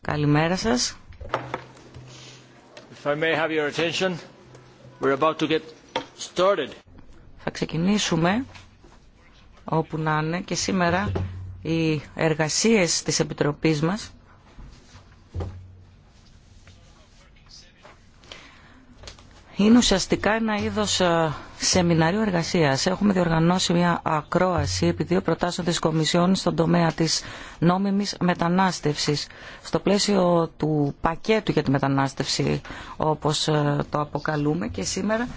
Καλημέρα σας. I have your attention, about to get started. Θα ξεκινήσουμε όπου να είναι και σήμερα οι εργασίες της Επιτροπής μας είναι ουσιαστικά ένα είδος ε, σεμιναρίου εργασία Έχουμε διοργανώσει μια ακρόαση επί δύο προτάσεων τη Κομισιόν στον τομέα τη νόμιμη μετανάστευση, Στο πλαίσιο του πακέτου για τη μετανάστευση όπως ε, το αποκαλούμε και σήμερα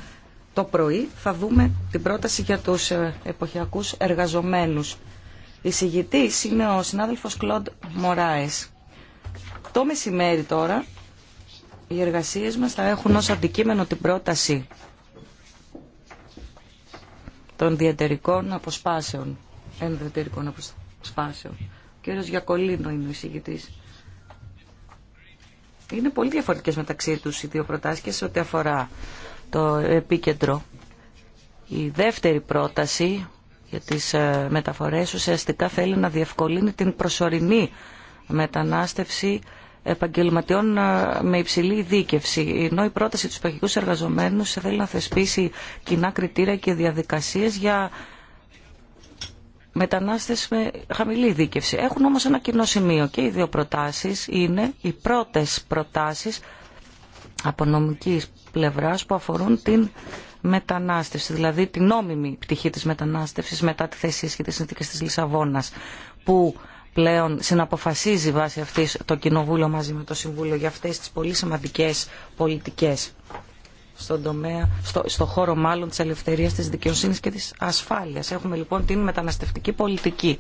το πρωί θα δούμε την πρόταση για του ε, εποχιακούς εργαζομένους. Η συγητή είναι ο συνάδελφο Κλοντ Μωράε. Το μεσημέρι τώρα οι εργασίες μας θα έχουν ως αντικείμενο την πρόταση των διατερικών αποσπάσεων. Ενδιατερικών αποσπάσεων. Ο κύριος Γιακολίνο είναι ο εισηγητής. Είναι πολύ διαφορετικές μεταξύ τους οι δύο προτάσεις σε ό,τι αφορά το επίκεντρο. Η δεύτερη πρόταση για τις ε, μεταφορές ουσιαστικά θέλει να διευκολύνει την προσωρινή μετανάστευση επαγγελματιών ε, με υψηλή δίκευση. Ενώ η πρόταση του παγικού εργαζομένου θέλει να θεσπίσει κοινά κριτήρια και διαδικασίες για μετανάστες με χαμηλή δίκευση. Έχουν όμως ένα κοινό σημείο και οι δύο προτάσεις είναι οι πρώτε προτάσει από νομική πλευράς που αφορούν την μετανάστευση, δηλαδή την νόμιμη πτυχή της μετανάστευσης μετά τη θέση και τις συνθήκες της Λισαβόνας, που πλέον συναποφασίζει βάσει αυτής το Κοινοβούλιο μαζί με το Συμβούλιο για αυτές τις πολύ σημαντικές πολιτικές στον τομέα, στο, χώρο μάλλον της ελευθερίας, της δικαιοσύνης και της ασφάλειας. Έχουμε λοιπόν την μεταναστευτική πολιτική.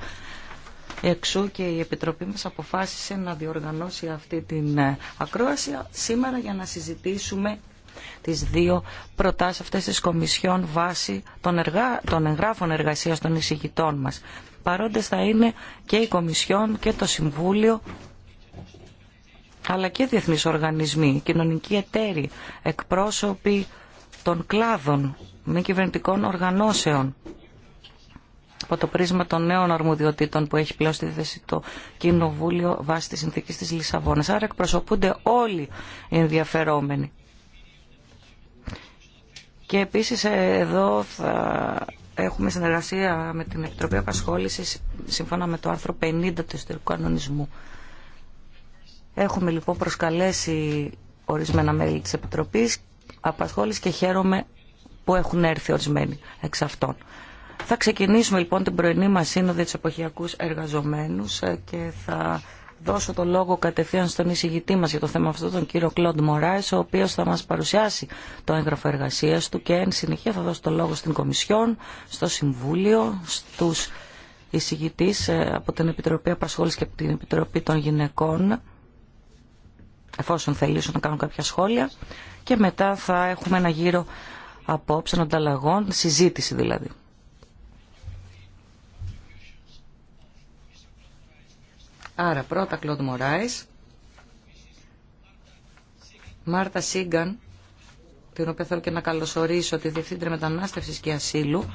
Εξού και η Επιτροπή μας αποφάσισε να διοργανώσει αυτή την ε, ακρόαση σήμερα για να συζητήσουμε τις δύο προτάσεις αυτές της Κομισιόν βάσει των, εργα... των εγγράφων εργασίας των εισηγητών μας παρόντες θα είναι και η Κομισιόν και το Συμβούλιο αλλά και διεθνείς οργανισμοί, κοινωνικοί εταίροι, εκπρόσωποι των κλάδων, μη κυβερνητικών οργανώσεων από το πρίσμα των νέων αρμοδιοτήτων που έχει πλέον στη θέση το Κοινοβούλιο βάσει της συνθήκης της Λισαβόνας. Άρα εκπροσωπούνται όλοι οι ενδιαφερόμενοι. Και επίσης ε, εδώ θα Έχουμε συνεργασία με την Επιτροπή απασχόληση σύμφωνα με το άρθρο 50 του ιστορικού κανονισμού. Έχουμε λοιπόν προσκαλέσει ορισμένα μέλη της Επιτροπής απασχόληση και χαίρομαι που έχουν έρθει ορισμένοι εξ αυτών. Θα ξεκινήσουμε λοιπόν την πρωινή μας σύνοδο της εποχιακούς εργαζομένους ε, και θα δώσω το λόγο κατευθείαν στον εισηγητή μας για το θέμα αυτό, τον κύριο Κλοντ Μωράης, ο οποίος θα μας παρουσιάσει το έγγραφο εργασίας του και εν συνεχεία θα δώσω το λόγο στην Κομισιόν, στο Συμβούλιο, στους εισηγητής ε, από την Επιτροπή Απασχόλησης και από την Επιτροπή των Γυναικών, εφόσον θελήσουν να κάνουν κάποια σχόλια και μετά θα έχουμε ένα γύρο απόψε ανταλλαγών, συζήτηση δηλαδή. Άρα πρώτα Κλοντ Μωράης, Μάρτα Σίγκαν, την οποία θέλω και να καλωσορίσω, τη Διευθύντρια Μετανάστευσης και Ασύλου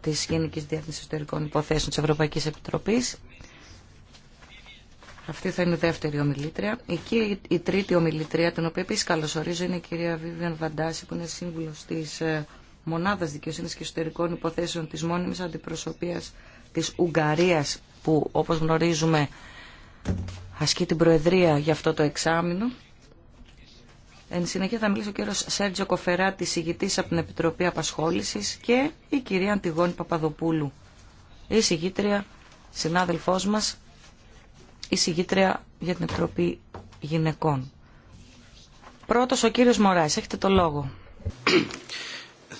της Γενικής Διεύθυνσης Ιστορικών Υποθέσεων της Ευρωπαϊκής Επιτροπής. Αυτή θα είναι η δεύτερη ομιλήτρια. Εκεί η τρίτη ομιλήτρια, την οποία επίση καλωσορίζω, είναι η κυρία Βίβιαν Βαντάση, που είναι σύμβουλο τη ε, Μονάδα Δικαιοσύνη και Εσωτερικών Υποθέσεων τη μόνιμη αντιπροσωπεία τη Ουγγαρία, που όπω γνωρίζουμε ασκεί την Προεδρία για αυτό το εξάμεινο. Εν συνεχεία θα μιλήσει ο κύριος Σέρτζο Κοφεράτη, συγητής από την Επιτροπή Απασχόλησης και η κυρία Αντιγόνη Παπαδοπούλου, η συγγήτρια, συνάδελφός μας, η συγγήτρια για την Επιτροπή Γυναικών. Πρώτος ο κύριος Μωράης. έχετε το λόγο.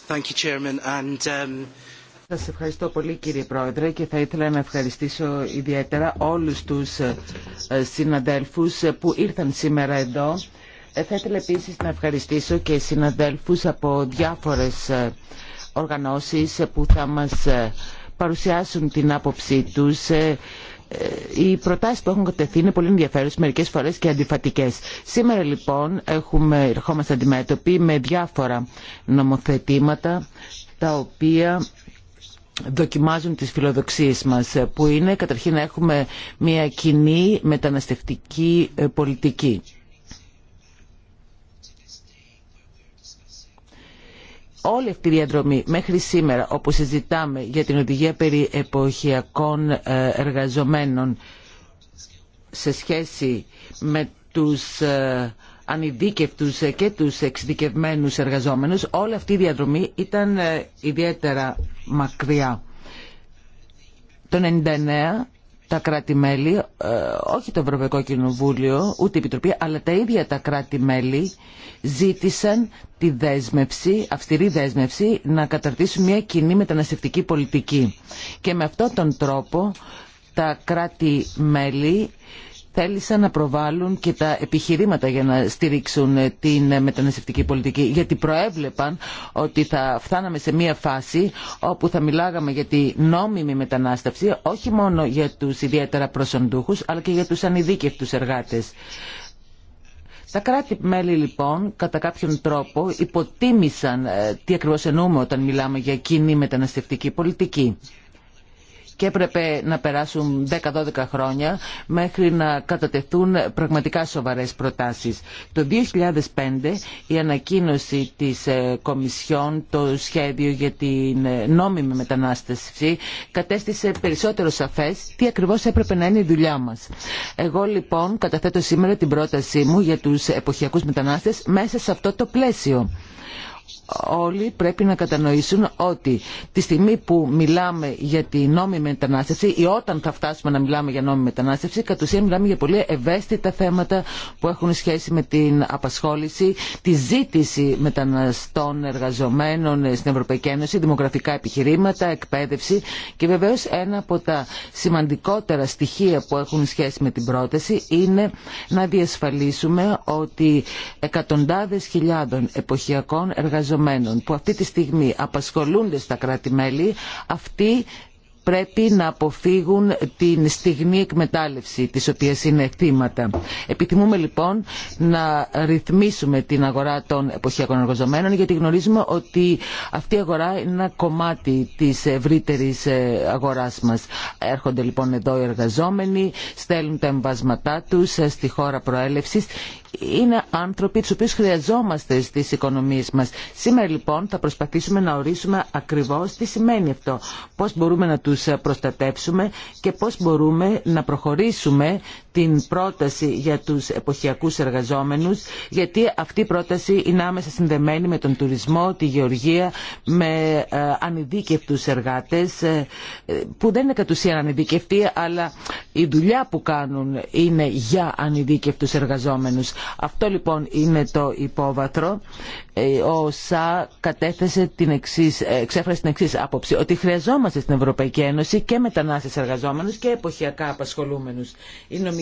Thank you, And, um, σας ευχαριστώ πολύ κύριε Πρόεδρε και θα ήθελα να ευχαριστήσω ιδιαίτερα όλους τους ε, συναδέλφους ε, που ήρθαν σήμερα εδώ. Ε, θα ήθελα επίσης να ευχαριστήσω και συναδέλφους από διάφορες οργανώσεις που θα μας παρουσιάσουν την άποψή τους οι προτάσει που έχουν κατευθεί είναι πολύ ενδιαφέρουσες μερικές φορές και αντιφατικές. Σήμερα λοιπόν έχουμε, ερχόμαστε αντιμέτωποι με διάφορα νομοθετήματα τα οποία δοκιμάζουν τις φιλοδοξίες μας ε, που είναι καταρχήν να έχουμε μια κοινή μεταναστευτική ε, πολιτική. όλη αυτή η διαδρομή μέχρι σήμερα όπου συζητάμε για την οδηγία περί εποχιακών ε, εργαζομένων σε σχέση με τους ανειδίκευτους και τους εξειδικευμένους εργαζόμενους. Όλη αυτή η διαδρομή ήταν ε, ιδιαίτερα μακριά. Το 99 τα κράτη-μέλη, ε, όχι το Ευρωπαϊκό Κοινοβούλιο, ούτε η Επιτροπή, αλλά τα ίδια τα κράτη-μέλη ζήτησαν τη δέσμευση, αυστηρή δέσμευση, να καταρτήσουν μια κοινή μεταναστευτική πολιτική. Και με αυτόν τον τρόπο τα κράτη-μέλη θέλησαν να προβάλλουν και τα επιχειρήματα για να στηρίξουν ε, την ε, μεταναστευτική πολιτική. Γιατί προέβλεπαν ότι θα φτάναμε σε μια φάση όπου θα μιλάγαμε για τη νόμιμη μετανάστευση, όχι μόνο για τους ιδιαίτερα προσοντούχους, αλλά και για τους ανειδίκευτους εργάτες. Τα κράτη-μέλη λοιπόν κατά κάποιον τρόπο υποτίμησαν ε, τι ακριβώς εννοούμε όταν μιλάμε για κοινή μεταναστευτική πολιτική και έπρεπε να περάσουν 10-12 χρόνια μέχρι να κατατεθούν πραγματικά σοβαρές προτάσεις. Το 2005 η ανακοίνωση της ε, Κομισιόν, το σχέδιο για την ε, νόμιμη μετανάστευση κατέστησε περισσότερο σαφές τι ακριβώς έπρεπε να είναι η δουλειά μας. Εγώ λοιπόν καταθέτω σήμερα την πρότασή μου για τους εποχιακούς μετανάστες μέσα σε αυτό το πλαίσιο όλοι πρέπει να κατανοήσουν ότι τη στιγμή που μιλάμε για τη νόμιμη μετανάστευση ή όταν θα φτάσουμε να μιλάμε για νόμιμη μετανάστευση, κατ' ουσία μιλάμε για πολύ ευαίσθητα θέματα που έχουν σχέση με την απασχόληση, τη ζήτηση μεταναστών εργαζομένων στην Ευρωπαϊκή Ένωση, δημογραφικά επιχειρήματα, εκπαίδευση και βεβαίω ένα από τα σημαντικότερα στοιχεία που έχουν σχέση με την πρόταση είναι να διασφαλίσουμε ότι εκατοντάδες χιλιάδων εποχιακών εργαζομένων που αυτή τη στιγμή απασχολούνται στα κράτη-μέλη, αυτοί πρέπει να αποφύγουν την στιγμή εκμετάλλευση της οποίας είναι θύματα. Επιθυμούμε λοιπόν να ρυθμίσουμε την αγορά των εποχιακών εργαζομένων γιατί γνωρίζουμε ότι αυτή η αγορά είναι ένα κομμάτι της ευρύτερη ε, αγοράς μας. Έρχονται λοιπόν εδώ οι εργαζόμενοι, στέλνουν τα εμβάσματά τους ε, στη χώρα προέλευσης είναι άνθρωποι τους οποίους χρειαζόμαστε στις οικονομίες μας. Σήμερα λοιπόν θα προσπαθήσουμε να ορίσουμε ακριβώς τι σημαίνει αυτό, πώς μπορούμε να τους προστατεύσουμε και πώς μπορούμε να προχωρήσουμε την πρόταση για τους εποχιακούς εργαζόμενους γιατί αυτή η πρόταση είναι άμεσα συνδεμένη με τον τουρισμό, τη γεωργία, με ε, ανειδίκευτους εργάτες ε, που δεν είναι κατ' ουσίαν ανειδικευτοί αλλά η δουλειά που κάνουν είναι για ανειδίκευτους εργαζόμενους. Αυτό λοιπόν είναι το υπόβαθρο. Ε, ο ΣΑ κατέθεσε την εξής, εξέφρασε την εξή άποψη ότι χρειαζόμαστε στην Ευρωπαϊκή Ένωση και μετανάστες εργαζόμενους και εποχιακά απασχολούμενους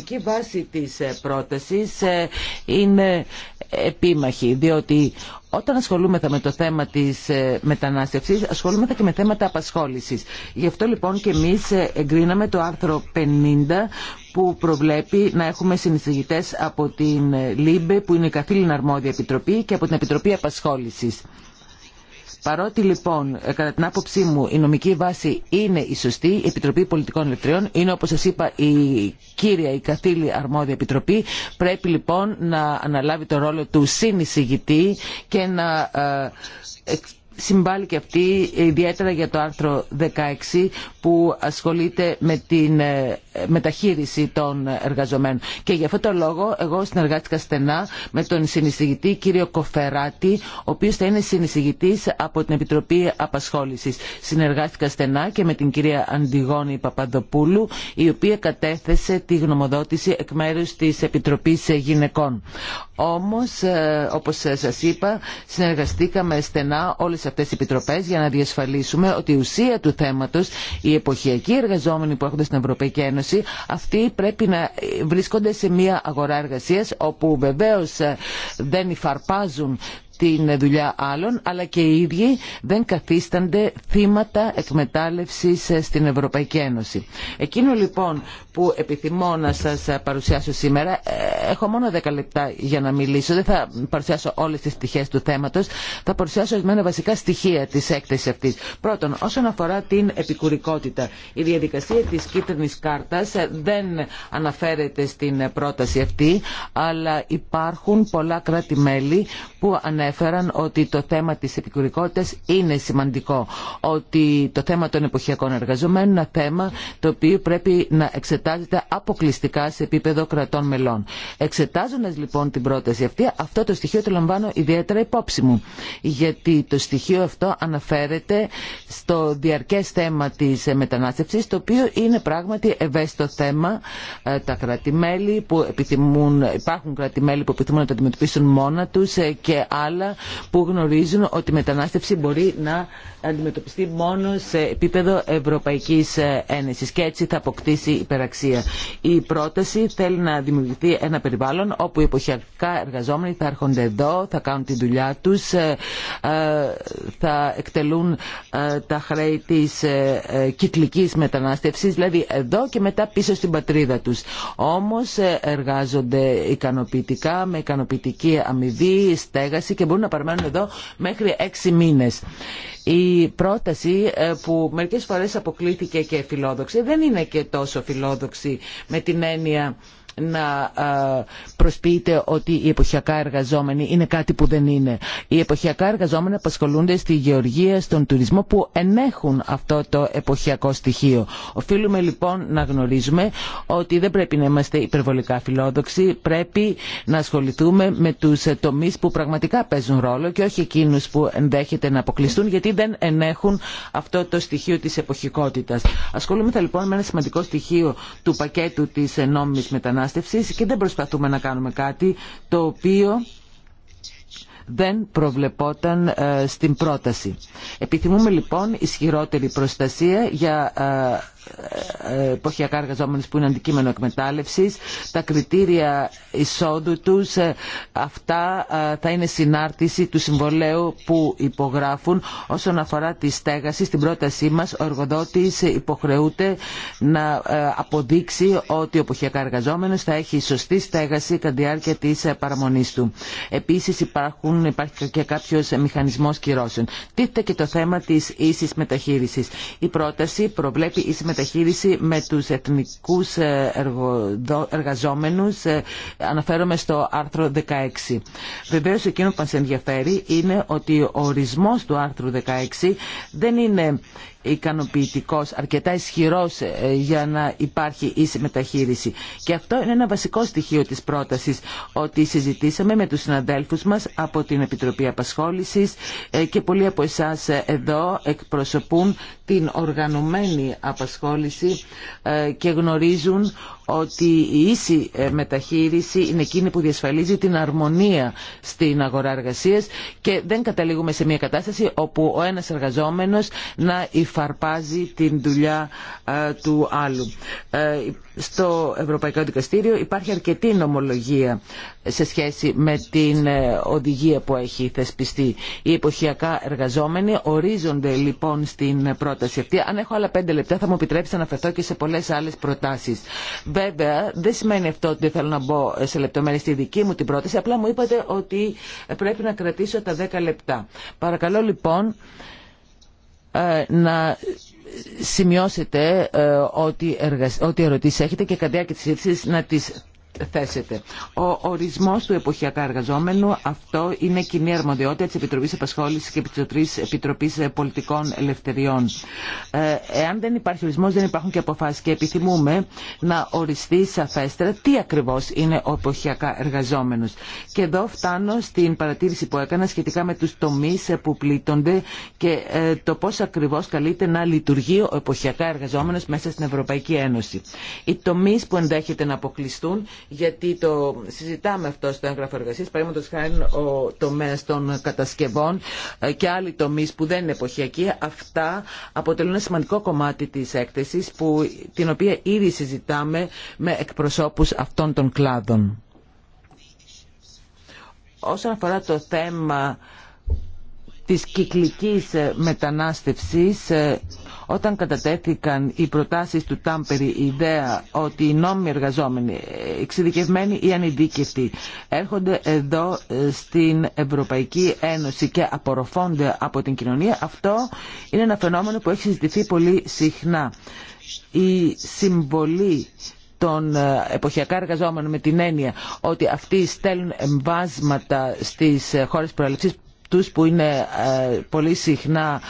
πραγματική βάση της ε, πρότασης ε, είναι επίμαχη, διότι όταν ασχολούμεθα με το θέμα της ε, μετανάστευσης, ασχολούμεθα και με θέματα απασχόλησης. Γι' αυτό λοιπόν και εμείς εγκρίναμε το άρθρο 50 που προβλέπει να έχουμε συνεισηγητές από την ΛΥΜΠΕ, που είναι η καθήλυνα αρμόδια επιτροπή, και από την Επιτροπή Απασχόλησης. Παρότι λοιπόν, ε, κατά την άποψή μου, η νομική βάση είναι η σωστή, η Επιτροπή Πολιτικών Ελευθεριών είναι, όπως σας είπα, η κύρια, η καθήλη αρμόδια Επιτροπή. Πρέπει λοιπόν να αναλάβει το ρόλο του συνεισηγητή και να ε, συμβάλλει και αυτή ιδιαίτερα για το άρθρο 16 που ασχολείται με την ε, μεταχείριση των εργαζομένων. Και για αυτόν τον λόγο εγώ συνεργάστηκα στενά με τον συνεισηγητή κύριο Κοφεράτη, ο οποίος θα είναι συνεισηγητής από την Επιτροπή Απασχόλησης. Συνεργάστηκα στενά και με την κυρία Αντιγόνη Παπαδοπούλου, η οποία κατέθεσε τη γνωμοδότηση εκ μέρους της Επιτροπής Γυναικών. Όμως, ε, όπως ε, σας είπα, συνεργαστήκαμε στενά όλες αυτές οι επιτροπές για να διασφαλίσουμε ότι η ουσία του θέματος, οι εποχιακοί εργαζόμενοι που έχουν στην Ευρωπαϊκή Ένωση, αυτοί πρέπει να ε, βρίσκονται σε μια αγορά εργασίας όπου βεβαίως δεν υφαρπάζουν την δουλειά άλλων, αλλά και οι ίδιοι δεν καθίστανται θύματα εκμετάλλευσης ε, στην Ευρωπαϊκή Ένωση. Εκείνο λοιπόν που επιθυμώ να σας ε, παρουσιάσω σήμερα, ε, έχω μόνο 10 λεπτά για να μιλήσω, δεν θα παρουσιάσω όλες τις πτυχές του θέματος, θα παρουσιάσω ορισμένα βασικά στοιχεία της έκθεσης αυτής. Πρώτον, όσον αφορά την επικουρικότητα, η διαδικασία της κίτρινης κάρτας δεν αναφέρεται στην πρόταση αυτή, αλλά υπάρχουν πολλά κράτη-μέλη που ανέφεραν ότι το θέμα της επικουρικότητας είναι σημαντικό. Ότι το θέμα των εποχιακών εργαζομένων είναι ένα θέμα το οποίο πρέπει να εξετάζεται αποκλειστικά σε επίπεδο κρατών μελών. Εξετάζοντας λοιπόν την πρόταση αυτή, αυτό το στοιχείο το λαμβάνω ιδιαίτερα υπόψη μου. Γιατί το στοιχείο αυτό αναφέρεται στο διαρκέ θέμα της μετανάστευση, το οποίο είναι πράγματι ευαίσθητο θέμα. Ε, τα κρατημέλη που επιθυμούν, υπάρχουν κρατημέλη που επιθυμούν να το αντιμετωπίσουν μόνα τους ε, και άλλα που γνωρίζουν ότι η μετανάστευση μπορεί να αντιμετωπιστεί μόνο σε επίπεδο Ευρωπαϊκής Ένωσης και έτσι θα αποκτήσει υπεραξία. Η πρόταση θέλει να δημιουργηθεί ένα περιβάλλον όπου οι εποχιακά εργαζόμενοι θα έρχονται εδώ, θα κάνουν τη δουλειά τους, ε, ε, θα εκτελούν ε, τα χρέη της κυκλικής μετανάστευσης, δηλαδή εδώ και μετά πίσω στην πατρίδα τους. Όμως εργάζονται ικανοποιητικά, με ικανοποιητική αμοιβή, στέγαση και μπορούν να παραμένουν εδώ μέχρι έξι μήνες. Η πρόταση ε, που μερικές φορές αποκλήθηκε και φιλόδοξη δεν είναι και τόσο φιλόδοξη με την έννοια να προσποιείται ότι οι εποχιακά εργαζόμενοι είναι κάτι που δεν είναι. Οι εποχιακά εργαζόμενοι απασχολούνται στη γεωργία, στον τουρισμό που ενέχουν αυτό το εποχιακό στοιχείο. Οφείλουμε λοιπόν να γνωρίζουμε ότι δεν πρέπει να είμαστε υπερβολικά φιλόδοξοι, πρέπει να ασχοληθούμε με τους τομείς που πραγματικά παίζουν ρόλο και όχι εκείνους που ενδέχεται να αποκλειστούν γιατί δεν ενέχουν αυτό το στοιχείο της εποχικότητας. Ασχολούμεθα λοιπόν με ένα σημαντικό στοιχείο του πακέτου της νόμιμης μετανάστευσης και δεν προσπαθούμε να κάνουμε κάτι το οποίο δεν προβλεπόταν ε, στην πρόταση. Επιθυμούμε λοιπόν ισχυρότερη προστασία για ε, εποχιακά εργαζόμενες που είναι αντικείμενο εκμετάλλευσης, τα κριτήρια εισόδου τους, ε, αυτά ε, θα είναι συνάρτηση του συμβολέου που υπογράφουν. Όσον αφορά τη στέγαση, στην πρότασή μας ο εργοδότης υποχρεούται να ε, αποδείξει ότι ο εποχιακά εργαζόμενος θα έχει σωστή στέγαση κατά τη διάρκεια της παραμονής του. Επίσης υπάρχουν, υπάρχει και κάποιος μηχανισμός κυρώσεων. Τίθεται και το θέμα της ίσης μεταχείρισης. Η πρόταση προβλέπει μεταχείριση με τους εθνικούς ε, εργαζόμενους. Ε, αναφέρομαι στο άρθρο 16. Βεβαίως εκείνο που μας ενδιαφέρει είναι ότι ο ορισμός του άρθρου 16 δεν είναι ικανοποιητικός, αρκετά ισχυρός ε, για να υπάρχει ίση μεταχείριση. Και αυτό είναι ένα βασικό στοιχείο της πρότασης, ότι συζητήσαμε με τους συναδέλφους μας από την Επιτροπή Απασχόλησης ε, και πολλοί από εσάς ε, εδώ εκπροσωπούν την οργανωμένη απασχόληση και γνωρίζουν ότι η ίση ε, μεταχείριση είναι εκείνη που διασφαλίζει την αρμονία στην αγορά εργασίας και δεν καταλήγουμε σε μια κατάσταση όπου ο ένας εργαζόμενος να υφαρπάζει την δουλειά ε, του άλλου. Ε, στο Ευρωπαϊκό Δικαστήριο υπάρχει αρκετή νομολογία σε σχέση με την ε, οδηγία που έχει θεσπιστεί. Οι εποχιακά εργαζόμενοι ορίζονται λοιπόν στην πρόταση αυτή. Αν έχω άλλα πέντε λεπτά θα μου επιτρέψετε να αναφερθώ και σε πολλές άλλες προτάσεις. Βέβαια δεν σημαίνει αυτό ότι θέλω να μπω σε λεπτομέρειες στη δική μου την πρόταση. Απλά μου είπατε ότι πρέπει να κρατήσω τα δέκα λεπτά. Παρακαλώ λοιπόν ε, να σημειώσετε ε, ότι, ερωτήσεις έχετε και κατά τη να τις θέσετε. Ο ορισμό του εποχιακά εργαζόμενου, αυτό είναι κοινή αρμοδιότητα τη επιτροπή επασχόληση και τη επιτροπή ε, Πολιτικών Ελευθεριών. Ε, εάν δεν υπάρχει ορισμό, δεν υπάρχουν και αποφάσει και επιθυμούμε να οριστεί σαφέστερα τι ακριβώ είναι ο εποχιακά εργαζόμενο. Και εδώ φτάνω στην παρατήρηση που έκανα σχετικά με του τομεί ε, που πλήττονται και το πώ ακριβώ καλείται να λειτουργεί ο εποχιακά εργαζόμενο μέσα στην Ευρωπαϊκή Ένωση. Οι τομεί που ενδέχεται να αποκλειστούν γιατί το συζητάμε αυτό στο έγγραφο εργασίας, παραδείγματος χάρη ο τομέας των κατασκευών ε, και άλλοι τομείς που δεν είναι εποχιακοί, αυτά αποτελούν ένα σημαντικό κομμάτι της έκθεσης που, την οποία ήδη συζητάμε με εκπροσώπους αυτών των κλάδων. Όσον αφορά το θέμα της κυκλικής μετανάστευσης ε, όταν κατατέθηκαν οι προτάσεις του Τάμπερη, η ιδέα ότι οι νόμιμοι εργαζόμενοι, εξειδικευμένοι ή ανειδίκευτοι, έρχονται εδώ ε, στην Ευρωπαϊκή Ένωση και απορροφώνται από την κοινωνία, αυτό είναι ένα φαινόμενο που έχει συζητηθεί πολύ συχνά. Η συμβολή των ε, εποχιακά εργαζόμενων με την έννοια ότι αυτοί στέλνουν εμβάσματα στις ε, χώρες προαλήψης τους που είναι πολύ συχνά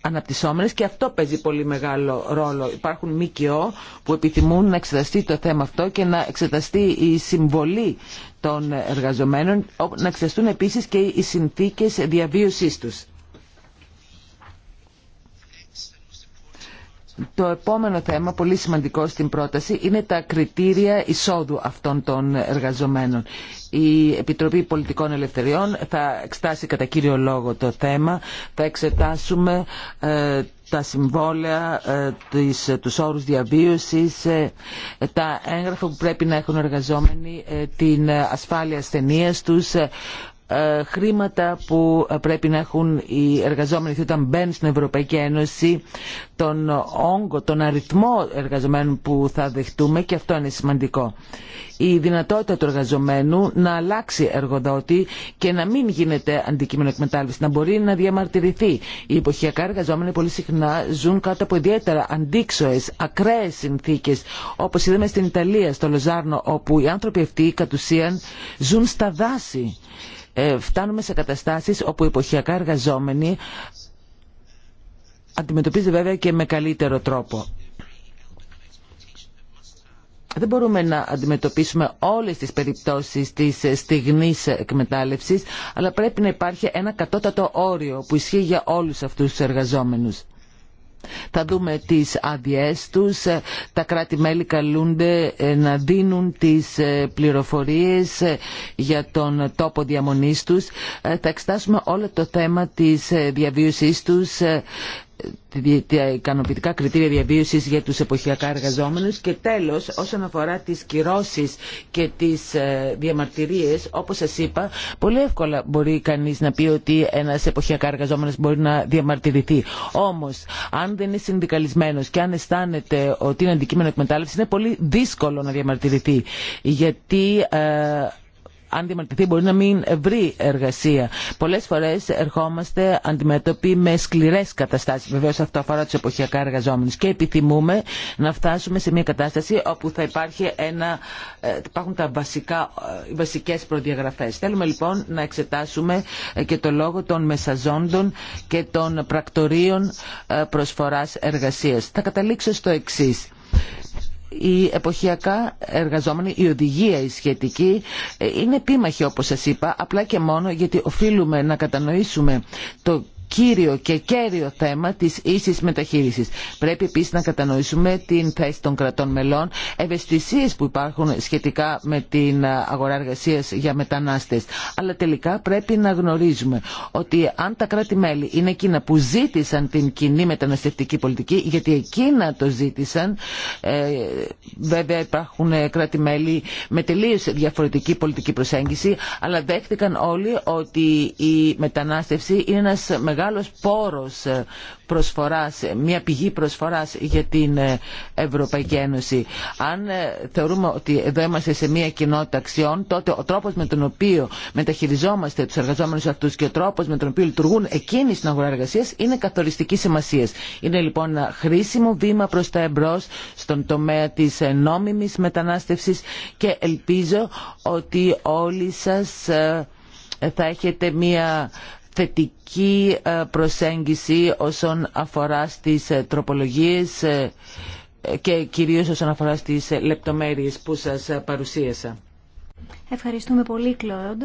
αναπτυσσόμενες και αυτό παίζει πολύ μεγάλο ρόλο. Υπάρχουν ΜΚΟ που επιθυμούν να εξεταστεί το θέμα αυτό και να εξεταστεί η συμβολή των εργαζομένων, να εξεταστούν επίσης και οι συνθήκες διαβίωσής τους. Το επόμενο θέμα, πολύ σημαντικό στην πρόταση, είναι τα κριτήρια εισόδου αυτών των εργαζομένων. Η Επιτροπή Πολιτικών Ελευθεριών θα εξτάσει κατά κύριο λόγο το θέμα. Θα εξετάσουμε ε, τα συμβόλαια, ε, τις, τους όρους διαβίωσης, ε, τα έγγραφα που πρέπει να έχουν εργαζόμενοι, ε, την ασφάλεια ασθενείας τους, ε, χρήματα που ε, πρέπει να έχουν οι εργαζόμενοι όταν μπαίνουν στην Ευρωπαϊκή Ένωση, τον όγκο, τον αριθμό εργαζομένων που θα δεχτούμε και αυτό είναι σημαντικό. Η δυνατότητα του εργαζομένου να αλλάξει εργοδότη και να μην γίνεται αντικείμενο εκμετάλλευση, να μπορεί να διαμαρτυρηθεί. Οι εποχιακά εργαζόμενοι πολύ συχνά ζουν κάτω από ιδιαίτερα αντίξωε, ακραίε συνθήκε, όπω είδαμε στην Ιταλία, στο Λοζάρνο, όπου οι άνθρωποι αυτοί κατ' ουσίαν ζουν στα δάση. Ε, φτάνουμε σε καταστάσεις όπου εποχιακά εργαζόμενοι αντιμετωπίζονται βέβαια και με καλύτερο τρόπο. Δεν μπορούμε να αντιμετωπίσουμε όλες τις περιπτώσεις της στιγμής εκμετάλλευσης, αλλά πρέπει να υπάρχει ένα κατώτατο όριο που ισχύει για όλους αυτούς τους εργαζόμενους. Θα δούμε τις άδειέ τους, τα κράτη-μέλη καλούνται ε, να δίνουν τις ε, πληροφορίες ε, για τον τόπο διαμονής τους. Θα εξετάσουμε όλο το θέμα της διαβίωσής τους, τα ικανοποιητικά κριτήρια διαβίωσης για τους εποχιακά εργαζόμενους και τέλος όσον αφορά τις κυρώσεις και τις ε, διαμαρτυρίες όπως σας είπα πολύ εύκολα μπορεί κανείς να πει ότι ένας εποχιακά εργαζόμενος μπορεί να διαμαρτυρηθεί όμως αν δεν είναι συνδικαλισμένος και αν αισθάνεται ότι είναι αντικείμενο εκμετάλλευση είναι πολύ δύσκολο να διαμαρτυρηθεί γιατί ε, αν μπορεί να μην βρει εργασία. Πολλές φορές ερχόμαστε αντιμέτωποι με σκληρές καταστάσεις. Βεβαίως αυτό αφορά του εποχιακά εργαζόμενου. και επιθυμούμε να φτάσουμε σε μια κατάσταση όπου θα υπάρχει ένα, ε, υπάρχουν τα βασικά, ε, οι βασικές προδιαγραφές. Θέλουμε λοιπόν να εξετάσουμε ε, και το λόγο των μεσαζόντων και των πρακτορείων προσφορά εργασία. Θα καταλήξω στο εξή οι εποχιακά εργαζόμενη η οδηγία η σχετική ε, είναι επίμαχη όπως σας είπα, απλά και μόνο γιατί οφείλουμε να κατανοήσουμε το κύριο και κέριο θέμα της ίσης μεταχείρισης. Πρέπει επίσης να κατανοήσουμε την θέση των κρατών μελών, ευαισθησίες που υπάρχουν σχετικά με την αγορά εργασίας για μετανάστες. Αλλά τελικά πρέπει να γνωρίζουμε ότι αν τα κράτη-μέλη είναι εκείνα που ζήτησαν την κοινή μεταναστευτική πολιτική, γιατί εκείνα το ζήτησαν, ε, βέβαια υπάρχουν κράτη-μέλη με τελείω διαφορετική πολιτική προσέγγιση, αλλά δέχτηκαν όλοι ότι η μετανάστευση είναι ένας μεγάλος πόρος ε, προσφοράς, ε, μια πηγή προσφοράς για την ε, Ευρωπαϊκή Ένωση. Αν θεωρούμε ότι εδώ είμαστε σε μια κοινότητα αξιών, τότε ο τρόπος με τον οποίο μεταχειριζόμαστε τους εργαζόμενους αυτούς και ο τρόπος με τον οποίο λειτουργούν εκείνοι στην αγορά είναι καθοριστική σημασία. Είναι λοιπόν ένα χρήσιμο βήμα προς τα εμπρός στον τομέα της νόμιμης μετανάστευσης και ελπίζω ότι όλοι σας θα έχετε μία θετική ε, προσέγγιση όσον αφορά στις ε, τροπολογίες ε, και κυρίως όσον αφορά στις λεπτομέρειες που σας παρουσίασα. Ευχαριστούμε πολύ, Κλόντ.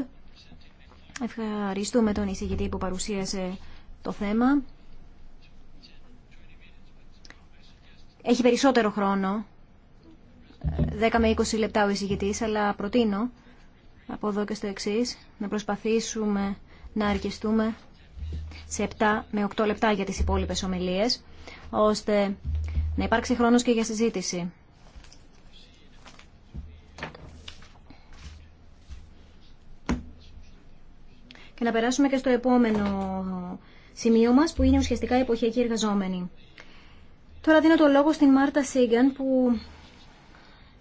Ευχαριστούμε τον εισηγητή που παρουσίασε το θέμα. Έχει περισσότερο χρόνο, 10 με 20 λεπτά ο εισηγητής, αλλά προτείνω από εδώ και στο εξής να προσπαθήσουμε να αρκεστούμε σε 7 με 8 λεπτά για τις υπόλοιπες ομιλίες, ώστε να υπάρξει χρόνος και για συζήτηση. Και να περάσουμε και στο επόμενο σημείο μας, που είναι ουσιαστικά η εποχιακοί εργαζόμενοι. Τώρα δίνω το λόγο στην Μάρτα Σίγκαν, που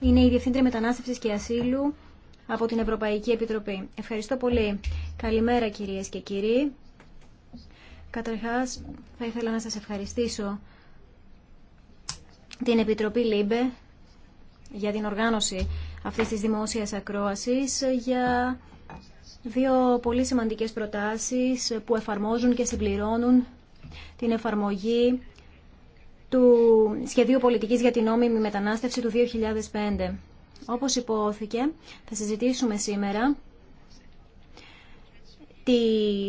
είναι η Διευθύντρια Μετανάστευσης και Ασύλου από την Ευρωπαϊκή Επιτροπή. Ευχαριστώ πολύ. Καλημέρα κυρίες και κύριοι. Καταρχάς θα ήθελα να σας ευχαριστήσω την Επιτροπή ΛΥΜΠΕ για την οργάνωση αυτής της δημόσιας ακρόασης για δύο πολύ σημαντικές προτάσεις που εφαρμόζουν και συμπληρώνουν την εφαρμογή του Σχεδίου Πολιτικής για την Νόμιμη Μετανάστευση του 2005. Όπως υπόθηκε, θα συζητήσουμε σήμερα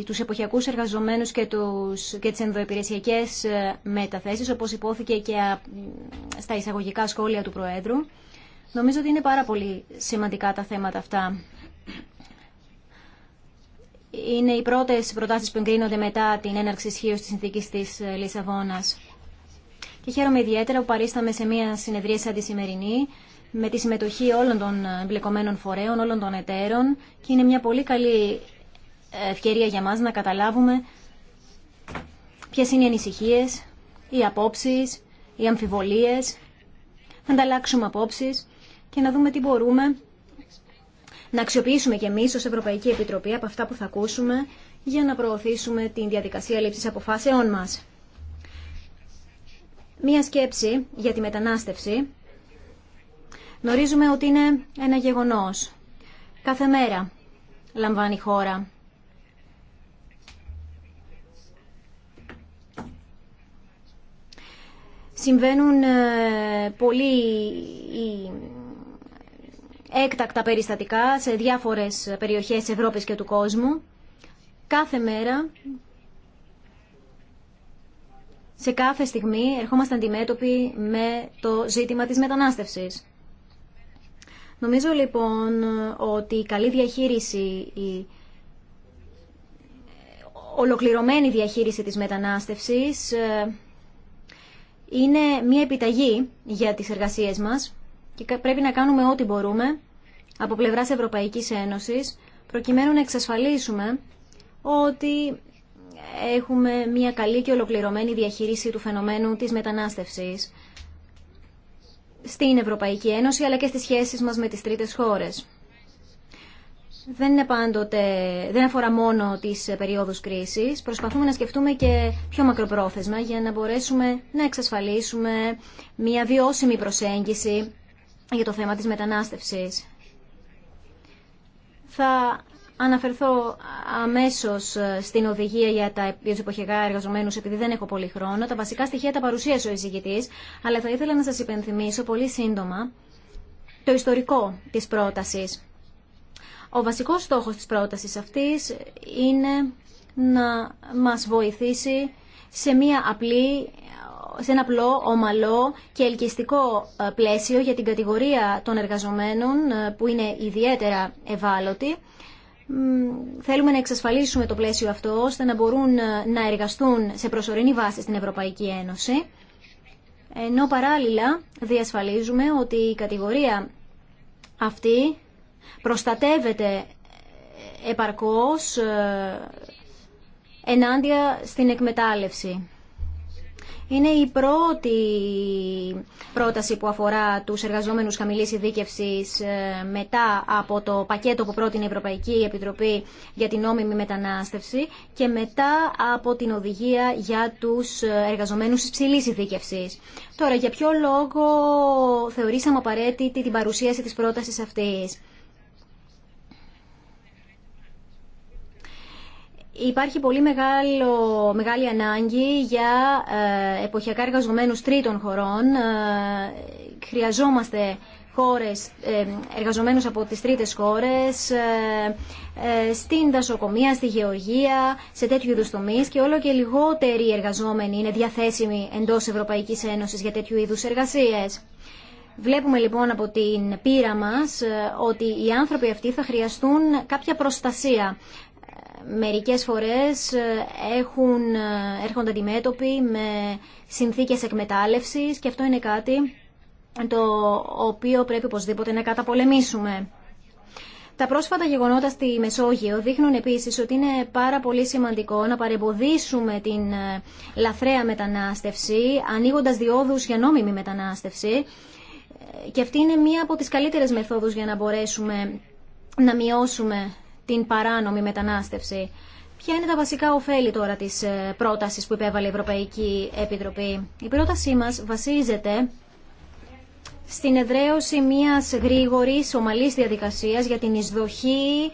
τους εποχιακούς εργαζομένους και, τους, και τις ενδοεπηρεσιακές ε, μεταθέσεις, όπως υπόθηκε και στα εισαγωγικά σχόλια του Προέδρου. Νομίζω ότι είναι πάρα πολύ σημαντικά τα θέματα αυτά. Είναι οι πρώτες προτάσεις που εγκρίνονται μετά την έναρξη ισχύω της συνθήκης της ε, Λισαβόνας. Και χαίρομαι ιδιαίτερα που παρίσταμε σε μια συνεδρία σαν τη σημερινή, με τη συμμετοχή όλων των εμπλεκομένων φορέων, όλων των εταίρων και είναι μια πολύ καλή ευκαιρία για μας να καταλάβουμε ποιες είναι οι ανησυχίες, οι απόψεις, οι αμφιβολίες, να ανταλλάξουμε απόψεις και να δούμε τι μπορούμε να αξιοποιήσουμε και εμείς ως Ευρωπαϊκή Επιτροπή από αυτά που θα ακούσουμε για να προωθήσουμε την διαδικασία λήψης αποφάσεών μας. Μία σκέψη για τη μετανάστευση Γνωρίζουμε ότι είναι ένα γεγονός. Κάθε μέρα λαμβάνει χώρα. Συμβαίνουν ε, πολύ έκτακτα περιστατικά σε διάφορες περιοχές της Ευρώπης και του κόσμου. Κάθε μέρα, σε κάθε στιγμή, ερχόμαστε αντιμέτωποι με το ζήτημα της μετανάστευσης. Νομίζω λοιπόν ότι η καλή διαχείριση, η ολοκληρωμένη διαχείριση της μετανάστευσης ε, είναι μια επιταγή για τις εργασίες μας και πρέπει να κάνουμε ό,τι μπορούμε από πλευράς Ευρωπαϊκής Ένωσης προκειμένου να εξασφαλίσουμε ότι έχουμε μια καλή και ολοκληρωμένη διαχείριση του φαινομένου της μετανάστευσης στην Ευρωπαϊκή Ένωση αλλά και στις σχέσεις μας με τις τρίτες χώρες. Δεν, είναι πάντοτε, δεν αφορά μόνο τις περίοδους κρίσης. Προσπαθούμε να σκεφτούμε και πιο μακροπρόθεσμα για να μπορέσουμε να εξασφαλίσουμε μια βιώσιμη προσέγγιση για το θέμα της μετανάστευσης. Θα αναφερθώ αμέσως ε, στην οδηγία για, τα, για τους εργαζομένους, επειδή δεν έχω πολύ χρόνο. Τα βασικά στοιχεία τα παρουσίασε ο εισηγητής, αλλά θα ήθελα να σας υπενθυμίσω πολύ σύντομα το ιστορικό της πρότασης. Ο βασικός στόχος της πρότασης αυτής είναι να μας βοηθήσει σε μια απλή σε ένα απλό, ομαλό και ελκυστικό ε, πλαίσιο για την κατηγορία των εργαζομένων ε, που είναι ιδιαίτερα ευάλωτοι θέλουμε να εξασφαλίσουμε το πλαίσιο αυτό ώστε να μπορούν ε, να εργαστούν σε προσωρινή βάση στην Ευρωπαϊκή Ένωση ενώ παράλληλα διασφαλίζουμε ότι η κατηγορία αυτή προστατεύεται ε, επαρκώς ε, ενάντια στην εκμετάλλευση. Είναι η πρώτη πρόταση που αφορά τους εργαζόμενους χαμηλής ειδίκευσης ε, μετά από το πακέτο που πρότεινε η Ευρωπαϊκή Επιτροπή για την νόμιμη μετανάστευση και μετά από την οδηγία για τους εργαζομένους της ειδίκευσης. Τώρα, για ποιο λόγο θεωρήσαμε απαραίτητη την παρουσίαση της πρότασης αυτής. Υπάρχει πολύ μεγάλο, μεγάλη ανάγκη για ε, εποχιακά εργαζομένους τρίτων χωρών. Ε, χρειαζόμαστε χώρες, ε, εργαζομένους από τις τρίτες χώρες, στην δασοκομεία, στη γεωργία, σε τέτοιου είδους τομείς και όλο και λιγότεροι εργαζόμενοι είναι διαθέσιμοι εντός Ευρωπαϊκής Ένωσης για τέτοιου είδους εργασίες. Βλέπουμε λοιπόν από την πείρα μας ότι οι άνθρωποι αυτοί θα χρειαστούν κάποια προστασία μερικές φορές ε, έχουν, ε, έρχονται αντιμέτωποι με συνθήκες εκμετάλλευσης και αυτό είναι κάτι το οποίο πρέπει οπωσδήποτε να καταπολεμήσουμε. Τα πρόσφατα γεγονότα στη Μεσόγειο δείχνουν επίσης ότι είναι πάρα πολύ σημαντικό να παρεμποδίσουμε την ε, λαθρέα μετανάστευση, ανοίγοντας διόδους για νόμιμη μετανάστευση. Και αυτή είναι μία από τις καλύτερες μεθόδους για να μπορέσουμε να μειώσουμε την παράνομη μετανάστευση. Ποια είναι τα βασικά ωφέλη τώρα της ε, πρότασης που υπέβαλε η Ευρωπαϊκή Επιτροπή. Η πρότασή μας βασίζεται στην εδραίωση μιας γρήγορης ομαλής διαδικασίας για την εισδοχή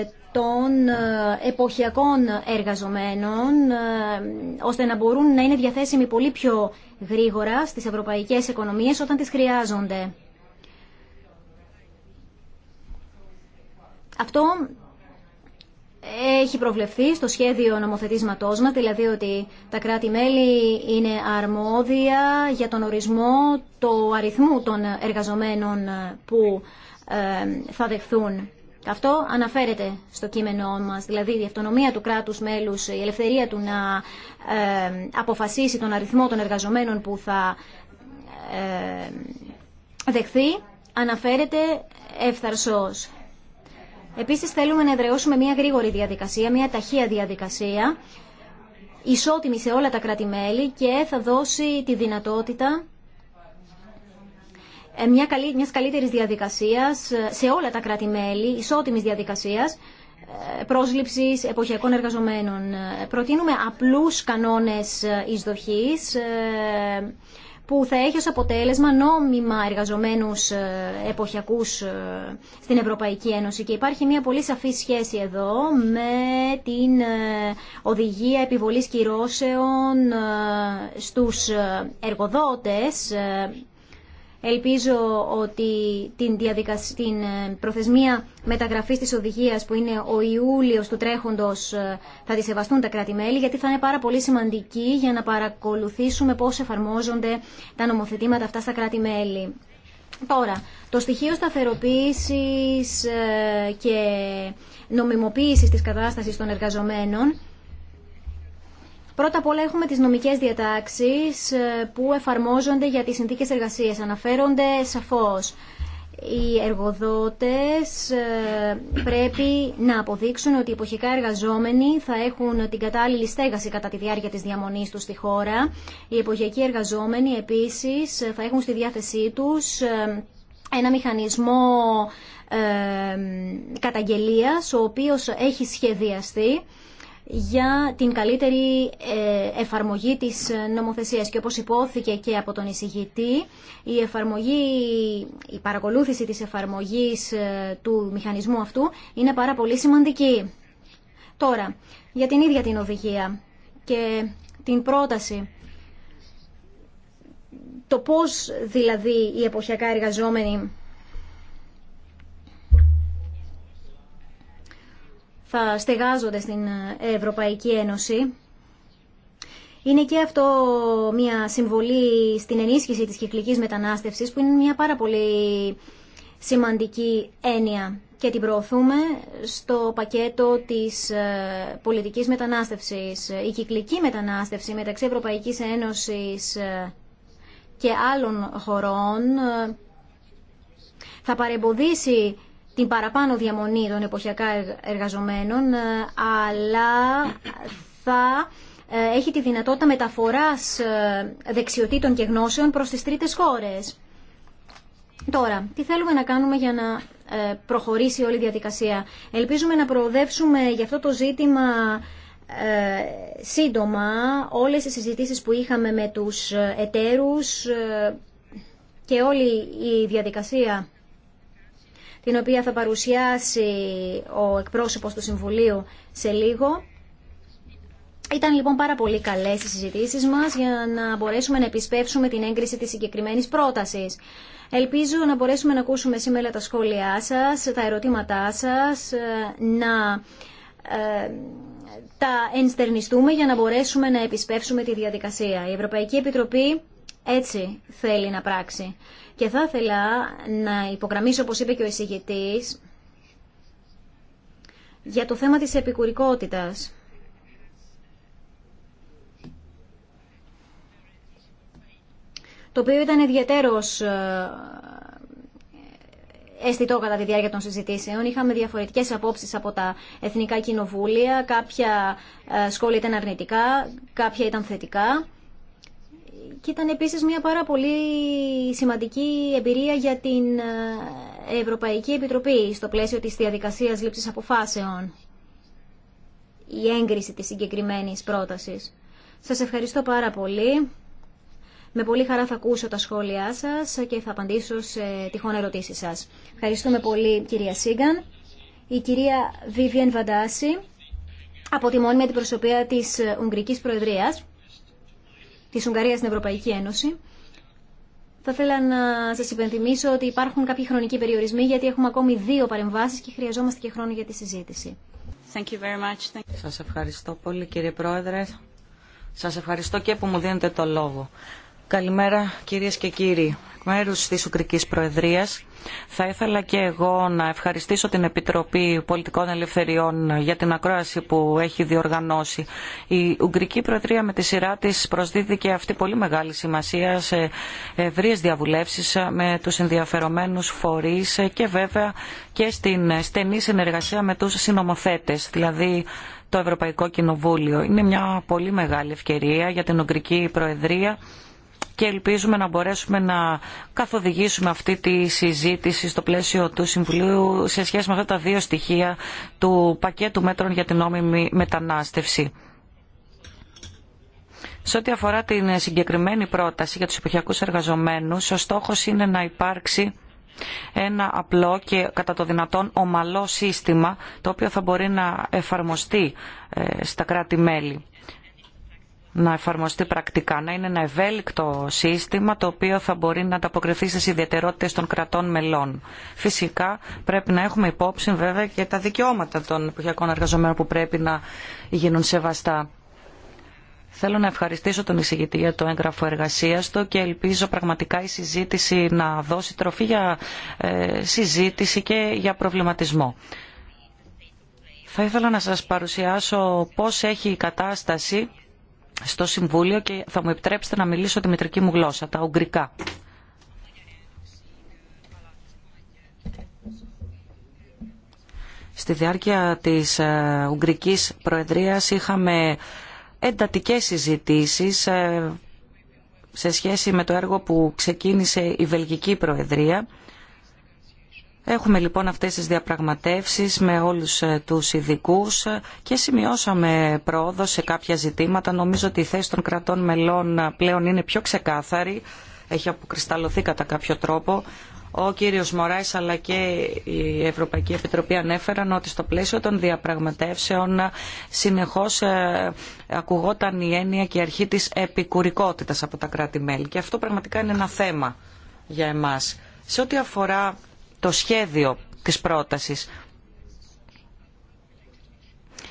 ε, των ε, εποχιακών εργαζομένων, ώστε να μπορούν να είναι διαθέσιμοι πολύ πιο γρήγορα στις ευρωπαϊκές οικονομίες όταν τις χρειάζονται. Αυτό έχει προβλεφθεί στο σχέδιο νομοθετήσματός μας, δηλαδή ότι τα κράτη-μέλη είναι αρμόδια για τον ορισμό του αριθμού των εργαζομένων που ε, θα δεχθούν. Αυτό αναφέρεται στο κείμενό μας, δηλαδή η αυτονομία του κράτους μέλους, η ελευθερία του να ε, αποφασίσει τον αριθμό των εργαζομένων που θα ε, δεχθεί, αναφέρεται ευθαρσός. Επίσης θέλουμε να εδραιώσουμε μια γρήγορη διαδικασία, μια ταχεία διαδικασία, ισότιμη σε όλα τα κράτη-μέλη και θα δώσει τη δυνατότητα ε, μια καλή, μιας καλύτερης διαδικασίας ε, σε όλα τα κράτη-μέλη, ισότιμης διαδικασίας, ε, πρόσληψης εποχιακών εργαζομένων. Προτείνουμε απλούς κανόνες εισδοχής, που θα έχει ως αποτέλεσμα νόμιμα εργαζομένους ε, εποχιακούς ε, στην Ευρωπαϊκή Ένωση. Και υπάρχει μια πολύ σαφή σχέση εδώ με την ε, οδηγία επιβολής κυρώσεων στους εργοδότες Ελπίζω ότι την, διαδικασ... Ε, προθεσμία μεταγραφής της οδηγίας που είναι ο Ιούλιος του τρέχοντος ε, θα τη σεβαστούν τα κράτη-μέλη γιατί θα είναι πάρα πολύ σημαντική για να παρακολουθήσουμε πώς εφαρμόζονται τα νομοθετήματα αυτά στα κράτη-μέλη. Τώρα, το στοιχείο σταθεροποίησης ε, και νομιμοποίησης της κατάστασης των εργαζομένων Πρώτα απ' όλα έχουμε τις νομικές διατάξεις ε, που εφαρμόζονται για τις συνθήκες εργασίας. Αναφέρονται σαφώς. Οι εργοδότες ε, πρέπει να αποδείξουν ότι οι εποχικά εργαζόμενοι θα έχουν την κατάλληλη στέγαση κατά τη διάρκεια της διαμονής τους στη χώρα. Οι εποχιακοί εργαζόμενοι επίσης ε, θα έχουν στη διάθεσή τους ένα μηχανισμό καταγγελίας ο οποίος έχει σχεδιαστεί για την καλύτερη ε, εφαρμογή της νομοθεσίας. Και όπως υπόθηκε και από τον εισηγητή, η, εφαρμογή, η παρακολούθηση της εφαρμογής ε, του μηχανισμού αυτού είναι πάρα πολύ σημαντική. Τώρα, για την ίδια την οδηγία και την πρόταση το πώς δηλαδή οι εποχιακά εργαζόμενοι θα στεγάζονται στην Ευρωπαϊκή Ένωση. Είναι και αυτό μια συμβολή στην ενίσχυση της κυκλικής μετανάστευσης που είναι μια πάρα πολύ σημαντική έννοια και την προωθούμε στο πακέτο της ε, πολιτικής μετανάστευσης. Η κυκλική μετανάστευση μεταξύ Ευρωπαϊκής Ένωσης ε, και άλλων χωρών ε, θα παρεμποδίσει την παραπάνω διαμονή των εποχιακά εργαζομένων, ε, αλλά θα ε, έχει τη δυνατότητα μεταφοράς ε, δεξιοτήτων και γνώσεων προς τις τρίτες χώρες. Τώρα, τι θέλουμε να κάνουμε για να προχωρήσει όλη η διαδικασία. Ελπίζουμε να προοδεύσουμε για αυτό το ζήτημα σύντομα όλες οι συζητήσεις που είχαμε με τους εταίρους και όλη η διαδικασία την οποία θα παρουσιάσει ο εκπρόσωπος του Συμβουλίου σε λίγο. Ήταν λοιπόν πάρα πολύ καλέ οι συζητήσεις μας για να μπορέσουμε να επισπεύσουμε την έγκριση της συγκεκριμένη πρότασης. Ελπίζω να μπορέσουμε να ακούσουμε σήμερα τα σχόλιά σας, τα ερωτήματά σας, ε, να ε, τα ενστερνιστούμε για να μπορέσουμε να επισπεύσουμε τη διαδικασία. Η Ευρωπαϊκή Επιτροπή έτσι θέλει να πράξει. Και θα ήθελα να υπογραμμίσω, όπως είπε και ο εισηγητής, για το θέμα της επικουρικότητας. Το οποίο ήταν ιδιαίτερος ε, αισθητό κατά τη διάρκεια των συζητήσεων. Είχαμε διαφορετικές απόψεις από τα εθνικά κοινοβούλια. Κάποια ε, σχόλια ήταν αρνητικά, κάποια ήταν θετικά και ήταν επίσης μια πάρα πολύ σημαντική εμπειρία για την ε, Ευρωπαϊκή Επιτροπή στο πλαίσιο της διαδικασίας λήψης αποφάσεων η έγκριση της συγκεκριμένης πρότασης. Σας ευχαριστώ πάρα πολύ. Με πολύ χαρά θα ακούσω τα σχόλιά σας και θα απαντήσω σε τυχόν ερωτήσεις σας. Ευχαριστούμε πολύ κυρία Σίγκαν. Η κυρία Βίβιεν Βαντάση από τη μόνιμη αντιπροσωπεία της Ουγγρικής Προεδρίας της Ουγγαρίας στην Ευρωπαϊκή Ένωση. Θα ήθελα να σας υπενθυμίσω ότι υπάρχουν κάποιοι χρονικοί περιορισμοί γιατί έχουμε ακόμη δύο παρεμβάσει και χρειαζόμαστε και χρόνο για τη συζήτηση. Thank you very much. Σας ευχαριστώ πολύ κύριε Πρόεδρε. Σας ευχαριστώ και που μου δίνετε το λόγο. Καλημέρα κυρίες και κύριοι. μέρους της Ουκρικής Προεδρίας θα ήθελα και εγώ να ευχαριστήσω την Επιτροπή Πολιτικών Ελευθεριών για την ακρόαση που έχει διοργανώσει. Η Ουγγρική Προεδρία με τη σειρά τη προσδίδει και αυτή πολύ μεγάλη σημασία σε ευρείε διαβουλεύσεις με τους ενδιαφερομένους φορείς και βέβαια και στην στενή συνεργασία με τους συνομοθέτε, δηλαδή το Ευρωπαϊκό Κοινοβούλιο. Είναι μια πολύ μεγάλη ευκαιρία για την Ουγγρική Προεδρία και ελπίζουμε να μπορέσουμε να καθοδηγήσουμε αυτή τη συζήτηση στο πλαίσιο του Συμβουλίου σε σχέση με αυτά τα δύο στοιχεία του πακέτου μέτρων για την νόμιμη μετανάστευση. Σε ό,τι αφορά την συγκεκριμένη πρόταση για τους εποχιακούς εργαζομένους, ο στόχος είναι να υπάρξει ένα απλό και κατά το δυνατόν ομαλό σύστημα το οποίο θα μπορεί να εφαρμοστεί ε, στα κράτη-μέλη να εφαρμοστεί πρακτικά, να είναι ένα ευέλικτο σύστημα το οποίο θα μπορεί να ανταποκριθεί στις ιδιαιτερότητες των κρατών μελών. Φυσικά πρέπει να έχουμε υπόψη βέβαια και τα δικαιώματα των εποχιακών εργαζομένων που πρέπει να γίνουν σεβαστά. Θέλω να ευχαριστήσω τον εισηγητή για το έγγραφο εργασία του και ελπίζω πραγματικά η συζήτηση να δώσει τροφή για ε, συζήτηση και για προβληματισμό. Θα ήθελα να σας παρουσιάσω πώς έχει η κατάσταση στο Συμβούλιο και θα μου επιτρέψετε να μιλήσω τη μητρική μου γλώσσα, τα ουγγρικά. Στη διάρκεια της ε, Ουγγρικής Προεδρίας είχαμε εντατικές συζητήσεις ε, σε σχέση με το έργο που ξεκίνησε η Βελγική Προεδρία Έχουμε λοιπόν αυτές τις διαπραγματεύσεις με όλους ε, τους ειδικού και σημειώσαμε πρόοδο σε κάποια ζητήματα. Νομίζω ότι η θέση των κρατών μελών ε, πλέον είναι πιο ξεκάθαρη, έχει αποκρισταλωθεί κατά κάποιο τρόπο. Ο κύριος Μωράης αλλά και η Ευρωπαϊκή Επιτροπή ανέφεραν ότι στο πλαίσιο των διαπραγματεύσεων ε, συνεχώς ακουγόταν η έννοια και η αρχή της επικουρικότητας από τα κράτη-μέλη. Και αυτό πραγματικά είναι ένα θέμα για εμάς. Σε ό,τι αφορά το σχέδιο της πρότασης.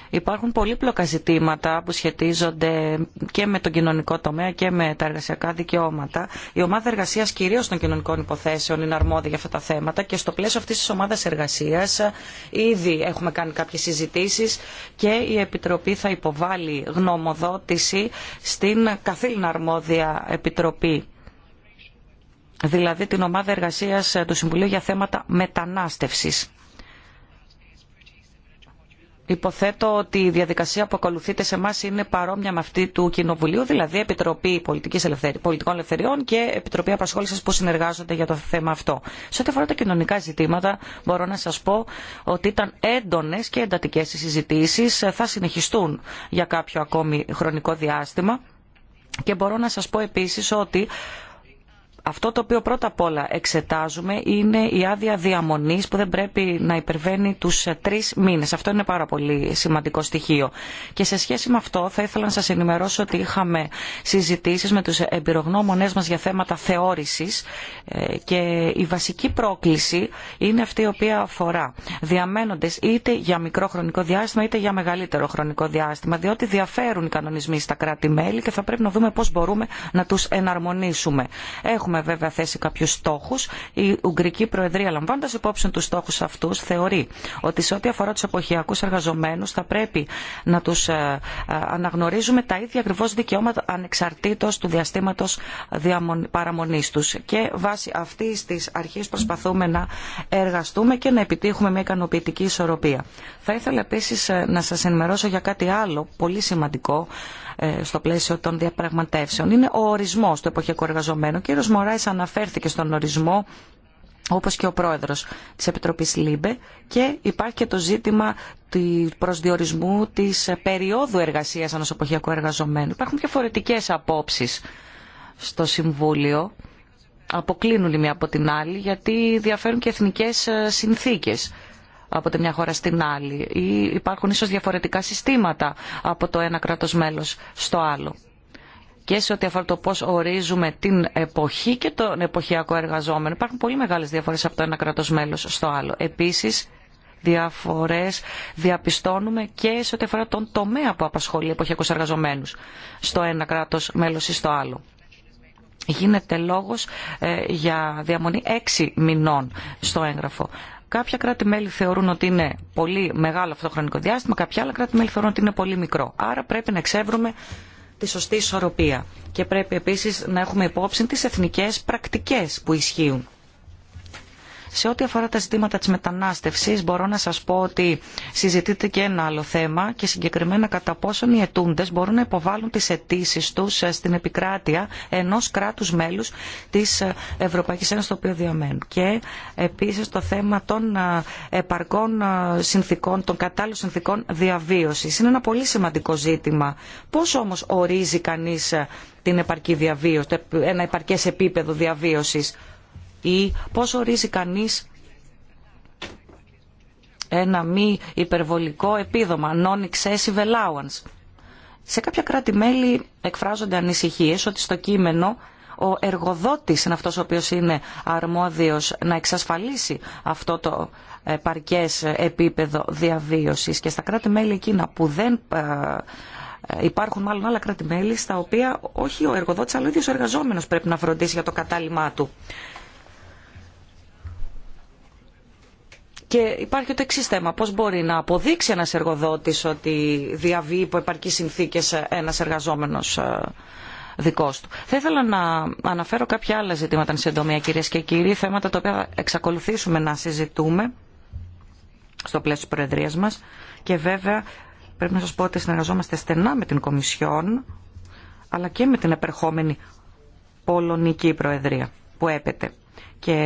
Υπάρχουν πολύπλοκα ζητήματα που σχετίζονται και με τον κοινωνικό τομέα και με τα εργασιακά δικαιώματα. Η ομάδα εργασίας κυρίως των κοινωνικών υποθέσεων είναι αρμόδια για αυτά τα θέματα και στο πλαίσιο αυτής της ομάδας εργασίας ήδη έχουμε κάνει κάποιες συζητήσεις και η Επιτροπή θα υποβάλει γνωμοδότηση στην καθήλυνα αρμόδια Επιτροπή δηλαδή την ομάδα εργασίας ε, του Συμβουλίου για θέματα μετανάστευσης. Υποθέτω ότι η διαδικασία που ακολουθείτε σε εμά είναι παρόμοια με αυτή του Κοινοβουλίου, δηλαδή Επιτροπή Πολιτικών Ελευθεριών και Επιτροπή Απασχόλησης που συνεργάζονται για το θέμα αυτό. Σε ό,τι αφορά τα κοινωνικά ζητήματα, μπορώ να σας πω ότι ήταν έντονες και εντατικές οι συζητήσεις, ε, θα συνεχιστούν για κάποιο ακόμη χρονικό διάστημα. Και μπορώ να σας πω επίσης ότι αυτό το οποίο πρώτα απ' όλα εξετάζουμε είναι η άδεια διαμονή που δεν πρέπει να υπερβαίνει του ε, τρει μήνε. Αυτό είναι πάρα πολύ σημαντικό στοιχείο. Και σε σχέση με αυτό θα ήθελα να σα ενημερώσω ότι είχαμε συζητήσει με του εμπειρογνώμονε μα για θέματα θεώρηση ε, και η βασική πρόκληση είναι αυτή η οποία αφορά διαμένοντε είτε για μικρό χρονικό διάστημα είτε για μεγαλύτερο χρονικό διάστημα διότι διαφέρουν οι κανονισμοί στα κράτη-μέλη και θα πρέπει να δούμε πώ μπορούμε να του εναρμονίσουμε. Έχουμε έχουμε βέβαια θέσει κάποιου στόχου. Η Ουγγρική Προεδρία, λαμβάνοντα υπόψη του στόχου αυτού, θεωρεί ότι σε ό,τι αφορά του εποχιακού εργαζομένου θα πρέπει να του ε, ε, αναγνωρίζουμε τα ίδια ακριβώ δικαιώματα ανεξαρτήτω του διαστήματο παραμονή του. Και βάσει αυτή τη αρχή προσπαθούμε να εργαστούμε και να επιτύχουμε μια ικανοποιητική ισορροπία. Θα ήθελα επίση ε, να σα ενημερώσω για κάτι άλλο πολύ σημαντικό ε, στο πλαίσιο των διαπραγματεύσεων. Είναι ο ορισμός του εποχιακού εργαζομένου. Ο κύριος Μωράης αναφέρθηκε στον ορισμό όπως και ο πρόεδρος της Επιτροπής ΛΥΜΠΕ και υπάρχει και το ζήτημα του προσδιορισμού της περίοδου εργασίας ενός εποχιακού εργαζομένου. Υπάρχουν διαφορετικές απόψεις στο Συμβούλιο, αποκλίνουν η μία από την άλλη γιατί διαφέρουν και εθνικές ε, συνθήκες από τη μια χώρα στην άλλη ή υπάρχουν ίσως διαφορετικά συστήματα από το ένα κράτος μέλος στο άλλο. Και σε ό,τι αφορά το πώς ορίζουμε την εποχή και τον εποχιακό εργαζόμενο υπάρχουν πολύ μεγάλες διαφορές από το ένα κράτος μέλος στο άλλο. Επίσης, διαφορές διαπιστώνουμε και σε ό,τι αφορά τον τομέα που απασχολεί εποχιακούς εργαζομένους στο ένα κράτος μέλος ή στο άλλο. Γίνεται λόγος ε, για διαμονή έξι μηνών στο έγγραφο. Κάποια κράτη-μέλη θεωρούν ότι είναι πολύ μεγάλο αυτό το χρονικό διάστημα, κάποια άλλα κράτη-μέλη θεωρούν ότι είναι πολύ μικρό. Άρα πρέπει να εξεύρουμε τη σωστή ισορροπία. Και πρέπει επίσης να έχουμε υπόψη τις εθνικές πρακτικές που ισχύουν. Σε ό,τι αφορά τα ζητήματα της μετανάστευσης μπορώ να σας πω ότι συζητείται και ένα άλλο θέμα και συγκεκριμένα κατά πόσον οι ετούντες μπορούν να υποβάλουν τις αιτήσει τους ε, στην επικράτεια ενός κράτους μέλους της ε, Ευρωπαϊκής Ένωσης το οποίο διαμένουν. Και επίσης το θέμα των ε, επαρκών συνθήκων, των κατάλληλων συνθήκων διαβίωσης. Είναι ένα πολύ σημαντικό ζήτημα. Πώς όμως ορίζει κανείς την επαρκή διαβίωση, ένα επαρκές επίπεδο διαβίωσης ή πώς ορίζει κανείς ένα μη υπερβολικό επίδομα, non-excessive allowance. Σε κάποια κράτη-μέλη εκφράζονται ανησυχίες ότι στο κείμενο ο εργοδότης είναι αυτός ο οποίος είναι αρμόδιος να εξασφαλίσει αυτό το ε, παρκές επίπεδο διαβίωσης και στα κράτη-μέλη εκείνα που δεν ε, ε, υπάρχουν μάλλον άλλα κράτη-μέλη στα οποία όχι ο εργοδότης αλλά ο ίδιος ο εργαζόμενος πρέπει να φροντίσει για το κατάλημά του. Και υπάρχει το εξή θέμα. Πώ μπορεί να αποδείξει ένα εργοδότη ότι διαβεί υπό επαρκεί συνθήκε ένα εργαζόμενο ε, δικό του. Θα ήθελα να αναφέρω κάποια άλλα ζητήματα εν συντομία, κυρίε και κύριοι, θέματα τα οποία θα εξακολουθήσουμε να συζητούμε στο πλαίσιο τη Προεδρία μα. Και βέβαια πρέπει να σα πω ότι συνεργαζόμαστε στενά με την Κομισιόν, αλλά και με την επερχόμενη Πολωνική Προεδρία που έπεται. Και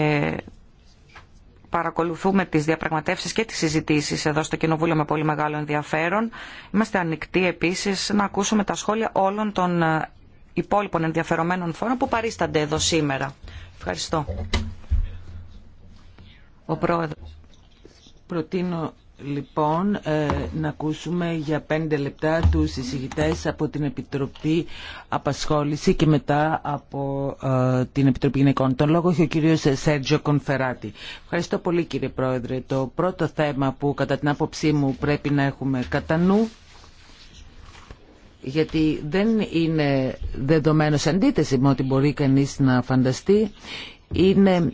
παρακολουθούμε τις διαπραγματεύσεις και τις συζητήσεις εδώ στο Κοινοβούλιο με πολύ μεγάλο ενδιαφέρον. Είμαστε ανοιχτοί επίσης να ακούσουμε τα σχόλια όλων των ε, υπόλοιπων ενδιαφερομένων φόρων που παρίστανται εδώ σήμερα. Ευχαριστώ. Ο Πρόεδρος. Προτείνω λοιπόν ε, να ακούσουμε για πέντε λεπτά τους εισηγητές από την Επιτροπή Απασχόληση και μετά από ε, την Επιτροπή Γυναικών. Τον λόγο έχει ο κύριος Σέρτζο Κονφεράτη. Ευχαριστώ πολύ κύριε Πρόεδρε. Το πρώτο θέμα που κατά την άποψή μου πρέπει να έχουμε κατά νου γιατί δεν είναι δεδομένο αντίθεση με ό,τι μπορεί κανείς να φανταστεί είναι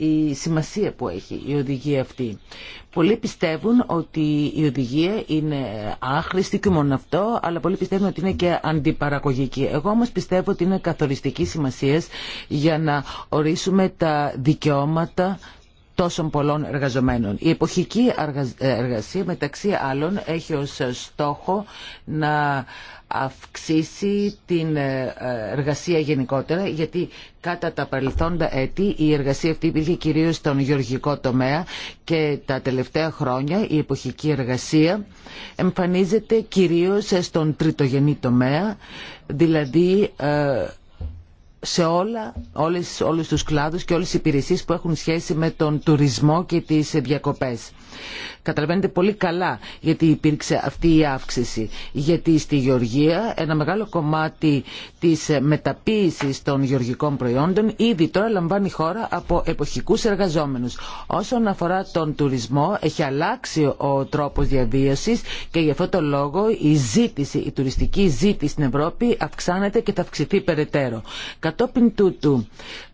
η σημασία που έχει η οδηγία αυτή. Πολλοί πιστεύουν ότι η οδηγία είναι άχρηστη και μόνο αυτό, αλλά πολλοί πιστεύουν ότι είναι και αντιπαραγωγική. Εγώ όμως πιστεύω ότι είναι καθοριστική σημασία για να ορίσουμε τα δικαιώματα τόσων πολλών εργαζομένων. Η εποχική εργασία μεταξύ άλλων έχει ως στόχο να αυξήσει την ε, εργασία γενικότερα γιατί κατά τα παρελθόντα έτη η εργασία αυτή υπήρχε κυρίως στον γεωργικό τομέα και τα τελευταία χρόνια η εποχική εργασία εμφανίζεται κυρίως στον τριτογενή τομέα δηλαδή ε, σε όλα, όλες, όλους τους κλάδους και όλες τις υπηρεσίες που έχουν σχέση με τον τουρισμό και τις διακοπές. Καταλαβαίνετε πολύ καλά γιατί υπήρξε αυτή η αύξηση. Γιατί στη Γεωργία ένα μεγάλο κομμάτι της μεταποίησης των γεωργικών προϊόντων ήδη τώρα λαμβάνει χώρα από εποχικούς εργαζόμενους. Όσον αφορά τον τουρισμό έχει αλλάξει ο τρόπος διαβίωσης και γι' αυτό το λόγο η ζήτηση, η τουριστική ζήτηση στην Ευρώπη αυξάνεται και θα αυξηθεί περαιτέρω. Κατόπιν τούτου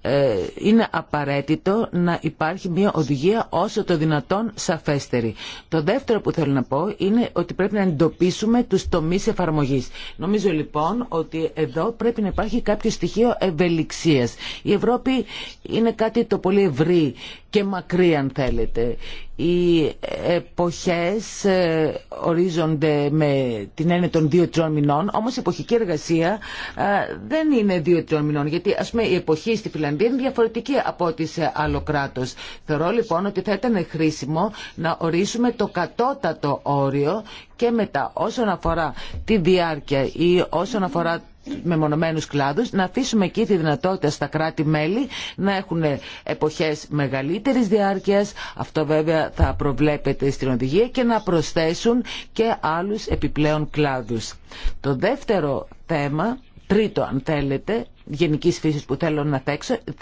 ε, είναι απαραίτητο να υπάρχει μια οδηγία όσο το δυνατόν σαφέστερη. Το δεύτερο που θέλω να πω είναι ότι πρέπει να εντοπίσουμε τους τομείς εφαρμογής. Νομίζω λοιπόν ότι εδώ πρέπει να υπάρχει κάποιο στοιχείο ευελιξίας. Η Ευρώπη είναι κάτι το πολύ ευρύ και μακρύ αν θέλετε οι εποχές ε, ορίζονται με την έννοια των δύο-τριών μηνών, όμως η εποχική εργασία ε, δεν είναι δύο-τριών μηνών, γιατί ας πούμε η εποχή στη Φιλανδία είναι διαφορετική από ό,τι σε άλλο κράτος. Θεωρώ λοιπόν ότι θα ήταν χρήσιμο να ορίσουμε το κατώτατο όριο και μετά όσον αφορά τη διάρκεια ή όσον αφορά μεμονωμένους κλάδους, να αφήσουμε εκεί τη δυνατότητα στα κράτη-μέλη να έχουν εποχές μεγαλύτερης διάρκεια, αυτό βέβαια θα προβλέπεται στην οδηγία και να προσθέσουν και άλλους επιπλέον κλάδους. Το δεύτερο θέμα, τρίτο αν θέλετε, γενική φύση που θέλω να,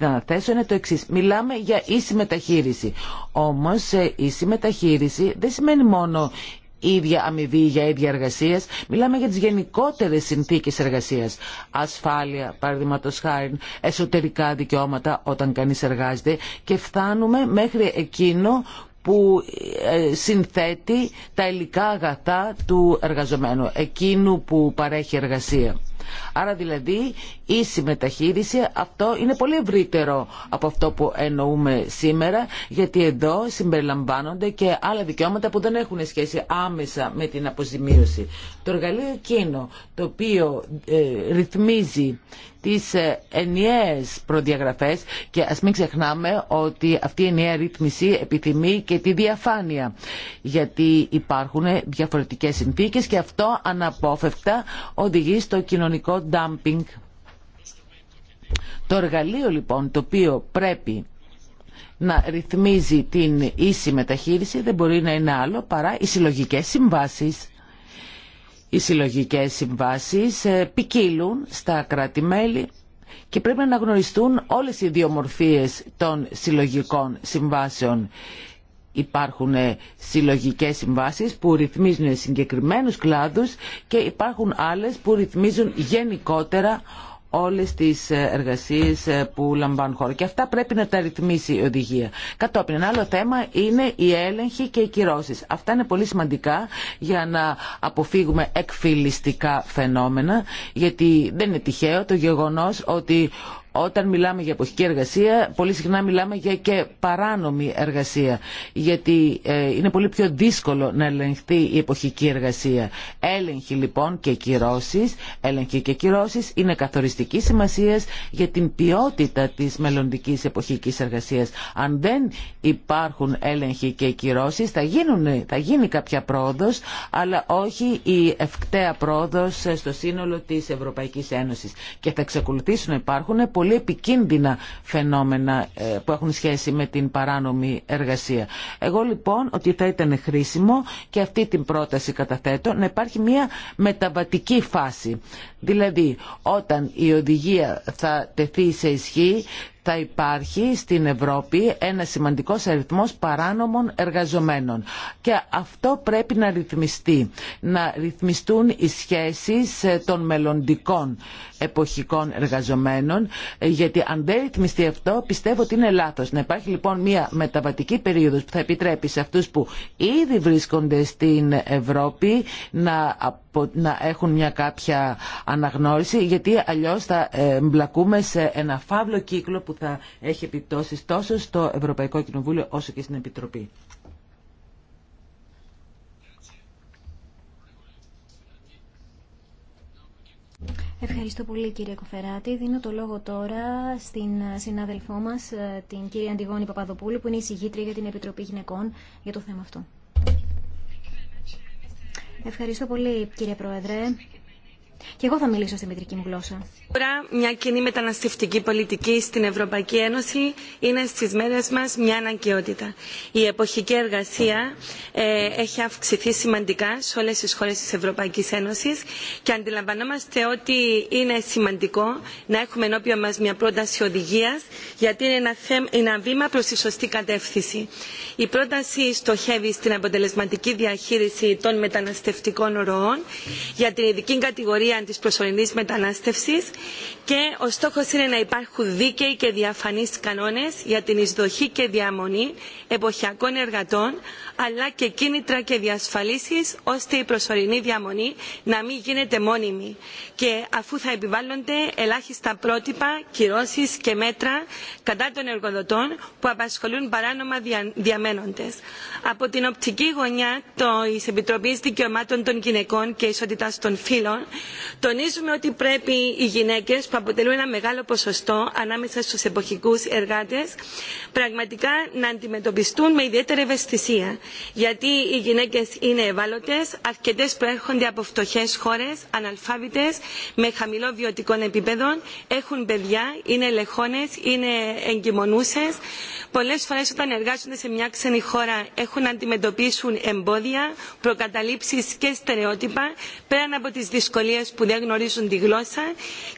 να θέσω είναι το εξή. Μιλάμε για ίση μεταχείριση. Όμω, ε, ίση μεταχείριση δεν σημαίνει μόνο ίδια αμοιβή για ίδια εργασία. Μιλάμε για τι γενικότερε συνθήκε εργασία. Ασφάλεια, παραδείγματο χάρη, εσωτερικά δικαιώματα όταν κανεί εργάζεται και φτάνουμε μέχρι εκείνο που ε, συνθέτει τα υλικά αγαθά του εργαζομένου, εκείνου που παρέχει εργασία. Άρα δηλαδή η συμμεταχείριση αυτό είναι πολύ ευρύτερο από αυτό που εννοούμε σήμερα γιατί εδώ συμπεριλαμβάνονται και άλλα δικαιώματα που δεν έχουν σχέση άμεσα με την αποζημίωση. Το εργαλείο εκείνο το οποίο ε, ρυθμίζει τις ε, ενιαίες προδιαγραφές και ας μην ξεχνάμε ότι αυτή η ενιαία ρύθμιση επιθυμεί και τη διαφάνεια γιατί υπάρχουν διαφορετικές συνθήκες και αυτό αναπόφευκτα οδηγεί στο κοινωνικό ντάμπινγκ. Το εργαλείο λοιπόν το οποίο πρέπει να ρυθμίζει την ίση μεταχείριση δεν μπορεί να είναι άλλο παρά οι συλλογικές συμβάσεις οι συλλογικές συμβάσεις ε, ποικίλουν στα κράτη-μέλη και πρέπει να αναγνωριστούν όλες οι διομορφίες των συλλογικών συμβάσεων. Υπάρχουν ε, συλλογικές συμβάσεις που ρυθμίζουν συγκεκριμένους κλάδους και υπάρχουν άλλες που ρυθμίζουν γενικότερα όλες τις εργασίες ε, που λαμβάνουν χώρο. Και αυτά πρέπει να τα ρυθμίσει η οδηγία. Κατόπιν, ένα άλλο θέμα είναι η έλεγχη και οι κυρώσεις. Αυτά είναι πολύ σημαντικά για να αποφύγουμε εκφυλιστικά φαινόμενα, γιατί δεν είναι τυχαίο το γεγονός ότι όταν μιλάμε για εποχική εργασία, πολύ συχνά μιλάμε για και παράνομη εργασία, γιατί ε, είναι πολύ πιο δύσκολο να ελεγχθεί η εποχική εργασία. Έλεγχοι λοιπόν και κυρώσεις, έλεγχοι και κυρώσεις είναι καθοριστική σημασία για την ποιότητα της μελλοντική εποχικής εργασίας. Αν δεν υπάρχουν έλεγχοι και κυρώσεις, θα, γίνει κάποια πρόοδος, αλλά όχι η ευκταία πρόοδος στο σύνολο της Ευρωπαϊκής Ένωσης. Και θα εξακολουθήσουν να υπάρχουν πολύ επικίνδυνα φαινόμενα ε, που έχουν σχέση με την παράνομη εργασία. Εγώ λοιπόν ότι θα ήταν χρήσιμο και αυτή την πρόταση καταθέτω να υπάρχει μια μεταβατική φάση. Δηλαδή όταν η οδηγία θα τεθεί σε ισχύ θα υπάρχει στην Ευρώπη ένα σημαντικός αριθμό παράνομων εργαζομένων. Και αυτό πρέπει να ρυθμιστεί. Να ρυθμιστούν οι σχέσεις ε, των μελλοντικών εποχικών εργαζομένων, ε, γιατί αν δεν ρυθμιστεί αυτό πιστεύω ότι είναι λάθο. Να υπάρχει λοιπόν μια μεταβατική περίοδος που θα επιτρέπει σε αυτούς που ήδη βρίσκονται στην Ευρώπη να, να έχουν μια κάποια αναγνώριση, γιατί αλλιώς θα ε, μπλακούμε σε ένα φαύλο κύκλο που που θα έχει επιπτώσεις τόσο στο Ευρωπαϊκό Κοινοβούλιο όσο και στην Επιτροπή. Ευχαριστώ πολύ κύριε Κοφεράτη. Δίνω το λόγο τώρα στην συνάδελφό μας, ε, την κυρία Αντιγόνη Παπαδοπούλου, που είναι η συγγήτρια για την Επιτροπή Γυναικών για το θέμα αυτό. Ευχαριστώ πολύ κύριε Πρόεδρε. Και εγώ θα μιλήσω στη μητρική μου γλώσσα. Τώρα, μια κοινή μεταναστευτική πολιτική στην Ευρωπαϊκή Ένωση είναι στι μέρε μα μια αναγκαιότητα. Η εποχική εργασία ε, έχει αυξηθεί σημαντικά σε όλε τι χώρε τη Ευρωπαϊκή Ένωση και αντιλαμβανόμαστε ότι είναι σημαντικό να έχουμε ενώπιον μα μια πρόταση οδηγία, γιατί είναι ένα, ένα βήμα προ τη σωστή κατεύθυνση. Η πρόταση στοχεύει στην αποτελεσματική διαχείριση των μεταναστευτικών ροών για την ειδική κατηγορία Τη της προσωρινής μετανάστευσης και ο στόχος είναι να υπάρχουν δίκαιοι και διαφανείς κανόνες για την εισδοχή και διαμονή εποχιακών εργατών αλλά και κίνητρα και διασφαλίσεις ώστε η προσωρινή διαμονή να μην γίνεται μόνιμη και αφού θα επιβάλλονται ελάχιστα πρότυπα, κυρώσεις και μέτρα κατά των εργοδοτών που απασχολούν παράνομα διαμένοντες. Από την οπτική γωνιά της Επιτροπής Δικαιωμάτων των Γυναικών και Ισότητας των Φύλων τονίζουμε ότι πρέπει οι γυναίκε που αποτελούν ένα μεγάλο ποσοστό ανάμεσα στου εποχικού εργάτε, πραγματικά να αντιμετωπιστούν με ιδιαίτερη ευαισθησία γιατί οι γυναίκε είναι ευάλωτε, αρκετέ προέρχονται από φτωχέ χώρε, αναλφάβητε, με χαμηλό βιωτικό επίπεδο έχουν παιδιά είναι λεχόνες είναι εγκυμονούσε. Πολλέ φορέ όταν εργάζονται σε μια ξένη χώρα έχουν να αντιμετωπίσουν εμπόδια προκαταλήψει και στερεότυπα πέραν από τι δυσκολίε που δεν γνωρίζουν τη γλώσσα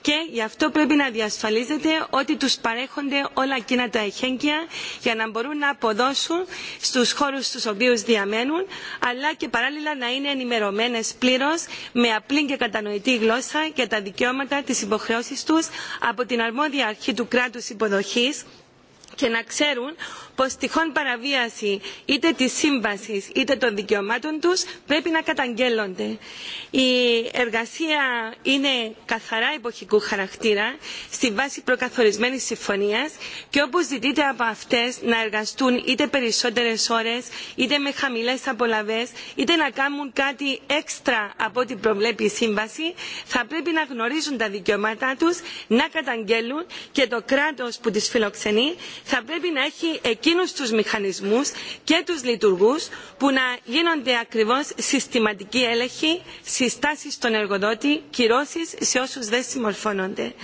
και γι' αυτό πρέπει να διασφαλίζεται ότι τους παρέχονται όλα εκείνα τα εχέγγυα για να μπορούν να αποδώσουν στους χώρους στους οποίους διαμένουν αλλά και παράλληλα να είναι ενημερωμένες πλήρως με απλή και κατανοητή γλώσσα για τα δικαιώματα, της υποχρέωσής τους από την αρμόδια αρχή του κράτους υποδοχής και να ξέρουν πως τυχόν παραβίαση είτε της σύμβασης είτε των δικαιωμάτων τους πρέπει να καταγγέλλονται. Η εργασία είναι καθαρά εποχικού χαρακτήρα στη βάση προκαθορισμένη συμφωνίας και όπω ζητείται από αυτές να εργαστούν είτε περισσότερες ώρες είτε με χαμηλές απολαβές είτε να κάνουν κάτι έξτρα από ό,τι προβλέπει η σύμβαση θα πρέπει να γνωρίζουν τα δικαιώματά τους, να καταγγέλουν και το κράτος που τις φιλοξενεί θα πρέπει να έχει εκείνους τους μηχανισμούς και τους λειτουργούς που να γίνονται ακριβώς συστηματική έλεγχη συστάσεις στον εργοδότη, κυρώσεις σε όσους δεν συμμορφώνονται.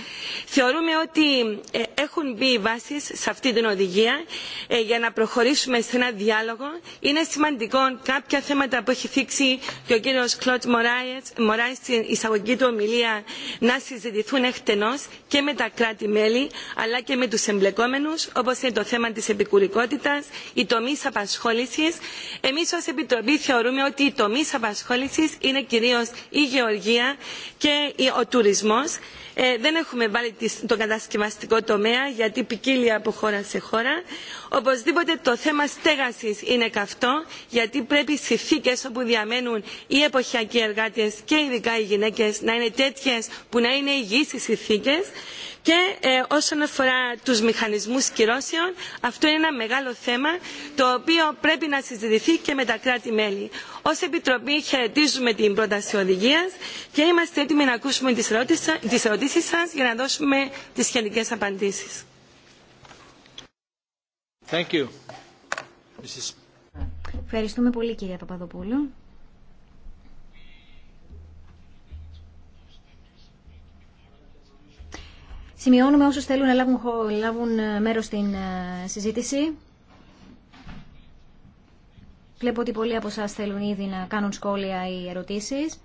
Θεωρούμε ότι ε, έχουν μπει οι βάσεις σε αυτή την οδηγία ε, για να προχωρήσουμε σε ένα διάλογο. Είναι σημαντικό κάποια θέματα που έχει θίξει και ο κύριος Κλωτ Μωράης στην εισαγωγική του ομιλία να συζητηθούν εκτενώς και με τα κράτη-μέλη αλλά και με τους εμπλεκόμενους όπως είναι το θέμα της επικουρικής η οι τομείς απασχόλησης. Εμείς ως Επιτροπή θεωρούμε ότι οι τομείς απασχόλησης είναι κυρίω η γεωργία και ο τουρισμό. Ε, δεν έχουμε βάλει τον κατασκευαστικό τομέα γιατί ποικίλει από χώρα σε χώρα. Οπωσδήποτε το θέμα στέγασης είναι καυτό γιατί πρέπει οι συνθήκε όπου διαμένουν οι εποχιακοί εργάτε και ειδικά οι γυναίκε να είναι τέτοιε που να είναι υγιεί οι συνθήκε. Και ε, όσον αφορά τους μηχανισμούς κυρώσεων, αυτό είναι ένα μεγάλο θέμα το οποίο πρέπει να συζητηθεί και με τα κράτη-μέλη. Ως Επιτροπή χαιρετίζουμε την πρόταση οδηγίας και είμαστε έτοιμοι να ακούσουμε τις ερωτήσεις, σα σας για να δώσουμε τις σχετικές απαντήσεις. Thank you. Ευχαριστούμε πολύ κυρία Παπαδοπούλου. Σημειώνουμε όσους θέλουν να λάβουν, λάβουν ε, μέρος στην ε, συζήτηση. Βλέπω ότι πολλοί από εσά θέλουν ήδη να κάνουν σχόλια ή ερωτήσεις.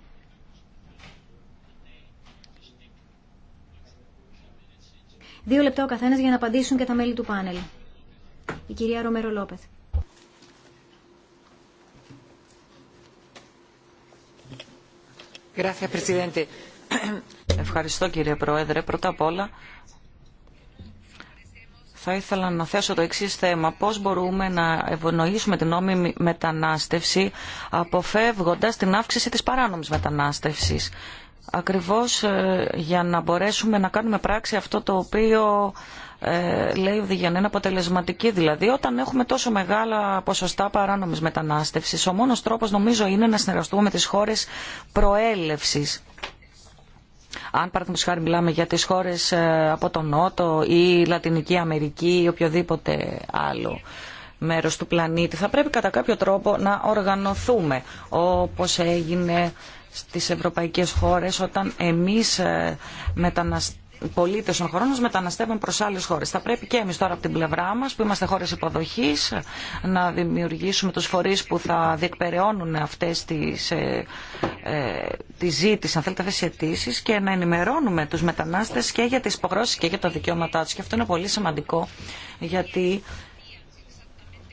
Δύο λεπτά ο καθένας για να απαντήσουν και τα μέλη του πάνελ. Η κυρία Ρομέρο Λόπεθ. Gracias, presidente. Ευχαριστώ κύριε Πρόεδρε. Πρώτα απ' όλα θα ήθελα να θέσω το εξή θέμα. Πώς μπορούμε να ευνοήσουμε την νόμιμη μετανάστευση αποφεύγοντας την αύξηση της παράνομης μετανάστευσης. Ακριβώς ε, για να μπορέσουμε να κάνουμε πράξη αυτό το οποίο ε, λέει ο είναι αποτελεσματική δηλαδή όταν έχουμε τόσο μεγάλα ποσοστά παράνομης μετανάστευσης ο μόνος τρόπος νομίζω είναι να συνεργαστούμε με τις χώρες προέλευσης αν παραδείγματο χάρη μιλάμε για τις χώρες ε, από τον Νότο ή Λατινική Αμερική ή οποιοδήποτε άλλο μέρος του πλανήτη, θα πρέπει κατά κάποιο τρόπο να οργανωθούμε όπως έγινε στις ευρωπαϊκές χώρες όταν εμείς ε, μεταναστεύουμε πολίτε των χωρών μα μεταναστεύουν προ άλλε χώρε. Θα πρέπει και εμεί τώρα από την πλευρά μα, που είμαστε χώρε υποδοχή, να δημιουργήσουμε του φορεί που θα διεκπεραιώνουν αυτέ τι ε, ε, ζήτηση, αν θέλετε, αυτέ τι αιτήσει και να ενημερώνουμε του μετανάστε και για τι υποχρεώσει και για τα δικαιώματά του. Και αυτό είναι πολύ σημαντικό, γιατί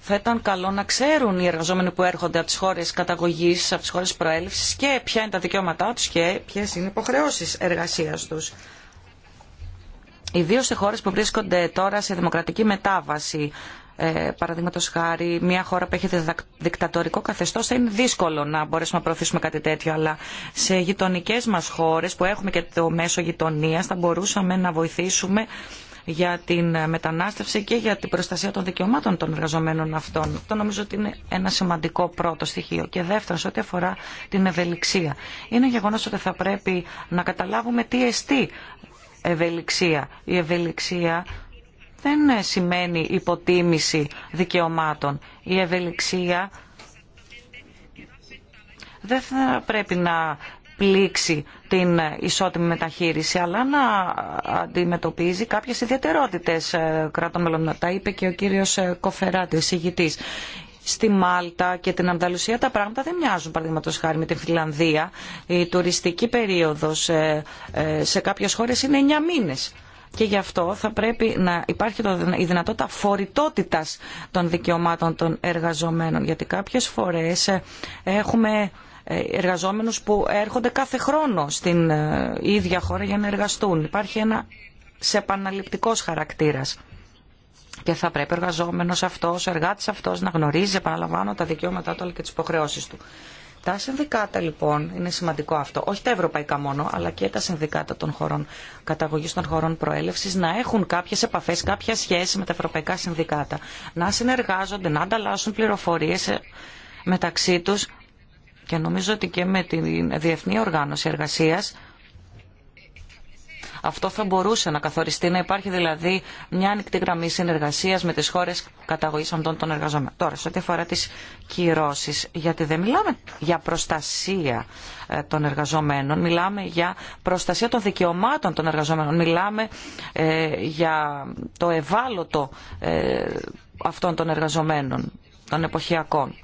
θα ήταν καλό να ξέρουν οι εργαζόμενοι που έρχονται από τι χώρε καταγωγή, από τι χώρε προέλευση και ποια είναι τα δικαιώματά του και ποιε είναι οι υποχρεώσει εργασία του. Ιδίω σε χώρε που βρίσκονται τώρα σε δημοκρατική μετάβαση. Ε, Παραδείγματο χάρη, μια χώρα που έχει δικτατορικό καθεστώ θα είναι δύσκολο να μπορέσουμε να προωθήσουμε κάτι τέτοιο. Αλλά σε γειτονικέ μα χώρε που έχουμε και το μέσο γειτονία θα μπορούσαμε να βοηθήσουμε για την μετανάστευση και για την προστασία των δικαιωμάτων των εργαζομένων αυτών. Αυτό νομίζω ότι είναι ένα σημαντικό πρώτο στοιχείο. Και δεύτερον, σε ό,τι αφορά την ευελιξία. Είναι γεγονό ότι θα πρέπει να καταλάβουμε τι εστί ευελιξία. Η ευελιξία δεν σημαίνει υποτίμηση δικαιωμάτων. Η ευελιξία δεν θα πρέπει να πλήξει την ισότιμη μεταχείριση, αλλά να αντιμετωπίζει κάποιες ιδιαιτερότητες ε, κρατών μελών. Τα είπε και ο κύριος ε, Κοφεράτη, ο στη Μάλτα και την Ανταλουσία τα πράγματα δεν μοιάζουν παραδείγματο χάρη με τη Φιλανδία. Η τουριστική περίοδο ε, ε, σε κάποιες χώρες είναι 9 μήνες. Και γι' αυτό θα πρέπει να υπάρχει η δυνατότητα φορητότητας των δικαιωμάτων των εργαζομένων. Γιατί κάποιες φορές ε, έχουμε εργαζόμενους που έρχονται κάθε χρόνο στην ίδια χώρα για να εργαστούν. Υπάρχει ένα σε επαναληπτικός χαρακτήρας και θα πρέπει ο εργαζόμενο αυτό, ο εργάτη αυτό να γνωρίζει, επαναλαμβάνω, τα δικαιώματά του αλλά και τι υποχρεώσει του. Τα συνδικάτα λοιπόν, είναι σημαντικό αυτό, όχι τα ευρωπαϊκά μόνο, αλλά και τα συνδικάτα των χωρών καταγωγή των χωρών προέλευση, να έχουν κάποιε επαφέ, κάποια σχέση με τα ευρωπαϊκά συνδικάτα. Να συνεργάζονται, να ανταλλάσσουν πληροφορίε ε, μεταξύ του. και νομίζω ότι και με τη Διεθνή Οργάνωση εργασία. Αυτό θα μπορούσε να καθοριστεί, να υπάρχει δηλαδή μια ανοιχτή γραμμή συνεργασία με τι χώρε καταγωγή αυτών των εργαζομένων. Τώρα, σε ό,τι αφορά τι κυρώσει, γιατί δεν μιλάμε για προστασία ε, των εργαζομένων, μιλάμε για προστασία των δικαιωμάτων των εργαζομένων, μιλάμε ε, για το ευάλωτο ε, αυτών των εργαζομένων, των εποχιακών.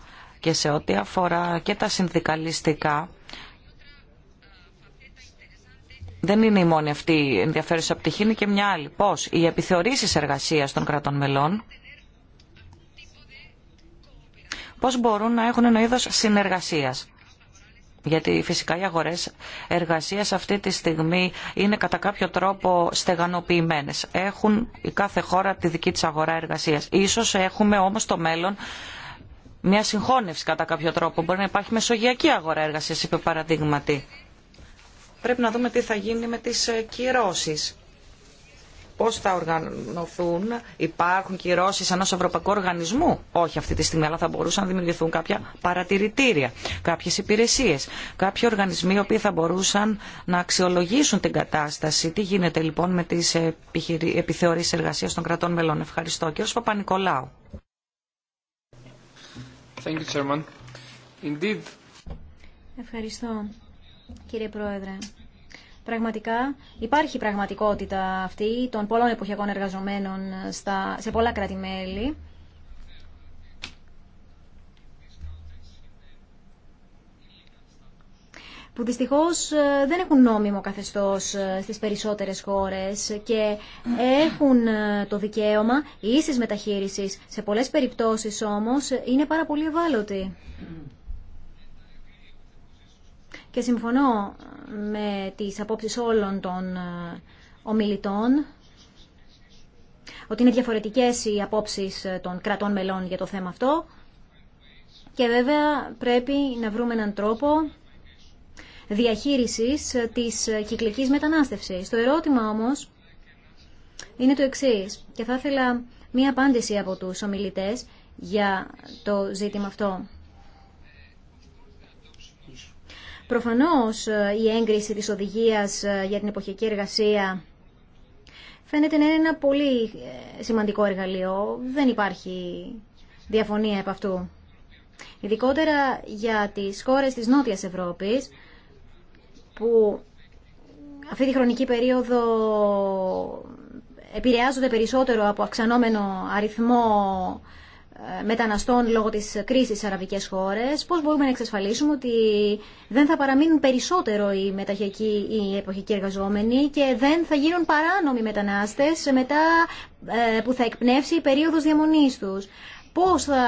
Και σε ό,τι αφορά και τα συνδικαλιστικά, δεν είναι η μόνη αυτή η ενδιαφέρουσα πτυχή, είναι και μια άλλη. Πώ οι επιθεωρήσεις εργασία των κρατών μελών, πώς μπορούν να έχουν ένα είδο συνεργασία. Γιατί φυσικά οι αγορέ εργασία αυτή τη στιγμή είναι κατά κάποιο τρόπο στεγανοποιημένε. Έχουν η κάθε χώρα τη δική τη αγορά εργασία. Ίσως έχουμε όμω το μέλλον μια συγχώνευση κατά κάποιο τρόπο. Μπορεί να υπάρχει μεσογειακή αγορά εργασία, είπε παραδείγματι. Πρέπει να δούμε τι θα γίνει με τις ε, κυρώσεις. Πώς θα οργανωθούν, υπάρχουν κυρώσεις ενός ευρωπαϊκού οργανισμού. Όχι αυτή τη στιγμή, αλλά θα μπορούσαν να δημιουργηθούν κάποια παρατηρητήρια, κάποιες υπηρεσίες, κάποιοι οργανισμοί οι οποίοι θα μπορούσαν να αξιολογήσουν την κατάσταση. Τι γίνεται λοιπόν με τις επιθεωρήσεις εργασίας των κρατών μελών. Ευχαριστώ. Και Παπα-Νικολάου. Ευχαριστώ κύριε Πρόεδρε. Πραγματικά υπάρχει πραγματικότητα αυτή των πολλών εποχιακών εργαζομένων στα, σε πολλά κράτη-μέλη. που δυστυχώς ε, δεν έχουν νόμιμο καθεστώς ε, στις περισσότερες χώρες και έχουν ε, το δικαίωμα ίσης μεταχείρισης. Σε πολλές περιπτώσεις όμως είναι πάρα πολύ ευάλωτοι και συμφωνώ με τις απόψεις όλων των ε, ομιλητών ότι είναι διαφορετικές οι απόψεις ε, των κρατών μελών για το θέμα αυτό και βέβαια πρέπει να βρούμε έναν τρόπο διαχείρισης ε, της κυκλικής μετανάστευσης. Το ερώτημα όμως είναι το εξής και θα ήθελα μία απάντηση από τους ομιλητές για το ζήτημα αυτό. Προφανώς ε, η έγκριση της οδηγίας ε, για την εποχική εργασία φαίνεται να είναι ένα πολύ ε, σημαντικό εργαλείο. Δεν υπάρχει διαφωνία από αυτού. Ειδικότερα για τις χώρες της Νότιας Ευρώπης που αυτή τη χρονική περίοδο επηρεάζονται περισσότερο από αυξανόμενο αριθμό μεταναστών λόγω της κρίσης στις αραβικές χώρες, πώς μπορούμε να εξασφαλίσουμε ότι δεν θα παραμείνουν περισσότερο οι μεταχειακοί ή οι εποχικοί εργαζόμενοι και δεν θα γίνουν παράνομοι μετανάστες μετά ε, που θα εκπνεύσει η περίοδος διαμονής τους. Πώς θα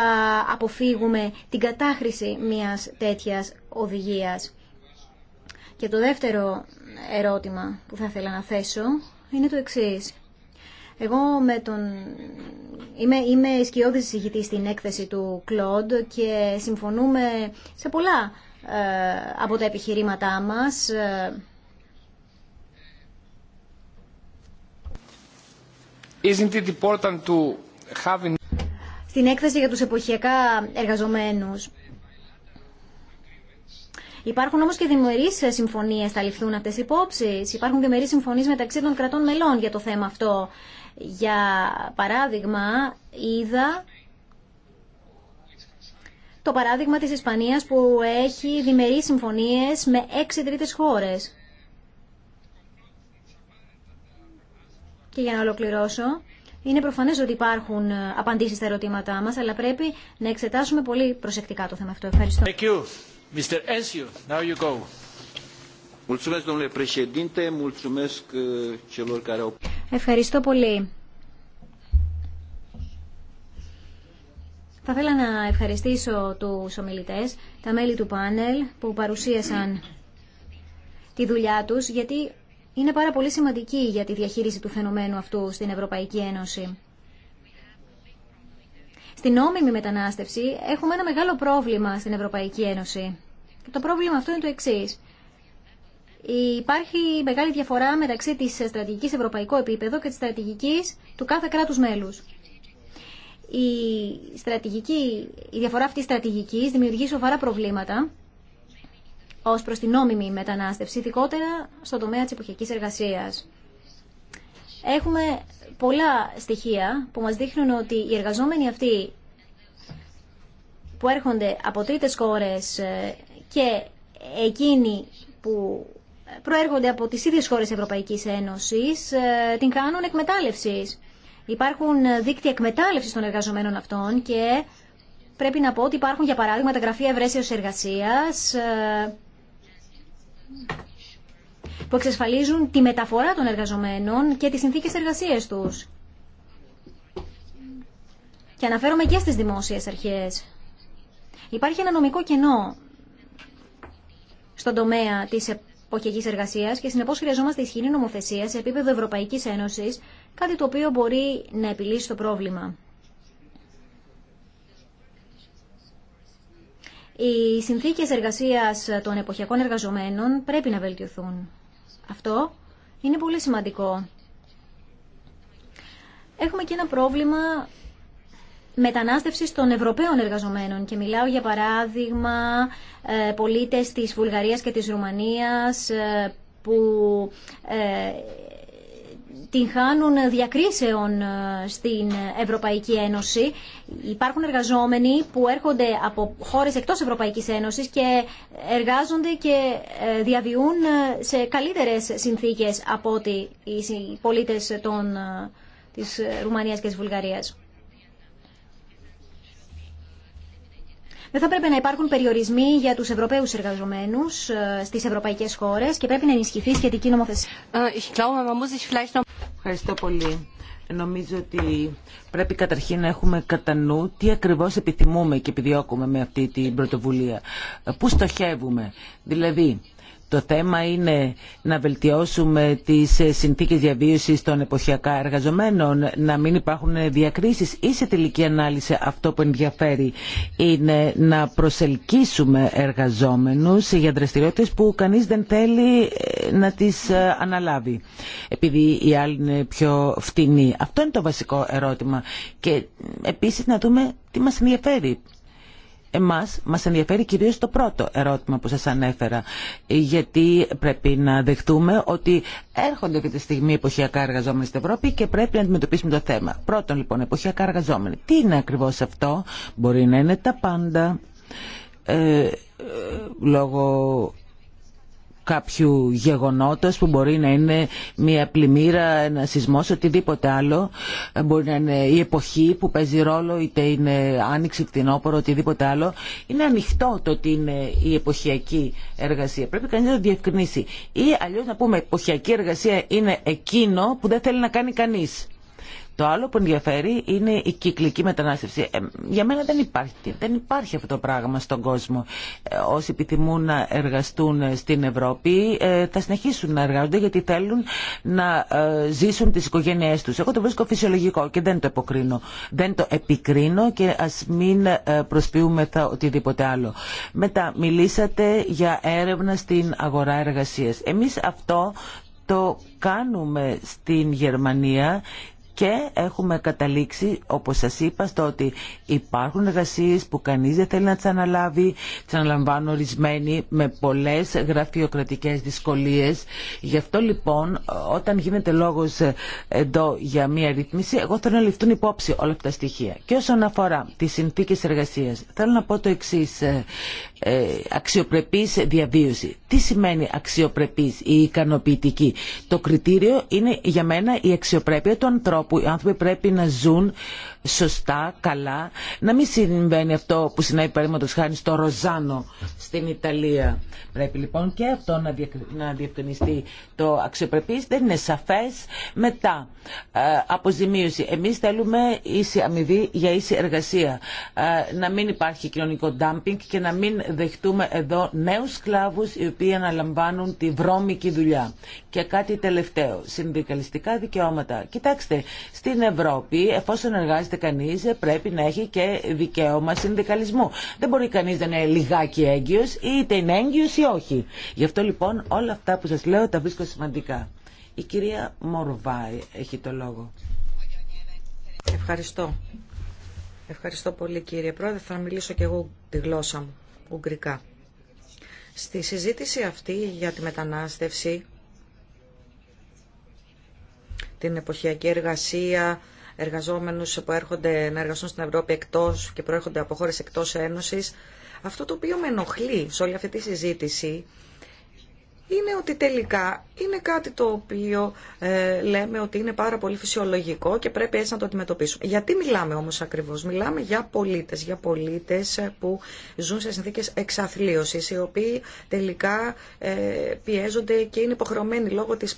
αποφύγουμε την κατάχρηση μιας τέτοιας οδηγίας. Και το δεύτερο ερώτημα που θα ήθελα να θέσω είναι το εξής. Εγώ με τον... είμαι, είμαι ισχυώδης συζητή στην έκθεση του Κλοντ και συμφωνούμε σε πολλά ε, από τα επιχειρήματά μας. Ε. Isn't it important to Στην έκθεση για τους εποχιακά εργαζομένους. Υπάρχουν όμως και διμερεί συμφωνίες, θα ληφθούν αυτές οι υπόψεις. Υπάρχουν και μερικές συμφωνίε μεταξύ των κρατών μελών για το θέμα αυτό. Για παράδειγμα, είδα το παράδειγμα της Ισπανίας που έχει διμερεί συμφωνίες με έξι τρίτες χώρες. Και για να ολοκληρώσω, είναι προφανές ότι υπάρχουν απαντήσεις στα ερωτήματά μας, αλλά πρέπει να εξετάσουμε πολύ προσεκτικά το θέμα αυτό. Ευχαριστώ. Ευχαριστώ πολύ. Θα ήθελα να ευχαριστήσω τους ομιλητές, τα μέλη του πάνελ που παρουσίασαν τη δουλειά τους, γιατί είναι πάρα πολύ σημαντική για τη διαχείριση του φαινομένου αυτού στην Ευρωπαϊκή Ένωση. Στην νόμιμη μετανάστευση έχουμε ένα μεγάλο πρόβλημα στην Ευρωπαϊκή Ένωση. Και το πρόβλημα αυτό είναι το εξής. Υπάρχει μεγάλη διαφορά μεταξύ της στρατηγικής ευρωπαϊκό επίπεδο και της στρατηγικής του κάθε κράτους μέλους. Η, η διαφορά αυτή της στρατηγικής δημιουργεί σοβαρά προβλήματα ως προς την νόμιμη μετανάστευση, ειδικότερα στο τομέα της εποχική εργασίας. Έχουμε πολλά στοιχεία που μας δείχνουν ότι οι εργαζόμενοι αυτοί που έρχονται από τρίτες χώρες ε, και εκείνοι που προέρχονται από τις ίδιες χώρες Ευρωπαϊκής Ένωσης ε, την κάνουν εκμετάλλευση. Υπάρχουν δίκτυα εκμετάλλευση των εργαζομένων αυτών και πρέπει να πω ότι υπάρχουν για παράδειγμα τα γραφεία ευρέσεως εργασίας ε, που εξασφαλίζουν τη μεταφορά των εργαζομένων και τις συνθήκες εργασίας τους. Και αναφέρομαι και στις δημόσιες αρχές. Υπάρχει ένα νομικό κενό στον τομέα της εργασία και συνεπώ χρειαζόμαστε ισχυρή νομοθεσία σε επίπεδο Ευρωπαϊκή Ένωση, κάτι το οποίο μπορεί να επιλύσει το πρόβλημα. Οι συνθήκες εργασίας των εποχιακών εργαζομένων πρέπει να βελτιωθούν. Αυτό είναι πολύ σημαντικό. Έχουμε και ένα πρόβλημα μετανάστευσης των Ευρωπαίων εργαζομένων και μιλάω για παράδειγμα ε, πολίτες της Βουλγαρίας και της Ρουμανίας ε, που ε, την χάνουν διακρίσεων στην Ευρωπαϊκή Ένωση. Υπάρχουν εργαζόμενοι που έρχονται από χώρες εκτός Ευρωπαϊκής Ένωσης και εργάζονται και διαβιούν σε καλύτερες συνθήκες από ότι οι πολίτες των, της Ρουμανίας και της Βουλγαρίας. Δεν θα πρέπει να υπάρχουν περιορισμοί για τους Ευρωπαίους εργαζομένους ε, στις ευρωπαϊκές χώρες και πρέπει να ενισχυθεί η σχετική νομοθεσία. Ε, Ευχαριστώ πολύ. Νομίζω ότι πρέπει καταρχήν να έχουμε κατά νου τι ακριβώς επιθυμούμε και επιδιώκουμε με αυτή την πρωτοβουλία. Ε, πού στοχεύουμε. Δηλαδή, το θέμα είναι να βελτιώσουμε τις συνθήκες διαβίωσης των εποχιακά εργαζομένων, να μην υπάρχουν διακρίσεις ή σε τελική ανάλυση αυτό που ενδιαφέρει είναι να προσελκύσουμε εργαζόμενους για δραστηριότητες που κανείς δεν θέλει ε, να τις ε, αναλάβει επειδή οι άλλοι είναι πιο φτηνοί. Αυτό είναι το βασικό ερώτημα και επίσης να δούμε τι μας ενδιαφέρει εμάς μας ενδιαφέρει κυρίως το πρώτο ερώτημα που σας ανέφερα γιατί πρέπει να δεχτούμε ότι έρχονται αυτή τη στιγμή εποχιακά εργαζόμενοι στην Ευρώπη και πρέπει να αντιμετωπίσουμε το θέμα. Πρώτον λοιπόν εποχιακά εργαζόμενοι. Τι είναι ακριβώς αυτό. Μπορεί να είναι τα πάντα ε, ε λόγω κάποιου γεγονότος που μπορεί να είναι μια πλημμύρα, ένα σεισμός, οτιδήποτε άλλο. Ε, μπορεί να είναι η εποχή που παίζει ρόλο, είτε είναι άνοιξη, φθινόπωρο, οτιδήποτε άλλο. Είναι ανοιχτό το ότι είναι η εποχιακή εργασία. Πρέπει κανείς να το διευκρινίσει. Ή αλλιώς να πούμε εποχιακή εργασία είναι εκείνο που δεν θέλει να κάνει κανείς. Το άλλο που ενδιαφέρει είναι η κυκλική μετανάστευση. Ε, για μένα δεν υπάρχει, δεν υπάρχει αυτό το πράγμα στον κόσμο. Ε, όσοι επιθυμούν να εργαστούν στην Ευρώπη ε, θα συνεχίσουν να εργάζονται γιατί θέλουν να ζήσουν τις οικογένειές τους. Εγώ το βρίσκω φυσιολογικό και δεν το εποκρίνω. Δεν το επικρίνω και ας μην προσποιούμε οτιδήποτε άλλο. Μετά μιλήσατε για έρευνα στην αγορά εργασίας. Εμείς αυτό το κάνουμε στην Γερμανία και έχουμε καταλήξει, όπως σας είπα, στο ότι υπάρχουν εργασίες που κανείς δεν θέλει να τις αναλάβει, τις αναλαμβάνουν ορισμένοι με πολλές γραφειοκρατικές δυσκολίες. Γι' αυτό λοιπόν, όταν γίνεται λόγος εδώ για μία ρύθμιση, εγώ θέλω να ληφθούν υπόψη όλα αυτά τα στοιχεία. Και όσον αφορά τις συνθήκες εργασίας, θέλω να πω το εξή. Ε, αξιοπρεπής διαβίωση. Τι σημαίνει αξιοπρεπής ή ικανοποιητική. Το κριτήριο είναι για μένα η αξιοπρέπεια του ανθρώπου. Οι άνθρωποι πρέπει να ζουν σωστά, καλά. Να μην συμβαίνει αυτό που συνέβη παραδείγματο χάρη στο Ροζάνο στην Ιταλία. Πρέπει λοιπόν και αυτό να, να διευκρινιστεί. Το αξιοπρεπή δεν είναι σαφέ. Μετά, ε, αποζημίωση. Εμεί θέλουμε ίση αμοιβή για ίση εργασία. Ε, να μην υπάρχει κοινωνικό ντάμπινγκ και να μην δεχτούμε εδώ νέου σκλάβου οι οποίοι αναλαμβάνουν τη βρώμικη δουλειά. Και κάτι τελευταίο. Συνδικαλιστικά δικαιώματα. Κοιτάξτε, στην Ευρώπη, εφόσον εργάζεται κανείς ε, πρέπει να έχει και δικαίωμα συνδικαλισμού. Δεν μπορεί κανεί να είναι λιγάκι έγκυος ή είτε είναι έγκυο ή όχι. Γι' αυτό λοιπόν όλα αυτά που σας λέω τα βρίσκω σημαντικά. Η κυρία Μορβάη έχει το λόγο. Ευχαριστώ. Ευχαριστώ πολύ κύριε Πρόεδρε. Θα μιλήσω και εγώ τη γλώσσα μου, ουγγρικά. Στη συζήτηση αυτή για τη μετανάστευση, την εποχιακή εργασία, εργαζόμενους που έρχονται να εργαστούν στην Ευρώπη εκτός και προέρχονται από χώρες εκτός Ένωσης. Αυτό το οποίο με ενοχλεί σε όλη αυτή τη συζήτηση είναι ότι τελικά είναι κάτι το οποίο ε, λέμε ότι είναι πάρα πολύ φυσιολογικό και πρέπει έτσι να το αντιμετωπίσουμε. Γιατί μιλάμε όμως ακριβώς. Μιλάμε για πολίτες, για πολίτες που ζουν σε συνθήκες εξαθλίωσης, οι οποίοι τελικά ε, πιέζονται και είναι υποχρεωμένοι λόγω της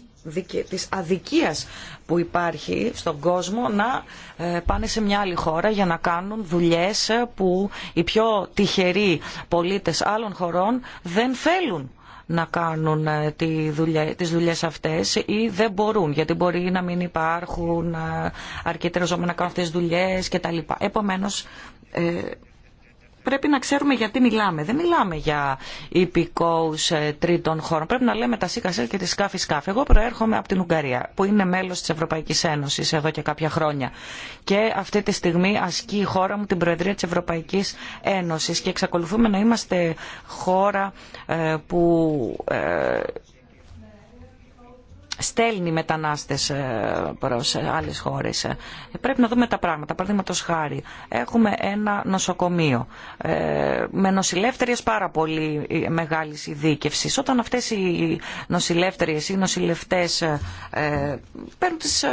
της αδικίας που υπάρχει στον κόσμο να ε, πάνε σε μια άλλη χώρα για να κάνουν δουλειές που οι πιο τυχεροί πολίτες άλλων χωρών δεν θέλουν να κάνουν ε, τη δουλειά, τις δουλειές αυτές ή δεν μπορούν γιατί μπορεί να μην υπάρχουν ε, αρκετοί εργαζόμενοι να κάνουν αυτές τις δουλειές κτλ. Επομένως πρέπει να ξέρουμε γιατί μιλάμε. Δεν μιλάμε για υπηκόους ε, τρίτων χώρων. Πρέπει να λέμε τα σίκα και τη σκάφη σκάφη. Εγώ προέρχομαι από την Ουγγαρία, που είναι μέλος της Ευρωπαϊκής Ένωσης εδώ και κάποια χρόνια. Και αυτή τη στιγμή ασκεί η χώρα μου την Προεδρία της Ευρωπαϊκής Ένωσης και εξακολουθούμε να είμαστε χώρα ε, που ε, στέλνει μετανάστες ε, προς ε, άλλες χώρες. Ε, πρέπει να δούμε τα πράγματα. Παραδείγματο χάρη, έχουμε ένα νοσοκομείο με νοσηλεύτερες πάρα πολύ μεγάλης ειδίκευσης. Όταν αυτές οι νοσηλεύτερες ή νοσηλευτές παίρνουν τις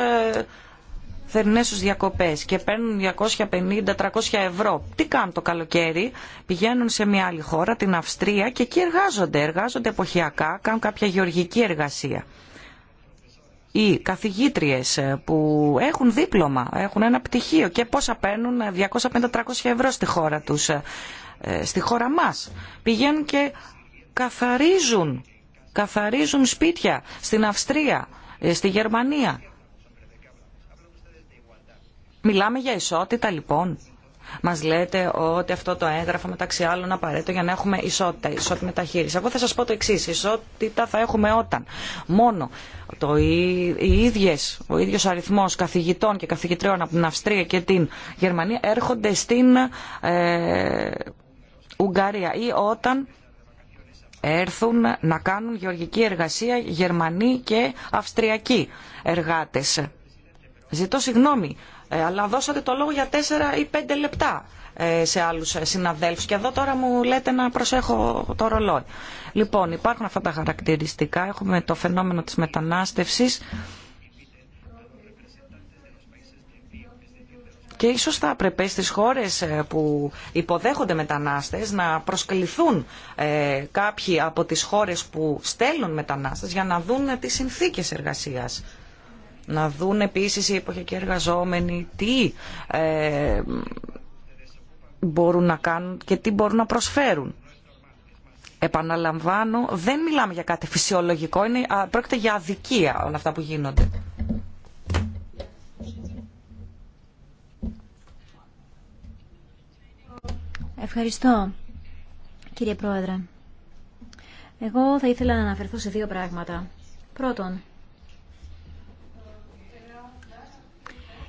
θερινές τους διακοπές και παίρνουν 250-300 ευρώ. Τι κάνουν το καλοκαίρι, πηγαίνουν σε μια άλλη χώρα, την Αυστρία και εκεί εργάζονται. Εργάζονται εποχιακά, κάνουν κάποια γεωργική εργασία οι καθηγήτριες ε, που έχουν δίπλωμα, έχουν ένα πτυχίο και πόσα παίρνουν 250-300 ε, ευρώ στη χώρα τους, ε, στη χώρα μας. Πηγαίνουν και καθαρίζουν, καθαρίζουν σπίτια στην Αυστρία, στη Γερμανία. Μιλάμε για ισότητα λοιπόν. Μα λέτε ότι αυτό το έγγραφο μεταξύ άλλων απαραίτητο για να έχουμε ισότητα, ισότητα μεταχείριση. Εγώ θα σας πω το εξή. ισότητα θα έχουμε όταν μόνο το, οι, ίδιες, ο ίδιος αριθμός καθηγητών και καθηγητριών από την Αυστρία και την Γερμανία έρχονται στην ε, Ουγγαρία ή όταν έρθουν να κάνουν γεωργική εργασία Γερμανοί και Αυστριακοί εργάτες. Ζητώ συγγνώμη ε, αλλά δώσατε το λόγο για τέσσερα ή πέντε λεπτά ε, σε άλλους συναδέλφους και εδώ τώρα μου λέτε να προσέχω το ρολόι. Λοιπόν, υπάρχουν αυτά τα χαρακτηριστικά, έχουμε το φαινόμενο της μετανάστευσης και ίσως θα πρέπει στις χώρες ε, που υποδέχονται μετανάστες να προσκληθούν κάποιοι από τις χώρες που στέλνουν μετανάστες για να δουν τις συνθήκες εργασίας να δουν επίσης οι εποχικοί εργαζόμενοι τι ε, μπορούν να κάνουν και τι μπορούν να προσφέρουν. Επαναλαμβάνω, δεν μιλάμε για κάτι φυσιολογικό, είναι, α, πρόκειται για αδικία όλα αυτά που γίνονται. Ευχαριστώ, κύριε Πρόεδρε. Εγώ θα ήθελα να αναφερθώ σε δύο πράγματα. Πρώτον,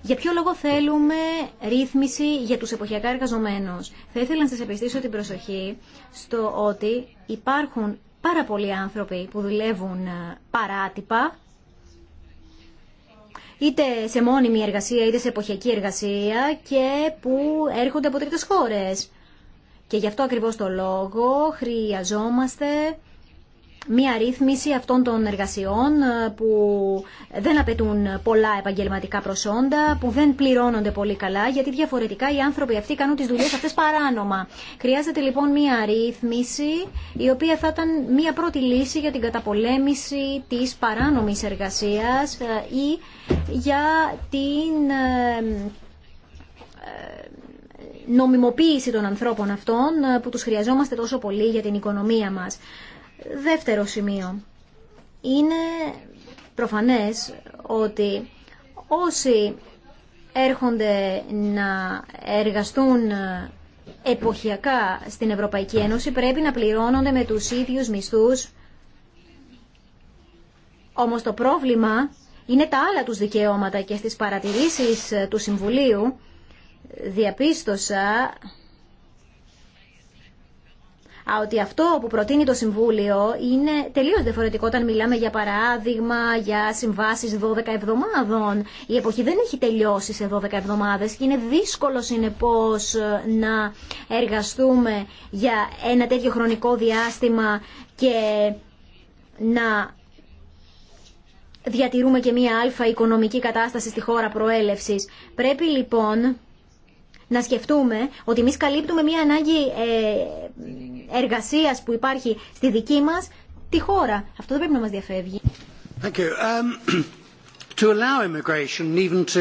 Για ποιο λόγο θέλουμε ρύθμιση για τους εποχιακά εργαζομένους. Θα ήθελα να σας επιστήσω την προσοχή στο ότι υπάρχουν πάρα πολλοί άνθρωποι που δουλεύουν ε, παράτυπα, είτε σε μόνιμη εργασία είτε σε εποχιακή εργασία και που έρχονται από τρίτες χώρες. Και γι' αυτό ακριβώς το λόγο χρειαζόμαστε μια ρύθμιση αυτών των εργασιών ε, που δεν απαιτούν πολλά επαγγελματικά προσόντα, που δεν πληρώνονται πολύ καλά, γιατί διαφορετικά οι άνθρωποι αυτοί κάνουν τις δουλειές αυτές παράνομα. Χρειάζεται λοιπόν μια ρύθμιση, η οποία θα ήταν μια πρώτη λύση για την καταπολέμηση της παράνομης εργασίας ε, ή για την ε, νομιμοποίηση των ανθρώπων αυτών που τους χρειαζόμαστε τόσο πολύ για την οικονομία μας. Δεύτερο σημείο. Είναι προφανές ότι όσοι έρχονται να εργαστούν εποχιακά στην Ευρωπαϊκή Ένωση πρέπει να πληρώνονται με τους ίδιους μισθούς. Όμως το πρόβλημα είναι τα άλλα τους δικαιώματα και στις παρατηρήσεις του Συμβουλίου διαπίστωσα ότι αυτό που προτείνει το Συμβούλιο είναι τελείως διαφορετικό όταν μιλάμε για παράδειγμα για συμβάσεις 12 εβδομάδων. Η εποχή δεν έχει τελειώσει σε 12 εβδομάδες και είναι δύσκολο συνεπώ να εργαστούμε για ένα τέτοιο χρονικό διάστημα και να διατηρούμε και μία αλφα οικονομική κατάσταση στη χώρα προέλευσης. Πρέπει λοιπόν να σκεφτούμε ότι εμεί καλύπτουμε μια ανάγκη ε, εργασίας που υπάρχει στη δική μας τη χώρα. Αυτό δεν πρέπει να μας διαφεύγει. Thank you. Um, to allow immigration, even to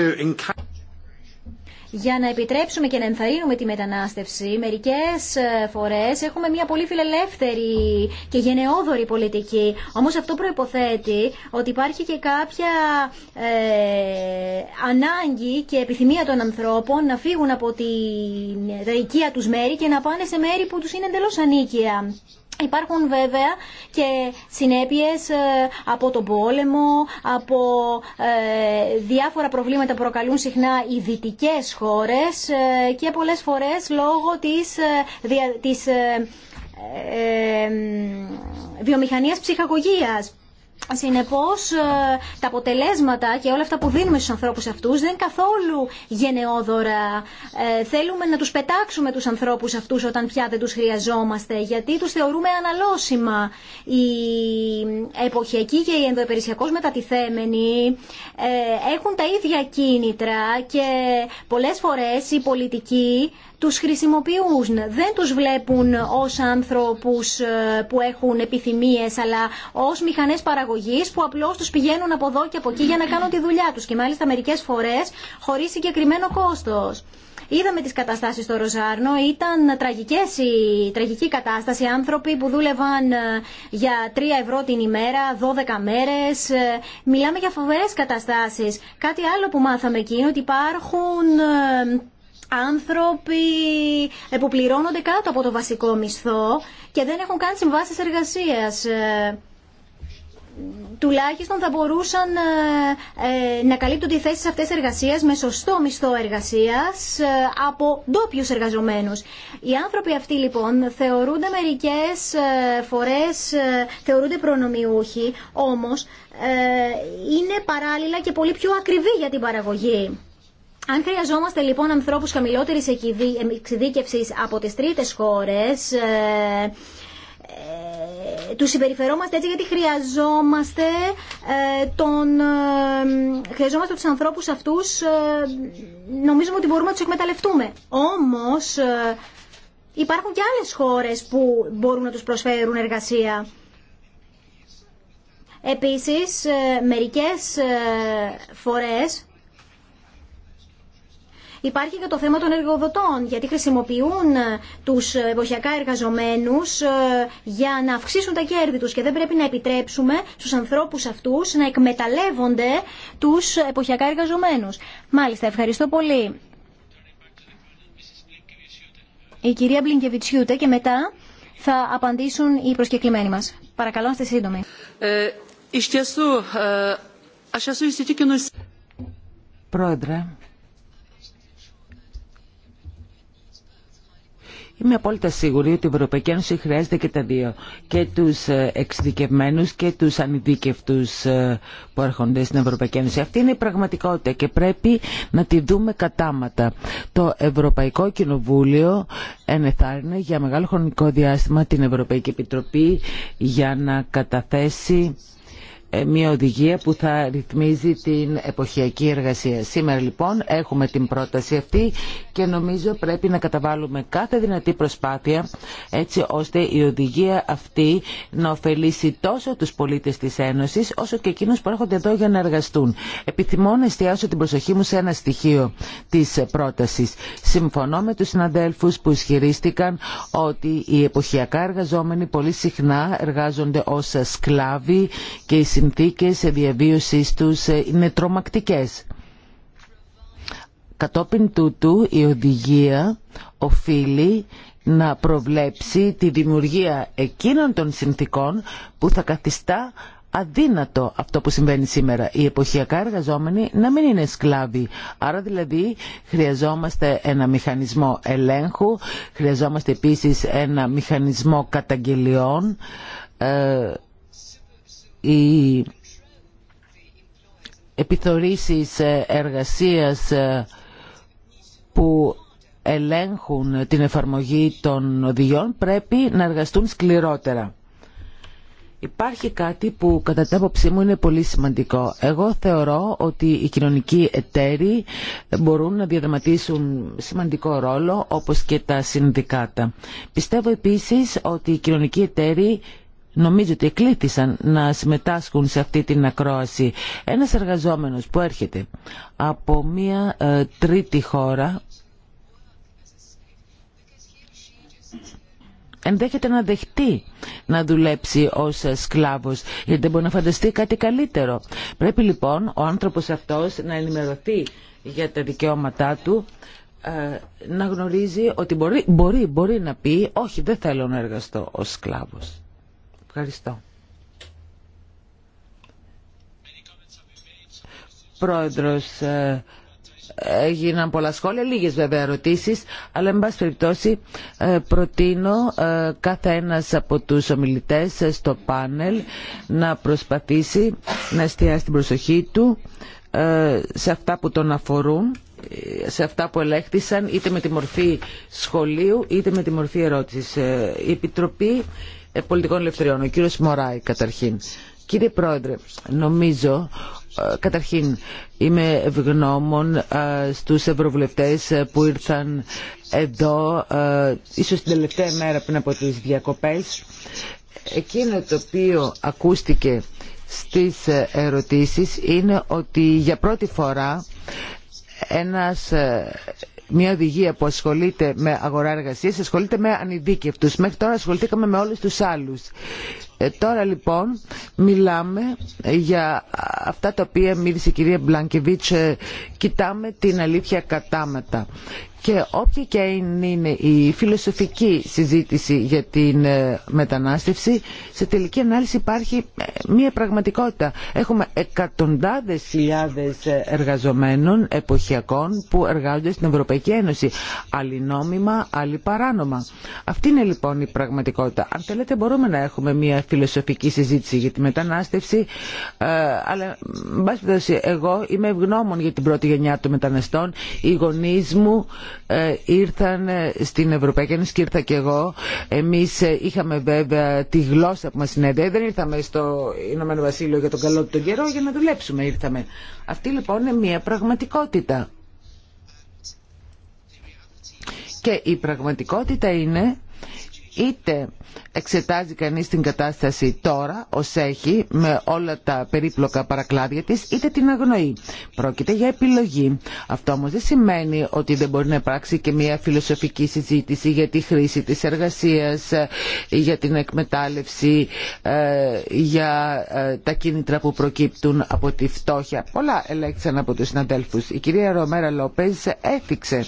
για να επιτρέψουμε και να ενθαρρύνουμε τη μετανάστευση, μερικές ε, φορές έχουμε μια πολύ φιλελεύθερη και γενναιόδορη πολιτική. Όμω αυτό προποθέτει ότι υπάρχει και κάποια ε, ανάγκη και επιθυμία των ανθρώπων να φύγουν από την, ε, τα οικεία του μέρη και να πάνε σε μέρη που τους είναι εντελώ ανίκια. Υπάρχουν βέβαια και συνέπειες ε, από τον πόλεμο, από ε, διάφορα προβλήματα που προκαλούν συχνά οι δυτικέ χώρες ε, και πολλές φορές λόγω της, της βιομηχανίας ψυχαγωγίας Συνεπώ, ε, τα αποτελέσματα και όλα αυτά που δίνουμε στους ανθρώπους αυτούς δεν είναι καθόλου γενναιόδωρα. Ε, θέλουμε να τους πετάξουμε του ανθρώπους αυτούς όταν πια δεν τους χρειαζόμαστε γιατί του θεωρούμε αναλώσιμα. Η εποχιακή και η τα μετατιθέμενοι ε, έχουν τα ίδια κίνητρα και πολλές φορές οι πολιτικοί τους χρησιμοποιούν. Δεν τους βλέπουν ως ανθρώπους ε, που έχουν επιθυμίες, αλλά ως μηχανές παραγωγής που απλώς τους πηγαίνουν από εδώ και από εκεί για να κάνουν τη δουλειά τους και μάλιστα μερικές φορές χωρίς συγκεκριμένο κόστος. Είδαμε τις καταστάσεις στο Ροζάρνο, ήταν τραγικές η τραγική κατάσταση. Άνθρωποι που δούλευαν ε, για 3 ευρώ την ημέρα, 12 μέρες. Ε, μιλάμε για φοβερές καταστάσεις. Κάτι άλλο που μάθαμε εκεί είναι ότι υπάρχουν άνθρωποι ε, που πληρώνονται κάτω από το βασικό μισθό και δεν έχουν καν συμβάσεις εργασίας. Ε, τουλάχιστον θα μπορούσαν ε, να τη θέση σε αυτές εργασίες με σωστό μισθό εργασίας από ντόπιου εργαζομένους. Οι άνθρωποι αυτοί λοιπόν θεωρούνται μερικές φορές, θεωρούνται προνομιούχοι, όμως είναι παράλληλα και πολύ πιο ακριβή για την παραγωγή αν χρειαζόμαστε λοιπόν ανθρώπους χαμηλότερης εξειδίκευσης από τις τρίτες χώρες, ε, ε, τους συμπεριφερόμαστε έτσι γιατί χρειαζόμαστε, ε, τον, ε, χρειαζόμαστε τους ανθρώπους αυτούς, ε, νομίζουμε ότι μπορούμε να τους εκμεταλλευτούμε. Όμως ε, υπάρχουν και άλλες χώρες που μπορούν να τους προσφέρουν εργασία. Επίσης, μερικές φορές Υπάρχει και το θέμα των εργοδοτών, γιατί χρησιμοποιούν ε, τους εποχιακά εργαζομένους ε, για να αυξήσουν τα κέρδη τους και δεν πρέπει να επιτρέψουμε στους ανθρώπους αυτούς να εκμεταλλεύονται τους εποχιακά εργαζομένους. Μάλιστα, ευχαριστώ πολύ. Η κυρία Μπλινκεβιτσιούτε και μετά θα απαντήσουν οι προσκεκλημένοι μας. Παρακαλώ, είστε σύντομοι. Ε, Πρόεδρε, Είμαι απόλυτα σίγουρη ότι η Ευρωπαϊκή Ένωση χρειάζεται και τα δύο. Και τους ε, εξειδικευμένου και του ανειδίκευτου ε, που έρχονται στην Ευρωπαϊκή Ένωση. Αυτή είναι η πραγματικότητα και πρέπει να τη δούμε κατάματα. Το Ευρωπαϊκό Κοινοβούλιο ενεθάρρυνε για μεγάλο χρονικό διάστημα την Ευρωπαϊκή Επιτροπή για να καταθέσει ε, μια οδηγία που θα ρυθμίζει την εποχιακή εργασία. Σήμερα λοιπόν έχουμε την πρόταση αυτή και νομίζω πρέπει να καταβάλουμε κάθε δυνατή προσπάθεια έτσι ώστε η οδηγία αυτή να ωφελήσει τόσο τους πολίτες της Ένωσης όσο και εκείνους που έρχονται εδώ για να εργαστούν. Επιθυμώ να εστιάσω την προσοχή μου σε ένα στοιχείο της πρότασης. Συμφωνώ με τους συναδέλφους που ισχυρίστηκαν ότι οι εποχιακά εργαζόμενοι πολύ συχνά εργάζονται ως σκλάβοι και οι συνθήκες διαβίωσης τους ε, είναι τρομακτικές. Κατόπιν τούτου η οδηγία οφείλει να προβλέψει τη δημιουργία εκείνων των συνθήκων που θα καθιστά αδύνατο αυτό που συμβαίνει σήμερα. Οι εποχιακά εργαζόμενοι να μην είναι σκλάβοι. Άρα δηλαδή χρειαζόμαστε ένα μηχανισμό ελέγχου, χρειαζόμαστε επίσης ένα μηχανισμό καταγγελιών, ε, οι επιθορήσεις ε, εργασίας ε, που ελέγχουν την εφαρμογή των οδηγιών πρέπει να εργαστούν σκληρότερα. Υπάρχει κάτι που κατά την άποψή μου είναι πολύ σημαντικό. Εγώ θεωρώ ότι οι κοινωνικοί εταίροι μπορούν να διαδραματίσουν σημαντικό ρόλο όπως και τα συνδικάτα. Πιστεύω επίσης ότι οι κοινωνικοί εταίροι νομίζω ότι εκλήθησαν να συμμετάσχουν σε αυτή την ακρόαση. Ένας εργαζόμενος που έρχεται από μία ε, τρίτη χώρα ενδέχεται να δεχτεί να δουλέψει ως σκλάβος γιατί δεν μπορεί να φανταστεί κάτι καλύτερο. Πρέπει λοιπόν ο άνθρωπος αυτός να ενημερωθεί για τα δικαιώματά του ε, να γνωρίζει ότι μπορεί, μπορεί, μπορεί να πει όχι δεν θέλω να εργαστώ ως σκλάβος. Ευχαριστώ. Πρόεδρος, ε, έγιναν πολλά σχόλια, λίγες βέβαια ερωτήσεις, αλλά εν πάση περιπτώσει ε, προτείνω ε, κάθε ένας από τους ομιλητές στο πάνελ να προσπαθήσει να εστιάσει την προσοχή του σε αυτά που τον αφορούν σε αυτά που ελέγχθησαν είτε με τη μορφή σχολείου είτε με τη μορφή ερώτησης. Η Επιτροπή πολιτικών ελευθεριών, ο κύριος Μωράη καταρχήν. Κύριε Πρόεδρε, νομίζω ε, καταρχήν είμαι ευγνώμων ε, στους ευρωβουλευτές ε, που ήρθαν εδώ ίσως την τελευταία μέρα πριν από τις διακοπές. Εκείνο το οποίο ακούστηκε στις ερωτήσεις είναι ότι για πρώτη φορά ένας μια οδηγία που ασχολείται με αγορά εργασία, ασχολείται με ανειδίκευτους. Μέχρι τώρα ασχοληθήκαμε με όλους τους άλλους. Ε, τώρα λοιπόν μιλάμε για αυτά τα οποία μίλησε η κυρία Μπλανκεβίτς, ε, κοιτάμε την αλήθεια κατάμετα Και όποια και είναι η φιλοσοφική συζήτηση για την ε, μετανάστευση, σε τελική ανάλυση υπάρχει μία πραγματικότητα. Έχουμε εκατοντάδες χιλιάδες εργαζομένων εποχιακών που εργάζονται στην Ευρωπαϊκή Ένωση. Άλλοι νόμιμα, άλλοι παράνομα. Αυτή είναι λοιπόν η πραγματικότητα. Αν θέλετε μπορούμε να έχουμε μία φιλοσοφική συζήτηση για τη μετανάστευση ε, αλλά πάση εγώ είμαι ευγνώμων για την πρώτη γενιά των μεταναστών οι γονεί μου ε, ήρθαν ε, στην Ευρωπαϊκή Ένωση και ήρθα και εγώ εμείς είχαμε βέβαια τη γλώσσα που μας συνέδεε δεν ήρθαμε στο Ηνωμένο Βασίλειο για τον καλό του καιρό για να δουλέψουμε ήρθαμε αυτή λοιπόν είναι μια πραγματικότητα και η πραγματικότητα είναι είτε εξετάζει κανείς την κατάσταση τώρα ως έχει με όλα τα περίπλοκα παρακλάδια της είτε την αγνοεί. Πρόκειται για επιλογή. Αυτό όμως δεν σημαίνει ότι δεν μπορεί να υπάρξει και μια φιλοσοφική συζήτηση για τη χρήση της εργασίας, για την εκμετάλλευση, ε, για ε, τα κίνητρα που προκύπτουν από τη φτώχεια. Πολλά ελέγξαν από τους συναντέλφου. Η κυρία Ρομέρα Λόπες έφυξε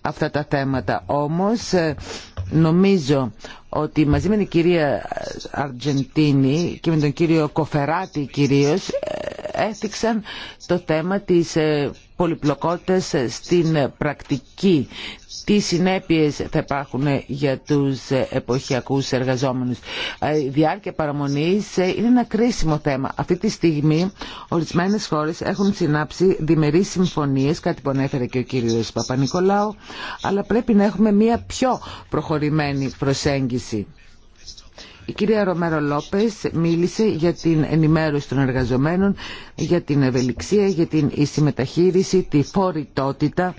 αυτά τα θέματα όμως ε, Νομίζω ότι μαζί με την κυρία Αργεντίνη και με τον κύριο Κοφεράτη κυρίως ε, έθιξαν το θέμα της ε, πολυπλοκότητας στην πρακτική. Τι συνέπειες θα υπάρχουν ε, για τους εποχιακούς εργαζόμενους. Η διάρκεια παραμονής είναι ένα κρίσιμο θέμα. Αυτή τη στιγμή ορισμένες χώρες έχουν συνάψει διμερείς συμφωνίες, κάτι που ανέφερε και ο κύριος αλλά πρέπει να έχουμε μια πιο προχωρημένη προσέγγιση η κυρία Ρομέρο Λόπες μίλησε για την ενημέρωση των εργαζομένων, για την ευελιξία, για την συμμεταχείριση, τη φορητότητα.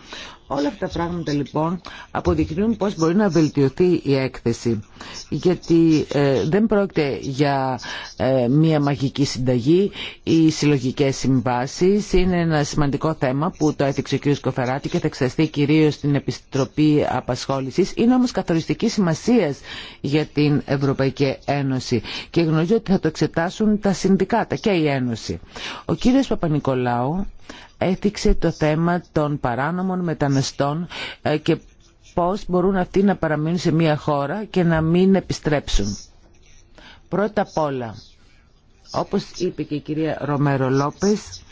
Όλα αυτά τα πράγματα λοιπόν αποδεικνύουν πώς μπορεί να βελτιωθεί η έκθεση. Γιατί ε, δεν πρόκειται για ε, μία μαγική συνταγή. ή συλλογικέ συμβάσει είναι ένα σημαντικό θέμα που το έθιξε ο κ. Κοφεράτη και θα εξαστεί κυρίω στην Επιστροπή Απασχόληση. Είναι όμω καθοριστική σημασία για την Ευρωπαϊκή Ένωση και γνωρίζω ότι θα το εξετάσουν τα συνδικάτα και η Ένωση. Ο κ. Παπα-Νικολάου έθιξε το θέμα των παράνομων μεταναστών ε, και πώς μπορούν αυτοί να παραμείνουν σε μια χώρα και να μην επιστρέψουν. Πρώτα απ' όλα, όπως είπε και η κυρία Ρομέρο Λόπες,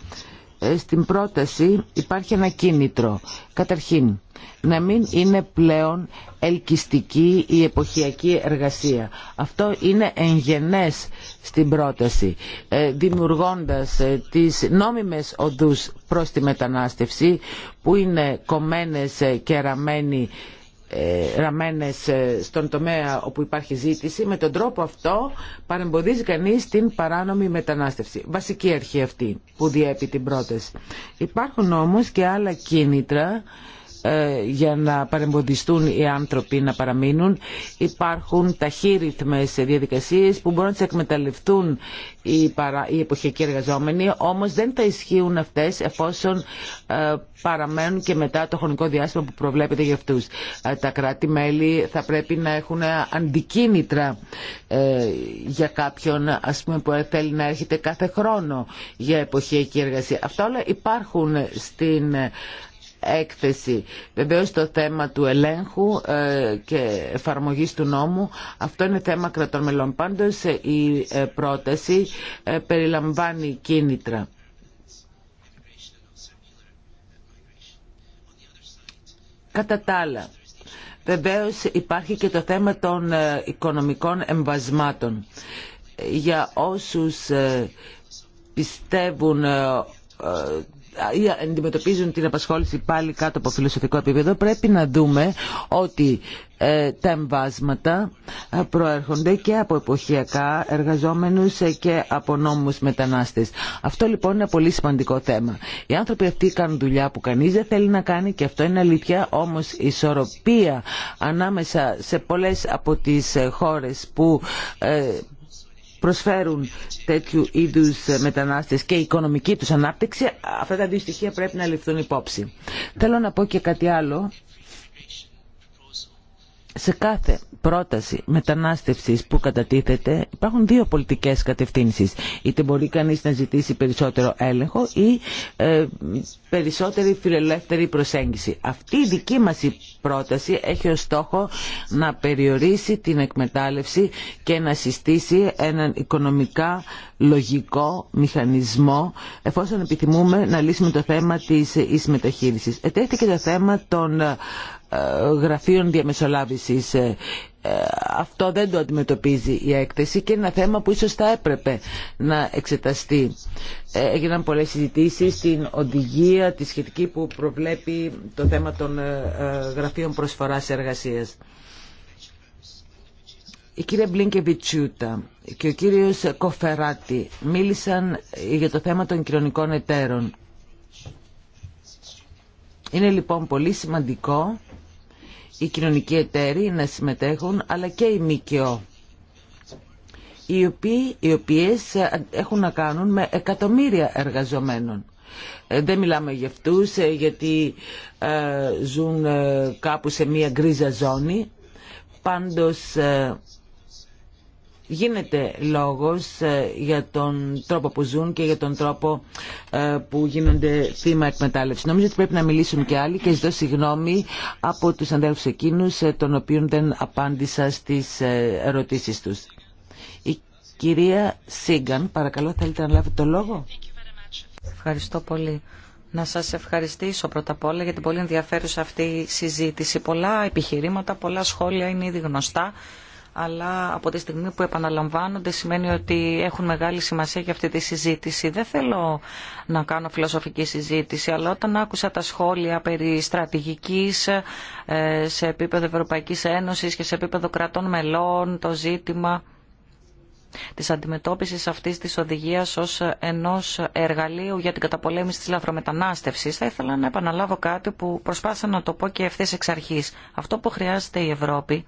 ε, στην πρόταση υπάρχει ένα κίνητρο. Καταρχήν, να μην είναι πλέον ελκυστική η εποχιακή εργασία. Αυτό είναι εγγενές στην πρόταση, ε, δημιουργώντας ε, τις νόμιμες οδούς προς τη μετανάστευση που είναι κομμένες και ραμμένοι ε, ραμμένες ε, στον τομέα όπου υπάρχει ζήτηση, με τον τρόπο αυτό παρεμποδίζει κανείς την παράνομη μετανάστευση. Βασική αρχή αυτή που διέπει την πρόταση. Υπάρχουν όμως και άλλα κίνητρα ε, για να παρεμποδιστούν οι άνθρωποι να παραμείνουν. Υπάρχουν ταχύρυθμες διαδικασίες που μπορούν να τις εκμεταλλευτούν οι εποχιακοί εργαζόμενοι, όμως δεν θα ισχύουν αυτές εφόσον ε, παραμένουν και μετά το χρονικό διάστημα που προβλέπεται για αυτούς. Ε, τα κράτη-μέλη θα πρέπει να έχουν αντικίνητρα για κάποιον ας πούμε, που θέλει να έρχεται κάθε χρόνο για εποχιακή εργασία. Αυτά όλα υπάρχουν στην έκθεση. Βεβαίως το θέμα του ελέγχου ε, και εφαρμογής του νόμου, αυτό είναι θέμα κρατών μελών. Πάντως ε, η ε, πρόταση περιλαμβάνει κίνητρα. Κατά τα άλλα, βεβαίως υπάρχει και το θέμα των οικονομικών εμβασμάτων. Για όσους πιστεύουν αντιμετωπίζουν την απασχόληση πάλι κάτω από φιλοσοφικό επίπεδο πρέπει να δούμε ότι ε, τα εμβάσματα ε, προέρχονται και από εποχιακά εργαζόμενους ε, και από νόμους μετανάστες. Αυτό λοιπόν είναι ένα πολύ σημαντικό θέμα. Οι άνθρωποι αυτοί κάνουν δουλειά που κανείς δεν θέλει να κάνει και αυτό είναι αλήθεια, όμως η ισορροπία ανάμεσα σε πολλές από τις χώρες που προσφέρουν τέτοιου είδου μετανάστες και η οικονομική του ανάπτυξη, αυτά τα δύο στοιχεία πρέπει να ληφθούν υπόψη. Θέλω να πω και κάτι άλλο. Σε κάθε πρόταση μετανάστευσης που κατατίθεται υπάρχουν δύο πολιτικές κατευθύνσεις. Είτε μπορεί κανείς να ζητήσει περισσότερο έλεγχο ή ε, περισσότερη φιλελεύθερη προσέγγιση. Αυτή η περισσοτερη φιλελευθερη προσεγγιση αυτη η δικη μας η πρόταση έχει ως στόχο να περιορίσει την εκμετάλλευση και να συστήσει έναν οικονομικά λογικό μηχανισμό εφόσον επιθυμούμε να λύσουμε το θέμα της Ετέθηκε το θέμα των ε, γραφείων διαμεσολάβησης. Ε, ε, αυτό δεν το αντιμετωπίζει η έκθεση και είναι ένα θέμα που ίσως θα έπρεπε να εξεταστεί. Ε, έγιναν πολλές συζητήσεις στην οδηγία τη σχετική που προβλέπει το θέμα των γραφείων προσφοράς εργασίας. Η κυρία Μπλίνκεβιτσιούτα και ο κύριος Κοφεράτη μίλησαν για το θέμα των κοινωνικών εταίρων. Είναι λοιπόν πολύ σημαντικό οι κοινωνικοί εταίροι να συμμετέχουν, αλλά και οι ΜΚΟ, οι, οποίοι, οποίες ε, έχουν να κάνουν με εκατομμύρια εργαζομένων. Ε, δεν μιλάμε για αυτούς ε, γιατί ζουν κάπου σε μία γκρίζα ζώνη. Πάντως γίνεται λόγος ε, για τον τρόπο που ζουν και για τον τρόπο ε, που γίνονται θύμα εκμετάλλευση. Νομίζω ότι πρέπει να μιλήσουν και άλλοι και ζητώ συγγνώμη από τους αντέλφους εκείνους ε, των οποίων δεν απάντησα στις ερωτήσεις τους. Η κυρία Σίγκαν, παρακαλώ θέλετε να λάβετε το λόγο. Ευχαριστώ πολύ. Να σας ευχαριστήσω πρώτα απ' όλα για την πολύ ενδιαφέρουσα αυτή συζήτηση. Πολλά επιχειρήματα, πολλά σχόλια είναι ήδη γνωστά αλλά από τη στιγμή που επαναλαμβάνονται σημαίνει ότι έχουν μεγάλη σημασία για αυτή τη συζήτηση. Δεν θέλω να κάνω φιλοσοφική συζήτηση, αλλά όταν άκουσα τα σχόλια περί στρατηγικής ε, σε επίπεδο Ευρωπαϊκής Ένωσης και σε επίπεδο κρατών μελών, το ζήτημα της αντιμετώπισης αυτής της οδηγίας ως ενός εργαλείου για την καταπολέμηση της λαθρομετανάστευσης. Θα ήθελα να επαναλάβω κάτι που προσπάθησα να το πω και ευθύ εξ αρχής. Αυτό που χρειάζεται η Ευρώπη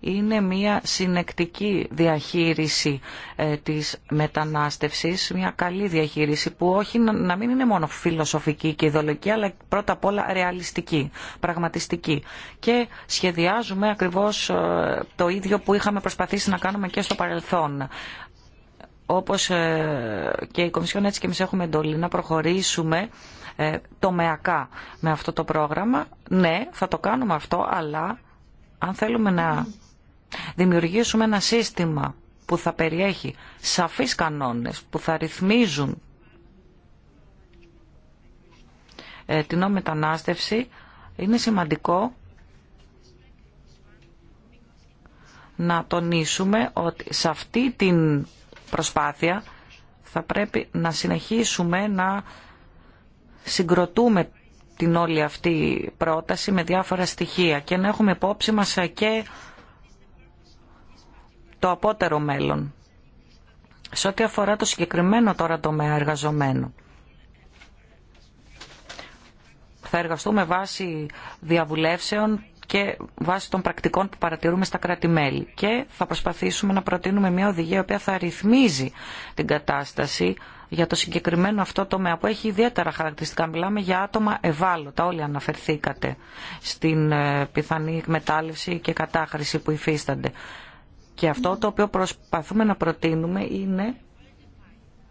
είναι μια συνεκτική διαχείριση ε, της μετανάστευσης, μια καλή διαχείριση που όχι να μην είναι μόνο φιλοσοφική και ιδεολογική, αλλά πρώτα απ' όλα ρεαλιστική, πραγματιστική. Και σχεδιάζουμε ακριβώς ε, το ίδιο που είχαμε προσπαθήσει να κάνουμε και στο παρελθόν όπως ε, και η Κομισιόν έτσι και εμείς έχουμε εντολή να προχωρήσουμε τομεακά με αυτό το πρόγραμμα. Ναι, θα το κάνουμε αυτό, αλλά αν θέλουμε να δημιουργήσουμε ένα σύστημα που θα περιέχει σαφείς κανόνες που θα ρυθμίζουν ε, την ομετανάστευση είναι σημαντικό να τονίσουμε ότι σε αυτή την προσπάθεια θα πρέπει να συνεχίσουμε να συγκροτούμε την όλη αυτή πρόταση με διάφορα στοιχεία και να έχουμε υπόψη μας και το απότερο μέλλον. Σε ό,τι αφορά το συγκεκριμένο τώρα τομέα εργαζομένου. Θα εργαστούμε βάσει διαβουλεύσεων και βάσει των πρακτικών που παρατηρούμε στα κράτη-μέλη. Και θα προσπαθήσουμε να προτείνουμε μια οδηγία η οποία θα ρυθμίζει την κατάσταση για το συγκεκριμένο αυτό τομέα που έχει ιδιαίτερα χαρακτηριστικά. Μιλάμε για άτομα ευάλωτα, όλοι αναφερθήκατε στην ε, πιθανή εκμετάλλευση και κατάχρηση που υφίστανται. Και αυτό το οποίο προσπαθούμε να προτείνουμε είναι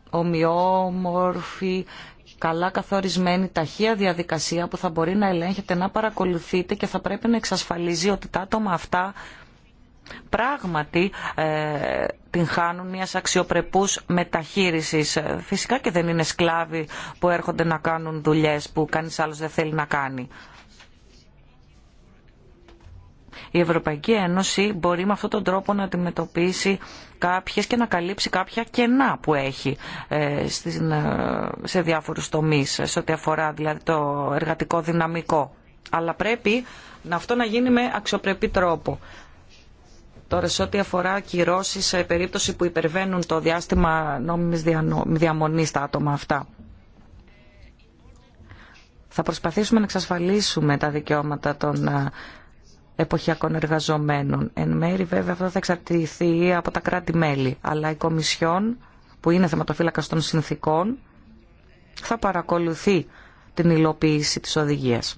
ομοιόμορφη, καλά καθορισμένη, ταχεία διαδικασία που θα μπορεί να ελέγχεται, να παρακολουθείτε και θα πρέπει να εξασφαλίζει ότι τα άτομα αυτά πράγματι ε, την χάνουν μιας αξιοπρεπούς μεταχείρισης. Ε, φυσικά και δεν είναι σκλάβοι που έρχονται να κάνουν δουλειές που κανείς άλλος δεν θέλει να κάνει η Ευρωπαϊκή Ένωση μπορεί με αυτόν τον τρόπο να αντιμετωπίσει κάποιες και να καλύψει κάποια κενά που έχει ε, ε, σε διάφορους τομείς, σε ό,τι αφορά δηλαδή το εργατικό δυναμικό. Αλλά πρέπει να αυτό να γίνει με αξιοπρεπή τρόπο. Τώρα σε ό,τι αφορά κυρώσει σε περίπτωση που υπερβαίνουν το διάστημα νόμιμης διαμονής τα άτομα αυτά. Θα προσπαθήσουμε να εξασφαλίσουμε τα δικαιώματα των ε, εποχιακών εργαζομένων. Εν μέρη βέβαια αυτό θα εξαρτηθεί από τα κράτη-μέλη, αλλά η Κομισιόν που είναι θεματοφύλακα των συνθήκων θα παρακολουθεί την υλοποίηση της οδηγίας.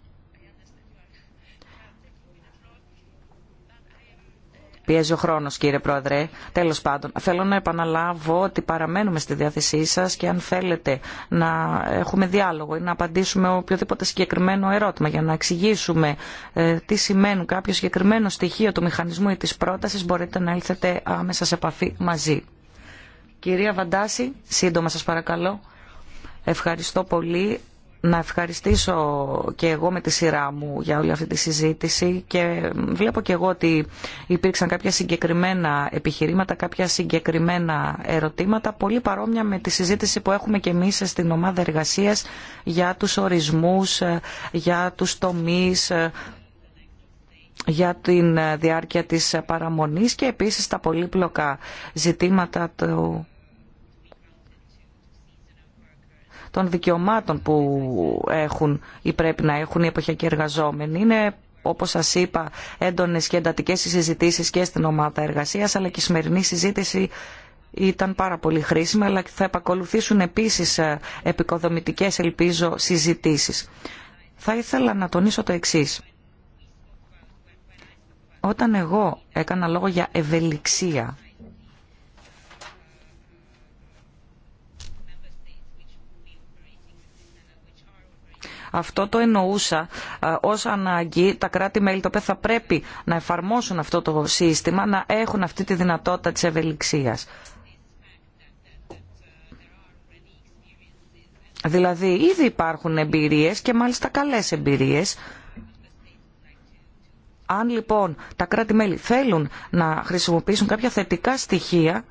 Πιέζει ο χρόνο, κύριε Πρόεδρε. Τέλο πάντων, θέλω να επαναλάβω ότι παραμένουμε στη διάθεσή σα και αν θέλετε να έχουμε διάλογο ή να απαντήσουμε οποιοδήποτε συγκεκριμένο ερώτημα για να εξηγήσουμε ε, τι σημαίνουν κάποιο συγκεκριμένο στοιχείο του μηχανισμού ή τη πρόταση, μπορείτε να έλθετε άμεσα σε επαφή μαζί. Κυρία Βαντάση, σύντομα σα παρακαλώ. Ευχαριστώ πολύ να ευχαριστήσω και εγώ με τη σειρά μου για όλη αυτή τη συζήτηση και βλέπω και εγώ ότι υπήρξαν κάποια συγκεκριμένα επιχειρήματα, κάποια συγκεκριμένα ερωτήματα πολύ παρόμοια με τη συζήτηση που έχουμε και εμείς στην ομάδα εργασίας για τους ορισμούς, για τους τομείς, για την διάρκεια της παραμονής και επίσης τα πολύπλοκα ζητήματα του των δικαιωμάτων που έχουν ή πρέπει να έχουν οι εποχιακοί εργαζόμενοι. Είναι όπω σα είπα, έντονε και εντατικέ συζητήσει και στην ομάδα εργασία, αλλά και η σημερινή συζήτηση ήταν πάρα πολύ χρήσιμη, αλλά θα επακολουθήσουν επίση ε, επικοδομητικέ, ελπίζω, συζητήσει. Θα ήθελα να τονίσω το εξή. Όταν εγώ έκανα λόγο για ευελιξία Αυτό το εννοούσα ως ανάγκη τα κράτη-μέλη τα οποία θα πρέπει να εφαρμόσουν αυτό το σύστημα να έχουν αυτή τη δυνατότητα της ευελιξίας. Δηλαδή ήδη υπάρχουν εμπειρίες και μάλιστα καλές εμπειρίες αν λοιπόν τα κράτη-μέλη θέλουν να χρησιμοποιήσουν κάποια θετικά στοιχεία,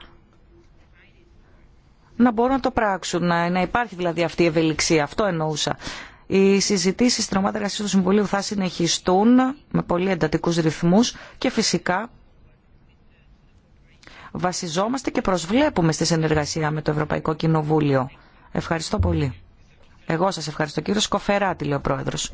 να μπορούν να το πράξουν, να, υπάρχει δηλαδή αυτή η ευελιξία. Αυτό εννοούσα. Οι συζητήσει στην ομάδα εργασία του Συμβουλίου θα συνεχιστούν με πολύ εντατικού ρυθμού και φυσικά βασιζόμαστε και προσβλέπουμε στη συνεργασία με το Ευρωπαϊκό Κοινοβούλιο. Ευχαριστώ πολύ. Εγώ σας ευχαριστώ. Κύριο Σκοφεράτη, λέει ο Πρόεδρος.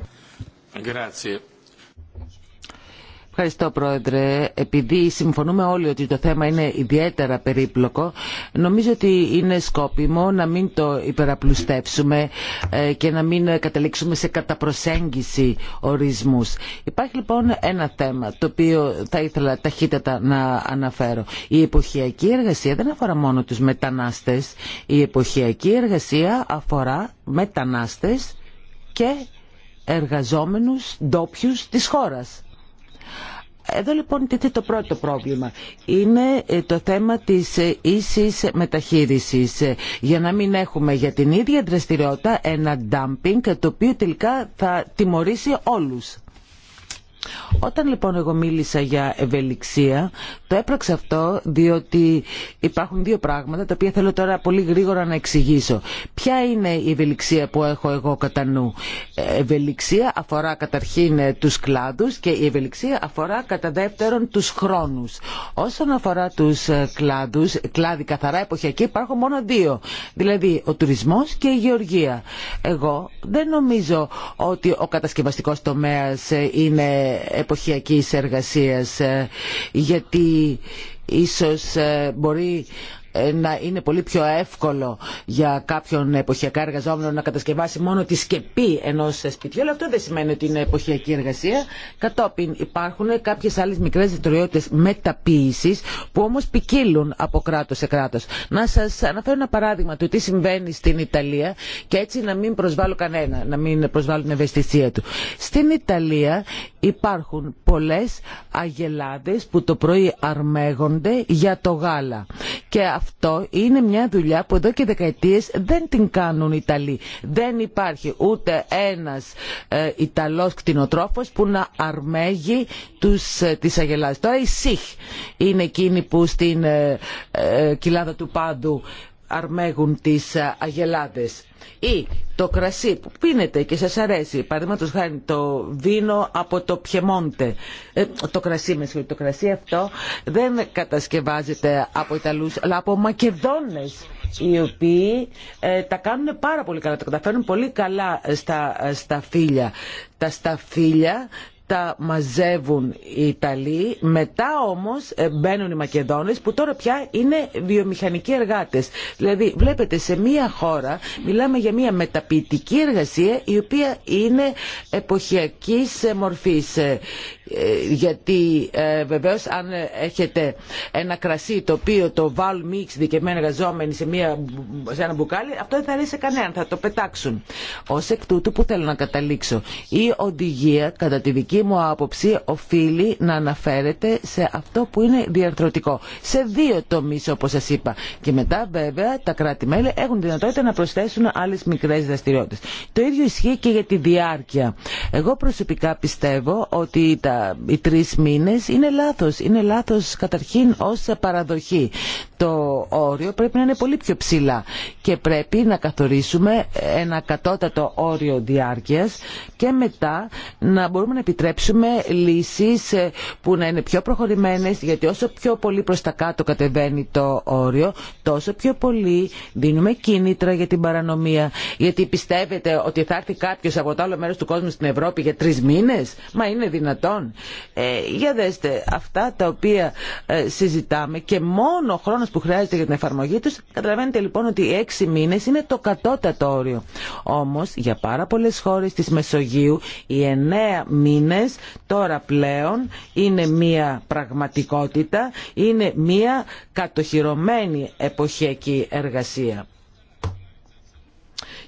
Ευχαριστώ Πρόεδρε. Επειδή συμφωνούμε όλοι ότι το θέμα είναι ιδιαίτερα περίπλοκο, νομίζω ότι είναι σκόπιμο να μην το υπεραπλουστεύσουμε ε, και να μην καταλήξουμε σε καταπροσέγγιση ορισμούς. Υπάρχει λοιπόν ένα θέμα το οποίο θα ήθελα ταχύτατα να αναφέρω. Η εποχιακή εργασία δεν αφορά μόνο τους μετανάστες. Η εποχιακή εργασία αφορά μετανάστες και εργαζόμενους ντόπιου της χώρας εδώ λοιπόν τίθεται το πρώτο πρόβλημα. Είναι ε, το θέμα της ε, ίσης μεταχείρισης. Ε, για να μην έχουμε για την ίδια δραστηριότητα ένα ντάμπινγκ το οποίο τελικά θα τιμωρήσει όλους. Όταν λοιπόν εγώ μίλησα για ευελιξία, το έπραξα αυτό διότι υπάρχουν δύο πράγματα τα οποία θέλω τώρα πολύ γρήγορα να εξηγήσω. Ποια είναι η ευελιξία που έχω εγώ κατά νου. Ε, ευελιξία αφορά καταρχήν ε, τους κλάδους και η ευελιξία αφορά κατά δεύτερον τους χρόνους. Όσον αφορά τους ε, κλάδους, κλάδοι καθαρά εποχιακοί υπάρχουν μόνο δύο. Δηλαδή ο τουρισμός και η γεωργία. Εγώ δεν νομίζω ότι ο κατασκευαστικός τομέας είναι εποχιακής εργασίας ε, γιατί ίσως ε, μπορεί ε, να είναι πολύ πιο εύκολο για κάποιον εποχιακά εργαζόμενο να κατασκευάσει μόνο τη σκεπή ενός σπιτιού, αλλά αυτό δεν σημαίνει ότι είναι εποχιακή εργασία. Κατόπιν υπάρχουν κάποιες άλλες μικρές δραστηριότητε μεταποίησης που όμως ποικίλουν από κράτος σε κράτος. Να σας αναφέρω ένα παράδειγμα του τι συμβαίνει στην Ιταλία και έτσι να μην προσβάλλω κανένα, να μην προσβάλλω την ευαισθησία του. Στην Ιταλία υπάρχουν πολλές αγελάδε που το πρωί αρμέγονται για το γάλα. Και αυτό είναι μια δουλειά που εδώ και δεκαετίες δεν την κάνουν οι Ιταλοί. Δεν υπάρχει ούτε ένας ε, Ιταλός κτηνοτρόφος που να αρμέγει τους, ε, τις αγελάδες. Τώρα η ΣΥΧ είναι εκείνη που στην ε, ε κοιλάδα του Πάντου αρμέγουν τις ε, αγελάδες ή το κρασί που πίνετε και σας αρέσει παραδείγματο χάρη το βίνο από το πιεμόντε ε, το κρασί με το κρασί αυτό δεν κατασκευάζεται από Ιταλούς αλλά από Μακεδόνες οι οποίοι ε, τα κάνουν πάρα πολύ καλά, τα καταφέρνουν πολύ καλά στα, στα Τα σταφύλια τα μαζεύουν οι Ιταλοί, μετά όμως ε, μπαίνουν οι Μακεδόνες που τώρα πια είναι βιομηχανικοί εργάτες. Δηλαδή βλέπετε σε μία χώρα μιλάμε για μία μεταποιητική εργασία η οποία είναι εποχιακής μορφής. Ε, ε, γιατί βεβαίως αν έχετε ένα κρασί το οποίο το βάλ μίξ δικαιωμένοι εργαζόμενοι σε, μία, σε ένα μπουκάλι αυτό δεν θα αρέσει κανέναν, θα το πετάξουν. Ως εκ τούτου που θέλω να καταλήξω, η οδηγία κατά τη δική δική μου άποψη οφείλει να αναφέρεται σε αυτό που είναι διαρθρωτικό. Σε δύο τομεί, όπως σα είπα. Και μετά βέβαια τα κράτη-μέλη έχουν δυνατότητα να προσθέσουν άλλες μικρές δραστηριότητε. Το ίδιο ισχύει και για τη διάρκεια. Εγώ προσωπικά πιστεύω ότι τα, οι τρει μήνες είναι λάθος. Είναι λάθος καταρχήν ως παραδοχή το όριο πρέπει να είναι πολύ πιο ψηλά και πρέπει να καθορίσουμε ένα κατώτατο όριο διάρκειας και μετά να μπορούμε να επιτρέψουμε λύσεις ε, που να είναι πιο προχωρημένες γιατί όσο πιο πολύ προς τα κάτω κατεβαίνει το όριο τόσο πιο πολύ δίνουμε κίνητρα για την παρανομία γιατί πιστεύετε ότι θα έρθει κάποιος από το άλλο μέρος του κόσμου στην Ευρώπη για τρεις μήνες μα είναι δυνατόν ε, για δέστε αυτά τα οποία ε, συζητάμε και μόνο ο χρόνος που χρειάζεται για την εφαρμογή του. Καταλαβαίνετε λοιπόν ότι οι έξι μήνε είναι το κατώτατο όριο. Όμω για πάρα πολλέ χώρε τη Μεσογείου οι εννέα μήνε τώρα πλέον είναι μία πραγματικότητα, είναι μία κατοχυρωμένη εποχιακή εργασία.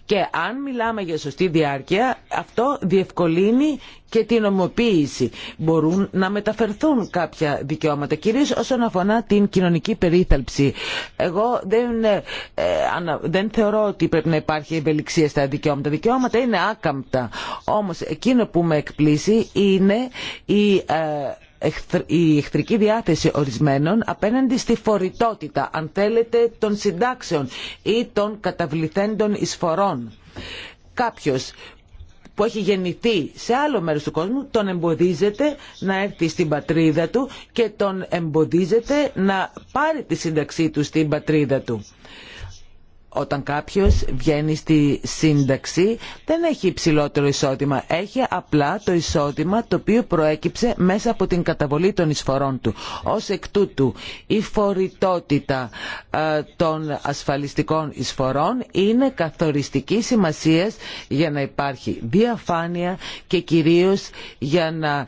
Και αν μιλάμε για σωστή διάρκεια, αυτό διευκολύνει και την ομοποίηση. Μπορούν να μεταφερθούν κάποια δικαιώματα, κυρίως όσον αφορά την κοινωνική περίθαλψη. Εγώ δεν, ε, ε, δεν θεωρώ ότι πρέπει να υπάρχει ευελιξία στα δικαιώματα. Δικαιώματα είναι άκαμπτα. Όμως εκείνο που με εκπλήσει είναι η ε, η εχθρική διάθεση ορισμένων απέναντι στη φορητότητα, αν θέλετε, των συντάξεων ή των καταβληθέντων εισφορών. Κάποιος που έχει γεννηθεί σε άλλο μέρος του κόσμου τον εμποδίζεται να έρθει στην πατρίδα του και τον εμποδίζεται να πάρει τη σύνταξή του στην πατρίδα του όταν κάποιος βγαίνει στη σύνταξη δεν έχει υψηλότερο εισόδημα. Έχει απλά το εισόδημα το οποίο προέκυψε μέσα από την καταβολή των εισφορών του. Ως εκ τούτου η φορητότητα ε, των ασφαλιστικών εισφορών είναι καθοριστική σημασίας για να υπάρχει διαφάνεια και κυρίως για να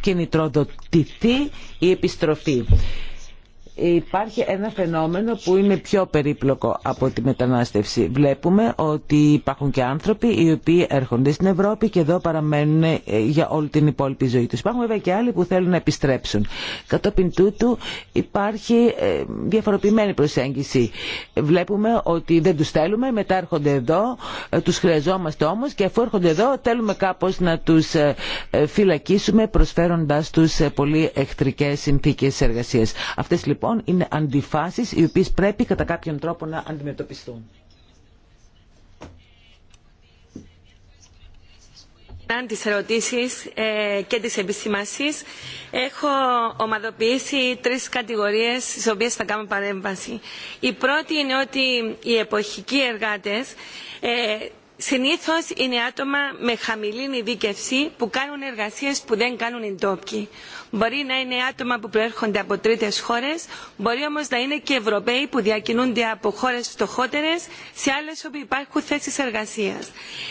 κινητροδοτηθεί η επιστροφή. Υπάρχει ένα φαινόμενο που είναι πιο περίπλοκο από τη μετανάστευση. Βλέπουμε ότι υπάρχουν και άνθρωποι οι οποίοι έρχονται στην Ευρώπη και εδώ παραμένουν ε, για όλη την υπόλοιπη ζωή τους. Υπάρχουν βέβαια και άλλοι που θέλουν να επιστρέψουν. Κατόπιν τούτου υπάρχει ε, διαφοροποιημένη προσέγγιση. Βλέπουμε ότι δεν τους θέλουμε, μετά έρχονται εδώ, ε, τους χρειαζόμαστε όμως και αφού έρχονται εδώ θέλουμε κάπως να τους φυλακίσουμε προσφέροντας τους πολύ εχθρικές συνθήκες εργασίας. Αυτές λοιπόν λοιπόν είναι αντιφάσεις οι οποίες πρέπει κατά κάποιον τρόπο να αντιμετωπιστούν. τις ερωτήσεις ε, και τις επισημάσεις. Έχω ομαδοποιήσει τρεις κατηγορίες στις οποίες θα κάνω παρέμβαση. Η πρώτη είναι ότι οι εποχικοί εργάτες ε, συνήθως είναι άτομα με χαμηλή ειδίκευση που κάνουν εργασίες που δεν κάνουν οι ντόπιοι. Μπορεί να είναι άτομα που προέρχονται από τρίτε χώρε, μπορεί όμω να είναι και Ευρωπαίοι που διακινούνται από χώρε φτωχότερε σε άλλε όπου υπάρχουν θέσει εργασία.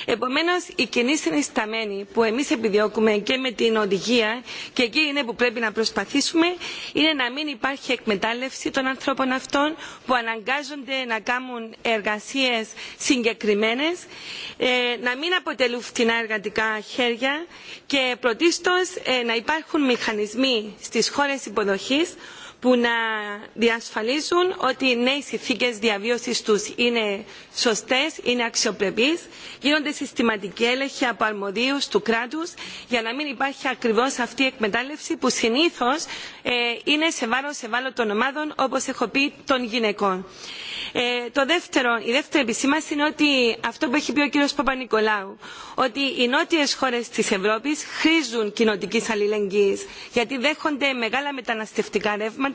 Επομένω, οι κοινή συνισταμένοι που εμεί επιδιώκουμε και με την οδηγία, και εκεί είναι που πρέπει να προσπαθήσουμε, είναι να μην υπάρχει εκμετάλλευση των ανθρώπων αυτών που αναγκάζονται να κάνουν εργασίε συγκεκριμένε, ε, να μην αποτελούν φτηνά εργατικά χέρια και πρωτίστω ε, να υπάρχουν μηχανισμοί μηχανισμοί στις χώρες υποδοχής που να διασφαλίζουν ότι οι νέοι συνθήκε διαβίωση του είναι σωστέ, είναι αξιοπρεπεί, γίνονται συστηματικοί έλεγχοι από αρμοδίου του κράτου για να μην υπάρχει ακριβώ αυτή η εκμετάλλευση που συνήθω ε, είναι σε βάρο ευάλωτων ομάδων, όπω έχω πει, των γυναικών. Ε, το δεύτερο, η δεύτερη επισήμαση είναι ότι αυτό που έχει πει ο κ. Παπα-Νικολάου, ότι οι νότιε χώρε τη Ευρώπη χρήζουν κοινοτική αλληλεγγύη, γιατί δέχονται μεγάλα μεταναστευτικά ρεύματα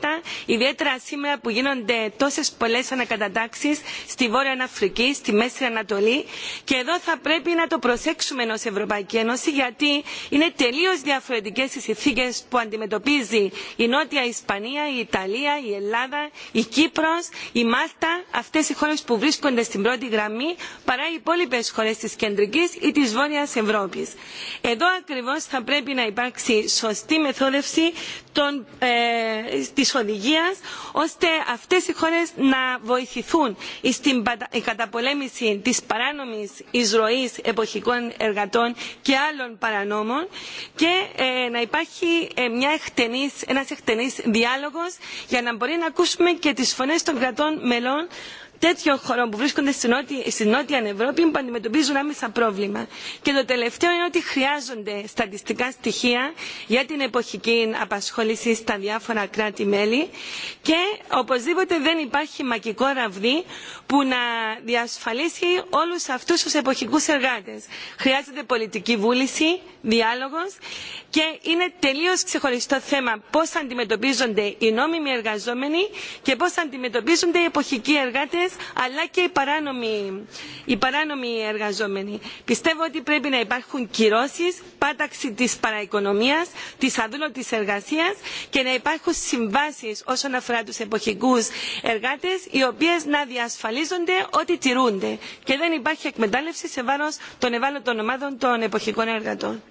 ιδιαίτερα σήμερα που γίνονται τόσε πολλέ ανακατατάξει στη Βόρεια Αφρική, στη Μέση Ανατολή. Και εδώ θα πρέπει να το προσέξουμε ω Ευρωπαϊκή Ένωση, γιατί είναι τελείω διαφορετικέ οι συνθήκε που αντιμετωπίζει η Νότια Ισπανία, η Ιταλία, η Ελλάδα, η Κύπρο, η Μάλτα, αυτέ οι χώρε που βρίσκονται στην πρώτη γραμμή, παρά οι υπόλοιπε χώρε τη Κεντρική ή τη Βόρεια Ευρώπη. Εδώ ακριβώ θα πρέπει να υπάρξει σωστή μεθόδευση ε, της οδηγίας ώστε αυτές οι χώρες να βοηθηθούν στην καταπολέμηση της παράνομης εισρωής εποχικών εργατών και άλλων παρανόμων και ε, να υπάρχει ε, μια εκτενής, ένας εκτενής διάλογος για να μπορεί να ακούσουμε και τις φωνές των κρατών μελών τέτοιων χωρών που βρίσκονται στην νότια ευρώπη που αντιμετωπίζουν άμεσα πρόβλημα. και το τελευταίο είναι ότι χρειάζονται στατιστικά στοιχεία για την εποχική απασχόληση στα διάφορα κράτη μέλη και οπωσδήποτε δεν υπάρχει μακικό ραβδί που να διασφαλίσει όλους αυτούς τους εποχικούς εργάτες. χρειάζεται πολιτική βούληση διάλογος και είναι τελείως ξεχωριστό θέμα πώς αντιμετωπίζονται οι νόμιμοι εργαζόμενοι και πώ αντιμετωπίζονται οι εποχικοί εργάτε αλλά και οι παράνομοι, εργαζόμενοι. Πιστεύω ότι πρέπει να υπάρχουν κυρώσεις, πάταξη της παραοικονομίας, της αδούλωτης εργασίας και να υπάρχουν συμβάσεις όσον αφορά τους εποχικούς εργάτες οι οποίες να διασφαλίζονται ότι τηρούνται και δεν υπάρχει εκμετάλλευση σε βάρος των ευάλωτων ομάδων των εποχικών εργατών.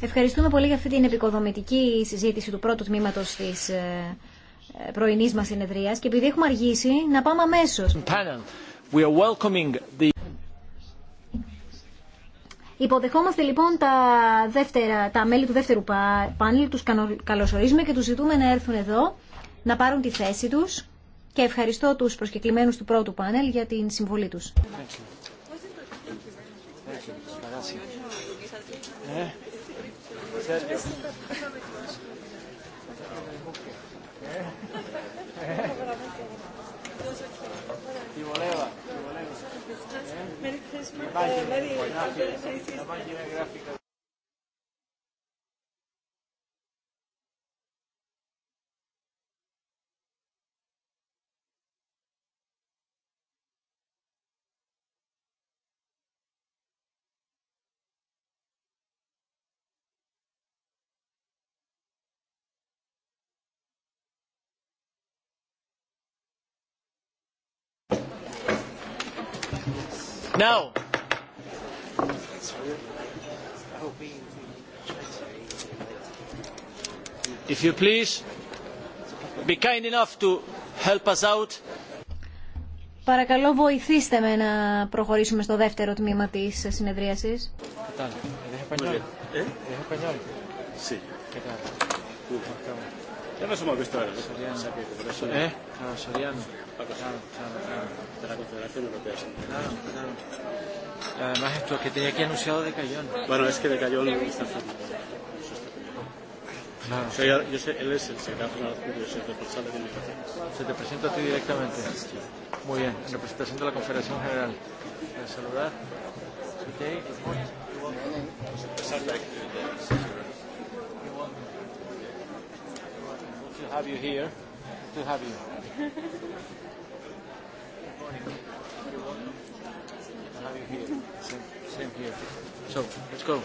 Ευχαριστούμε πολύ για αυτή την επικοδομητική συζήτηση του πρώτου τμήματο της ε, ε, πρωινή μα συνεδρία και επειδή έχουμε αργήσει να πάμε αμέσω. Υποδεχόμαστε λοιπόν τα, δεύτερα, τα μέλη του δεύτερου πάνελ, τους καλωσορίζουμε και τους ζητούμε να έρθουν εδώ, να πάρουν τη θέση τους και ευχαριστώ τους προσκεκλημένους του πρώτου πάνελ για την συμβολή τους grazie. Eh? Eh? Ti voleva, ti voleva. Eh? Merry Christmas. Now, if you please, be kind enough to help us out. Παρακαλώ βοηθήστε με να προχωρήσουμε στο δεύτερο τμήμα της συνεδρίασης. Ya nos hemos visto eso. ¿Eh? Claro, Soriano. De la Confederación Europea. Claro, claro. Y además esto que tenía aquí anunciado de Cayón. Bueno, es que de Cayón está yo sé, él es el secretario general de soy el responsable de migración. Se te presenta a ti directamente. Muy bien, en representación de la Confederación General. Saludar. to have you here. To have you. Good morning. Good morning. To have you here. Same, same here. So, let's go.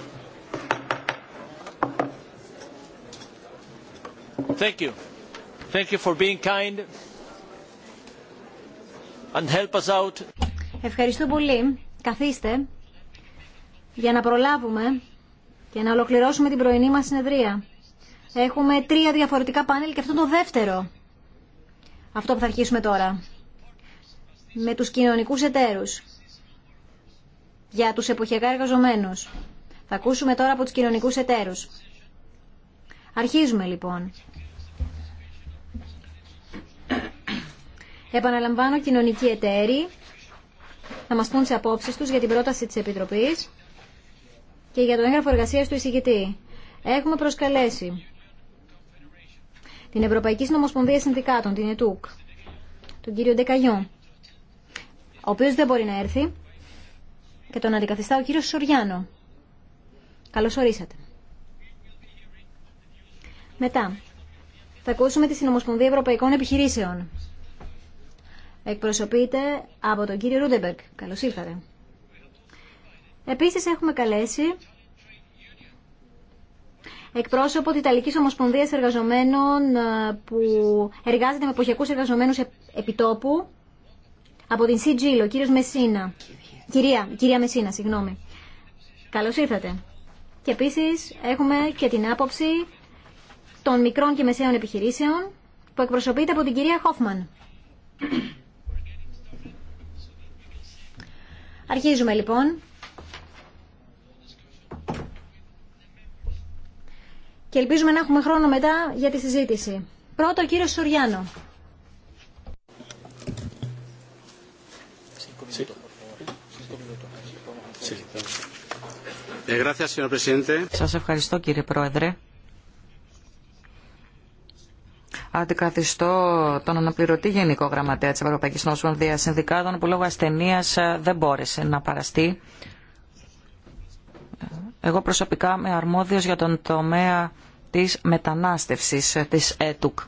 Thank you. Thank you for being kind and help us out. Ευχαριστώ πολύ. Καθίστε για να προλάβουμε και να ολοκληρώσουμε την πρωινή μας συνεδρία. Έχουμε τρία διαφορετικά πάνελ και αυτό το δεύτερο. Αυτό που θα αρχίσουμε τώρα. Με τους κοινωνικούς εταίρους. Για τους εποχιακά εργαζομένους. Θα ακούσουμε τώρα από τους κοινωνικούς εταίρους. Αρχίζουμε λοιπόν. Επαναλαμβάνω κοινωνικοί εταίροι να μας πούν τις απόψεις τους για την πρόταση της Επιτροπής και για το έγγραφο εργασίας του εισηγητή. Έχουμε προσκαλέσει την Ευρωπαϊκή Συνομοσπονδία Συνδικάτων, την ΕΤΟΥΚ, τον κύριο Ντεκαγιό, ο οποίος δεν μπορεί να έρθει και τον αντικαθιστά ο κύριος Σοριάνο. Καλώς ορίσατε. Μετά, θα ακούσουμε τη Συνομοσπονδία Ευρωπαϊκών Επιχειρήσεων. Εκπροσωπείται από τον κύριο Ρούντεμπεργκ. Καλώς ήρθατε. Επίσης έχουμε καλέσει εκπρόσωπο της Ιταλικής Ομοσπονδίας Εργαζομένων ε, που εργάζεται με εποχιακούς εργαζομένους επιτόπου από την CG. ο κύριος Μεσίνα. Κυρία, κυρία Μεσίνα, συγγνώμη. Καλώς ήρθατε. Και επίσης έχουμε και την άποψη των μικρών και μεσαίων επιχειρήσεων που εκπροσωπείται από την κυρία Χόφμαν. Αρχίζουμε λοιπόν και ελπίζουμε να έχουμε χρόνο μετά για τη συζήτηση. Πρώτο, ο κύριος Σουριάνο. Ε, Σας ευχαριστώ κύριε Πρόεδρε. Αντικαθιστώ τον αναπληρωτή Γενικό Γραμματέα της Ευρωπαϊκής Ομοσπονδίας Συνδικάτων που λόγω ασθενείας ε, δεν μπόρεσε να παραστεί εγώ προσωπικά είμαι αρμόδιος για τον τομέα της μετανάστευσης της ΕΤΟΚ.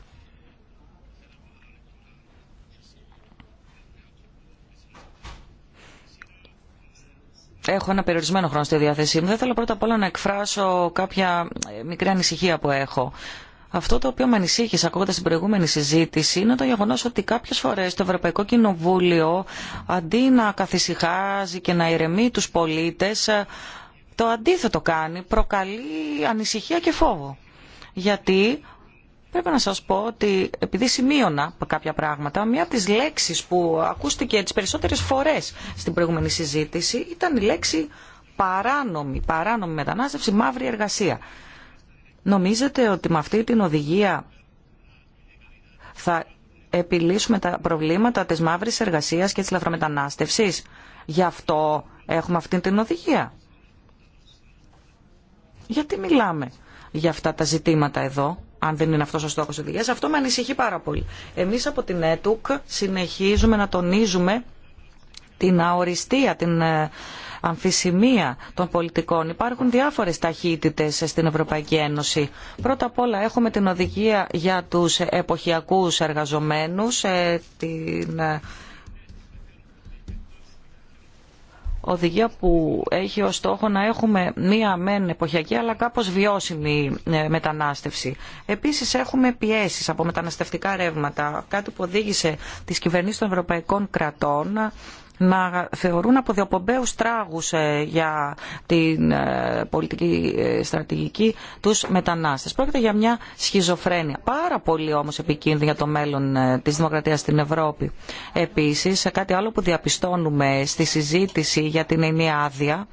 Έχω ένα περιορισμένο χρόνο στη διάθεσή μου. Δεν θέλω πρώτα απ' όλα να εκφράσω κάποια ε, μικρή ανησυχία που έχω. Αυτό το οποίο με ανησύχησε ακούγοντα την προηγούμενη συζήτηση είναι το γεγονό ότι κάποιε φορέ το Ευρωπαϊκό Κοινοβούλιο αντί να καθησυχάζει και να ηρεμεί του πολίτε το αντίθετο κάνει, προκαλεί ανησυχία και φόβο. Γιατί πρέπει να σας πω ότι επειδή σημείωνα κάποια πράγματα, μία από τις λέξεις που ακούστηκε τις περισσότερες φορές στην προηγούμενη συζήτηση ήταν η λέξη παράνομη, παράνομη μετανάστευση, μαύρη εργασία. Νομίζετε ότι με αυτή την οδηγία θα επιλύσουμε τα προβλήματα της μαύρης εργασίας και της λαθρομετανάστευσης. Γι' αυτό έχουμε αυτή την οδηγία. Γιατί μιλάμε για αυτά τα ζητήματα εδώ, αν δεν είναι αυτό ο στόχο οδηγία, αυτό με ανησυχεί πάρα πολύ. Εμεί από την ΕΤΟΚ συνεχίζουμε να τονίζουμε την αοριστία, την ε, αμφισημία των πολιτικών. Υπάρχουν διάφορες ταχύτητε στην Ευρωπαϊκή Ένωση. Πρώτα απ' όλα έχουμε την οδηγία για τους εποχιακούς εργαζομένου, ε, την ε, οδηγία που έχει ως στόχο να έχουμε μία μεν εποχιακή αλλά κάπως βιώσιμη ε, μετανάστευση. Επίσης έχουμε πιέσεις από μεταναστευτικά ρεύματα, κάτι που οδήγησε τις κυβερνήσεις των ευρωπαϊκών κρατών να θεωρούν από τράγους τράγους ε, για την ε, πολιτική ε, στρατηγική τους μετανάστες. Πρόκειται για μια σχιζοφρένεια. Πάρα πολύ όμως επικίνδυνη για το μέλλον της δημοκρατίας στην Ευρώπη. Επίσης, κάτι άλλο που διαπιστώνουμε στη συζήτηση για την ενιαία άδεια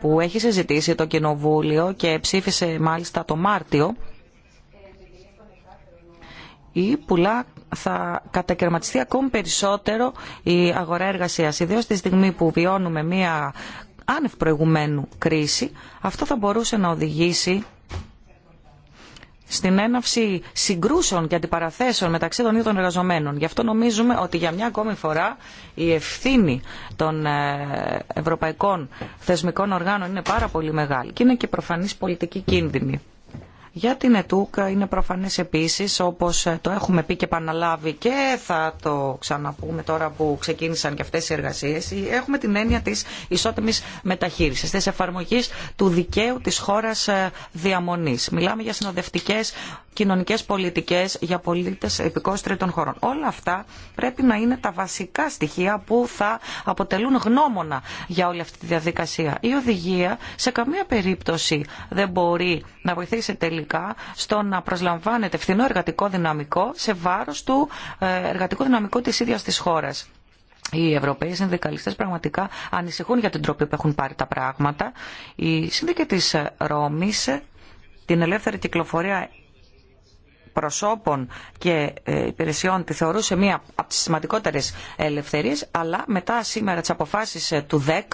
που έχει συζητήσει το Κοινοβούλιο και ψήφισε μάλιστα το Μάρτιο ή πουλά θα κατακαιρματιστεί ακόμη περισσότερο η αγορά εργασίας. Ιδίως τη στιγμή που βιώνουμε μία άνευ προηγουμένου κρίση, αυτό θα μπορούσε να οδηγήσει στην έναυση συγκρούσεων και αντιπαραθέσεων μεταξύ των ίδιων των εργαζομένων. Γι' αυτό νομίζουμε ότι για μια ακόμη φορά η ευθύνη των ε, ευρωπαϊκών θεσμικών οργάνων είναι πάρα πολύ μεγάλη και είναι και προφανής πολιτική κίνδυνη. Για την ΕΤΟΥΚ είναι προφανές επίσης, όπως το έχουμε πει και επαναλάβει και θα το ξαναπούμε τώρα που ξεκίνησαν και αυτές οι εργασίες, έχουμε την έννοια της ισότιμης μεταχείρισης, της εφαρμογής του δικαίου της χώρας ε, διαμονής. Μιλάμε για συνοδευτικές κοινωνικές πολιτικές για πολίτες επικώς τρίτων χωρών. Όλα αυτά πρέπει να είναι τα βασικά στοιχεία που θα αποτελούν γνώμονα για όλη αυτή τη διαδικασία. Η οδηγία σε καμία περίπτωση δεν μπορεί να βοηθήσει τελικά στο να προσλαμβάνεται φθηνό εργατικό δυναμικό σε βάρος του ε, εργατικού δυναμικού της ίδιας της χώρας. Οι Ευρωπαίοι συνδικαλιστές πραγματικά ανησυχούν για την τροπή που έχουν πάρει τα πράγματα. Η σύνδικη της Ρώμης την ελεύθερη κυκλοφορία προσώπων και ε, υπηρεσιών τη θεωρούσε μία από τις σημαντικότερες ελευθερίες, αλλά μετά σήμερα τις αποφάσεις ε, του ΔΕΚ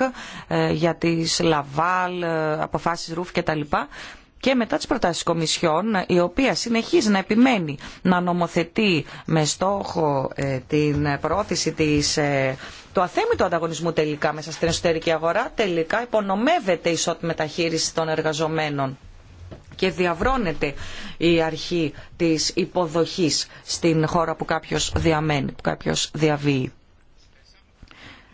για τις Λαβάλ, αποφάσεις Ρουφ κτλ και μετά τις προτάσεις Κομισιόν, η οποία συνεχίζει να επιμένει να νομοθετεί με στόχο ε, την πρόθεση της, ε, του αθέμητου ανταγωνισμού τελικά μέσα στην εσωτερική αγορά, τελικά υπονομεύεται η ισότιμη μεταχείριση των εργαζομένων και διαβρώνεται η αρχή της υποδοχής στην χώρα που κάποιος διαμένει, που κάποιος διαβεί.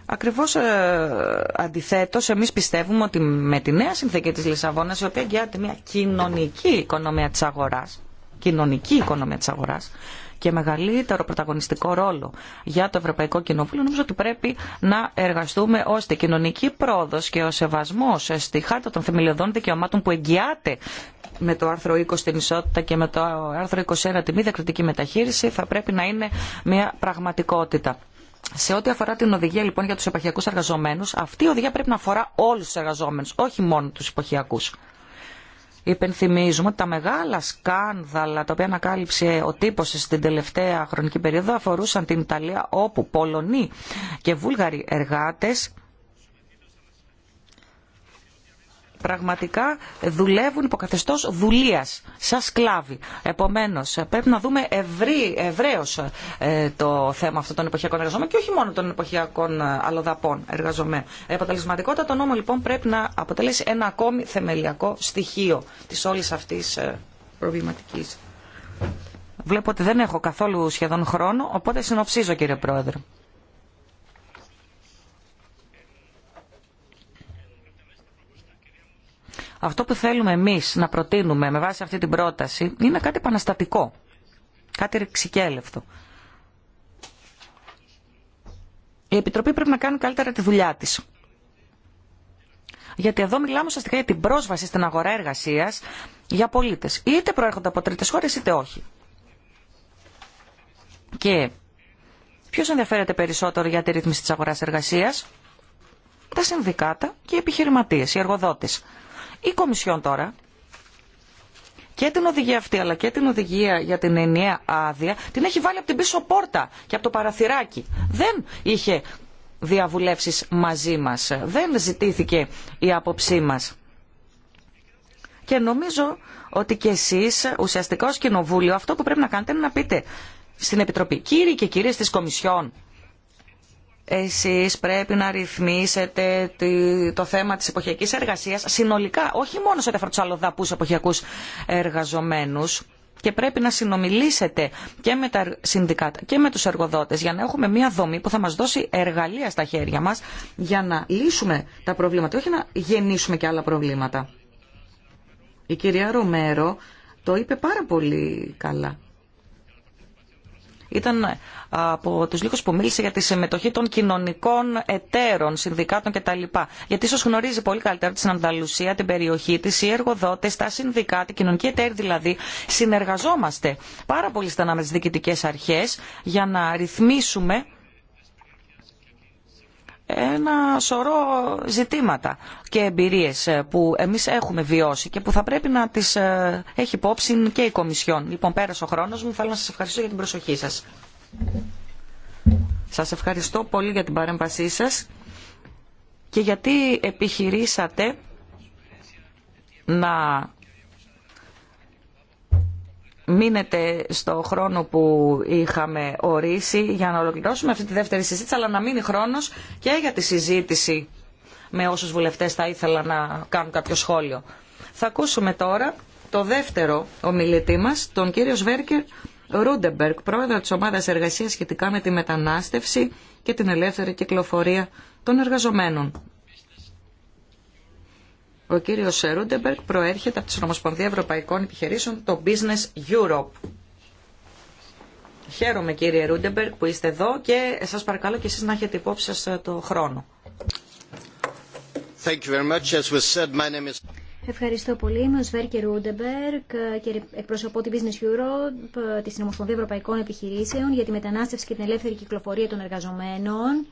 Ακριβώς ε, αντιθέτως εμείς πιστεύουμε ότι με τη νέα συνθήκη της Λισαβόνας η οποία εγγυάται μια κοινωνική οικονομία της αγοράς κοινωνική οικονομία της αγοράς και μεγαλύτερο πρωταγωνιστικό ρόλο για το Ευρωπαϊκό Κοινοβούλιο, νομίζω ότι πρέπει να εργαστούμε ώστε η κοινωνική πρόοδο και ο σεβασμό στη χάρτα των θεμελιωδών δικαιωμάτων που εγγυάται με το άρθρο 20 την ισότητα και με το άρθρο 21 τη μη διακριτική μεταχείριση θα πρέπει να είναι μια πραγματικότητα σε ό,τι αφορά την οδηγία λοιπόν για τους εποχιακούς εργαζομένους, αυτή η οδηγία πρέπει να αφορά όλους τους εργαζόμενους, όχι μόνο τους εποχιακούς. Υπενθυμίζουμε ότι τα μεγάλα σκάνδαλα τα οποία ανακάλυψε ο τύπος στην τελευταία χρονική περίοδο αφορούσαν την Ιταλία όπου Πολωνοί και Βούλγαροι εργάτες πραγματικά δουλεύουν υπό καθεστώ δουλεία, σαν σκλάβοι. Επομένω, πρέπει να δούμε ευρέω ε, το θέμα αυτό των εποχιακών εργαζομένων και όχι μόνο των εποχιακών ε, αλλοδαπών εργαζομένων. Η αποτελεσματικότητα των νόμων λοιπόν πρέπει να αποτελέσει ένα ακόμη θεμελιακό στοιχείο τη όλη αυτή ε, προβληματική. Βλέπω ότι δεν έχω καθόλου σχεδόν χρόνο, οπότε συνοψίζω κύριε Πρόεδρε. Αυτό που θέλουμε εμείς να προτείνουμε με βάση αυτή την πρόταση είναι κάτι επαναστατικό, κάτι ρηξικέλευτο. Η Επιτροπή πρέπει να κάνει καλύτερα τη δουλειά της. Γιατί εδώ μιλάμε ουσιαστικά για την πρόσβαση στην αγορά εργασίας για πολίτες. Είτε προέρχονται από τρίτες χώρες είτε όχι. Και ποιος ενδιαφέρεται περισσότερο για τη ρύθμιση της αγοράς εργασίας, τα συνδικάτα και οι επιχειρηματίες, οι εργοδότες. Η Κομισιόν τώρα και την οδηγία αυτή αλλά και την οδηγία για την ενιαία άδεια την έχει βάλει από την πίσω πόρτα και από το παραθυράκι. Δεν είχε διαβουλεύσεις μαζί μας. Δεν ζητήθηκε η άποψή μας. Και νομίζω ότι και εσείς ουσιαστικά ως κοινοβούλιο αυτό που πρέπει να κάνετε είναι να πείτε στην Επιτροπή κύριοι και κυρίες της Κομισιόν εσείς πρέπει να ρυθμίσετε το θέμα της εποχιακής εργασίας συνολικά, όχι μόνο σε αφορά τους αλλοδαπούς εποχιακούς εργαζομένους και πρέπει να συνομιλήσετε και με τα συνδικάτα και με τους εργοδότες για να έχουμε μια δομή που θα μας δώσει εργαλεία στα χέρια μας για να λύσουμε τα προβλήματα, όχι να γεννήσουμε και άλλα προβλήματα. Η κυρία Ρομέρο το είπε πάρα πολύ καλά ήταν ε, από του λίγου που μίλησε για τη συμμετοχή των κοινωνικών εταίρων, συνδικάτων κτλ. Γιατί ίσω γνωρίζει πολύ καλύτερα την Ανταλουσία, την περιοχή της, οι εργοδότε, τα συνδικάτα, οι κοινωνικοί εταίροι δηλαδή. Συνεργαζόμαστε πάρα πολύ στενά με τι διοικητικέ αρχές για να ρυθμίσουμε ένα σωρό ζητήματα και εμπειρίες ε, που εμείς έχουμε βιώσει και που θα πρέπει να τις ε, έχει υπόψη και η Κομισιόν. Λοιπόν, πέρασε ο χρόνος μου. Θέλω να σας ευχαριστώ για την προσοχή σας. Σας ευχαριστώ πολύ για την παρέμβασή σας και γιατί επιχειρήσατε να μείνετε στο χρόνο που είχαμε ορίσει για να ολοκληρώσουμε αυτή τη δεύτερη συζήτηση, αλλά να μείνει χρόνος και για τη συζήτηση με όσους βουλευτές θα ήθελα να κάνουν κάποιο σχόλιο. Θα ακούσουμε τώρα το δεύτερο ομιλητή μας, τον κύριο Σβέρκερ Ρούντεμπεργκ, πρόεδρο της Ομάδας Εργασίας σχετικά με τη μετανάστευση και την ελεύθερη κυκλοφορία των εργαζομένων. Ο κύριος Ρούντεμπεργκ προέρχεται από τη Συνομοσπονδία Ευρωπαϊκών Επιχειρήσεων, το Business Europe. Χαίρομαι κύριε Ρούντεμπεργκ που είστε εδώ και σας παρακαλώ και εσείς να έχετε υπόψη σας ε, το χρόνο. Thank you very much. As said, my name is... Ευχαριστώ πολύ. Είμαι ο Σβέρκε Ρούντεμπερκ, και εκπροσωπώ τη Business Europe, ε, τη Συνομοσπονδία Ευρωπαϊκών Επιχειρήσεων για τη μετανάστευση και την ελεύθερη κυκλοφορία των εργαζομένων.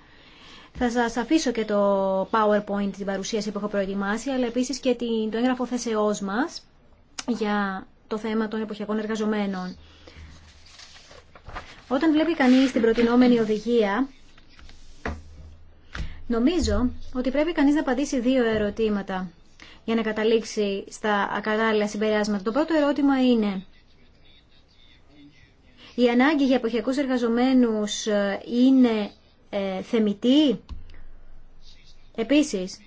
Θα σας αφήσω και το PowerPoint την παρουσίαση που έχω προετοιμάσει, αλλά επίση και το έγγραφο θέσεώ μα για το θέμα των εποχιακών εργαζομένων. Όταν βλέπει κανείς την προτινόμενη οδηγία, νομίζω ότι πρέπει κανείς να απαντήσει δύο ερωτήματα για να καταλήξει στα ακατάλληλα συμπεράσματα. Το πρώτο ερώτημα είναι η ανάγκη για εποχιακούς εργαζομένους είναι ε, θεμητή. Επίσης,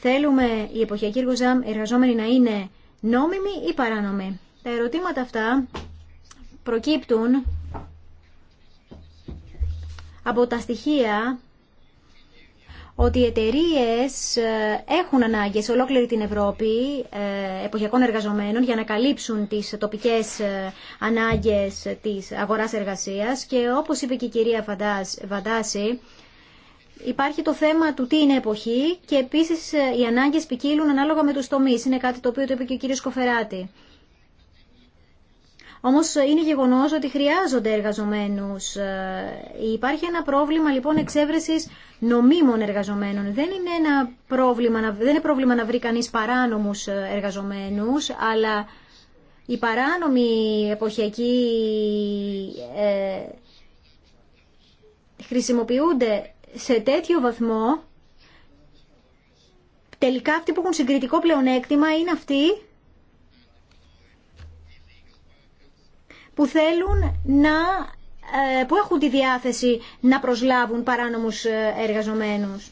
θέλουμε η εποχιακή εργαζόμενη να είναι νόμιμη ή παράνομη. Τα ερωτήματα αυτά προκύπτουν από τα στοιχεία ότι οι εταιρείε ε, έχουν ανάγκε σε ολόκληρη την Ευρώπη ε, εποχιακών εργαζομένων για να καλύψουν τις τοπικές ε, ανάγκες τη αγοράς εργασίας και όπως είπε και η κυρία Βαντάση, Υπάρχει το θέμα του τι είναι εποχή και επίσης οι ανάγκες ποικίλουν ανάλογα με του τομεί. Είναι κάτι το οποίο το είπε και ο κύριο Κοφεράτη. Όμως ε, είναι γεγονός ότι χρειάζονται εργαζομένους. Ε, υπάρχει ένα πρόβλημα λοιπόν εξέβρεσης νομίμων εργαζομένων. Δεν είναι, ένα πρόβλημα, δεν είναι πρόβλημα να βρει κανείς παράνομους ε, εργαζομένους, αλλά η παράνομη εποχιακή ε, χρησιμοποιούνται σε τέτοιο βαθμό τελικά αυτοί που έχουν συγκριτικό πλεονέκτημα είναι αυτοί που θέλουν να ε, που έχουν τη διάθεση να προσλάβουν παράνομους ε, εργαζομένους.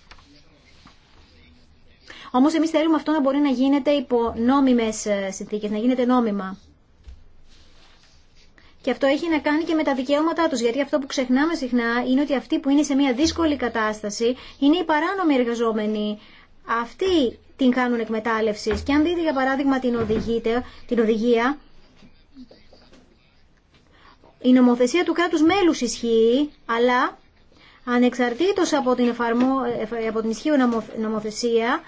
Όμως εμείς θέλουμε αυτό να μπορεί να γίνεται υπό νόμιμες ε, συνθήκες, να γίνεται νόμιμα. Και αυτό έχει να κάνει και με τα δικαιώματά τους, γιατί αυτό που ξεχνάμε συχνά είναι ότι αυτοί που είναι σε μια δύσκολη κατάσταση είναι οι παράνομοι εργαζόμενοι. Αυτοί την κάνουν εκμετάλλευση. Και αν δείτε για παράδειγμα την, την οδηγία η νομοθεσία του κράτους μέλους ισχύει, αλλά ανεξαρτήτως από την, εφαρμό, από την ισχύω νομοθεσία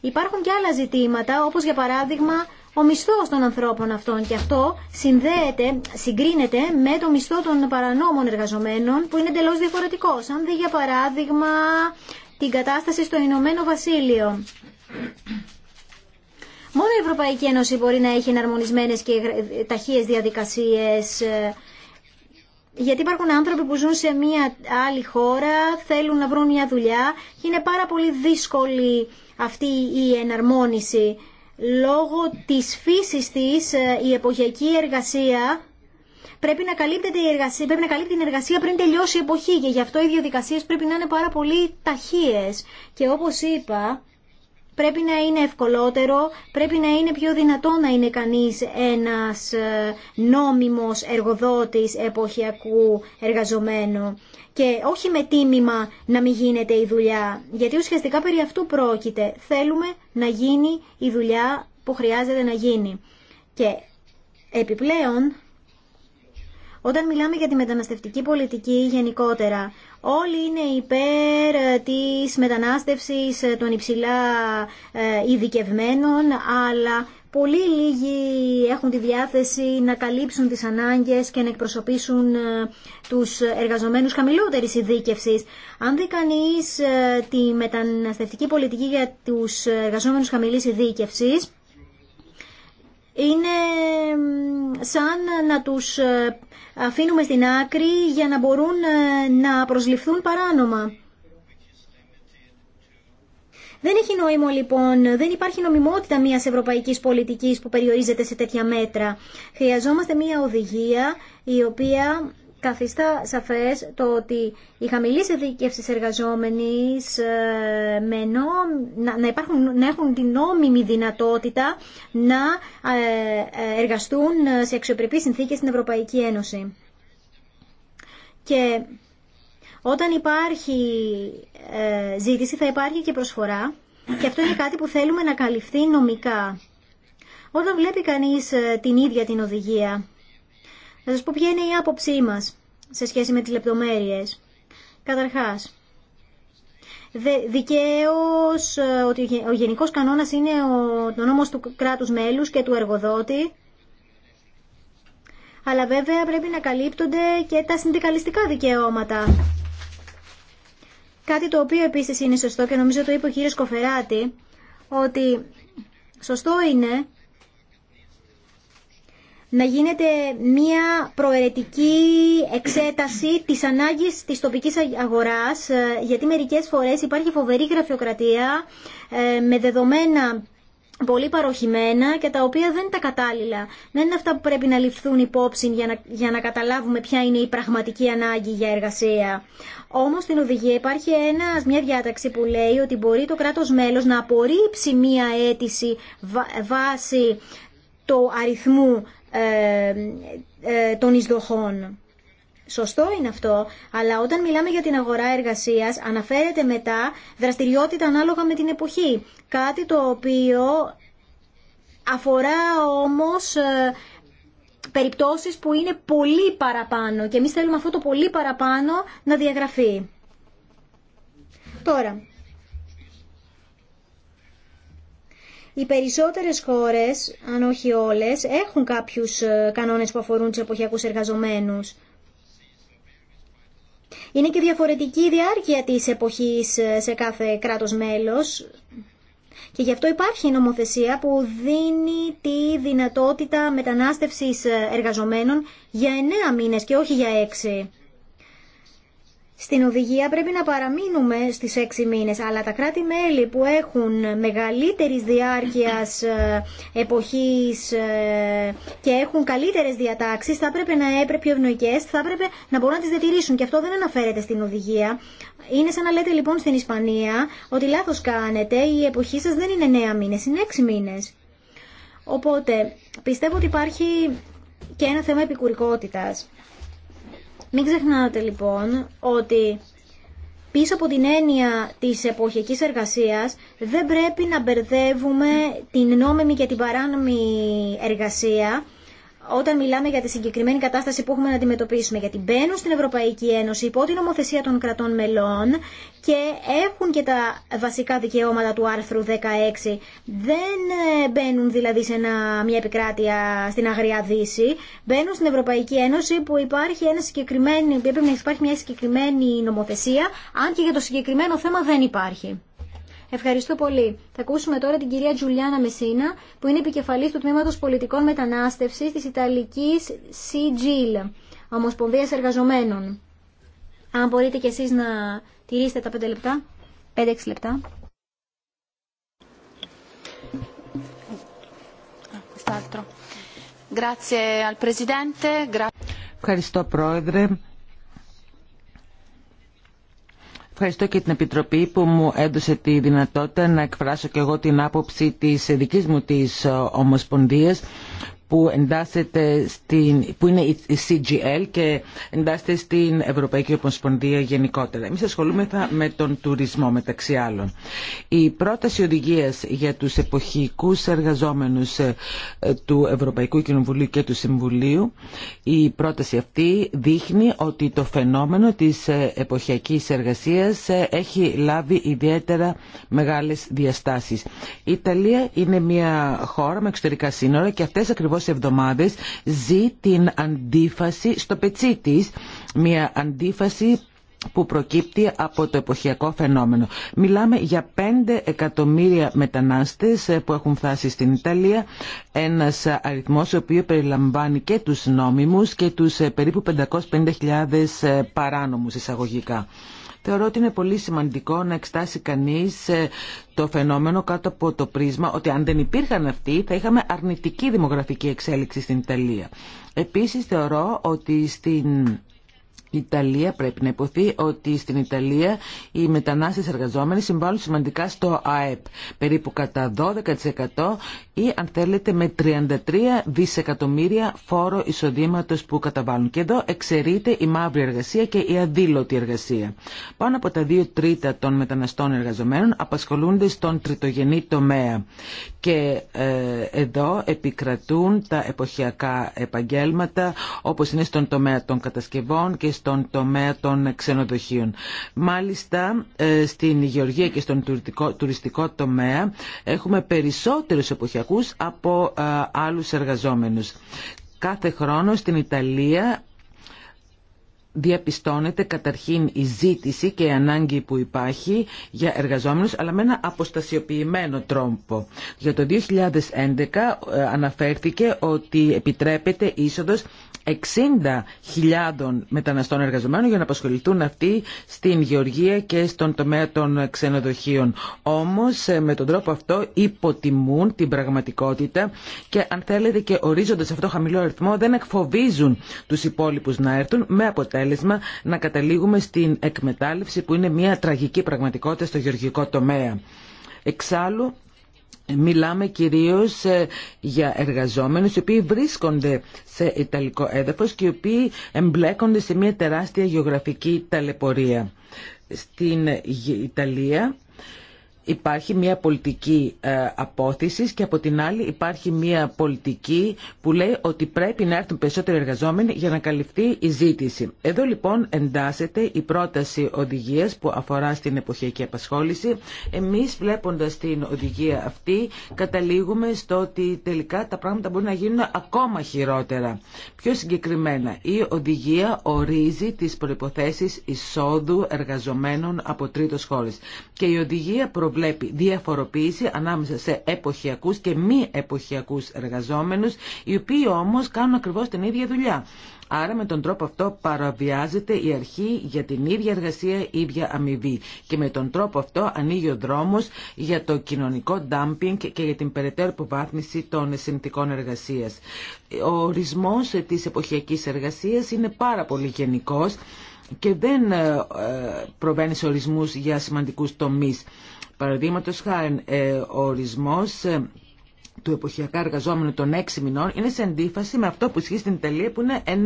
υπάρχουν και άλλα ζητήματα, όπως για παράδειγμα ο μισθός των ανθρώπων αυτών και αυτό συνδέεται, συγκρίνεται με το μισθό των παρανόμων εργαζομένων που είναι εντελώς διαφορετικό. Αν δει για παράδειγμα την κατάσταση στο Ηνωμένο Βασίλειο. Μόνο η Ευρωπαϊκή Ένωση μπορεί να έχει εναρμονισμένε και ταχείες διαδικασίες ε, γιατί υπάρχουν άνθρωποι που ζουν σε μια άλλη χώρα, θέλουν να βρουν μια δουλειά και είναι πάρα πολύ δύσκολη αυτή η εναρμόνιση. Λόγω της φύσης της ε, η εποχιακή εργασία πρέπει να, καλύπτεται η εργασία, πρέπει να καλύπτει την εργασία πριν τελειώσει η εποχή και γι' αυτό οι διαδικασίες πρέπει να είναι πάρα πολύ ταχείες. Και όπως είπα, πρέπει να είναι ευκολότερο, πρέπει να είναι πιο δυνατό να είναι κανείς ένας ε, νόμιμος εργοδότης εποχιακού εργαζομένου και όχι με τίμημα να μην γίνεται η δουλειά, γιατί ουσιαστικά περί αυτού πρόκειται. Θέλουμε να γίνει η δουλειά που χρειάζεται να γίνει. Και επιπλέον όταν μιλάμε για τη μεταναστευτική πολιτική γενικότερα, όλοι είναι υπέρ ε, της μετανάστευσης ε, των υψηλά ε, ειδικευμένων, αλλά πολύ λίγοι έχουν τη διάθεση να καλύψουν τις ανάγκες και να εκπροσωπήσουν τους εργαζομένους χαμηλότερης ειδίκευσης. Αν δει τη μεταναστευτική πολιτική για τους εργαζόμενους χαμηλής ειδίκευσης, είναι σαν να τους αφήνουμε στην άκρη για να μπορούν ε, να προσληφθούν παράνομα. Δεν έχει νόημα λοιπόν, δεν υπάρχει νομιμότητα μια ευρωπαϊκής πολιτική που περιορίζεται σε τέτοια μέτρα. Χρειαζόμαστε μια οδηγία η οποία καθιστά σαφές το ότι οι χαμηλή ειδικεύσεις εργαζόμενης ε, με να, υπάρχουν, να έχουν την νόμιμη δυνατότητα να ε, ε, εργαστούν σε αξιοπρεπείς συνθήκες στην Ευρωπαϊκή Ένωση. Και όταν υπάρχει ζήτηση θα υπάρχει και προσφορά και αυτό είναι κάτι που θέλουμε να καλυφθεί νομικά. Όταν βλέπει κανείς την ίδια την οδηγία να σας πω ποια είναι η άποψή μας σε σχέση με τις λεπτομέρειες. Καταρχάς, δικαίως ε, ότι ο γενικός κανόνας είναι ο νόμος του κράτους μέλους και του εργοδότη αλλά βέβαια πρέπει να καλύπτονται και τα συνδικαλιστικά δικαιώματα. Κάτι το οποίο επίσης είναι σωστό και νομίζω το είπε ο κύριος Κοφεράτη, ότι σωστό είναι να γίνεται μια προαιρετική εξέταση της ανάγκης της τοπικής αγοράς, ε, γιατί μερικές φορές υπάρχει φοβερή γραφειοκρατία ε, με δεδομένα πολύ παροχημένα και τα οποία δεν είναι τα κατάλληλα. Δεν είναι αυτά που πρέπει να ληφθούν υπόψη για να, για να καταλάβουμε ποια είναι η πραγματική ανάγκη για εργασία. Όμω στην οδηγία υπάρχει μια διάταξη που λέει ότι μπορεί το κράτο μέλο να απορρίψει μια αίτηση βάσει βάση του αριθμού ε, ε, των εισδοχών. Σωστό είναι αυτό, αλλά όταν μιλάμε για την αγορά εργασίας αναφέρεται μετά δραστηριότητα ανάλογα με την εποχή. Κάτι το οποίο αφορά όμως ε, περιπτώσεις που είναι πολύ παραπάνω και εμείς θέλουμε αυτό το πολύ παραπάνω να διαγραφεί. Τώρα, Οι περισσότερες χώρες, αν όχι όλες, έχουν κάποιους ε, κανόνες που αφορούν τους εποχιακούς εργαζομένους. Είναι και διαφορετική η διάρκεια της εποχής ε, σε κάθε κράτος μέλος και γι' αυτό υπάρχει η νομοθεσία που δίνει τη δυνατότητα μετανάστευσης ε, εργαζομένων για εννέα μήνες και όχι για έξι. Στην οδηγία πρέπει να παραμείνουμε στις έξι μήνες, αλλά τα κράτη-μέλη που έχουν μεγαλύτερης διάρκειας ε, εποχής ε, και έχουν καλύτερες διατάξεις θα έπρεπε να έπρεπε πιο ευνοϊκές, θα έπρεπε να μπορούν να τις διατηρήσουν και αυτό δεν αναφέρεται στην οδηγία. Είναι σαν να λέτε λοιπόν στην Ισπανία ότι λάθος κάνετε, η εποχή σας δεν είναι νέα μήνες, είναι έξι μήνες. Οπότε πιστεύω ότι υπάρχει και ένα θέμα επικουρικότητας. Μην ξεχνάτε λοιπόν ότι πίσω από την έννοια της εποχικής εργασίας δεν πρέπει να μπερδεύουμε την νόμιμη και την παράνομη εργασία όταν μιλάμε για τη συγκεκριμένη κατάσταση που έχουμε να αντιμετωπίσουμε. Γιατί μπαίνουν στην Ευρωπαϊκή Ένωση υπό την νομοθεσία των κρατών μελών και έχουν και τα βασικά δικαιώματα του άρθρου 16. Δεν ε, μπαίνουν δηλαδή σε μια επικράτεια στην Αγριά Δύση. Μπαίνουν στην Ευρωπαϊκή Ένωση που υπάρχει, ένα που υπάρχει μια συγκεκριμένη νομοθεσία, αν και για το συγκεκριμένο θέμα δεν υπάρχει. Ευχαριστώ πολύ. Θα ακούσουμε τώρα την κυρία Τζουλιάνα Μεσίνα, που είναι επικεφαλή του τμήματο Πολιτικών Μετανάστευσης της Ιταλικής CGIL, Ομοσπονδία Εργαζομένων. Αν μπορείτε κι εσείς να τηρήσετε τα πεντε λεπτά, 5-6 λεπτά. Ευχαριστώ, Πρόεδρε. Ευχαριστώ και την Επιτροπή που μου έδωσε τη δυνατότητα να εκφράσω και εγώ την άποψη της ε, δικής μου της ε, Ομοσπονδίας που εντάσσεται στην, που είναι η CGL και εντάσσεται στην Ευρωπαϊκή Ομοσπονδία γενικότερα. Εμείς ασχολούμεθα με τον τουρισμό μεταξύ άλλων. Η πρόταση οδηγίας για τους εποχικούς εργαζόμενους ε, του Ευρωπαϊκού Κοινοβουλίου και του Συμβουλίου, η πρόταση αυτή δείχνει ότι το φαινόμενο της ε, εποχιακής εργασίας ε, έχει λάβει ιδιαίτερα μεγάλες διαστάσεις. Η Ιταλία είναι μια χώρα με εξωτερικά σύνορα και αυτές ακριβώς Εβδομάδε εβδομάδες ζει την αντίφαση στο πετσί της, μια αντίφαση που προκύπτει από το εποχιακό φαινόμενο. Μιλάμε για 5 εκατομμύρια μετανάστες ε, που έχουν φτάσει στην Ιταλία, ένας αριθμός ο οποίος περιλαμβάνει και τους νόμιμους και τους ε, περίπου 550.000 ε, παράνομους εισαγωγικά. Θεωρώ ότι είναι πολύ σημαντικό να εξτάσει κανείς ε, το φαινόμενο κάτω από το πρίσμα ότι αν δεν υπήρχαν αυτοί θα είχαμε αρνητική δημογραφική εξέλιξη στην Ιταλία. Επίσης θεωρώ ότι στην η Ιταλία πρέπει να υποθεί ότι στην Ιταλία οι μετανάστες εργαζόμενοι συμβάλλουν σημαντικά στο ΑΕΠ περίπου κατά 12% ή αν θέλετε με 33 δισεκατομμύρια φόρο εισοδήματος που καταβάλουν. Και εδώ εξαιρείται η μαύρη εργασία και η αδήλωτη εργασία. Πάνω από τα 2 τρίτα των μεταναστών εργαζομένων απασχολούνται στον τριτογενή τομέα. Και ε, εδώ επικρατούν τα εποχιακά επαγγέλματα όπως είναι στον τομέα των κατασκευών και στον τομέα των ξενοδοχείων. Μάλιστα ε, στην Γεωργία και στον τουριστικό τομέα έχουμε περισσότερους εποχιακούς από ε, άλλους εργαζόμενους. Κάθε χρόνο στην Ιταλία διαπιστώνεται καταρχήν η ζήτηση και η ανάγκη που υπάρχει για εργαζόμενους αλλά με ένα αποστασιοποιημένο τρόπο. Για το 2011 ε, αναφέρθηκε ότι επιτρέπεται είσοδος 60.000 μεταναστών εργαζομένων για να απασχοληθούν αυτοί στην γεωργία και στον τομέα των ξενοδοχείων. Όμως ε, με τον τρόπο αυτό υποτιμούν την πραγματικότητα και αν θέλετε και ορίζοντας αυτό χαμηλό αριθμό δεν εκφοβίζουν τους υπόλοιπους να έρθουν με αποτέλεσμα αποτέλεσμα να καταλήγουμε στην εκμετάλλευση που είναι μια τραγική πραγματικότητα στο γεωργικό τομέα. Εξάλλου, Μιλάμε κυρίως ε, για εργαζόμενους οι οποίοι βρίσκονται σε Ιταλικό έδαφος και οι οποίοι εμπλέκονται σε μια τεράστια γεωγραφική ταλαιπωρία. Στην Ιταλία υπάρχει μια πολιτική ε, απόθεση και από την άλλη υπάρχει μια πολιτική που λέει ότι πρέπει να έρθουν περισσότεροι εργαζόμενοι για να καλυφθεί η ζήτηση. Εδώ λοιπόν εντάσσεται η πρόταση οδηγίας που αφορά στην εποχιακή απασχόληση. Εμείς βλέποντας την οδηγία αυτή καταλήγουμε στο ότι τελικά τα πράγματα μπορεί να γίνουν ακόμα χειρότερα. Πιο συγκεκριμένα η οδηγία ορίζει τις προϋποθέσεις εισόδου εργαζομένων από τρίτο χώρες και η οδηγία προβλέπει Βλέπει διαφοροποίηση ανάμεσα σε εποχιακούς και μη εποχιακούς εργαζόμενους, οι οποίοι όμως κάνουν ακριβώς την ίδια δουλειά. Άρα με τον τρόπο αυτό παραβιάζεται η αρχή για την ίδια εργασία, ίδια αμοιβή. Και με τον τρόπο αυτό ανοίγει ο δρόμος για το κοινωνικό ντάμπινγκ και για την περαιτέρω υποβάθμιση των συνθηκών εργασίας. Ο ορισμός της εποχιακής εργασίας είναι πάρα πολύ γενικός και δεν ε, ε, προβαίνει σε ορισμούς για σημαντικούς τομείς. Παραδείγματο χάρη, ε, ο ορισμός ε, του εποχιακά εργαζόμενου των 6 μηνών είναι σε αντίφαση με αυτό που ισχύει στην Ιταλία που είναι 9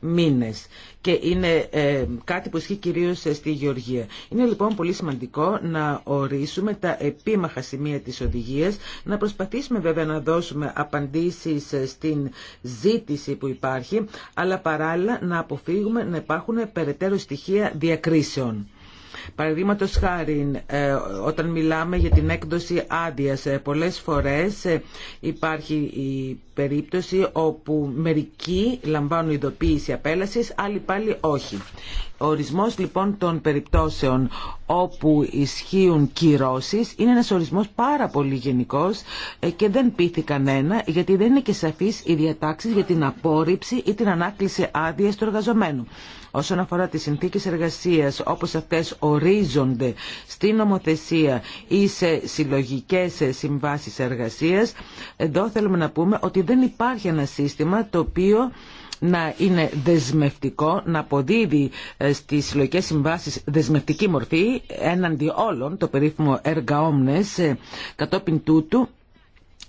μήνε και είναι ε, κάτι που ισχύει κυρίω στη Γεωργία. Είναι λοιπόν πολύ σημαντικό να ορίσουμε τα επίμαχα σημεία της οδηγία, να προσπαθήσουμε βέβαια να δώσουμε απαντήσεις στην ζήτηση που υπάρχει, αλλά παράλληλα να αποφύγουμε να υπάρχουν περαιτέρω στοιχεία διακρίσεων. Παραδείγματο χάρη, ε, όταν μιλάμε για την έκδοση άδεια, ε, πολλές φορές ε, υπάρχει η περίπτωση όπου μερικοί λαμβάνουν ειδοποίηση απέλαση, άλλοι πάλι όχι. Ο ορισμός λοιπόν των περιπτώσεων όπου ισχύουν κυρώσει, είναι ένας ορισμός πάρα πολύ γενικός και δεν πείθει κανένα γιατί δεν είναι και σαφή οι διατάξεις για την απόρριψη ή την ανάκληση άδεια του εργαζομένου όσον αφορά τις συνθήκες εργασίας όπως αυτές ορίζονται στην νομοθεσία ή σε συλλογικές συμβάσεις εργασίας, εδώ θέλουμε να πούμε ότι δεν υπάρχει ένα σύστημα το οποίο να είναι δεσμευτικό, να αποδίδει ε, στις συλλογικέ συμβάσεις δεσμευτική μορφή έναντι όλων, το περίφημο εργαόμνες κατόπιν τούτου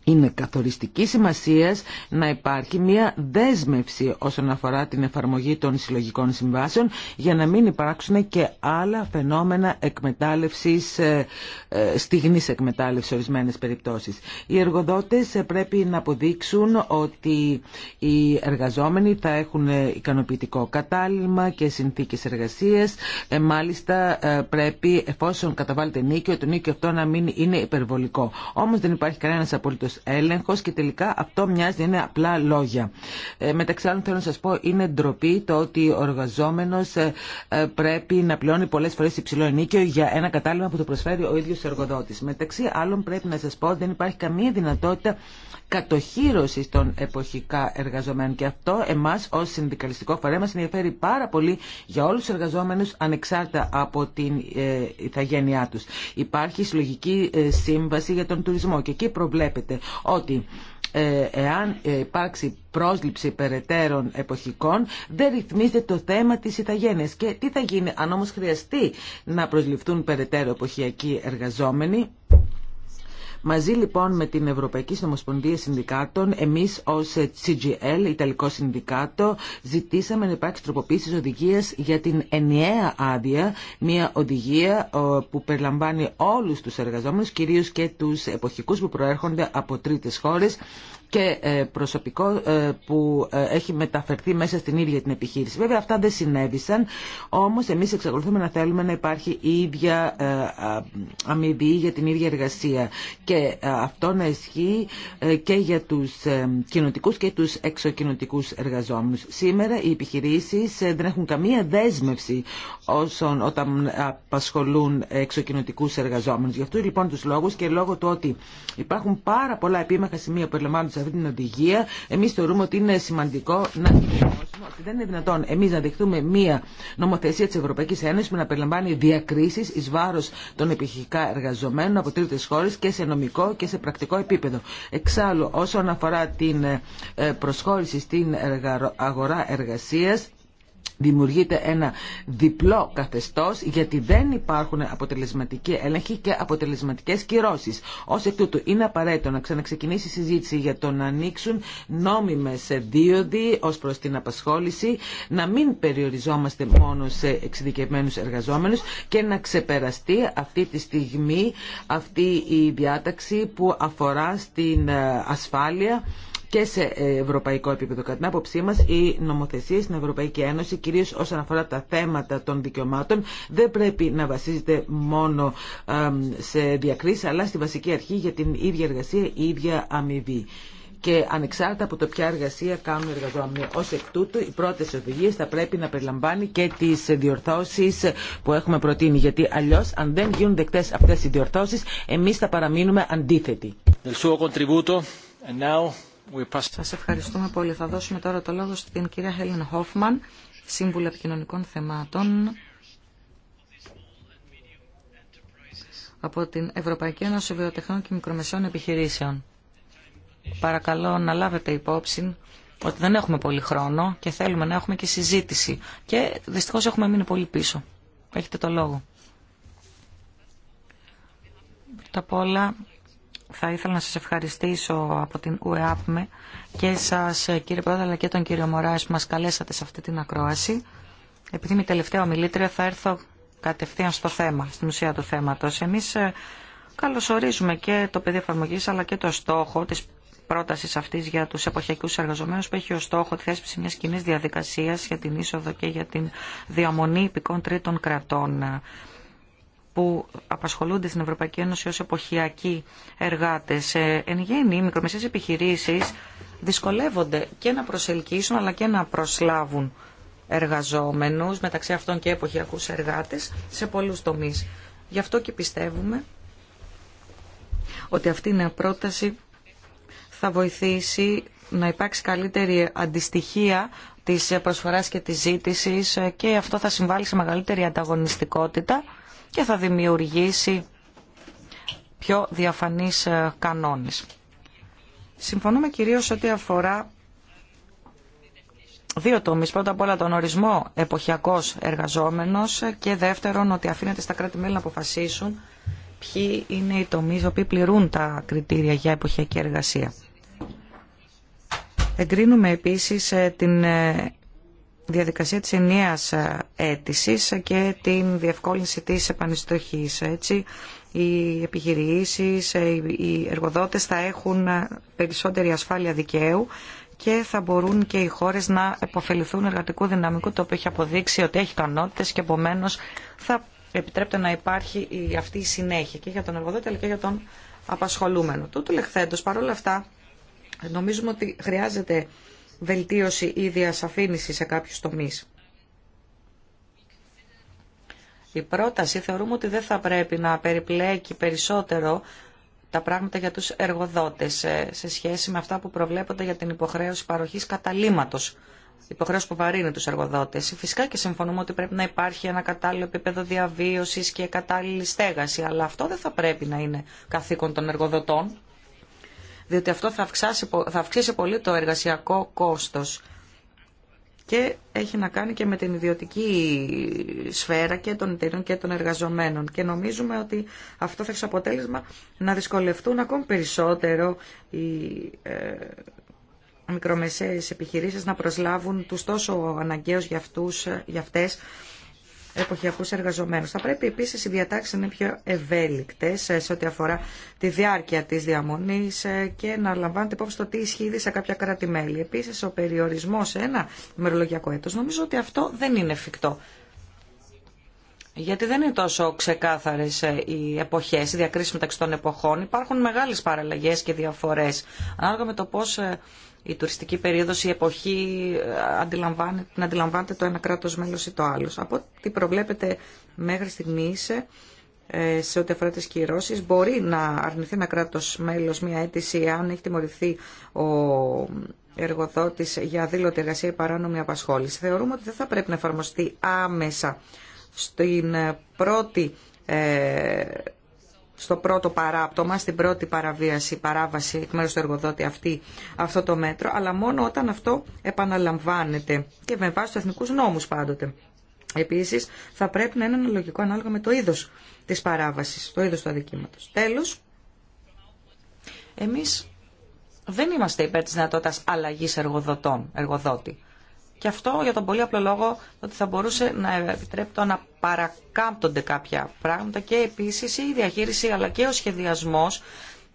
είναι καθοριστική σημασία να υπάρχει μια δέσμευση όσον αφορά την εφαρμογή των συλλογικών συμβάσεων για να μην υπάρξουν και άλλα φαινόμενα εκμετάλλευσης, ε, ε, στιγνής εκμετάλλευσης σε ορισμένες περιπτώσεις. Οι εργοδότες ε, πρέπει να αποδείξουν ότι οι εργαζόμενοι θα έχουν ικανοποιητικό κατάλημα και συνθήκες εργασίας. Μάλιστα πρέπει εφόσον καταβάλλεται νίκιο, το νίκιο αυτό να μην είναι υπερβολικό. Όμως δεν υπάρχει κανένας απολύτως έλεγχος και τελικά αυτό μοιάζει είναι απλά λόγια. Ε, μεταξύ άλλων θέλω να σας πω είναι ντροπή το ότι ο εργαζόμενος ε, ε, πρέπει να πληρώνει πολλές φορές υψηλό ενίκιο για ένα κατάλημα που το προσφέρει ο ίδιος εργοδότης. Μεταξύ άλλων πρέπει να σας πω δεν υπάρχει καμία δυνατότητα κατοχύρωση των εποχικά εργαζομένων. Και αυτό εμάς ως συνδικαλιστικό φορέα μα ενδιαφέρει πάρα πολύ για όλους τους εργαζόμενους ανεξάρτητα από την ε, ηθαγένειά του. Υπάρχει συλλογική ε, σύμβαση για τον τουρισμό και εκεί προβλέπεται ότι ε, εάν υπάρξει πρόσληψη περαιτέρων εποχικών, δεν ρυθμίζεται το θέμα της ηθαγένειας. Και τι θα γίνει αν όμως χρειαστεί να προσληφθούν περαιτέρω εποχιακοί εργαζόμενοι, Μαζί λοιπόν με την Ευρωπαϊκή Συνομοσπονδία Συνδικάτων, εμεί ω CGL, Ιταλικό Συνδικάτο, ζητήσαμε να υπάρξει τροποποίηση οδηγία για την ενιαία άδεια, μια οδηγία που περιλαμβάνει όλους τους εργαζόμενου, κυρίω και τους εποχικούς που προέρχονται από τρίτε χώρε και ε, προσωπικό ε, που ε, έχει μεταφερθεί μέσα στην ίδια την επιχείρηση. Βέβαια αυτά δεν συνέβησαν, όμως εμείς εξακολουθούμε να θέλουμε να υπάρχει η ίδια αμοιβή για την ίδια εργασία και αυτό να ισχύει και για τους κοινοτικούς και τους εξοκοινοτικούς εργαζόμενους. Σήμερα οι επιχειρήσεις δεν έχουν καμία δέσμευση όσον όταν απασχολούν εξοκοινοτικούς εργαζόμενους. Γι' αυτό λοιπόν τους λόγους και λόγω του ότι υπάρχουν πάρα πολλά επίμαχα σημεία που αυτή την οδηγία, εμεί θεωρούμε ότι είναι σημαντικό να ότι δεν είναι δυνατόν εμείς να δεχτούμε μία νομοθεσία της Ευρωπαϊκής Ένωσης που να περιλαμβάνει διακρίσεις ει βάρο των επιχειρηματικά εργαζομένων από τρίτες χώρες και σε νομικό και σε πρακτικό επίπεδο. Εξάλλου, όσον αφορά την ε, προσχώρηση στην αγορά εργασία δημιουργείται ένα διπλό καθεστώς γιατί δεν υπάρχουν αποτελεσματικοί έλεγχοι και αποτελεσματικές κυρώσεις. Ως εκ τούτου είναι απαραίτητο να ξαναξεκινήσει η συζήτηση για το να ανοίξουν νόμιμες δίωδοι ως προς την απασχόληση, να μην περιοριζόμαστε μόνο σε εξειδικευμένους εργαζόμενους και να ξεπεραστεί αυτή τη στιγμή αυτή η διάταξη που αφορά στην ε, ασφάλεια και σε ευρωπαϊκό επίπεδο. Κατά την άποψή μα, οι νομοθεσίε στην Ευρωπαϊκή Ένωση, κυρίω όσον αφορά τα θέματα των δικαιωμάτων, δεν πρέπει να βασίζεται μόνο σε διακρίσει, αλλά στη βασική αρχή για την ίδια εργασία, η ίδια αμοιβή και ανεξάρτητα από το ποια εργασία κάνουν οι εργαζόμενοι. Ω εκ τούτου, οι πρώτε οδηγίε θα πρέπει να περιλαμβάνει και τι διορθώσει που έχουμε προτείνει. Γιατί αλλιώ, αν δεν γίνουν δεκτέ αυτέ οι διορθώσει, εμεί θα παραμείνουμε αντίθετοι. Σας ευχαριστούμε πολύ. Θα δώσουμε τώρα το λόγο στην κυρία Χέλεν Χόφμαν, Σύμβουλα Επικοινωνικών Θεμάτων από την Ευρωπαϊκή Ένωση Βιοτεχνών και Μικρομεσαίων Επιχειρήσεων. Παρακαλώ να λάβετε υπόψη ότι δεν έχουμε πολύ χρόνο και θέλουμε να έχουμε και συζήτηση. Και δυστυχώς έχουμε μείνει πολύ πίσω. Έχετε το λόγο. Πρώτα απ' θα ήθελα να σας ευχαριστήσω από την ΟΕΑΠΜΕ και σας κύριε Πρόεδρε αλλά και τον κύριο Μωράς που μας καλέσατε σε αυτή την ακρόαση. Επειδή είμαι η τελευταία ομιλήτρια θα έρθω κατευθείαν στο θέμα, στην ουσία του θέματος. Εμείς ε, καλωσορίζουμε και το πεδίο εφαρμογή αλλά και το στόχο της πρόταση αυτή για του εποχιακού εργαζομένου που έχει ω στόχο τη θέσπιση μια κοινή διαδικασία για την είσοδο και για την διαμονή υπηκών τρίτων κρατών που απασχολούνται στην Ευρωπαϊκή Ένωση ως εποχιακοί εργάτες. Ε, εν γέννη, οι μικρομεσαίες επιχειρήσεις δυσκολεύονται και να προσελκύσουν αλλά και να προσλάβουν εργαζόμενους, μεταξύ αυτών και εποχιακούς εργάτες, σε πολλούς τομείς. Γι' αυτό και πιστεύουμε ότι αυτή η νέα πρόταση θα βοηθήσει να υπάρξει καλύτερη αντιστοιχία της προσφοράς και της ζήτησης ε, και αυτό θα συμβάλλει σε μεγαλύτερη ανταγωνιστικότητα και θα δημιουργήσει πιο διαφανείς ε, κανόνες. Συμφωνούμε κυρίως ότι αφορά δύο τομείς. Πρώτα απ' όλα τον ορισμό εποχιακός εργαζόμενος και δεύτερον ότι αφήνεται στα κράτη-μέλη να αποφασίσουν ποιοι είναι οι τομείς που πληρούν τα κριτήρια για εποχιακή εργασία. Εγκρίνουμε επίσης ε, την ε, διαδικασία της ενίας ε, αίτησης και την διευκόλυνση της επανιστοχής. Έτσι, οι επιχειρήσεις, ε, οι εργοδότες θα έχουν ε, περισσότερη ασφάλεια δικαίου και θα μπορούν και οι χώρες να επωφεληθούν εργατικού δυναμικού το οποίο έχει αποδείξει ότι έχει ικανότητες και επομένω θα επιτρέπεται να υπάρχει αυτή η συνέχεια και για τον εργοδότη αλλά και για τον απασχολούμενο. Τούτου λεχθέντος παρόλα αυτά νομίζουμε ότι χρειάζεται βελτίωση ή διασαφήνιση σε κάποιους τομείς. Η πρόταση θεωρούμε ότι δεν θα πρέπει να περιπλέκει περισσότερο τα πράγματα για τους εργοδότες ε, σε σχέση με αυτά που προβλέπονται για την υποχρέωση παροχής καταλήματος. Υποχρέωση που βαρύνει τους εργοδότες. Φυσικά και συμφωνούμε ότι πρέπει να υπάρχει ένα κατάλληλο επίπεδο διαβίωσης και κατάλληλη στέγαση, αλλά αυτό δεν θα πρέπει να είναι καθήκον των εργοδοτών διότι αυτό θα, θα αυξήσει πολύ το εργασιακό κόστος και έχει να κάνει και με την ιδιωτική σφαίρα και των εταιρείων και των εργαζομένων. Και νομίζουμε ότι αυτό θα έχει αποτέλεσμα να δυσκολευτούν ακόμη περισσότερο οι ε, μικρομεσαίες επιχειρήσεις να προσλάβουν τους τόσο αναγκαίους για, αυτούς, ε, για αυτές εποχιακούς εργαζομένους. Θα πρέπει επίσης οι διατάξεις να είναι πιο ευέλικτες ε, σε ό,τι αφορά τη διάρκεια της διαμονής ε, και να λαμβάνεται υπόψη το τι ισχύει ήδη σε κάποια κράτη-μέλη. Επίσης ο περιορισμός σε ένα ημερολογιακό έτος νομίζω ότι αυτό δεν είναι εφικτό. Γιατί δεν είναι τόσο ξεκάθαρε ε, οι εποχέ, οι διακρίσει μεταξύ των εποχών. Υπάρχουν μεγάλε παραλλαγέ και διαφορέ. Ανάλογα με το πώ η τουριστική περίοδος, η εποχή ε, αντιλαμβάνεται, να αντιλαμβάνεται το ένα κράτος μέλος ή το άλλο. Από ό,τι προβλέπετε μέχρι είσαι σε ό,τι αφορά τις κυρώσεις, μπορεί να αρνηθεί ένα κράτος μέλος μια αίτηση αν έχει τιμωρηθεί ο εργοδότης για δήλωτη εργασία ή παράνομη απασχόληση. Θεωρούμε ότι δεν θα πρέπει να εφαρμοστεί άμεσα στην ε, πρώτη ε, στο πρώτο παράπτωμα, στην πρώτη παραβίαση, παράβαση εκ μέρους του εργοδότη αυτή, αυτό το μέτρο, αλλά μόνο όταν αυτό επαναλαμβάνεται και με βάση του εθνικούς νόμους πάντοτε. Επίσης, θα πρέπει να είναι ένα λογικό ανάλογα με το είδος της παράβασης, το είδος του αδικήματος. Τέλος, εμείς δεν είμαστε υπέρ της δυνατότητας αλλαγής εργοδοτών, εργοδότη. Και αυτό για τον πολύ απλό λόγο ότι θα μπορούσε να επιτρέπει το να παρακάμπτονται κάποια πράγματα και επίση η διαχείριση αλλά και ο σχεδιασμός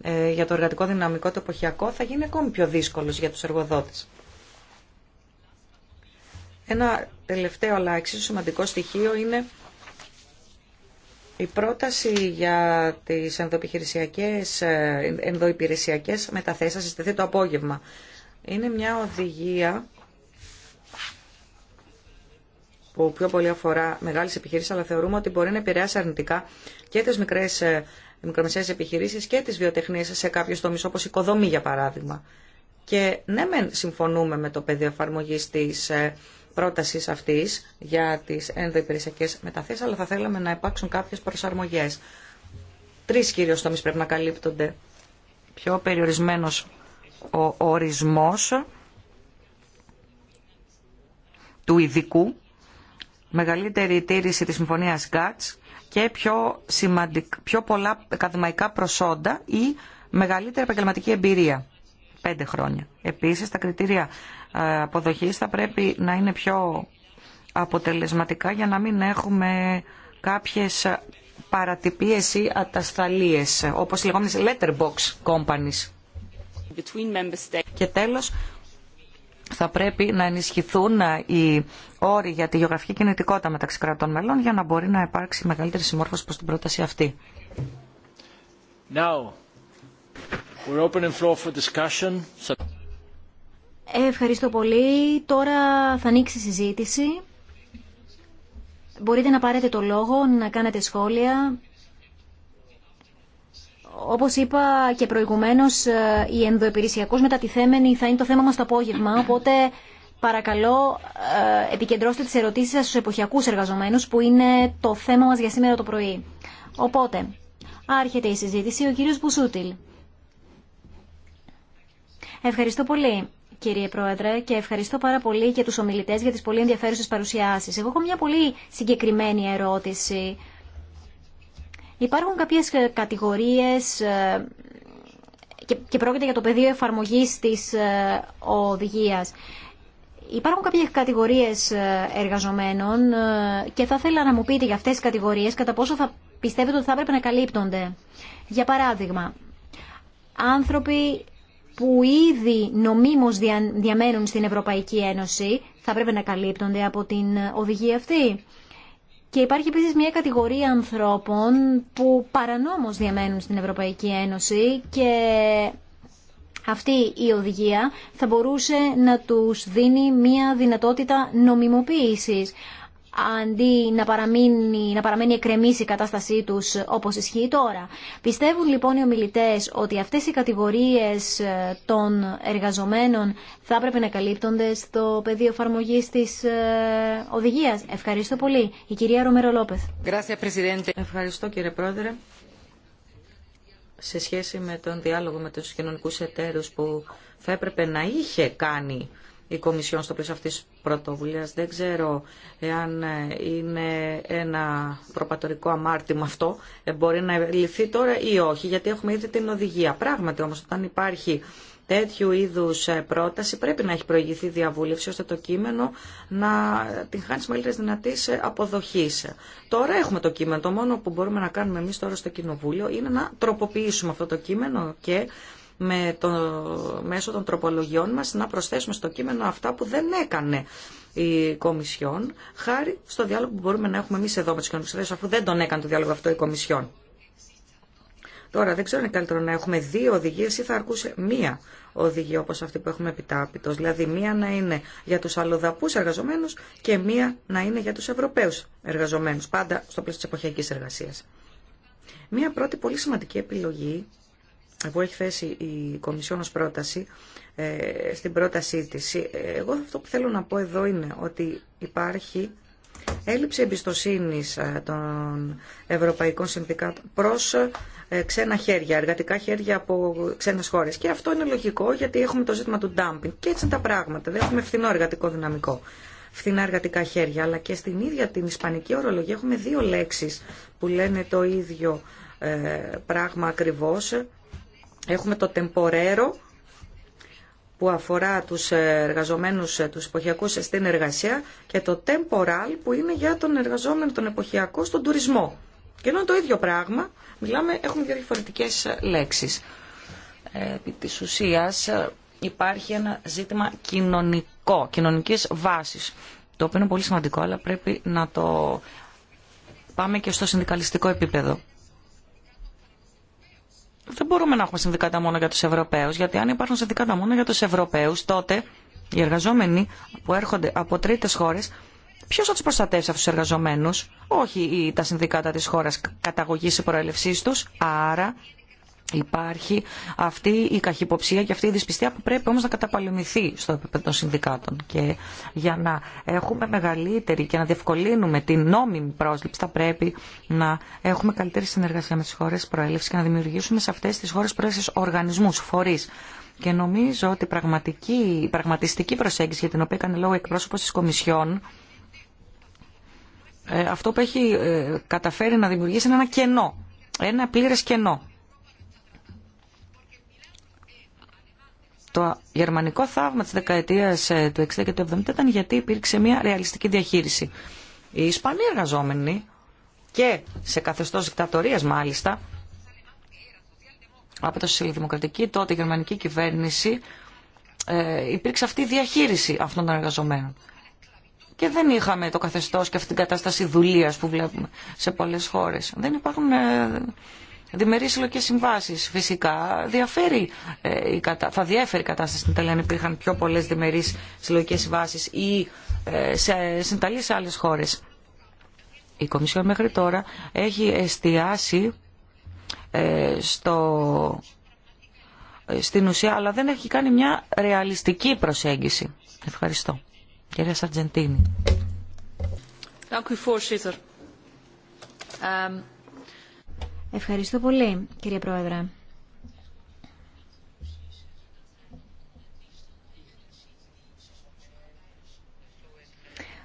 ε, για το εργατικό δυναμικό το εποχιακό θα γίνει ακόμη πιο δύσκολο για τους εργοδότες. Ένα τελευταίο αλλά εξίσου σημαντικό στοιχείο είναι η πρόταση για τις ενδοεπιχειρησιακές, μεταθέσει, μεταθέσεις συστηθεί δηλαδή το απόγευμα. Είναι μια οδηγία που πιο πολύ αφορά μεγάλες επιχειρήσεις, αλλά θεωρούμε ότι μπορεί να επηρεάσει αρνητικά και τις μικρές ε, μικρομεσαίες επιχειρήσεις και τις βιοτεχνίες σε κάποιους τομείς, όπως οικοδομή για παράδειγμα. Και ναι μεν συμφωνούμε με το πεδίο εφαρμογή τη ε, πρόταση αυτή για τις ενδοϊπηρεσιακές μεταθέσει, αλλά θα θέλαμε να υπάρξουν κάποιε προσαρμογέ. Τρει κυρίως τομεί πρέπει να καλύπτονται. Πιο περιορισμένο ο ορισμό του ειδικού μεγαλύτερη τήρηση της συμφωνίας GATS και πιο, σημαντικ, πιο πολλά ακαδημαϊκά προσόντα ή μεγαλύτερη επαγγελματική εμπειρία. Πέντε χρόνια. Επίσης, τα κριτήρια ε, αποδοχής θα πρέπει να είναι πιο αποτελεσματικά για να μην έχουμε κάποιες παρατυπίες ή ατασταλίες, όπως οι λεγόμενες letterbox companies. Και τέλος, θα πρέπει να ενισχυθούν ε, οι όροι για τη γεωγραφική κινητικότητα μεταξύ κρατών μελών για να μπορεί να υπάρξει μεγαλύτερη συμμόρφωση προς την πρόταση αυτή. Ευχαριστώ πολύ. Τώρα θα ανοίξει η συζήτηση. Μπορείτε να πάρετε το λόγο, να κάνετε σχόλια. Όπως είπα και προηγουμένως, ε, η ενδοεπηρεσιακός μετατιθέμενη θα είναι το θέμα μας το απόγευμα, οπότε παρακαλώ ε, επικεντρώστε τις ερωτήσεις σας στους εποχιακούς εργαζομένους, που είναι το θέμα μας για σήμερα το πρωί. Οπότε, άρχεται η συζήτηση, ο κύριος Μπουσούτιλ. Ευχαριστώ πολύ κύριε Πρόεδρε, και ευχαριστώ πάρα πολύ και τους ομιλητές για τις πολύ ενδιαφέρουσες παρουσιάσεις. Εγώ έχω μια πολύ συγκεκριμένη ερώτηση Υπάρχουν κάποιες ε, κατηγορίες ε, και πρόκειται για το πεδίο εφαρμογής της ε, οδηγίας. Υπάρχουν κάποιες κατηγορίες εργαζομένων και θα ήθελα να μου πείτε για αυτές τις κατηγορίες κατά πόσο θα πιστεύετε ότι θα έπρεπε να καλύπτονται. Για παράδειγμα, άνθρωποι που ήδη νομίμως διαμένουν στην Ευρωπαϊκή Ένωση θα έπρεπε να καλύπτονται από την οδηγία αυτή. Και υπάρχει επίσης μια κατηγορία ανθρώπων που παρανόμως διαμένουν στην Ευρωπαϊκή Ένωση και αυτή η οδηγία θα μπορούσε να τους δίνει μια δυνατότητα νομιμοποίησης αντί να, παραμείνει, να παραμένει κρεμίσι η κατάστασή τους όπως ισχύει τώρα. Πιστεύουν λοιπόν οι ομιλητές ότι αυτές οι κατηγορίες ε, των εργαζομένων θα έπρεπε να καλύπτονται στο πεδίο εφαρμογή της ε, οδηγίας. Ευχαριστώ πολύ. Η κυρία Ρομέρο Λόπεθ. Ευχαριστώ κύριε Πρόεδρε. Σε σχέση με τον διάλογο με τους κοινωνικούς εταίρους που θα έπρεπε να είχε κάνει η Κομισιόν στο πλαίσιο αυτής της πρωτοβουλίας. Δεν ξέρω εάν ε, είναι ένα προπατορικό αμάρτημα αυτό, ε, μπορεί να λυθεί τώρα ή όχι, γιατί έχουμε ήδη την οδηγία. Πράγματι όμως όταν υπάρχει τέτοιου είδους ε, πρόταση πρέπει να έχει προηγηθεί διαβούλευση ώστε το κείμενο να την χάνει μεγαλύτερη δυνατή αποδοχή. Τώρα έχουμε το κείμενο. Το μόνο που μπορούμε να κάνουμε εμείς τώρα στο Κοινοβούλιο είναι να τροποποιήσουμε αυτό το κείμενο και με το, μέσω των τροπολογιών μας να προσθέσουμε στο κείμενο αυτά που δεν έκανε η Κομισιόν, χάρη στο διάλογο που μπορούμε να έχουμε εμεί εδώ με του κοινωνικού αφού δεν τον έκανε το διάλογο αυτό η Κομισιόν. Τώρα δεν ξέρω αν είναι καλύτερο να έχουμε δύο οδηγίες ή θα αρκούσε μία οδηγία όπως αυτή που έχουμε επιτάπητος. Δηλαδή μία να είναι για τους αλλοδαπούς εργαζομένους και μία να είναι για τους Ευρωπαίους εργαζομένους, πάντα στο πλαίσιο της εποχιακής εργασίας. Μία πρώτη πολύ σημαντική επιλογή που έχει θέσει η Κομισιόν ως πρόταση, ε, στην πρότασή της. Ε, εγώ αυτό που θέλω να πω εδώ είναι ότι υπάρχει έλλειψη εμπιστοσύνης ε, των ευρωπαϊκών συνδικάτων προς ξένα χέρια, εργατικά χέρια από ξένες χώρες. Και αυτό είναι λογικό γιατί έχουμε το ζήτημα του dumping και έτσι είναι τα πράγματα. Δεν έχουμε φθηνό εργατικό δυναμικό φθηνά εργατικά χέρια, αλλά και στην ίδια την ισπανική ορολογία έχουμε δύο λέξεις που λένε το ίδιο πράγμα ακριβώς Έχουμε το τεμπορέρο που αφορά τους εργαζομένους, τους εποχιακούς στην εργασία και το temporal που είναι για τον εργαζόμενο τον εποχιακό στον τουρισμό. Και ενώ είναι το ίδιο πράγμα, μιλάμε, έχουμε δύο διαφορετικές λέξεις. Ε, επί της ουσίας ε, υπάρχει ένα ζήτημα κοινωνικό, κοινωνικής βάσης, το οποίο είναι πολύ σημαντικό, αλλά πρέπει να το πάμε και στο συνδικαλιστικό επίπεδο δεν μπορούμε να έχουμε συνδικάτα μόνο για τους Ευρωπαίους, γιατί αν υπάρχουν συνδικάτα μόνο για τους Ευρωπαίους, τότε οι εργαζόμενοι που έρχονται από τρίτες χώρες, ποιος θα τους προστατεύσει αυτούς τους εργαζομένους, όχι τα συνδικάτα της χώρας καταγωγής ή προέλευσής τους, άρα Υπάρχει αυτή η καχυποψία και αυτή η δυσπιστία που πρέπει όμως να καταπολεμηθεί στο επίπεδο των συνδικάτων. Και για να έχουμε μεγαλύτερη και να διευκολύνουμε την νόμιμη πρόσληψη θα πρέπει να έχουμε καλύτερη συνεργασία με τις χώρες προέλευσης και να δημιουργήσουμε σε αυτές τις χώρες προέλευσης οργανισμούς, φορείς. Και νομίζω ότι πραγματική, η πραγματιστική προσέγγιση για την οποία έκανε λόγο εκπρόσωπος της Κομισιόν ε, αυτό που έχει ε, καταφέρει να δημιουργήσει ένα κενό, ένα πλήρες κενό το γερμανικό θαύμα της δεκαετίας ε, του 60 και του 70 ήταν γιατί υπήρξε μια ρεαλιστική διαχείριση. Οι Ισπανοί εργαζόμενοι και σε καθεστώς δικτατορίας μάλιστα από το Σοσιαλδημοκρατική τότε γερμανική κυβέρνηση ε, υπήρξε αυτή η διαχείριση αυτών των εργαζομένων. Και δεν είχαμε το καθεστώς και αυτή την κατάσταση δουλείας που βλέπουμε σε πολλές χώρες. Δεν υπάρχουν ε, διμερείς συλλογικές συμβάσεις. Φυσικά διαφέρει, ε, θα διαφέρει η κατάσταση στην Ιταλία αν υπήρχαν πιο πολλές διμερείς συλλογικές συμβάσεις ή ε, σε συνταλεί σε άλλες χώρες. Η Κομισιόν μέχρι τώρα έχει εστιάσει ε, ε, στην ουσία, αλλά δεν έχει κάνει μια ρεαλιστική προσέγγιση. Ευχαριστώ. Κυρία Σαρτζεντίνη. Dank Ευχαριστώ πολύ, κύριε Πρόεδρε.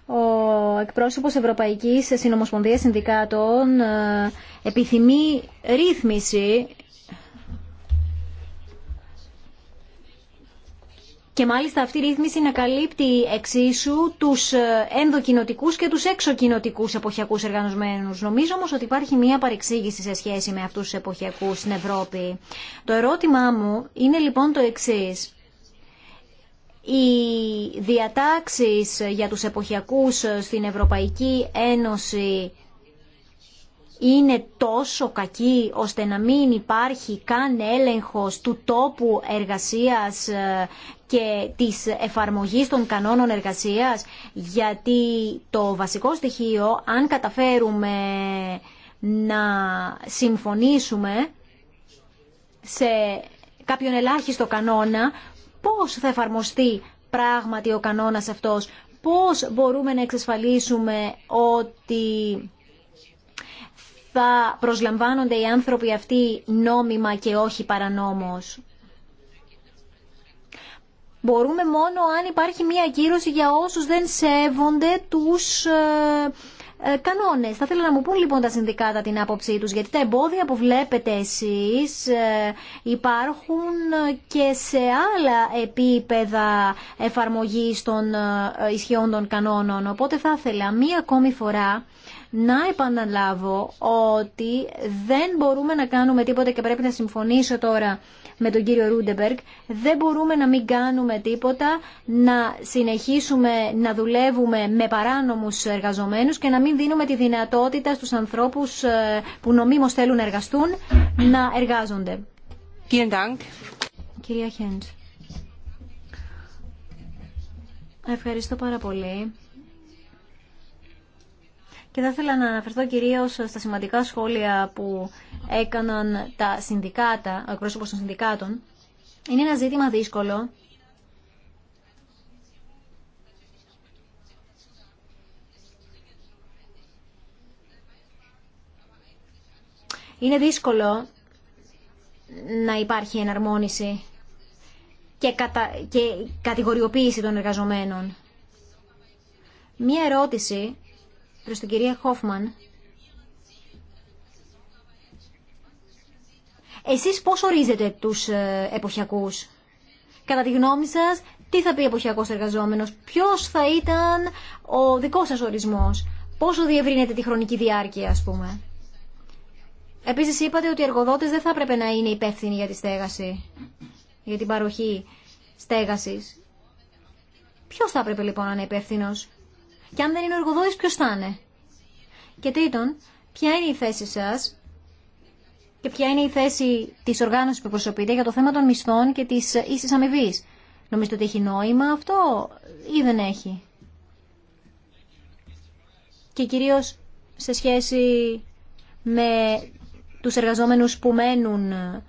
Ο εκπρόσωπος Ευρωπαϊκής Συνομοσπονδίας Συνδικάτων ε, επιθυμεί ρύθμιση Και μάλιστα αυτή η ρύθμιση να καλύπτει εξίσου τους ε, ενδοκινοτικούς και τους εξοκινοτικούς εποχιακούς εργαζομένου. Νομίζω όμω ότι υπάρχει μία παρεξήγηση σε σχέση με αυτούς τους εποχιακούς στην Ευρώπη. Το ερώτημά μου είναι λοιπόν το εξή. Οι διατάξεις για τους εποχιακούς στην Ευρωπαϊκή Ένωση είναι τόσο κακοί, ώστε να μην υπάρχει καν έλεγχος του τόπου εργασίας ε, και της εφαρμογής των κανόνων εργασίας, γιατί το βασικό στοιχείο, αν καταφέρουμε να συμφωνήσουμε σε κάποιον ελάχιστο κανόνα, πώς θα εφαρμοστεί πράγματι ο κανόνας αυτός, πώς μπορούμε να εξασφαλίσουμε ότι θα προσλαμβάνονται οι άνθρωποι αυτοί νόμιμα και όχι παρανόμως μπορούμε μόνο αν υπάρχει μία κύρωση για όσους δεν σέβονται τους ε, ε, κανόνες. Θα ήθελα να μου πούν λοιπόν τα συνδικάτα την άποψή τους, γιατί τα εμπόδια που βλέπετε εσείς ε, υπάρχουν και σε άλλα επίπεδα εφαρμογής των ισχυών των κανόνων. Οπότε θα ήθελα μία ακόμη φορά να επαναλάβω ότι δεν μπορούμε να κάνουμε τίποτα και πρέπει να συμφωνήσω τώρα με τον κύριο Ρούντεμπεργκ. Δεν μπορούμε να μην κάνουμε τίποτα, να συνεχίσουμε να δουλεύουμε με παράνομους εργαζομένους και να μην δίνουμε τη δυνατότητα στους ανθρώπους ε, που νομίμως θέλουν να εργαστούν να εργάζονται. Κυρία Χέντς. Ευχαριστώ πάρα πολύ και θα ήθελα να αναφερθώ κυρίως στα σημαντικά σχόλια που έκαναν τα συνδικάτα, ο εκπρόσωπος των συνδικάτων. Είναι ένα ζήτημα δύσκολο. Είναι δύσκολο να υπάρχει εναρμόνιση και, κατα... και κατηγοριοποίηση των εργαζομένων. Μία ερώτηση προς την κυρία Χόφμαν. Εσείς πώς ορίζετε τους ε, εποχιακούς. Κατά τη γνώμη σας, τι θα πει εποχιακός εργαζόμενος, ποιος θα ήταν ο δικός σας ορισμός, πόσο διευρύνεται τη χρονική διάρκεια ας πούμε. Επίσης είπατε ότι οι εργοδότες δεν θα έπρεπε να είναι υπεύθυνοι για τη στέγαση, για την παροχή στέγασης. Ποιος θα έπρεπε λοιπόν να είναι υπεύθυνο. Και αν δεν είναι ο εργοδότης, ποιος θα είναι. Και τρίτον, ποια είναι η θέση σας και ποια είναι η θέση της οργάνωσης που προσωπείτε για το θέμα των μισθών και της ίσης αμοιβή. Νομίζετε ότι έχει νόημα αυτό ή δεν έχει. Και κυρίως σε σχέση με τους εργαζόμενους που μένουν ε,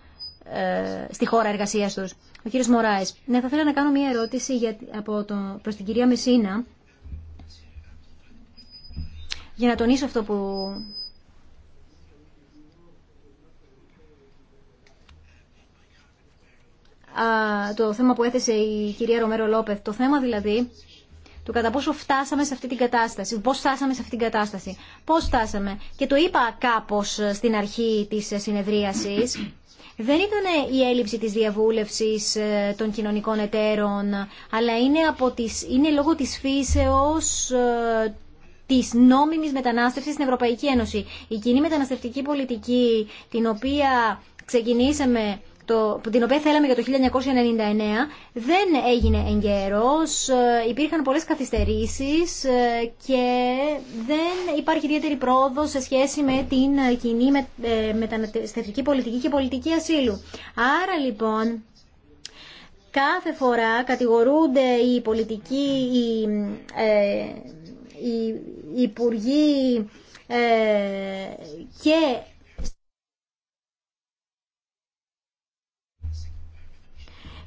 στη χώρα εργασίας τους. Ο κύριος Μωράης. Ναι, θα ήθελα να κάνω μια ερώτηση για, το, προς την κυρία Μεσίνα για να τονίσω αυτό που το θέμα που έθεσε η κυρία Ρομέρο Λόπεθ, το θέμα δηλαδή του κατά πόσο φτάσαμε σε αυτή την κατάσταση, πώς φτάσαμε σε αυτή την κατάσταση, πώς φτάσαμε. Και το είπα κάπως στην αρχή της συνεδρίασης, δεν ήταν η έλλειψη της διαβούλευσης ε, των κοινωνικών εταίρων, αλλά είναι, από τις, είναι λόγω της φύσεως ε, τη νόμιμη μετανάστευση στην Ευρωπαϊκή Ένωση. Η κοινή μεταναστευτική πολιτική, την οποία ξεκινήσαμε το, την οποία θέλαμε για το 1999 δεν έγινε εγκαίρος, ε, υπήρχαν πολλές καθυστερήσεις ε, και δεν υπάρχει ιδιαίτερη πρόοδο σε σχέση με την κοινή ε, μεταναστευτική πολιτική και πολιτική ασύλου. Άρα λοιπόν κάθε φορά κατηγορούνται οι πολιτικοί, οι, οι υπουργοί ε, και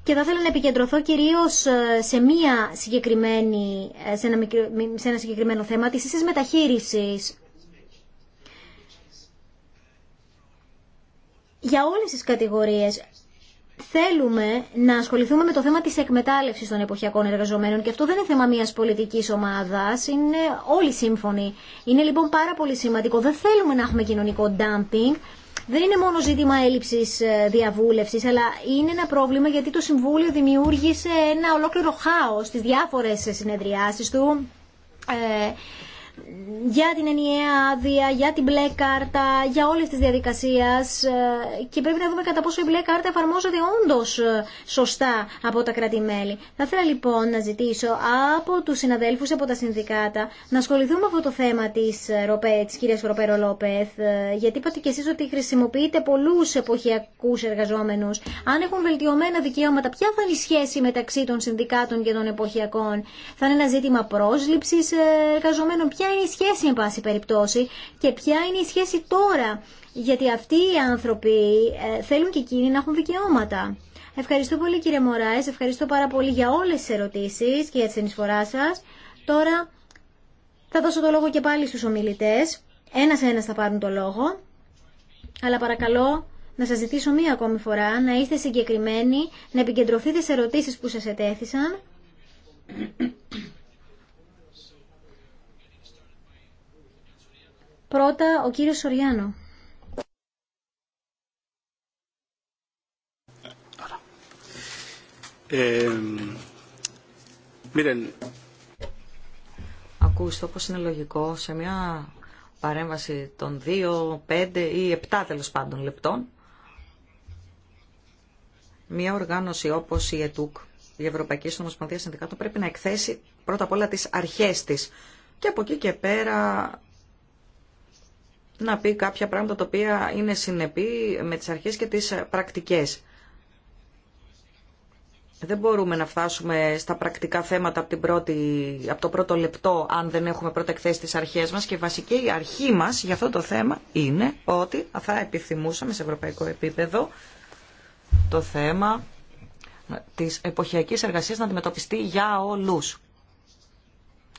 Και θα ήθελα να επικεντρωθώ κυρίως ε, σε, μία συγκεκριμένη, ε, σε, ένα σε συγκεκριμένο θέμα της ίσης μεταχείρισης. Για όλες τις κατηγορίες θέλουμε να ασχοληθούμε με το θέμα της εκμετάλλευσης των εποχιακών εργαζομένων και αυτό δεν είναι θέμα μιας πολιτικής ομάδας, είναι όλοι σύμφωνοι. Είναι λοιπόν πάρα πολύ σημαντικό, δεν θέλουμε να έχουμε κοινωνικό dumping, δεν είναι μόνο ζήτημα έλλειψης ε, διαβούλευσης, αλλά είναι ένα πρόβλημα γιατί το Συμβούλιο δημιούργησε ένα ολόκληρο χάος στις διάφορες συνεδριάσεις του ε, για την ενιαία άδεια, για την μπλε κάρτα, για όλη τη διαδικασία ε, και πρέπει να δούμε κατά πόσο η μπλε κάρτα εφαρμόζεται όντω ε, σωστά από τα κράτη-μέλη. Θα ήθελα λοιπόν να ζητήσω από του συναδέλφου από τα συνδικάτα να ασχοληθούμε με αυτό το θέμα τη ε, κυρία Ροπέρο Λόπεθ, γιατί είπατε κι εσεί ότι χρησιμοποιείτε πολλού εποχιακού εργαζόμενου. Αν έχουν βελτιωμένα δικαιώματα, ποια θα είναι η σχέση μεταξύ των συνδικάτων και των εποχιακών. Θα είναι ένα ζήτημα πρόσληψη εργαζομένων, είναι η σχέση, εν πάση περιπτώσει, και ποια είναι η σχέση τώρα. Γιατί αυτοί οι άνθρωποι ε, θέλουν και εκείνοι να έχουν δικαιώματα. Ευχαριστώ πολύ κύριε Μωράες ευχαριστώ πάρα πολύ για όλες τις ερωτήσεις και για τη συνεισφορά σας. Τώρα θα δώσω το λόγο και πάλι στους ομιλητές. Ένας-ένας θα πάρουν το λόγο. Αλλά παρακαλώ να σας ζητήσω μία ακόμη φορά να είστε συγκεκριμένοι, να επικεντρωθείτε σε ερωτήσεις που σας ετέθησαν Πρώτα ο κύριος Σοριάνο. Ε, Ακούστε, όπως είναι λογικό, σε μια παρέμβαση των 2, 5 ή 7 τέλο πάντων λεπτών, μια οργάνωση όπως η ΕΤΟΚ, η Ευρωπαϊκή Συνομοσπονδία Συνδικάτων, πρέπει να εκθέσει πρώτα απ' όλα τις αρχές της. Και από εκεί και πέρα να πει κάποια πράγματα τα οποία είναι συνεπή με τις αρχές και τις πρακτικές. Δεν μπορούμε να φτάσουμε στα πρακτικά θέματα από, την πρώτη, από το πρώτο λεπτό αν δεν έχουμε πρώτα εκθέσει τις αρχές μας και βασική η αρχή μας για αυτό το θέμα είναι ότι θα επιθυμούσαμε σε ευρωπαϊκό επίπεδο το θέμα της εποχιακής εργασίας να αντιμετωπιστεί για όλους.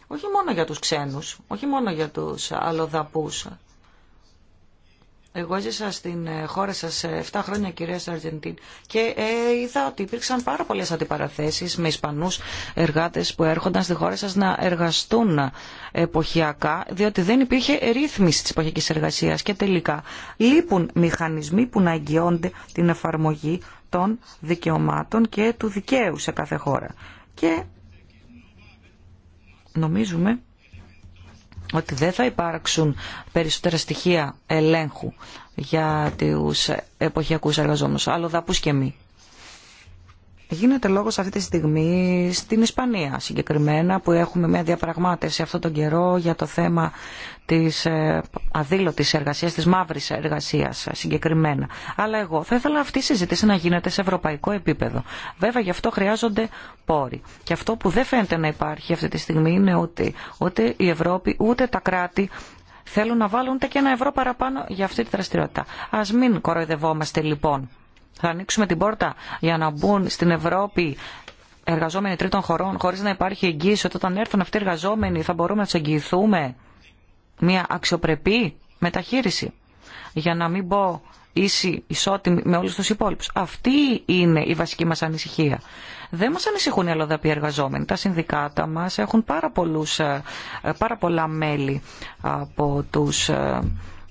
Όχι μόνο για τους ξένους, όχι μόνο για τους αλλοδαπούς, εγώ ζήσα στην ε, χώρα σας 7 χρόνια κυρία Σαρτζεντίν και ε, είδα ότι υπήρξαν πάρα πολλές αντιπαραθέσει με Ισπανούς εργάτες που έρχονταν στη χώρα σας να εργαστούν εποχιακά διότι δεν υπήρχε ρύθμιση της εποχική εργασίας και τελικά λείπουν μηχανισμοί που να εγγυώνται την εφαρμογή των δικαιωμάτων και του δικαίου σε κάθε χώρα. Και νομίζουμε ότι δεν θα υπάρξουν περισσότερα στοιχεία ελέγχου για τους εποχιακούς εργαζόμενους. αλλοδαπούς και μη. Γίνεται λόγος αυτή τη στιγμή στην Ισπανία συγκεκριμένα που έχουμε μια διαπραγμάτευση αυτόν τον καιρό για το θέμα της ε, αδήλωτης εργασίας, της μαύρης εργασίας ε, συγκεκριμένα. Αλλά εγώ θα ήθελα αυτή η συζήτηση να γίνεται σε ευρωπαϊκό επίπεδο. Βέβαια γι' αυτό χρειάζονται πόροι. Και αυτό που δεν φαίνεται να υπάρχει αυτή τη στιγμή είναι ότι ούτε η Ευρώπη ούτε τα κράτη θέλουν να βάλουν ούτε και ένα ευρώ παραπάνω για αυτή τη δραστηριότητα. Ας μην κοροϊδευόμαστε λοιπόν θα ανοίξουμε την πόρτα για να μπουν στην Ευρώπη εργαζόμενοι τρίτων χωρών χωρίς να υπάρχει εγγύηση ότι όταν έρθουν αυτοί οι εργαζόμενοι θα μπορούμε να του εγγυηθούμε μια αξιοπρεπή μεταχείριση για να μην πω ίση, ισότιμη με όλους τους υπόλοιπους. Αυτή είναι η βασική μας ανησυχία. Δεν μα ανησυχούν οι αλλοδαποί εργαζόμενοι. Τα συνδικάτα μα έχουν πάρα, ε, ε, πάρα πολλά μέλη από του. Ε,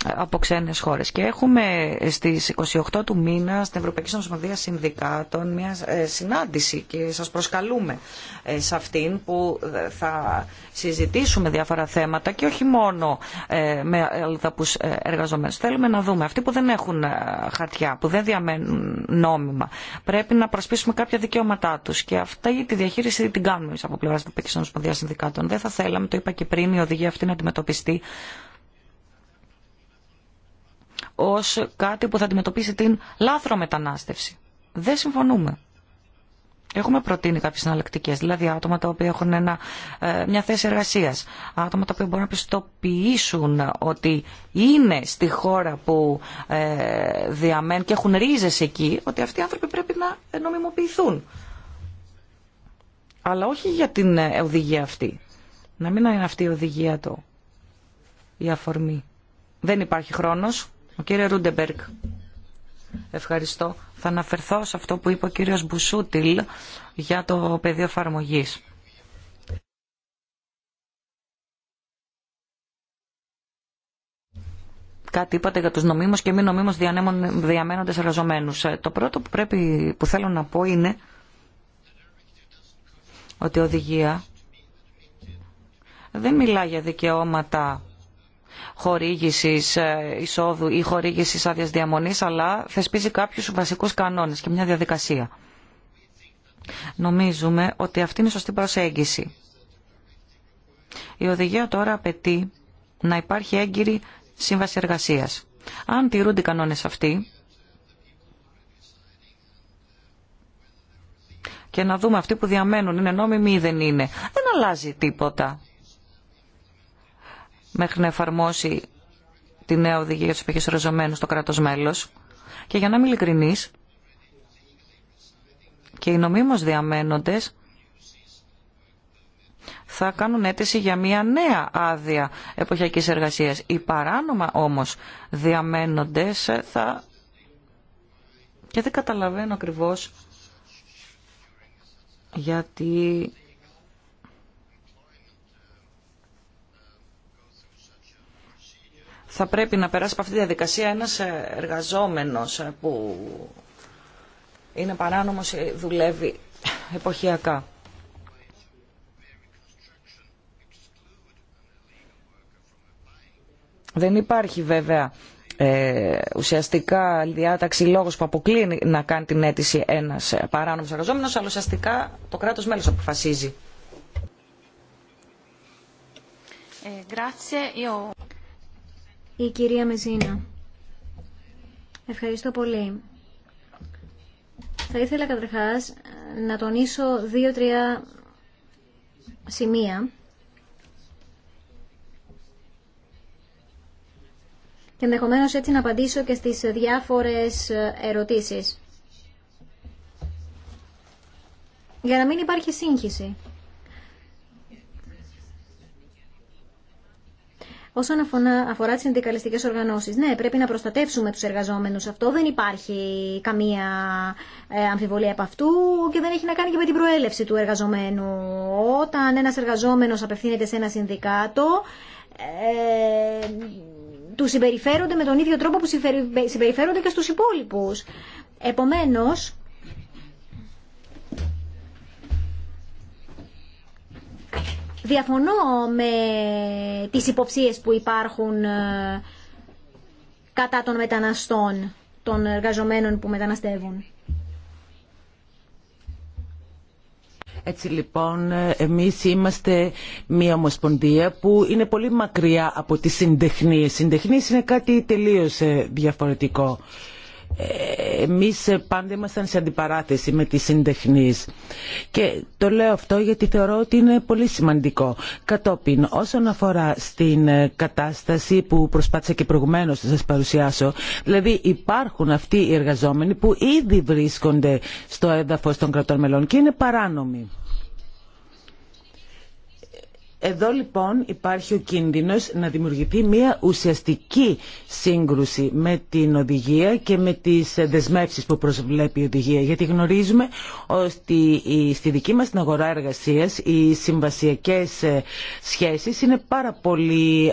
από ξένε χώρε. Και έχουμε στι 28 του μήνα στην Ευρωπαϊκή Συνοσπονδία Συνδικάτων μια ε, συνάντηση και σα προσκαλούμε ε, σε αυτήν που ε, θα συζητήσουμε διάφορα θέματα και όχι μόνο με αλλοδαπού εργαζομένου. Θέλουμε να δούμε αυτοί που δεν έχουν χαρτιά, που δεν διαμένουν νόμιμα. Πρέπει να προσπίσουμε κάποια δικαιώματά του και αυτή τη διαχείριση την κάνουμε εμεί από πλευρά τη Ευρωπαϊκή Ομοσπονδία Συνδικάτων. Δεν θα θέλαμε, το είπα και πριν, η οδηγία αυτή να αντιμετωπιστεί ως κάτι που θα αντιμετωπίσει την λάθρο μετανάστευση. Δεν συμφωνούμε. Έχουμε προτείνει κάποιες συναλλακτικέ, δηλαδή άτομα τα οποία έχουν ένα, ε, μια θέση εργασίας, άτομα τα οποία μπορούν να πιστοποιήσουν ότι είναι στη χώρα που ε, διαμένουν και έχουν ρίζες εκεί, ότι αυτοί οι άνθρωποι πρέπει να νομιμοποιηθούν. Αλλά όχι για την ε, οδηγία αυτή. Να μην είναι αυτή η οδηγία το, η αφορμή. Δεν υπάρχει χρόνος. Ο κύριε Ρούντεμπεργκ, ευχαριστώ. Θα αναφερθώ σε αυτό που είπε ο κύριος Μπουσούτιλ για το πεδίο εφαρμογή. Κάτι είπατε για τους νομίμους και μη νομίμους διαμένοντες εργαζομένους. Ε, το πρώτο που, πρέπει, που θέλω να πω είναι ότι η οδηγία δεν μιλά για δικαιώματα χορήγησης ε, εισόδου ή χορήγησης άδεια διαμονής, αλλά θεσπίζει κάποιους βασικούς κανόνες και μια διαδικασία. Νομίζουμε ότι αυτή είναι η σωστή προσέγγιση. Η οδηγία τώρα απαιτεί να υπάρχει έγκυρη σύμβαση εργασίας. Αν τηρούνται οι κανόνες αυτοί, και να δούμε αυτοί που διαμένουν είναι νόμιμοι ή δεν είναι. Δεν αλλάζει τίποτα μέχρι να εφαρμόσει τη νέα οδηγία για στο κράτος μέλος. Και για να είμαι ειλικρινή, και οι νομίμως διαμένοντες θα κάνουν αίτηση για μια νέα άδεια εποχιακής εργασίας. Οι παράνομα όμως διαμένοντες θα... Και δεν καταλαβαίνω ακριβώς γιατί θα πρέπει να περάσει από αυτή τη διαδικασία ένας ε, εργαζόμενος ε, που είναι παράνομος ή ε, δουλεύει εποχιακά. Δεν υπάρχει βέβαια ε, ουσιαστικά διάταξη λόγος που αποκλίνει να κάνει την αίτηση ένας παράνομος εργαζόμενος, αλλά ουσιαστικά το κράτος μέλος αποφασίζει. Ε, η κυρία Μεζίνα. Ευχαριστώ πολύ. Θα ήθελα καταρχάς να τονίσω δύο-τρία σημεία και ενδεχομένω έτσι να απαντήσω και στις διάφορες ερωτήσεις. Για να μην υπάρχει σύγχυση. Όσον αφορά τι συνδικαλιστικέ οργανώσει, ναι, πρέπει να προστατεύσουμε του εργαζόμενου. Αυτό δεν υπάρχει καμία ε, αμφιβολία από αυτού και δεν έχει να κάνει και με την προέλευση του εργαζομένου. Όταν ένα εργαζόμενο απευθύνεται σε ένα συνδικάτο, ε, του συμπεριφέρονται με τον ίδιο τρόπο που συμπεριφέρονται και στου υπόλοιπου. Επομένω, Διαφωνώ με τις υποψίες που υπάρχουν ε, κατά των μεταναστών, των εργαζομένων που μεταναστεύουν. Έτσι λοιπόν εμείς είμαστε μια ομοσπονδία που είναι πολύ μακριά από τις συντεχνίες. Συντεχνίες είναι κάτι τελείως ε, διαφορετικό εμείς πάντα ήμασταν σε αντιπαράθεση με τις συντεχνείς και το λέω αυτό γιατί θεωρώ ότι είναι πολύ σημαντικό. Κατόπιν όσον αφορά στην κατάσταση που προσπάθησα και προηγουμένως να σας παρουσιάσω δηλαδή υπάρχουν αυτοί οι εργαζόμενοι που ήδη βρίσκονται στο έδαφος των κρατών μελών και είναι παράνομοι. Εδώ λοιπόν υπάρχει ο κίνδυνος να δημιουργηθεί μια ουσιαστική σύγκρουση με την οδηγία και με τις δεσμεύσεις που προσβλέπει η οδηγία. Γιατί γνωρίζουμε ότι στη δική μας την αγορά εργασίας οι συμβασιακές ε, σχέσεις είναι πάρα πολύ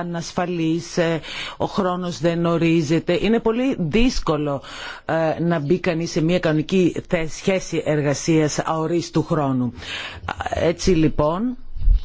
ανασφαλείς, ε, ο χρόνος δεν ορίζεται. Είναι πολύ δύσκολο ε, να μπει κανείς σε μια κανονική σχέση εργασίας αορίστου χρόνου. Έτσι λοιπόν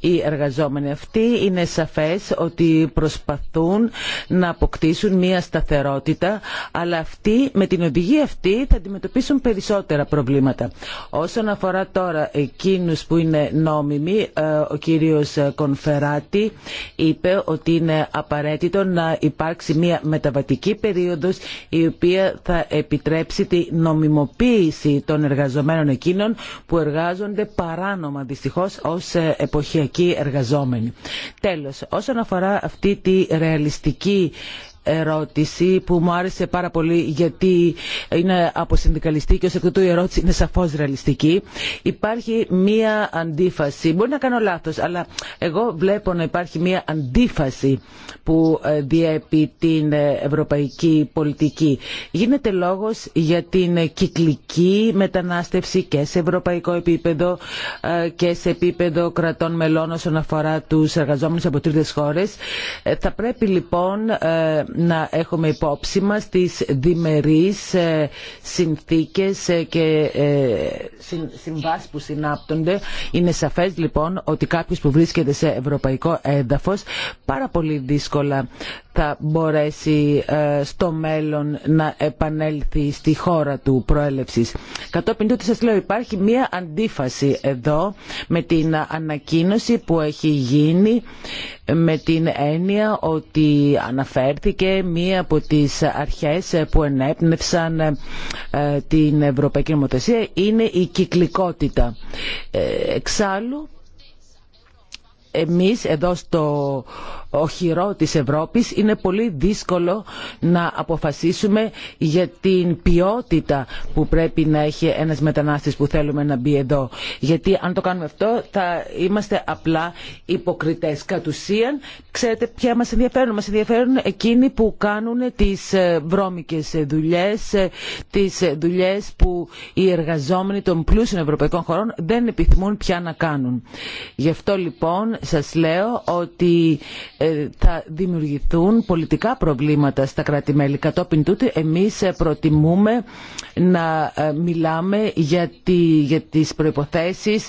οι εργαζόμενοι αυτοί είναι σαφές ότι προσπαθούν να αποκτήσουν μια σταθερότητα αλλά αυτοί με την οδηγία αυτή θα αντιμετωπίσουν περισσότερα προβλήματα. Όσον αφορά τώρα εκείνους που είναι νόμιμοι, ε, ο κύριος Κονφεράτη είπε ότι είναι απαραίτητο να υπάρξει μια μεταβατική περίοδος η οποία θα επιτρέψει τη νομιμοποίηση των εργαζομένων εκείνων που εργάζονται παράνομα δυστυχώς ως εποχή εκεί εργαζόμενοι. Τέλος, όσον αφορά αυτή τη ρεαλιστική ερώτηση που μου άρεσε πάρα πολύ γιατί είναι από και ως εκ τούτου η ερώτηση είναι σαφώς ρεαλιστική. Υπάρχει μία αντίφαση, μπορεί να κάνω λάθος, αλλά εγώ βλέπω να υπάρχει μία αντίφαση που ε, διέπει την ε, ευρωπαϊκή πολιτική. Γίνεται λόγος για την κυκλική μετανάστευση και σε ευρωπαϊκό επίπεδο ε, και σε επίπεδο κρατών μελών όσον αφορά τους εργαζόμενους από τρίτες χώρες. Θα πρέπει λοιπόν να έχουμε υπόψη μας τις διμερείς ε, συνθήκες ε, και ε, συμβάσεις που συνάπτονται. Είναι σαφές λοιπόν ότι κάποιος που βρίσκεται σε ευρωπαϊκό έδαφος πάρα πολύ δύσκολα θα μπορέσει στο μέλλον να επανέλθει στη χώρα του προέλευσης. Κατόπιν τούτου σας λέω υπάρχει μία αντίφαση εδώ με την ανακοίνωση που έχει γίνει με την έννοια ότι αναφέρθηκε μία από τις αρχές που ενέπνευσαν ε, την Ευρωπαϊκή Νομοθεσία είναι η κυκλικότητα. Ε, εξάλλου, εμείς εδώ στο οχυρό της Ευρώπης είναι πολύ δύσκολο να αποφασίσουμε για την ποιότητα που πρέπει να έχει ένας μετανάστης που θέλουμε να μπει εδώ. Γιατί αν το κάνουμε αυτό θα είμαστε απλά υποκριτές. Κατ' ουσίαν ξέρετε ποια μας ενδιαφέρουν. Μας ενδιαφέρουν εκείνοι που κάνουν τις ε, βρώμικες δουλειές, ε, τις ε, δουλειές που οι εργαζόμενοι των πλούσιων ευρωπαϊκών χωρών δεν επιθυμούν πια να κάνουν. Γι' αυτό λοιπόν σας λέω ότι ε, θα δημιουργηθούν πολιτικά προβλήματα στα κράτη-μέλη. Κατόπιν τούτου εμείς ε, προτιμούμε να ε, μιλάμε για, για τις προϋποθέσεις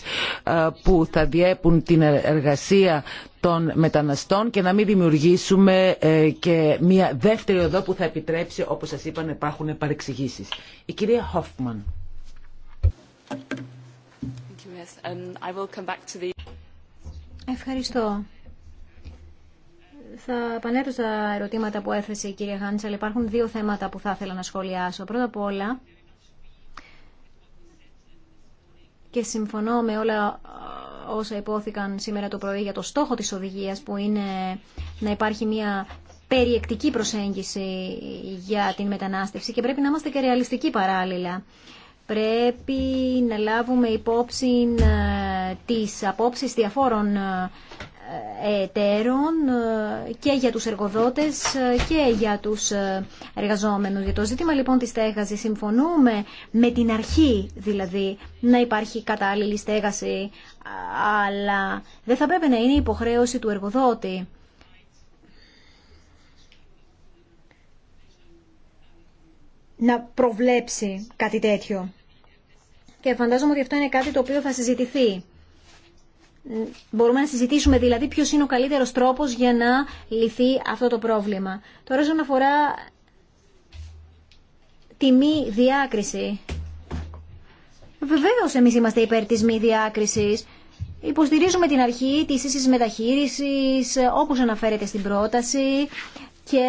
που θα διέπουν την εργασία των μεταναστών και να μην δημιουργήσουμε και μια δεύτερη οδό που θα επιτρέψει, όπως σας είπα, να υπάρχουν παρεξηγήσεις. Η κυρία Χόφμαν. Um, Ευχαριστώ. Θα επανέλθω στα ερωτήματα που έθεσε η κυρία αλλά Υπάρχουν δύο θέματα που θα ήθελα να σχολιάσω. Πρώτα απ' όλα, και συμφωνώ με όλα όσα υπόθηκαν σήμερα το πρωί για το στόχο της οδηγίας που είναι να υπάρχει μια περιεκτική προσέγγιση για την μετανάστευση και πρέπει να είμαστε και ρεαλιστικοί παράλληλα. Πρέπει να λάβουμε υπόψη ε, τις απόψεις διαφόρων ε, εταίρων ε, και για τους εργοδότες ε, και για τους ε, εργαζόμενους. Για το ζήτημα λοιπόν της στέγαση συμφωνούμε με την αρχή δηλαδή να υπάρχει κατάλληλη στέγαση αλλά δεν θα πρέπει να είναι υποχρέωση του εργοδότη. να προβλέψει κάτι τέτοιο. Και φαντάζομαι ότι αυτό είναι κάτι το οποίο θα συζητηθεί μπορούμε να συζητήσουμε δηλαδή ποιο είναι ο καλύτερος τρόπος για να λυθεί αυτό το πρόβλημα. Τώρα όσον αφορά τη μη διάκριση. Βεβαίω εμεί είμαστε υπέρ τη μη διάκρισης. Υποστηρίζουμε την αρχή της ίση μεταχείριση, όπως αναφέρεται στην πρόταση και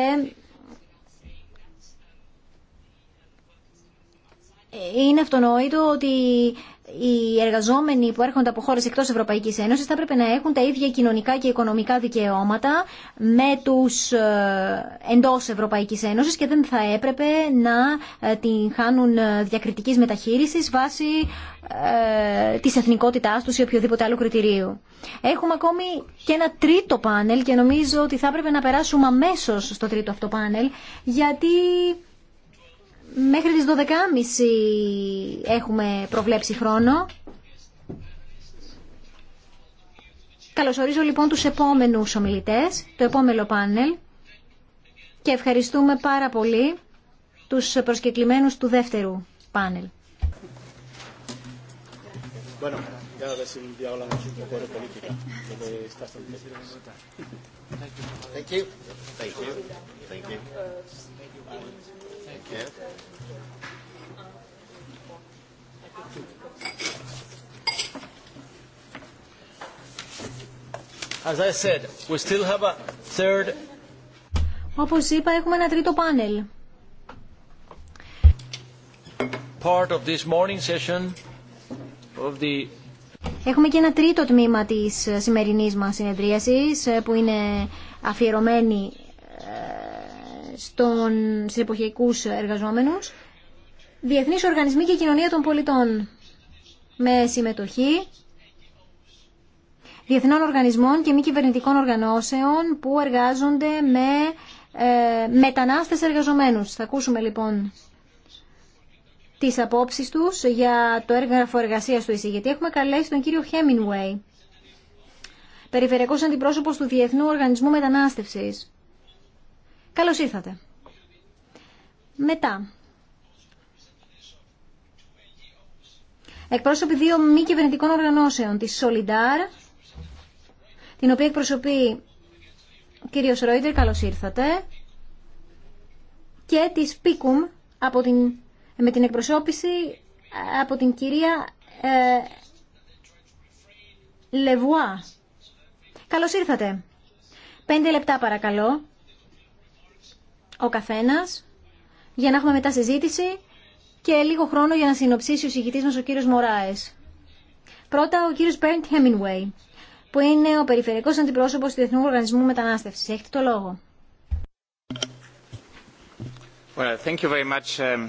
είναι αυτονόητο ότι οι εργαζόμενοι που έρχονται από χώρες εκτός Ευρωπαϊκής Ένωσης θα πρέπει να έχουν τα ίδια κοινωνικά και οικονομικά δικαιώματα με τους ε, εντός Ευρωπαϊκής Ένωσης και δεν θα έπρεπε να ε, την χάνουν ε, διακριτικής μεταχείρισης βάσει της εθνικότητάς τους ή οποιοδήποτε άλλο κριτηρίου. Έχουμε ακόμη και ένα τρίτο πάνελ και νομίζω ότι θα έπρεπε να περάσουμε αμέσω στο τρίτο αυτό πάνελ γιατί Μέχρι τις 12.30 έχουμε προβλέψει χρόνο. Καλωσορίζω λοιπόν τους επόμενους ομιλητές, το επόμενο πάνελ και ευχαριστούμε πάρα πολύ τους προσκεκλημένους του δεύτερου πάνελ. As I Όπως είπα, έχουμε ένα τρίτο πάνελ. Part of this morning session of the... Έχουμε και ένα τρίτο τμήμα της σημερινής μας συνεδρίασης που είναι αφιερωμένη στον, στους εποχιακούς εργαζόμενους, διεθνείς οργανισμοί και κοινωνία των πολιτών με συμμετοχή διεθνών οργανισμών και μη κυβερνητικών οργανώσεων που εργάζονται με ε, μετανάστες εργαζομένους. Θα ακούσουμε λοιπόν τις απόψεις τους για το της εργασίας του γιατί Έχουμε καλέσει τον κύριο Χέμινουέι, περιφερειακός αντιπρόσωπος του Διεθνού Οργανισμού Μετανάστευσης. Καλώς ήρθατε. Μετά. Εκπρόσωποι δύο μη κυβερνητικών οργανώσεων, της Solidar, την οποία εκπροσωπεί κύριος Ρόιτερ. καλώς ήρθατε, και της Picum από την, με την εκπροσώπηση από την κυρία ε, Λεβουά. Καλώς ήρθατε. Πέντε λεπτά παρακαλώ ο καθένας για να έχουμε μετά συζήτηση και λίγο χρόνο για να συνοψίσει ο συγητής μας ο κύριος Μωράες. Πρώτα ο κύριος Πέρντ Hemingway, που είναι ο περιφερειακός αντιπρόσωπος του Διεθνού Οργανισμού Μετανάστευσης. Έχετε το λόγο. Um,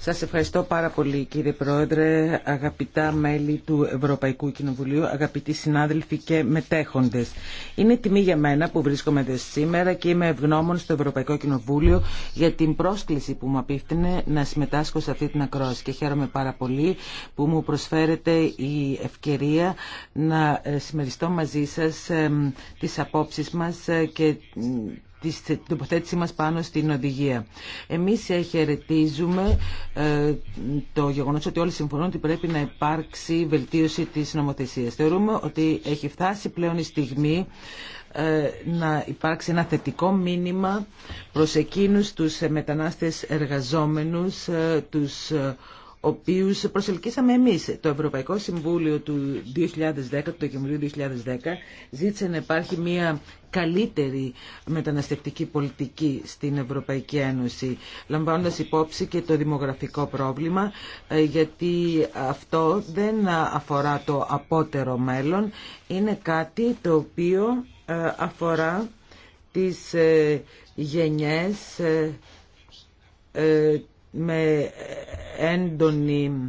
σας ευχαριστώ πάρα πολύ κύριε Πρόεδρε, αγαπητά μέλη του Ευρωπαϊκού Κοινοβουλίου, αγαπητοί συνάδελφοι και μετέχοντες. Είναι τιμή για μένα που βρίσκομαι εδώ σήμερα και είμαι ευγνώμων στο Ευρωπαϊκό Κοινοβούλιο για την πρόσκληση που μου απίφτεινε να συμμετάσχω σε αυτή την ακρόαση και χαίρομαι πάρα πολύ που μου προσφέρεται η ευκαιρία να ε, συμμεριστώ μαζί σας τις απόψεις μας ε, και την τοποθέτησή μας πάνω στην οδηγία. Εμείς χαιρετίζουμε ε, το γεγονός ότι όλοι συμφωνούν ότι πρέπει να υπάρξει βελτίωση της νομοθεσίας. Θεωρούμε ότι έχει φτάσει πλέον η στιγμή ε, να υπάρξει ένα θετικό μήνυμα προς εκείνους τους μετανάστες εργαζόμενους, ε, τους οποίου προσελκύσαμε εμεί, Το Ευρωπαϊκό Συμβούλιο του 2010, του Δεκεμβρίου 2010, ζήτησε να υπάρχει μια καλύτερη μεταναστευτική πολιτική στην Ευρωπαϊκή Ένωση, λαμβάνοντας υπόψη και το δημογραφικό πρόβλημα, ε, γιατί αυτό δεν αφορά το απότερο μέλλον, είναι κάτι το οποίο ε, αφορά τις ε, γενιές με έντονη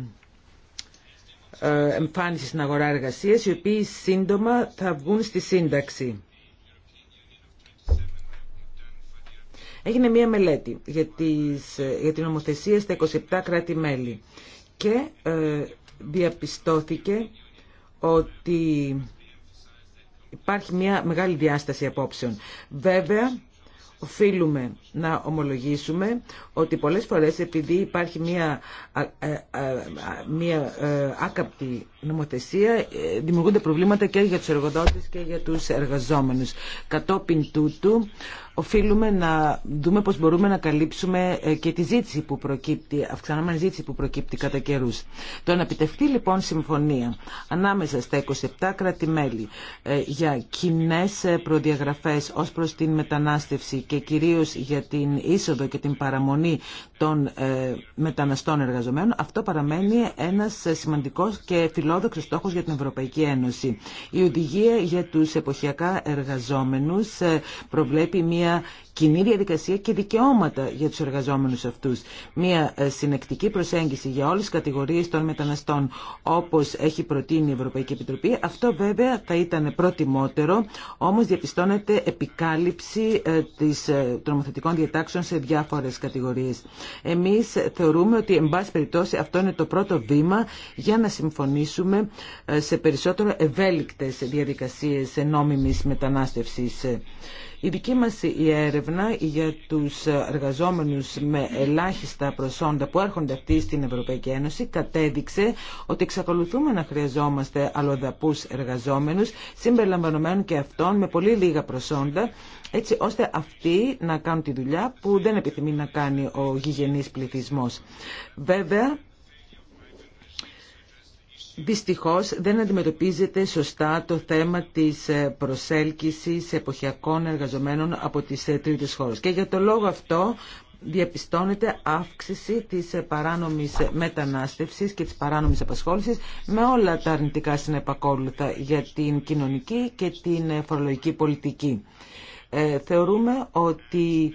ε, εμφάνιση στην αγορά εργασία, οι οποίοι σύντομα θα βγουν στη σύνταξη. Έγινε μία μελέτη για, τις, για την ομοθεσία στα 27 κράτη-μέλη και ε, διαπιστώθηκε ότι υπάρχει μία μεγάλη διάσταση απόψεων. Βέβαια, οφείλουμε να ομολογήσουμε ότι πολλές φορές επειδή υπάρχει μια, μια ε, ε, ε, άκαπτη νομοθεσία ε, δημιουργούνται προβλήματα και για τους εργοδότες και για τους εργαζόμενους. Κατόπιν τούτου οφείλουμε να δούμε πώς μπορούμε να καλύψουμε ε, και τη ζήτηση που προκύπτει, αυξανόμενη ζήτηση που προκύπτει κατά καιρούς. Το να επιτευχθεί λοιπόν συμφωνία ανάμεσα στα 27 κράτη-μέλη ε, για κοινέ προδιαγραφές ως προς την μετανάστευση και κυρίως για την είσοδο και την παραμονή των μεταναστών εργαζομένων, αυτό παραμένει ένας σημαντικός και φιλόδοξος φιλόδοξους στόχο για την Ευρωπαϊκή Ένωση. Η οδηγία για τους εποχιακά εργαζόμενους ε, προβλέπει μια κοινή διαδικασία και δικαιώματα για τους εργαζόμενους αυτούς. Μία ε, συνεκτική προσέγγιση για όλες τις κατηγορίες των μεταναστών όπως έχει προτείνει η Ευρωπαϊκή Επιτροπή. Αυτό βέβαια θα ήταν προτιμότερο, όμως διαπιστώνεται επικάλυψη ε, της ε, τρομοθετικών διατάξεων σε διάφορες κατηγορίες. Εμείς θεωρούμε ότι εν πάση περιπτώσει αυτό είναι το πρώτο βήμα για να συμφωνήσουμε σε περισσότερο ευέλικτες διαδικασίες νόμιμης μετανάστευσης. Η δική μας η έρευνα για τους εργαζόμενους με ελάχιστα προσόντα που έρχονται αυτοί στην Ευρωπαϊκή Ένωση κατέδειξε ότι εξακολουθούμε να χρειαζόμαστε αλλοδαπούς εργαζόμενους συμπεριλαμβανομένων και αυτών με πολύ λίγα προσόντα έτσι ώστε αυτοί να κάνουν τη δουλειά που δεν επιθυμεί να κάνει ο γηγενής πληθυσμός. Βέβαια, Δυστυχώς δεν αντιμετωπίζεται σωστά το θέμα της ε, προσέλκυσης εποχιακών εργαζομένων από τις ε, τρίτες χώρες. Και για το λόγο αυτό διαπιστώνεται αύξηση της ε, παράνομης μετανάστευσης και της παράνομης απασχόλησης με όλα τα αρνητικά συνεπακόλουθα για την κοινωνική και την φορολογική πολιτική. Θεωρούμε ότι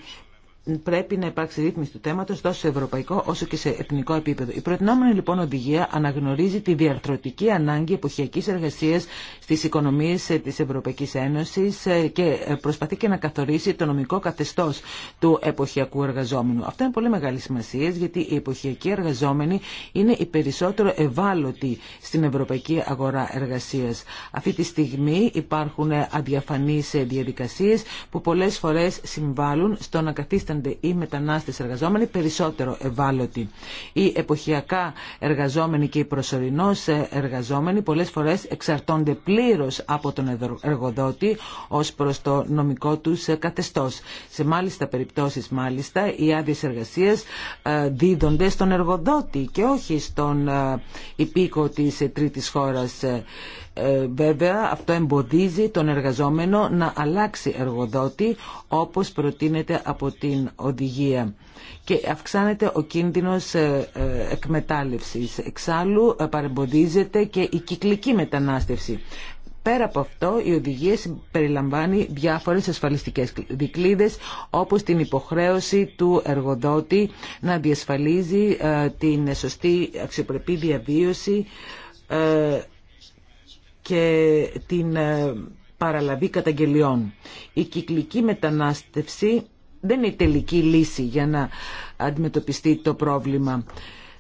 πρέπει να υπάρξει ρύθμιση του θέματο τόσο σε ευρωπαϊκό όσο και σε εθνικό επίπεδο. Η προτινόμενη λοιπόν οδηγία αναγνωρίζει τη διαρθρωτική ανάγκη εποχιακή εργασία στι οικονομίε ε, τη Ευρωπαϊκή Ένωση ε, και ε, προσπαθεί και να καθορίσει το νομικό καθεστώ του εποχιακού εργαζόμενου. Αυτό είναι πολύ μεγάλη σημασία γιατί οι εποχιακοί εργαζόμενοι είναι οι περισσότερο ευάλωτοι στην ευρωπαϊκή αγορά εργασία. Αυτή τη στιγμή υπάρχουν αδιαφανεί διαδικασίε που πολλέ φορέ συμβάλλουν στο να καθίστε οι μετανάστες εργαζόμενοι περισσότερο ευάλωτοι. Οι εποχιακά εργαζόμενοι και οι προσωρινώς εργαζόμενοι πολλές φορές εξαρτώνται πλήρως από τον εργοδότη ως προς το νομικό τους καθεστώς. Σε μάλιστα περιπτώσεις μάλιστα οι άδειε εργασίες ε, δίδονται στον εργοδότη και όχι στον ε, υπήκο της ε, τρίτης χώρας. Ε, βέβαια αυτό εμποδίζει τον εργαζόμενο να αλλάξει εργοδότη όπως προτείνεται από την οδηγία και αυξάνεται ο κίνδυνος ε, ε, εκμετάλλευσης. Εξάλλου παρεμποδίζεται και η κυκλική μετανάστευση. Πέρα από αυτό, η οδηγία περιλαμβάνει διάφορες ασφαλιστικές δικλίδες, όπως την υποχρέωση του εργοδότη να διασφαλίζει την σωστή αξιοπρεπή διαβίωση, και την ε, παραλαβή καταγγελιών. Η κυκλική μετανάστευση δεν είναι η τελική λύση για να αντιμετωπιστεί το πρόβλημα.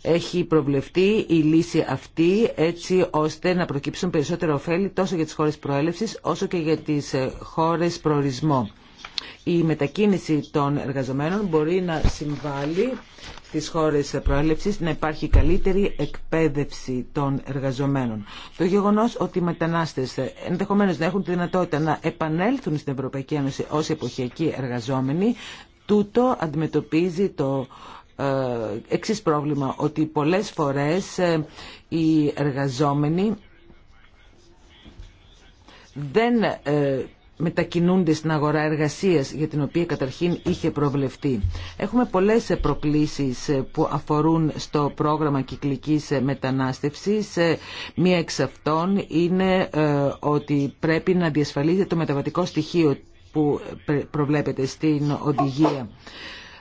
Έχει προβλεφτεί η λύση αυτή έτσι ώστε να προκύψουν περισσότερα ωφέλη τόσο για τις χώρες προέλευσης όσο και για τις ε, χώρες προορισμό. Η μετακίνηση των εργαζομένων μπορεί να συμβάλλει στις χώρες προέλευσης να υπάρχει καλύτερη εκπαίδευση των εργαζομένων. Το γεγονός ότι οι μετανάστες ενδεχομένως να έχουν τη δυνατότητα να επανέλθουν στην Ευρωπαϊκή Ένωση ως εποχιακοί εργαζόμενοι, τούτο αντιμετωπίζει το ε, εξή πρόβλημα, ότι πολλές φορές ε, οι εργαζόμενοι δεν ε, μετακινούνται στην αγορά εργασίας για την οποία καταρχήν είχε προβλεφτεί. Έχουμε πολλές προκλήσεις ε, που αφορούν στο πρόγραμμα κυκλικής ε, μετανάστευσης. Ε, μία εξ αυτών είναι ότι πρέπει να διασφαλίζεται το μεταβατικό στοιχείο που προβλέπεται στην οδηγία.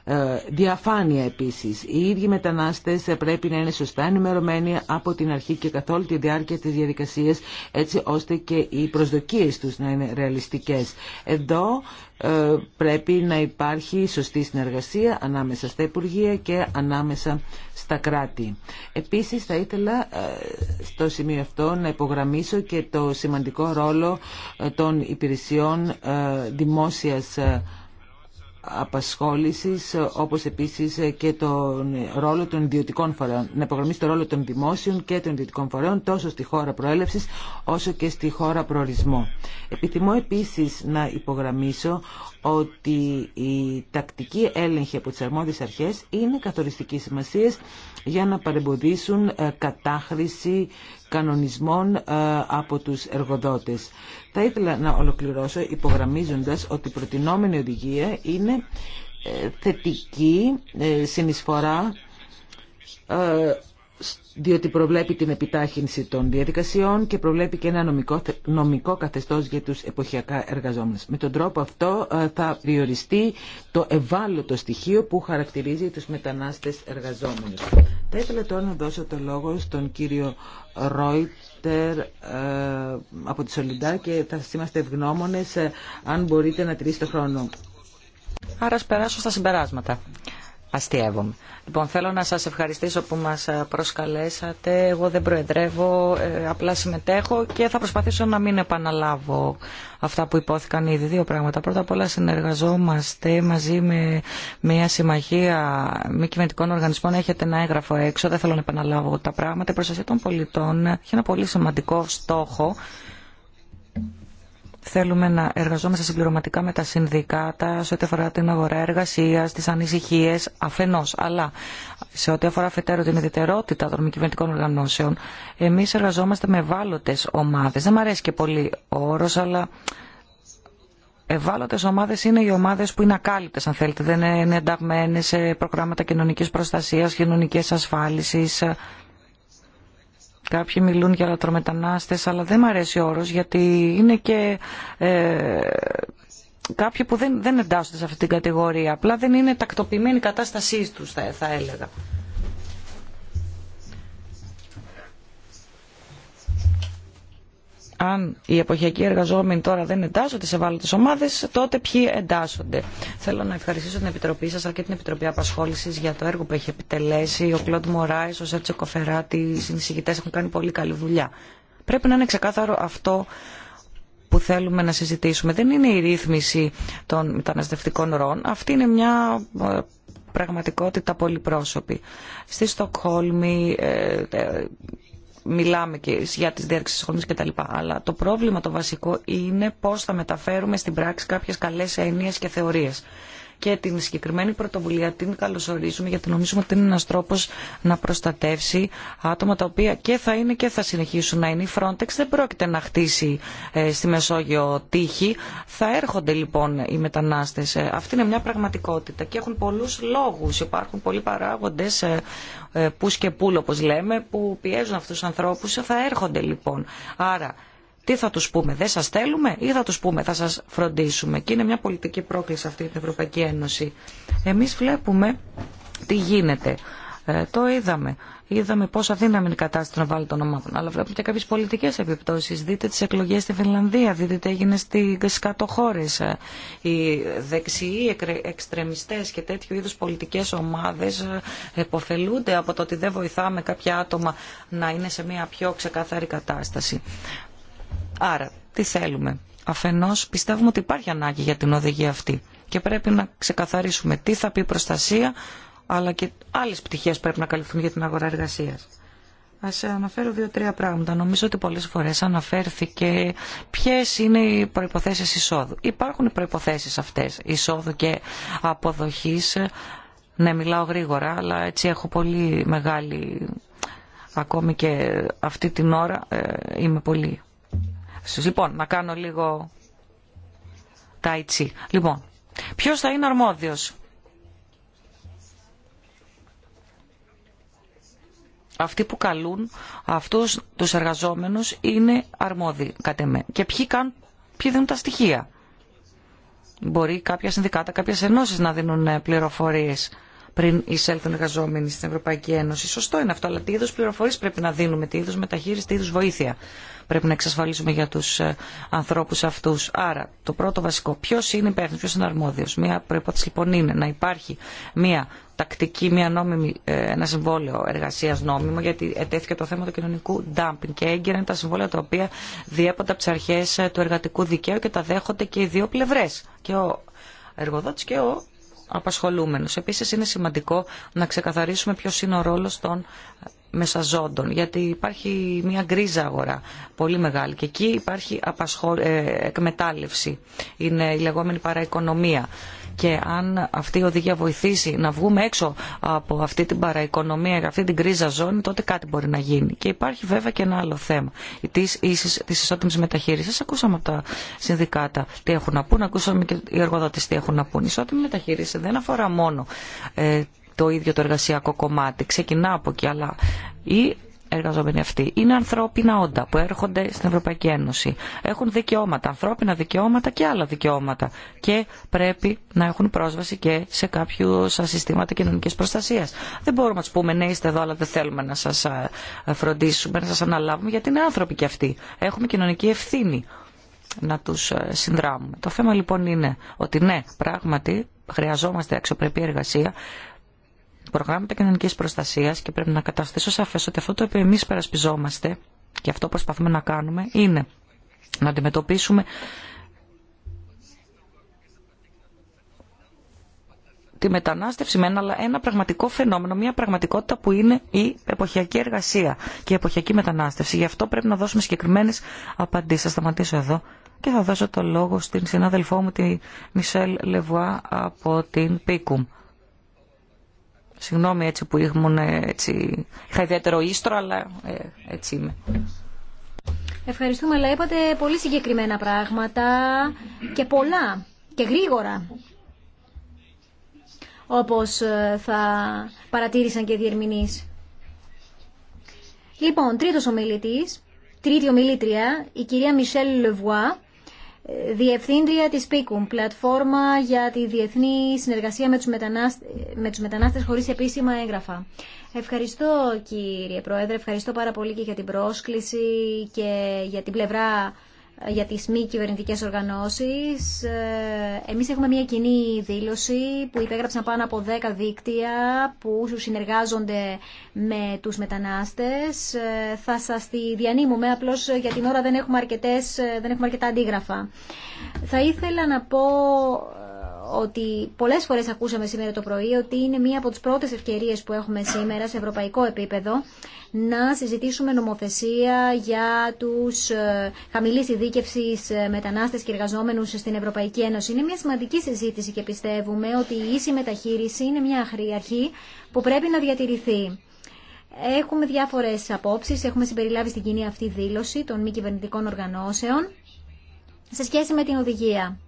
Ε, διαφάνεια επίσης. Οι ίδιοι μετανάστες πρέπει να είναι σωστά ενημερωμένοι από την αρχή και καθ' όλη τη διάρκεια της διαδικασίας έτσι ώστε και οι προσδοκίες τους να είναι ρεαλιστικές. Εδώ ε, πρέπει να υπάρχει σωστή συνεργασία ανάμεσα στα Υπουργεία και ανάμεσα στα κράτη. Επίσης θα ήθελα ε, στο σημείο αυτό να υπογραμμίσω και το σημαντικό ρόλο των υπηρεσιών δημόσιας απασχόλησης όπως επίσης και τον ρόλο των ιδιωτικών φορέων. Να υπογραμμίσει τον ρόλο των δημόσιων και των ιδιωτικών φορέων τόσο στη χώρα προέλευσης όσο και στη χώρα προορισμού. Επιθυμώ επίσης να υπογραμμίσω ότι η τακτική έλεγχη από τις αρμόδιες αρχές είναι καθοριστική σημασία για να παρεμποδίσουν ε, κατάχρηση κανονισμών ε, από τους εργοδότες. Θα ήθελα να ολοκληρώσω υπογραμμίζοντας ότι η προτινόμενη οδηγία είναι ε, θετική συνεισφορά διότι προβλέπει την επιτάχυνση των διαδικασιών και προβλέπει και ένα νομικό, νομικό καθεστώς για τους εποχιακά εργαζόμενους. Με τον τρόπο αυτό ε, θα διοριστεί το ευάλωτο στοιχείο που χαρακτηρίζει τους μετανάστες εργαζόμενους. Θα ήθελα τώρα να δώσω το λόγο στον κύριο Ρόιτερ ε, από τη Σολιντά και θα σας είμαστε ευγνώμονες ε, αν μπορείτε να τηρήσετε χρόνο. Άρα, περάσω στα συμπεράσματα αστείευομαι. Λοιπόν, θέλω να σας ευχαριστήσω που μας ε, προσκαλέσατε. Εγώ δεν προεδρεύω, ε, απλά συμμετέχω και θα προσπαθήσω να μην επαναλάβω αυτά που υπόθηκαν ήδη. Δύο πράγματα. Πρώτα απ' όλα συνεργαζόμαστε μαζί με μια συμμαχία μη κυβερνητικών οργανισμών. Έχετε ένα έγγραφο έξω, δεν θέλω να επαναλάβω τα πράγματα. Η προστασία των πολιτών έχει ένα πολύ σημαντικό στόχο Θέλουμε να εργαζόμαστε συμπληρωματικά με τα συνδικάτα σε ό,τι αφορά την αγορά εργασία, τι ανησυχίε αφενό. Αλλά σε ό,τι αφορά αφετέρου την ιδιαιτερότητα των μη κυβερνητικών οργανώσεων, εμεί εργαζόμαστε με ευάλωτε ομάδε. Δεν μου αρέσει και πολύ ο όρο, αλλά ευάλωτε ομάδε είναι οι ομάδε που είναι ακάλυπτε, αν θέλετε. Δεν είναι ενταγμένε σε προγράμματα κοινωνική προστασία, κοινωνική ασφάλιση Κάποιοι μιλούν για λατρομετανάστες, αλλά δεν μου αρέσει ο όρος γιατί είναι και ε, κάποιοι που δεν, δεν εντάσσονται σε αυτή την κατηγορία. Απλά δεν είναι τακτοποιημένη η κατάστασή τους, θα έλεγα. αν οι εποχιακοί εργαζόμενοι τώρα δεν εντάσσονται σε βάλλοντε ομάδε, τότε ποιοι εντάσσονται. Θέλω να ευχαριστήσω την Επιτροπή σα και την Επιτροπή Απασχόληση για το έργο που έχει επιτελέσει. Ο Κλοντ Μωράη, ο Σέρτσο Κοφεράτη, οι συνεισηγητέ έχουν κάνει πολύ καλή δουλειά. Πρέπει να είναι ξεκάθαρο αυτό που θέλουμε να συζητήσουμε. Δεν είναι η ρύθμιση των μεταναστευτικών ροών. Αυτή είναι μια ε, πραγματικότητα πολυπρόσωπη. Στη Στοκχόλμη ε, ε, μιλάμε και για τις διάρκειες σχολής κτλ. Αλλά το πρόβλημα το βασικό είναι πώς θα μεταφέρουμε στην πράξη κάποιες καλές έννοιες και θεωρίες και την συγκεκριμένη πρωτοβουλία την καλωσορίζουμε γιατί νομίζουμε ότι είναι ένας τρόπος να προστατεύσει άτομα τα οποία και θα είναι και θα συνεχίσουν να είναι. Η Frontex δεν πρόκειται να χτίσει ε, στη Μεσόγειο τύχη. Θα έρχονται λοιπόν οι μετανάστες. Ε, αυτή είναι μια πραγματικότητα και έχουν πολλούς λόγους. Υπάρχουν πολλοί παράγοντες ε, που και πουλ όπως λέμε που πιέζουν αυτούς τους ανθρώπους. Θα έρχονται λοιπόν. Άρα τι θα τους πούμε, δεν σας θέλουμε ή θα τους πούμε, θα σας φροντίσουμε. Και είναι μια πολιτική πρόκληση αυτή την Ευρωπαϊκή Ένωση. Εμείς βλέπουμε τι γίνεται. Ε, το είδαμε. Είδαμε πόσο αδύναμη είναι η κατάσταση των βάλει ομάδων. Αλλά βλέπουμε και κάποιε πολιτικέ επιπτώσει. Δείτε τι εκλογέ στη Φινλανδία, δείτε τι έγινε στι κάτω χώρε. Ε, οι δεξιοί εξτρεμιστέ και τέτοιου είδου πολιτικέ ομάδε ε, εποφελούνται από το ότι δεν βοηθάμε κάποια άτομα να είναι σε μια πιο ξεκάθαρη κατάσταση. Άρα, τι θέλουμε. Αφενός πιστεύουμε ότι υπάρχει ανάγκη για την οδηγία αυτή και πρέπει να ξεκαθαρίσουμε τι θα πει προστασία, αλλά και άλλες πτυχές πρέπει να καλυφθούν για την αγορά εργασίας. Ας αναφέρω δύο-τρία πράγματα. Νομίζω ότι πολλές φορές αναφέρθηκε ποιες είναι οι προϋποθέσεις εισόδου. Υπάρχουν οι προϋποθέσεις αυτές, εισόδου και αποδοχής. Ναι, μιλάω γρήγορα, αλλά έτσι έχω πολύ μεγάλη, ακόμη και αυτή την ώρα ε, είμαι πολύ Λοιπόν, να κάνω λίγο τάιτσι. Λοιπόν, ποιος θα είναι αρμόδιος. Αυτοί που καλούν αυτούς τους εργαζόμενους είναι αρμόδιοι κατ' Και ποιοι, κάνουν, ποιοι δίνουν τα στοιχεία. Μπορεί κάποια συνδικάτα, κάποιες ενώσεις να δίνουν ε, πληροφορίες πριν εισέλθουν εργαζόμενοι στην Ευρωπαϊκή Ένωση. Σωστό είναι αυτό, αλλά τι είδου πληροφορίε πρέπει να δίνουμε, τι είδου μεταχείριση, τι είδου βοήθεια πρέπει να εξασφαλίσουμε για του ε, ανθρώπου αυτού. Άρα, το πρώτο βασικό, ποιο είναι υπεύθυνο, ποιο είναι αρμόδιο. Μία προπόθεση λοιπόν είναι να υπάρχει μία τακτική, μία νόμιμη, ε, ένα συμβόλαιο εργασία νόμιμο, γιατί ετέθηκε το θέμα του κοινωνικού dumping και έγκαιρα είναι τα συμβόλαια τα οποία διέπονται από τι αρχέ ε, του εργατικού δικαίου και τα δέχονται και οι δύο πλευρέ. Και ο εργοδότη και ο Απασχολούμενο. Επίσης είναι σημαντικό να ξεκαθαρίσουμε ποιος είναι ο ρόλος των μεσαζόντων, γιατί υπάρχει μια γκρίζα αγορά πολύ μεγάλη και εκεί υπάρχει ε, εκμετάλλευση. Είναι η λεγόμενη παραοικονομία και αν αυτή η οδηγία βοηθήσει να βγούμε έξω από αυτή την παραοικονομία αυτή την κρίζα ζώνη, τότε κάτι μπορεί να γίνει. Και υπάρχει βέβαια και ένα άλλο θέμα τη ισότιμη μεταχείριση. Ακούσαμε από τα συνδικάτα τι έχουν να πούν, ακούσαμε και οι εργοδότε τι έχουν να πούν. Η ισότιμη μεταχείριση δεν αφορά μόνο ε, το ίδιο το εργασιακό κομμάτι, ξεκινά από εκεί, αλλά η εργαζόμενοι αυτοί. Είναι ανθρώπινα όντα που έρχονται στην Ευρωπαϊκή Ένωση. Έχουν δικαιώματα, ανθρώπινα δικαιώματα και άλλα δικαιώματα. Και πρέπει να έχουν πρόσβαση και σε κάποιου συστήματα κοινωνική προστασία. Δεν μπορούμε να του πούμε ναι, είστε εδώ, αλλά δεν θέλουμε να σα φροντίσουμε, να σα αναλάβουμε, γιατί είναι άνθρωποι και αυτοί. Έχουμε κοινωνική ευθύνη να του συνδράμουμε. Το θέμα λοιπόν είναι ότι ναι, πράγματι χρειαζόμαστε αξιοπρεπή εργασία, προγράμματα κοινωνική προστασίας και πρέπει να καταστήσω σαφέ ότι αυτό το οποίο εμεί περασπιζόμαστε και αυτό που προσπαθούμε να κάνουμε είναι να αντιμετωπίσουμε τη μετανάστευση με ένα, ένα πραγματικό φαινόμενο, μια πραγματικότητα που είναι η εποχιακή εργασία και η εποχιακή μετανάστευση. Γι' αυτό πρέπει να δώσουμε συγκεκριμένε απαντήσει. Θα σταματήσω εδώ και θα δώσω το λόγο στην συνάδελφό μου, τη Μισελ Λεβουά από την Πίκουμ. Συγγνώμη έτσι που ήμουν έτσι. Είχα ιδιαίτερο ίστρο, αλλά ε, έτσι είμαι. Ευχαριστούμε, αλλά είπατε πολύ συγκεκριμένα πράγματα και πολλά και γρήγορα. Όπως ε, θα παρατήρησαν και οι διερμηνείς. Λοιπόν, τρίτος ομιλητής, τρίτη ομιλήτρια, η κυρία Μισελ Λεβουά, Διευθύντρια της ΠΙΚΟΥΜ, πλατφόρμα για τη διεθνή συνεργασία με τους, μετανάστες, με τους μετανάστες χωρίς επίσημα έγγραφα. Ευχαριστώ κύριε Πρόεδρε, ευχαριστώ πάρα πολύ και για την πρόσκληση και για την πλευρά για τις μη κυβερνητικές οργανώσεις. Ε, εμείς έχουμε μια κοινή δήλωση που υπέγραψαν πάνω από 10 δίκτυα που συνεργάζονται με τους μετανάστες. Ε, θα σας τη διανύμουμε, απλώς για την ώρα δεν έχουμε, αρκετές, ε, δεν έχουμε αρκετά αντίγραφα. Θα ήθελα να πω ότι πολλές φορές ακούσαμε σήμερα το πρωί ότι είναι μία από τις πρώτες ευκαιρίες που έχουμε σήμερα σε ευρωπαϊκό επίπεδο να συζητήσουμε νομοθεσία για τους ε, χαμηλής ειδίκευσης ε, μετανάστες και εργαζόμενους στην Ευρωπαϊκή Ένωση. Είναι μια σημαντική συζήτηση και πιστεύουμε ότι η ίση μεταχείριση είναι μια αρχή που πρέπει να διατηρηθεί. Έχουμε διάφορες απόψεις, έχουμε συμπεριλάβει στην κοινή αυτή δήλωση των μη κυβερνητικών οργανώσεων σε σχέση με την οδηγία.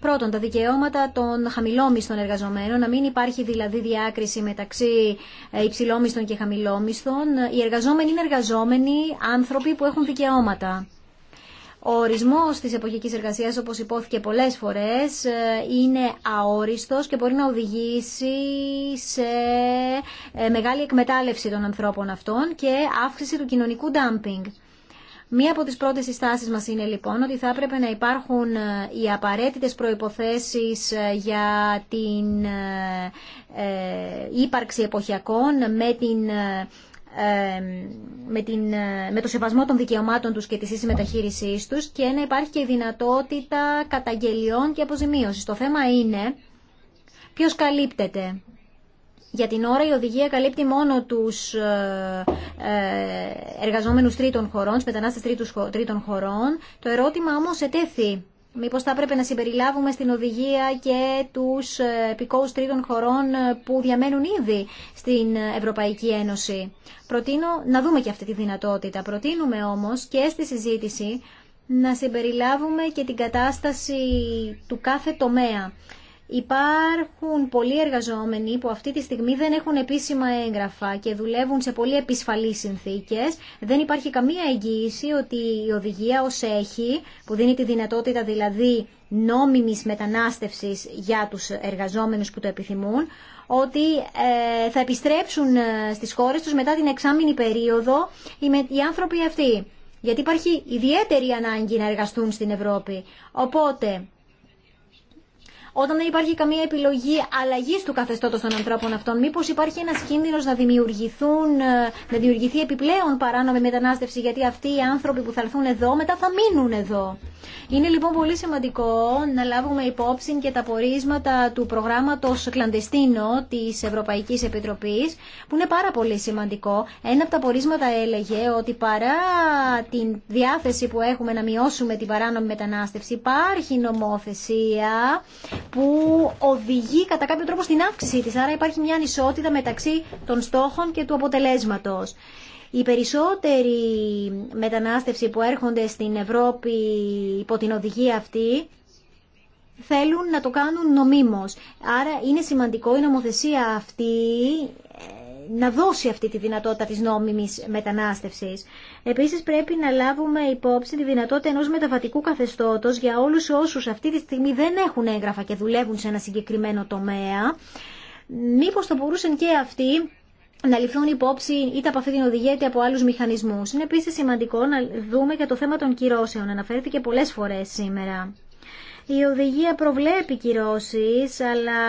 Πρώτον, τα δικαιώματα των χαμηλόμισθων εργαζομένων, να μην υπάρχει δηλαδή διάκριση μεταξύ ε, υψηλόμισθων και χαμηλόμισθων. Οι εργαζόμενοι είναι εργαζόμενοι άνθρωποι που έχουν δικαιώματα. Ο ορισμός της εποχικής εργασίας, όπως υπόθηκε πολλές φορές, ε, είναι αόριστος και μπορεί να οδηγήσει σε ε, μεγάλη εκμετάλλευση των ανθρώπων αυτών και αύξηση του κοινωνικού ντάμπινγκ. Μία από τις πρώτες συστάσεις μας είναι λοιπόν ότι θα έπρεπε να υπάρχουν ε, οι απαραίτητες προϋποθέσεις ε, για την ε, ύπαρξη εποχιακών με την με, την, με το σεβασμό των δικαιωμάτων τους και τη ίση τους και να υπάρχει και η δυνατότητα καταγγελιών και αποζημίωσης. Το θέμα είναι ποιος καλύπτεται. Για την ώρα η οδηγία καλύπτει μόνο τους ε, ε, εργαζόμενου τρίτων χωρών, του μετανάστε τρίτων χωρών. Το ερώτημα όμως ετέθη. Μήπως θα έπρεπε να συμπεριλάβουμε στην οδηγία και τους ε, επικόου τρίτων χωρών που διαμένουν ήδη στην Ευρωπαϊκή Ένωση. Προτείνω να δούμε και αυτή τη δυνατότητα. Προτείνουμε όμω και στη συζήτηση να συμπεριλάβουμε και την κατάσταση του κάθε τομέα. Υπάρχουν πολλοί εργαζόμενοι που αυτή τη στιγμή δεν έχουν επίσημα έγγραφα και δουλεύουν σε πολύ επισφαλείς συνθήκες. Δεν υπάρχει καμία εγγύηση ότι η οδηγία ως έχει, που δίνει τη δυνατότητα δηλαδή νόμιμης μετανάστευσης για τους εργαζόμενους που το επιθυμούν, ότι ε, θα επιστρέψουν ε, στις χώρες τους μετά την εξάμηνη περίοδο οι άνθρωποι αυτοί. Γιατί υπάρχει ιδιαίτερη ανάγκη να εργαστούν στην Ευρώπη. Οπότε, όταν δεν υπάρχει καμία επιλογή αλλαγή του καθεστώτο των ανθρώπων αυτών, μήπω υπάρχει ένα κίνδυνο να, δημιουργηθούν, ε, να δημιουργηθεί επιπλέον παράνομη μετανάστευση, γιατί αυτοί οι άνθρωποι που θα έρθουν εδώ μετά θα μείνουν εδώ. Είναι λοιπόν πολύ σημαντικό να λάβουμε υπόψη και τα πορίσματα του προγράμματο Κλαντεστίνο τη Ευρωπαϊκή Επιτροπή, που είναι πάρα πολύ σημαντικό. Ένα από τα πορίσματα έλεγε ότι παρά την διάθεση που έχουμε να μειώσουμε την παράνομη μετανάστευση, υπάρχει νομοθεσία που οδηγεί κατά κάποιο τρόπο στην αύξηση της. Άρα υπάρχει μια ανισότητα μεταξύ των στόχων και του αποτελέσματος. Οι περισσότεροι μετανάστευση που έρχονται στην Ευρώπη υπό την οδηγία αυτή θέλουν να το κάνουν νομίμως. Άρα είναι σημαντικό η νομοθεσία αυτή ε, να δώσει αυτή τη δυνατότητα της νόμιμης μετανάστευσης. Επίσης πρέπει να λάβουμε υπόψη τη δυνατότητα ενός μεταβατικού καθεστώτος για όλους όσους αυτή τη στιγμή δεν έχουν έγγραφα και δουλεύουν σε ένα συγκεκριμένο τομέα. Μήπως θα μπορούσαν και αυτοί να ληφθούν υπόψη είτε από αυτή την οδηγία είτε από άλλου μηχανισμού. Είναι επίση σημαντικό να δούμε και το θέμα των κυρώσεων. Αναφέρθηκε πολλέ φορέ σήμερα. Η οδηγία προβλέπει κυρώσεις, αλλά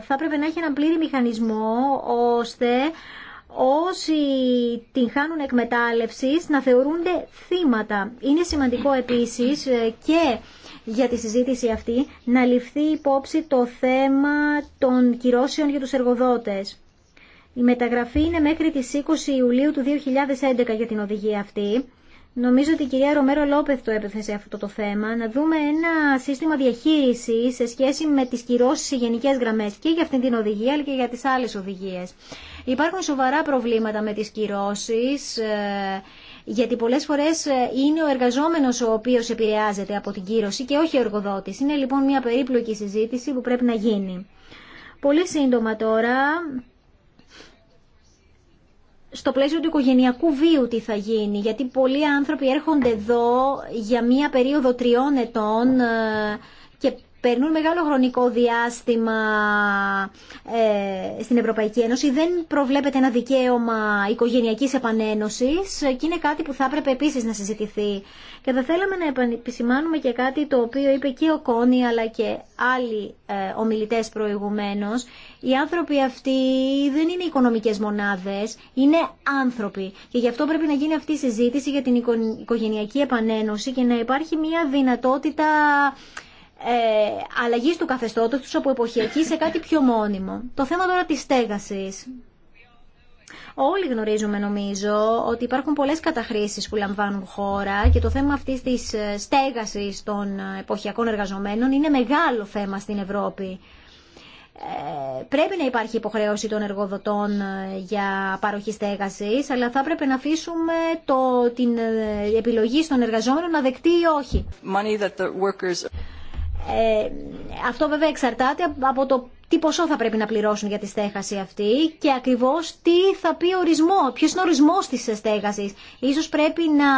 θα έπρεπε να έχει έναν πλήρη μηχανισμό, ώστε όσοι την χάνουν εκμετάλλευση να θεωρούνται θύματα. Είναι σημαντικό επίσης ε, και για τη συζήτηση αυτή να ληφθεί υπόψη το θέμα των κυρώσεων για τους εργοδότες. Η μεταγραφή είναι μέχρι τις 20 Ιουλίου του 2011 για την οδηγία αυτή Νομίζω ότι η κυρία Ρομέρο Λόπεθ το έπεθε σε αυτό το θέμα. Να δούμε ένα σύστημα διαχείριση σε σχέση με τι κυρώσει σε γενικέ γραμμέ και για αυτήν την οδηγία αλλά και για τι άλλε οδηγίε. Υπάρχουν σοβαρά προβλήματα με τι κυρώσει. Ε, γιατί πολλές φορές ε, είναι ο εργαζόμενος ο οποίος επηρεάζεται από την κύρωση και όχι ο εργοδότης. Είναι λοιπόν μια περίπλοκη συζήτηση που πρέπει να γίνει. Πολύ σύντομα τώρα στο πλαίσιο του οικογενειακού βίου τι θα γίνει, γιατί πολλοί άνθρωποι έρχονται εδώ για μία περίοδο τριών ετών ε, περνούν μεγάλο χρονικό διάστημα ε, στην Ευρωπαϊκή Ένωση. Δεν προβλέπεται ένα δικαίωμα οικογενειακής επανένωσης και είναι κάτι που θα έπρεπε επίσης να συζητηθεί. Και θα θέλαμε να επισημάνουμε και κάτι το οποίο είπε και ο Κόνη αλλά και άλλοι ε, ομιλητές προηγουμένως. Οι άνθρωποι αυτοί δεν είναι οικονομικές μονάδες, είναι άνθρωποι. Και γι' αυτό πρέπει να γίνει αυτή η συζήτηση για την οικογενειακή επανένωση και να υπάρχει μια δυνατότητα ε, Αλλαγή του καθεστώτος του από εποχιακή σε κάτι πιο μόνιμο. Το θέμα τώρα της στέγασης. Όλοι γνωρίζουμε νομίζω ότι υπάρχουν πολλέ καταχρήσει που λαμβάνουν χώρα και το θέμα αυτή της ε, στέγαση των ε, εποχιακών εργαζομένων είναι μεγάλο θέμα στην Ευρώπη. Πρέπει να υπάρχει υποχρέωση των εργοδοτών για παροχή στέγαση, αλλά θα πρέπει να αφήσουμε την επιλογή στον εργαζόμενο να δεκτεί ή όχι. Ε, αυτό βέβαια εξαρτάται από το τι ποσό θα πρέπει να πληρώσουν για τη στέγαση αυτή και ακριβώς τι θα πει ορισμό, ποιος είναι ο ορισμός της στέγασης. Ίσως πρέπει να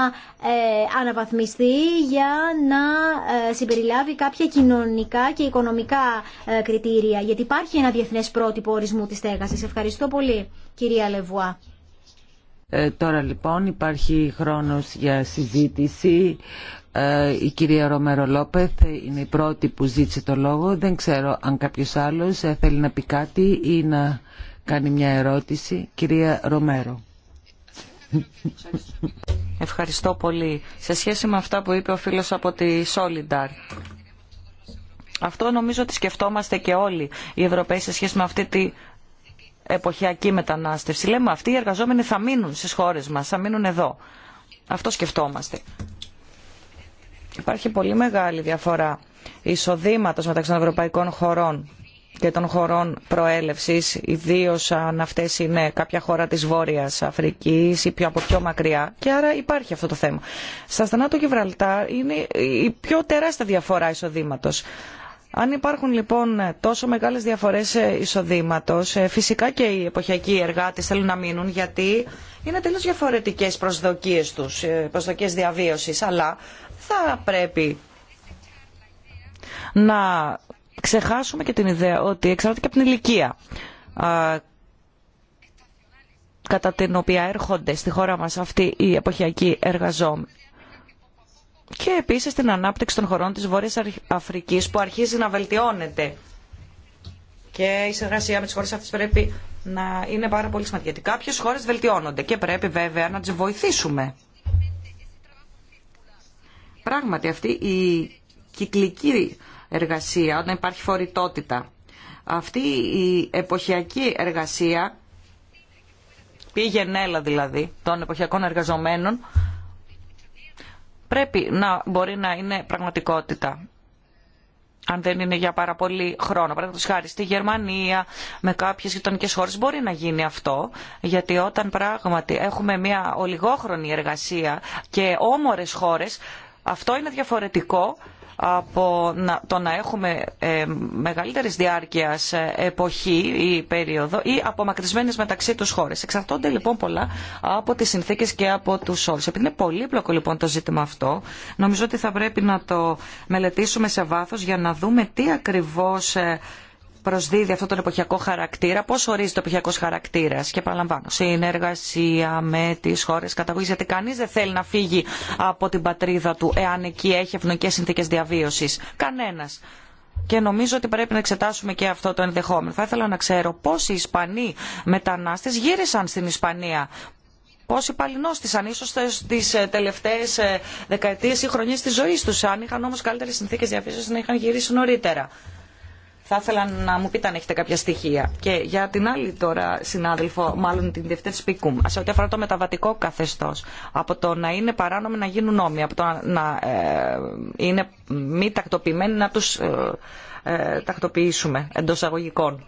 ε, αναβαθμιστεί για να ε, συμπεριλάβει κάποια κοινωνικά και οικονομικά ε, κριτήρια, γιατί υπάρχει ένα διεθνές πρότυπο ορισμού της στέγασης. Ευχαριστώ πολύ, κυρία Λεβουά. τώρα λοιπόν υπάρχει χρόνος για συζήτηση. Ε, η κυρία Ρομέρο Λόπεθ είναι η πρώτη που ζήτησε το λόγο. Δεν ξέρω αν κάποιος άλλος ε, θέλει να πει κάτι ή να κάνει μια ερώτηση. Κυρία Ρομέρο. Ευχαριστώ πολύ. Σε σχέση με αυτά που είπε ο φίλος από τη Solidar, αυτό νομίζω ότι σκεφτόμαστε και όλοι οι Ευρωπαίοι σε σχέση με αυτή τη εποχιακή μετανάστευση. Λέμε αυτοί οι εργαζόμενοι θα μείνουν στις χώρες μας, θα μείνουν εδώ. Αυτό σκεφτόμαστε. Υπάρχει πολύ μεγάλη διαφορά εισοδήματος μεταξύ των ευρωπαϊκών χωρών και των χωρών προέλευσης, ιδίως αν αυτές είναι κάποια χώρα της Βόρειας Αφρικής ή πιο από πιο μακριά. Και άρα υπάρχει αυτό το θέμα. Στα στενά του Γιβραλτάρ είναι η πιο τεράστια διαφορά εισοδήματος. Αν υπάρχουν λοιπόν τόσο μεγάλες διαφορές εισοδήματος, ε, φυσικά και οι εποχιακοί εργάτες θέλουν να μείνουν γιατί είναι τελείως διαφορετικές προσδοκίες τους, ε, προσδοκίες διαβίωσης. Αλλά θα πρέπει να ξεχάσουμε και την ιδέα ότι εξαρτάται και από την ηλικία κατά την οποία έρχονται στη χώρα μας αυτοί οι εποχιακοί εργαζόμενοι και επίσης την ανάπτυξη των χωρών της Βόρειας Αφρικής που αρχίζει να βελτιώνεται. Και η συνεργασία με τις χώρες αυτές πρέπει να είναι πάρα πολύ σημαντική γιατί κάποιες χώρες βελτιώνονται και πρέπει βέβαια να τις βοηθήσουμε Πράγματι αυτή η κυκλική εργασία, όταν υπάρχει φορητότητα, αυτή η εποχιακή εργασία, πήγαινε έλα δηλαδή των εποχιακών εργαζομένων, πρέπει να μπορεί να είναι πραγματικότητα. Αν δεν είναι για πάρα πολύ χρόνο. Παραδείγματο χάρη στη Γερμανία, με κάποιε γειτονικέ χώρε μπορεί να γίνει αυτό, γιατί όταν πράγματι έχουμε μια ολιγόχρονη εργασία και όμορε χώρε, αυτό είναι διαφορετικό από το να έχουμε ε, μεγαλύτερης διάρκειας ε, εποχή ή περίοδο ή απομακρυσμένες μεταξύ τους χώρες. Εξαρτώνται λοιπόν πολλά από τις συνθήκες και από τους όρους. Επειδή είναι πολύπλοκο λοιπόν το ζήτημα αυτό, νομίζω ότι θα πρέπει να το μελετήσουμε σε βάθος για να δούμε τι ακριβώς ε, προσδίδει αυτόν τον εποχιακό χαρακτήρα, πώ ορίζει το εποχιακό χαρακτήρα, και επαναλαμβάνω, συνεργασία με τι χώρε καταγωγή, γιατί κανεί δεν θέλει να φύγει από την πατρίδα του εάν εκεί έχει ευνοϊκέ συνθήκε διαβίωση. Κανένα. Και νομίζω ότι πρέπει να εξετάσουμε και αυτό το ενδεχόμενο. Θα ήθελα να ξέρω πόσοι Ισπανοί μετανάστε γύρισαν στην Ισπανία πόσοι παλινόστησαν ίσω τι τελευταίε ε, δεκαετίε ή χρονιέ τη ζωή του. Αν είχαν όμω καλύτερε συνθήκε διαβίωση, να είχαν γυρίσει νωρίτερα. Θα ήθελα να μου πείτε αν έχετε κάποια στοιχεία. Και για την άλλη τώρα συνάδελφο, μάλλον την τη Πικούμ, σε ό,τι αφορά το μεταβατικό καθεστώ. Από το να είναι παράνομοι να γίνουν νόμοι, από το να ε, είναι μη τακτοποιημένοι να του ε, ε, τακτοποιήσουμε εντό αγωγικών.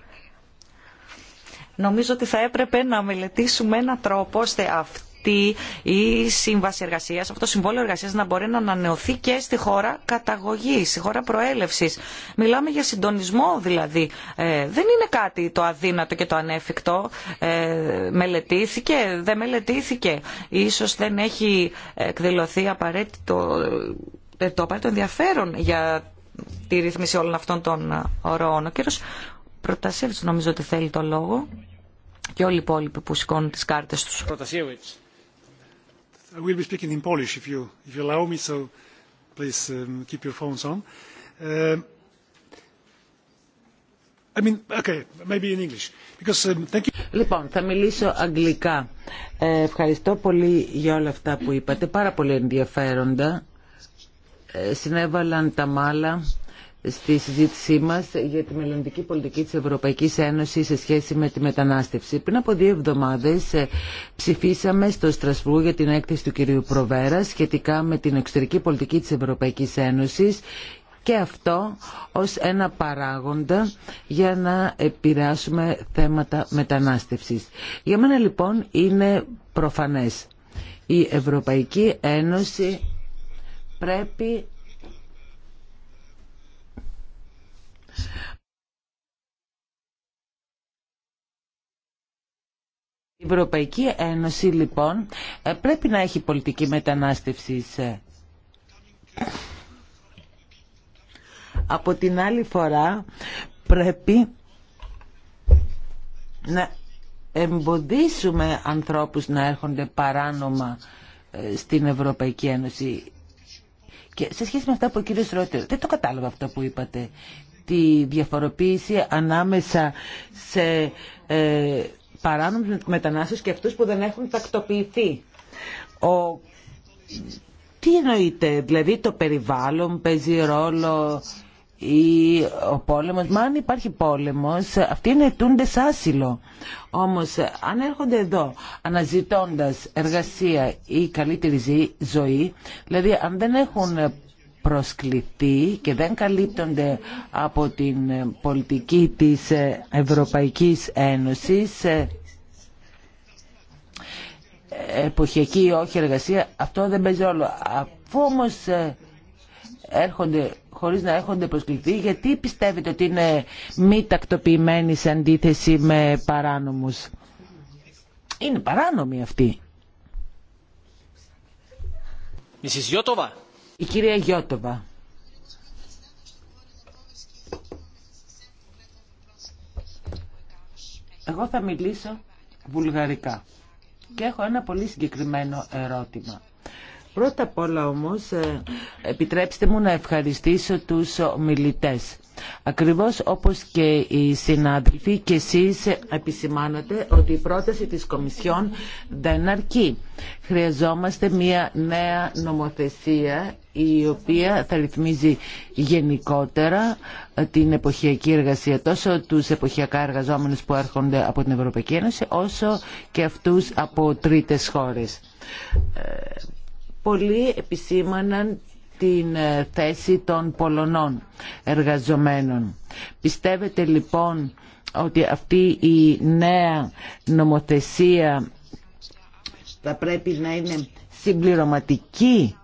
Νομίζω ότι θα έπρεπε να μελετήσουμε έναν τρόπο ώστε αυτή ότι η σύμβαση εργασία, αυτό το συμβόλαιο εργασία να μπορεί να ανανεωθεί και στη χώρα καταγωγή, στη χώρα προέλευση. Μιλάμε για συντονισμό δηλαδή. Ε, δεν είναι κάτι το αδύνατο και το ανέφικτο. Ε, μελετήθηκε, δεν μελετήθηκε. Ίσως δεν έχει εκδηλωθεί απαραίτητο, ε, το απαραίτητο ενδιαφέρον για τη ρύθμιση όλων αυτών των ορών. Ο κύριος Προτασίεβιτς νομίζω ότι θέλει το λόγο και όλοι οι υπόλοιποι που σηκώνουν τις κάρτες τους. I will be speaking in Polish if you allow me, so please keep your phones on. I mean, okay, maybe in English, because thank you. Λοιπόν, θα μιλήσω αγγλικά. Ε, ευχαριστώ πολύ για όλα αυτά που είπατε, πάρα πολύ ενδιαφέροντα. Ε, συνέβαλαν τα μάλα στη συζήτησή μας για τη μελλοντική πολιτική της Ευρωπαϊκής Ένωσης σε σχέση με τη μετανάστευση. Πριν από δύο εβδομάδες ε, ψηφίσαμε στο Στρασβούργο για την έκθεση του κυρίου Προβέρα σχετικά με την εξωτερική πολιτική της Ευρωπαϊκής Ένωσης και αυτό ως ένα παράγοντα για να επηρεάσουμε θέματα μετανάστευσης. Για μένα λοιπόν είναι προφανές. Η Ευρωπαϊκή Ένωση πρέπει Η Ευρωπαϊκή Ένωση λοιπόν ε, πρέπει να έχει πολιτική μετανάστευση. Ε. Από την άλλη φορά πρέπει να εμποδίσουμε ανθρώπους να έρχονται παράνομα ε, στην Ευρωπαϊκή Ένωση. Και σε σχέση με αυτά που ο κύριος Ρότερ, δεν το κατάλαβα αυτό που είπατε τη διαφοροποίηση ανάμεσα σε ε, παράνομους μετανάστες και αυτούς που δεν έχουν τακτοποιηθεί. Ο... Τι εννοείται, δηλαδή το περιβάλλον παίζει ρόλο ή ο πόλεμος, μα αν υπάρχει πόλεμος αυτοί είναι αιτούντες άσυλο. Όμως αν έρχονται εδώ αναζητώντας εργασία ή καλύτερη ζωή, δηλαδή αν δεν έχουν προσκληθεί και δεν καλύπτονται από την πολιτική της Ευρωπαϊκής Ένωσης ε, εποχιακή ή όχι εργασία αυτό δεν παίζει όλο αφού όμως ε, έρχονται χωρίς να έχονται προσκληθεί γιατί πιστεύετε ότι είναι μη τακτοποιημένοι σε αντίθεση με παράνομους είναι παράνομοι αυτοί Mrs. Η κυρία Γιώτοβα. Εγώ θα μιλήσω βουλγαρικά και έχω ένα πολύ συγκεκριμένο ερώτημα. Πρώτα απ' όλα όμως ε, επιτρέψτε μου να ευχαριστήσω τους μιλητές. Ακριβώς όπως και οι συνάδελφοι και εσείς επισημάνατε ότι η πρόταση της Κομισιόν δεν αρκεί. Χρειαζόμαστε μια νέα νομοθεσία η οποία θα ρυθμίζει γενικότερα την εποχιακή εργασία τόσο τους εποχιακά εργαζόμενους που έρχονται από την Ευρωπαϊκή Ένωση όσο και αυτούς από τρίτες χώρες. Ε, πολλοί επισήμαναν την ε, θέση των Πολωνών εργαζομένων. Πιστεύετε λοιπόν ότι αυτή η νέα νομοθεσία θα πρέπει να είναι συμπληρωματική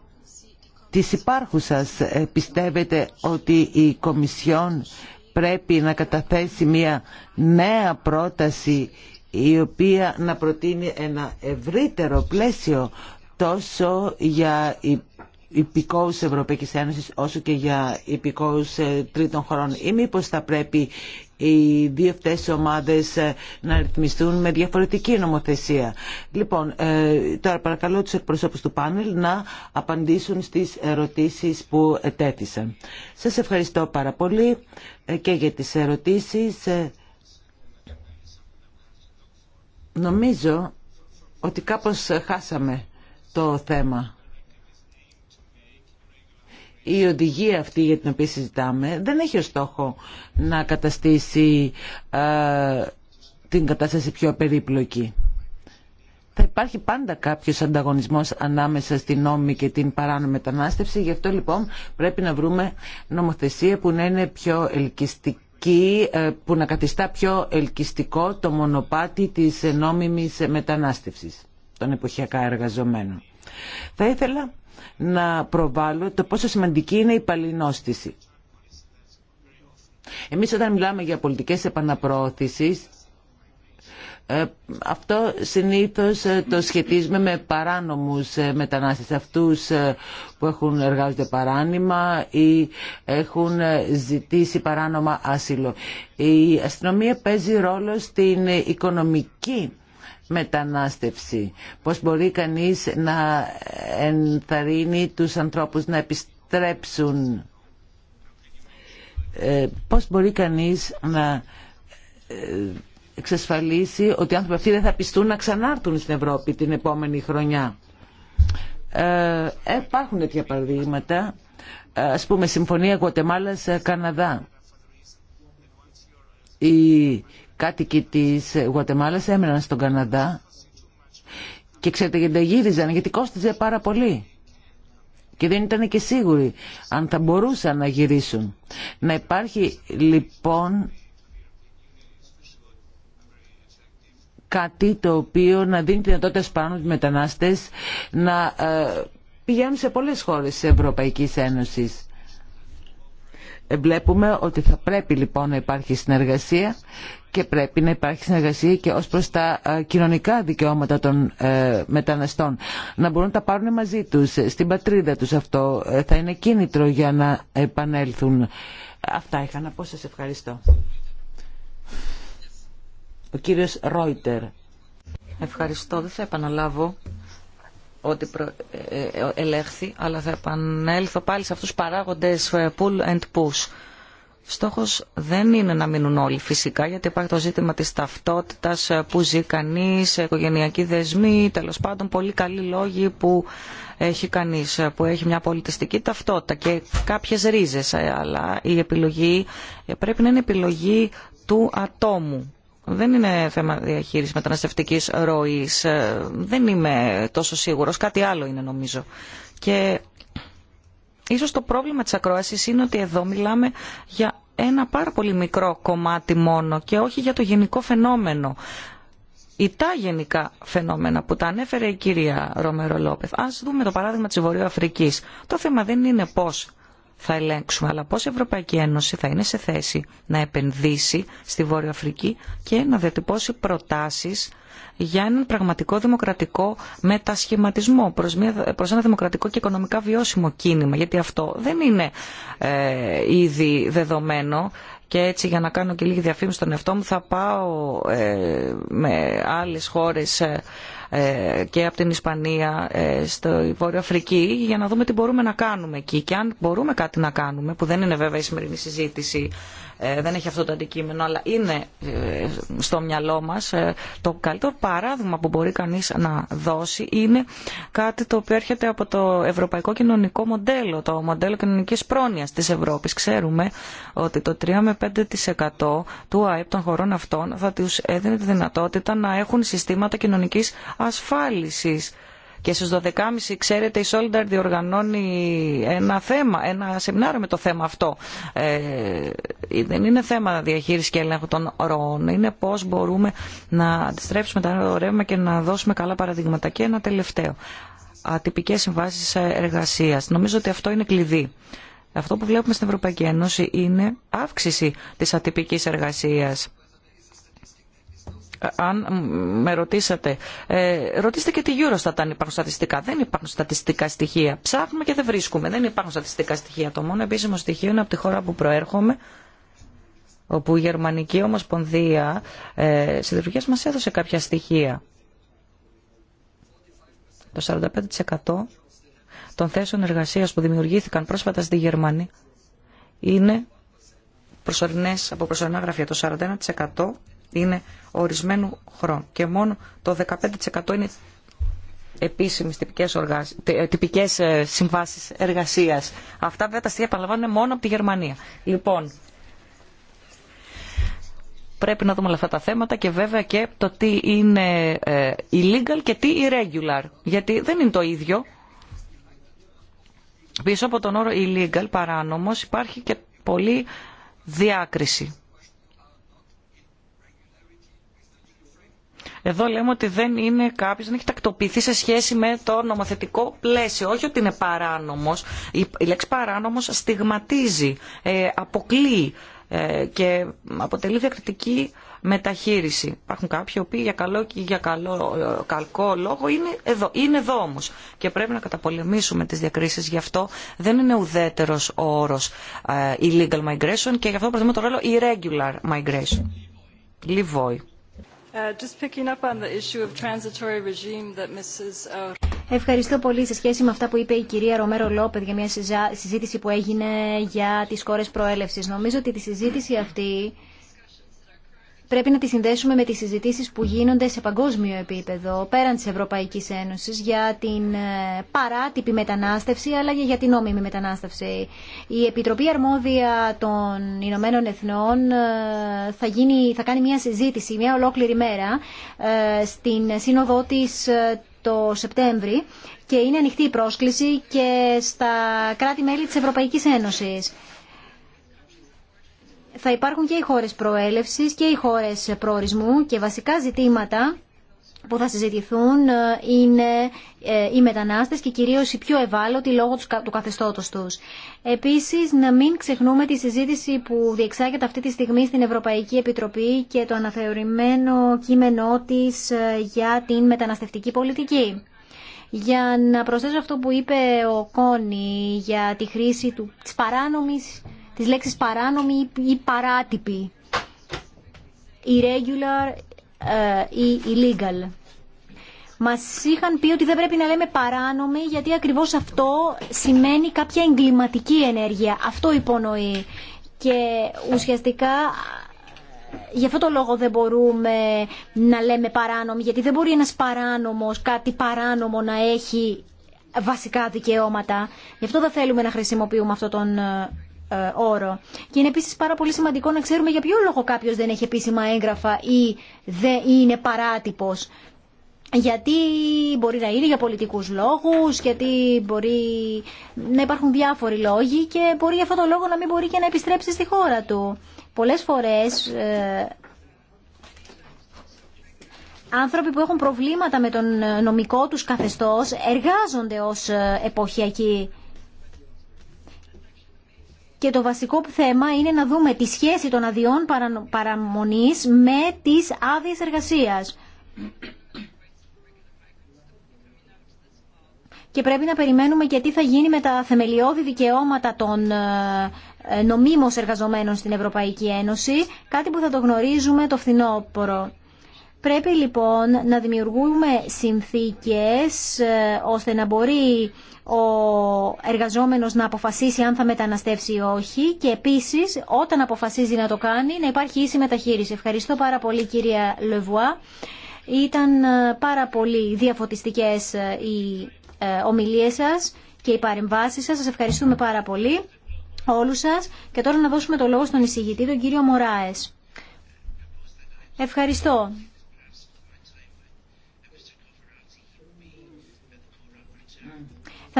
της υπάρχουσας. Ε, πιστεύετε ότι η Κομισιόν πρέπει να καταθέσει μια νέα πρόταση η οποία να προτείνει ένα ευρύτερο πλαίσιο τόσο για υπηκόους Ευρωπαϊκής Ένωσης όσο και για υπηκόους ε, τρίτων χωρών ή μήπως θα πρέπει οι δύο αυτές ομάδες ε, να ρυθμιστούν με διαφορετική νομοθεσία. Λοιπόν, ε, τώρα παρακαλώ τους εκπροσώπους του πάνελ να απαντήσουν στις ερωτήσεις που τέθησαν. Σας ευχαριστώ πάρα πολύ ε, και για τις ερωτήσεις. Νομίζω ότι κάπως χάσαμε το θέμα. Η οδηγία αυτή για την οποία συζητάμε δεν έχει ως στόχο να καταστήσει ε, την κατάσταση πιο περίπλοκη. Θα υπάρχει πάντα κάποιος ανταγωνισμός ανάμεσα στην νόμη και την παράνομη μετανάστευση. Γι' αυτό λοιπόν πρέπει να βρούμε νομοθεσία που να είναι πιο ελκυστική ε, που να καθιστά πιο ελκυστικό το μονοπάτι της νόμιμης μετανάστευσης των εποχιακά εργαζομένων. Θα ήθελα να προβάλλω το πόσο σημαντική είναι η παλινόστηση. Εμείς όταν μιλάμε για πολιτικές επαναπροώθησης, ε, αυτό συνήθως ε, το σχετίζουμε με παράνομους ε, μετανάστες, αυτούς που έχουν εργάζονται παράνομα ή έχουν ζητήσει παράνομα άσυλο. Η αστυνομία παίζει ρόλο στην οικονομική μετανάστευση, πώς μπορεί κανείς να ενθαρρύνει τους ανθρώπους να επιστρέψουν, ε, πώς μπορεί κανείς να ε, εξασφαλίσει ότι οι άνθρωποι αυτοί δεν θα πιστούν να ξανάρθουν στην Ευρώπη την επόμενη χρονιά. Ε, υπάρχουν τέτοια παραδείγματα, ε, ας πούμε Συμφωνία Γουατεμάλας-Καναδά. Η κάτοικοι της Γουατεμάλας έμεναν στον Καναδά και ξέρετε γιατί τα γύριζαν, γιατί κόστιζε πάρα πολύ. Και δεν ήταν και σίγουροι αν θα μπορούσαν να γυρίσουν. Να υπάρχει λοιπόν κάτι το οποίο να δίνει τη δυνατότητα τους μετανάστες να ε, πηγαίνουν σε πολλές χώρες της Ευρωπαϊκής Ένωσης βλέπουμε ότι θα πρέπει λοιπόν να υπάρχει συνεργασία και πρέπει να υπάρχει συνεργασία και ως προς τα ε, κοινωνικά δικαιώματα των ε, μεταναστών. Να μπορούν να τα πάρουν μαζί τους, ε, στην πατρίδα τους αυτό. Θα είναι κίνητρο για να επανέλθουν. Αυτά είχα να πω. Σας ευχαριστώ. Ο κύριος Ρόιτερ. Ευχαριστώ. Δεν θα επαναλάβω ότι προ... Ε, ε, ε, ελέγχθη, αλλά θα επανέλθω πάλι σε αυτούς τους παράγοντες pull and push. Στόχος δεν είναι να μείνουν όλοι φυσικά, γιατί υπάρχει το ζήτημα της ταυτότητας που ζει κανείς, οικογενειακοί δεσμοί, τέλος πάντων πολύ καλοί λόγοι που έχει κανείς, που έχει μια πολιτιστική ταυτότητα και κάποιες ρίζες, αλλά η επιλογή πρέπει να είναι επιλογή του ατόμου δεν είναι θέμα διαχείριση μεταναστευτική ροής. Ε, δεν είμαι τόσο σίγουρος. Κάτι άλλο είναι νομίζω. Και ίσως το πρόβλημα της ακρόαση είναι ότι εδώ μιλάμε για ένα πάρα πολύ μικρό κομμάτι μόνο και όχι για το γενικό φαινόμενο. Ή τα γενικά φαινόμενα που τα ανέφερε η κυρία Ρομέρο Λόπεθ. Ας δούμε το παράδειγμα της Βορειοαφρικής. Το θέμα δεν είναι πώς θα ελέγξουμε, αλλά πώς η Ευρωπαϊκή Ένωση θα είναι σε θέση να επενδύσει στη Βόρεια Αφρική και να διατυπώσει προτάσεις για έναν πραγματικό δημοκρατικό μετασχηματισμό προς, ένα δημοκρατικό και οικονομικά βιώσιμο κίνημα, γιατί αυτό δεν είναι ε, ήδη δεδομένο και έτσι για να κάνω και λίγη διαφήμιση στον εαυτό μου θα πάω ε, με άλλες χώρες ε, ε, και από την Ισπανία ε, στο Βόρειο Αφρική για να δούμε τι μπορούμε να κάνουμε εκεί. Και αν μπορούμε κάτι να κάνουμε, που δεν είναι βέβαια η σημερινή συζήτηση, ε, δεν έχει αυτό το αντικείμενο, αλλά είναι στο μυαλό μας, το καλύτερο παράδειγμα που μπορεί κανείς να δώσει είναι κάτι το οποίο έρχεται από το ευρωπαϊκό κοινωνικό μοντέλο, το μοντέλο κοινωνικής πρόνοιας της Ευρώπης. Ξέρουμε ότι το 3 με 5% του ΑΕΠ των χωρών αυτών θα τους έδινε τη δυνατότητα να έχουν συστήματα κοινωνικής ασφάλισης. Και στις 12.30 ξέρετε η Solidar διοργανώνει ένα θέμα, ένα σεμινάριο με το θέμα αυτό. Ε, δεν είναι θέμα διαχείριση και ελέγχου των ροών, είναι πώς μπορούμε να αντιστρέψουμε τα ρεύμα και να δώσουμε καλά παραδείγματα. Και ένα τελευταίο, ατυπικές συμβάσεις εργασίας. Νομίζω ότι αυτό είναι κλειδί. Αυτό που βλέπουμε στην Ευρωπαϊκή Ένωση είναι αύξηση της ατυπικής εργασίας αν με ρωτήσατε, ε, ρωτήστε και τη Eurostat αν υπάρχουν στατιστικά. Δεν υπάρχουν στατιστικά στοιχεία. Ψάχνουμε και δεν βρίσκουμε. Δεν υπάρχουν στατιστικά στοιχεία. Το μόνο επίσημο στοιχείο είναι από τη χώρα που προέρχομαι, όπου η Γερμανική Ομοσπονδία ε, Συντροφικές μας έδωσε κάποια στοιχεία. Το 45% των θέσεων εργασίας που δημιουργήθηκαν πρόσφατα στη Γερμανία είναι προσωρινές, από προσωρινά γραφεία. Το 41% είναι ορισμένου χρόνου και μόνο το 15% είναι επίσημες τυπικές, οργάσεις, ε, τυπικές ε, συμβάσεις εργασίας. Αυτά βέβαια τα στοιχεία μόνο από τη Γερμανία. Λοιπόν, πρέπει να δούμε όλα αυτά τα θέματα και βέβαια και το τι είναι ε, illegal και τι irregular. Γιατί δεν είναι το ίδιο. Πίσω από τον όρο illegal, παράνομος, υπάρχει και πολύ διάκριση. Εδώ λέμε ότι δεν είναι κάποιο, δεν έχει τακτοποιηθεί σε σχέση με το νομοθετικό πλαίσιο. Όχι ότι είναι παράνομο. Η λέξη παράνομο στιγματίζει, ε, αποκλείει και αποτελεί διακριτική μεταχείριση. Υπάρχουν κάποιοι οποίοι για καλό και για καλό, ε, καλκό λόγο είναι εδώ, είναι εδώ όμως και πρέπει να καταπολεμήσουμε τις διακρίσεις. Γι' αυτό δεν είναι ουδέτερος ο όρος ε, illegal migration και γι' αυτό προτιμώ το ρόλο irregular migration. Λιβόη. Ευχαριστώ πολύ σε σχέση με αυτά που είπε η κυρία Ρομέρο Λόπετ για μια συζήτηση που έγινε για τις κόρες προέλευσης. Νομίζω ότι τη συζήτηση αυτή πρέπει να τη συνδέσουμε με τις συζητήσεις που γίνονται σε παγκόσμιο επίπεδο, πέραν της Ευρωπαϊκής Ένωσης, για την ε, παράτυπη μετανάστευση, αλλά και για την νόμιμη μετανάστευση. Η Επιτροπή Αρμόδια των Ηνωμένων Εθνών ε, θα, γίνει, θα κάνει μια συζήτηση, μια ολόκληρη μέρα, ε, στην σύνοδό της το Σεπτέμβρη και είναι ανοιχτή η πρόσκληση και στα κράτη-μέλη της Ευρωπαϊκής Ένωσης θα υπάρχουν και οι χώρες προέλευσης και οι χώρες προορισμού και βασικά ζητήματα που θα συζητηθούν ε, είναι ε, οι μετανάστες και κυρίως οι πιο ευάλωτοι λόγω του καθεστώτος τους. Επίσης, να μην ξεχνούμε τη συζήτηση που διεξάγεται αυτή τη στιγμή στην Ευρωπαϊκή Επιτροπή και το αναθεωρημένο κείμενό της ε, για την μεταναστευτική πολιτική. Για να προσθέσω αυτό που είπε ο Κόνη για τη χρήση του, της παράνομης τις λέξεις παράνομη ή παράτυπη. Irregular ή illegal. Ε, Μα είχαν πει ότι δεν πρέπει να λέμε παράνομη γιατί ακριβώς αυτό σημαίνει κάποια εγκληματική ενέργεια. Αυτό υπονοεί. Και ουσιαστικά Γι' αυτό το λόγο δεν μπορούμε να λέμε παράνομοι, γιατί δεν μπορεί ένας παράνομος, κάτι παράνομο να έχει βασικά δικαιώματα. Γι' αυτό δεν θέλουμε να χρησιμοποιούμε αυτόν τον ε, ε, όρο. Και είναι επίση πάρα πολύ σημαντικό να ξέρουμε για ποιο λόγο κάποιο δεν έχει επίσημα έγγραφα ή είναι παράτυπο. Γιατί μπορεί να είναι για πολιτικούς λόγους, γιατί μπορεί να υπάρχουν διάφοροι λόγοι και μπορεί για αυτόν τον λόγο να μην μπορεί και να επιστρέψει στη χώρα του. Πολλές φορές ε, άνθρωποι που έχουν προβλήματα με τον νομικό τους καθεστώς εργάζονται ως ε, εποχιακοί και το βασικό θέμα είναι να δούμε τη σχέση των αδειών παραμονής με τις άδειε εργασίας. Και πρέπει να περιμένουμε και τι θα γίνει με τα θεμελιώδη δικαιώματα των ε, ε, νομίμως εργαζομένων στην Ευρωπαϊκή Ένωση, κάτι που θα το γνωρίζουμε το φθινόπωρο. Πρέπει λοιπόν να δημιουργούμε συνθήκες ε, ώστε να μπορεί ο εργαζόμενος να αποφασίσει αν θα μεταναστεύσει ή όχι και επίσης όταν αποφασίζει να το κάνει να υπάρχει ίση μεταχείριση. Ευχαριστώ πάρα πολύ κυρία Λεβουά. Ήταν ε, πάρα πολύ διαφωτιστικές ε, οι ομιλίες σας και οι παρεμβάσεις σας. Σας ευχαριστούμε πάρα πολύ όλους σας και τώρα να δώσουμε το λόγο στον εισηγητή τον κύριο Μωράες. Ευχαριστώ.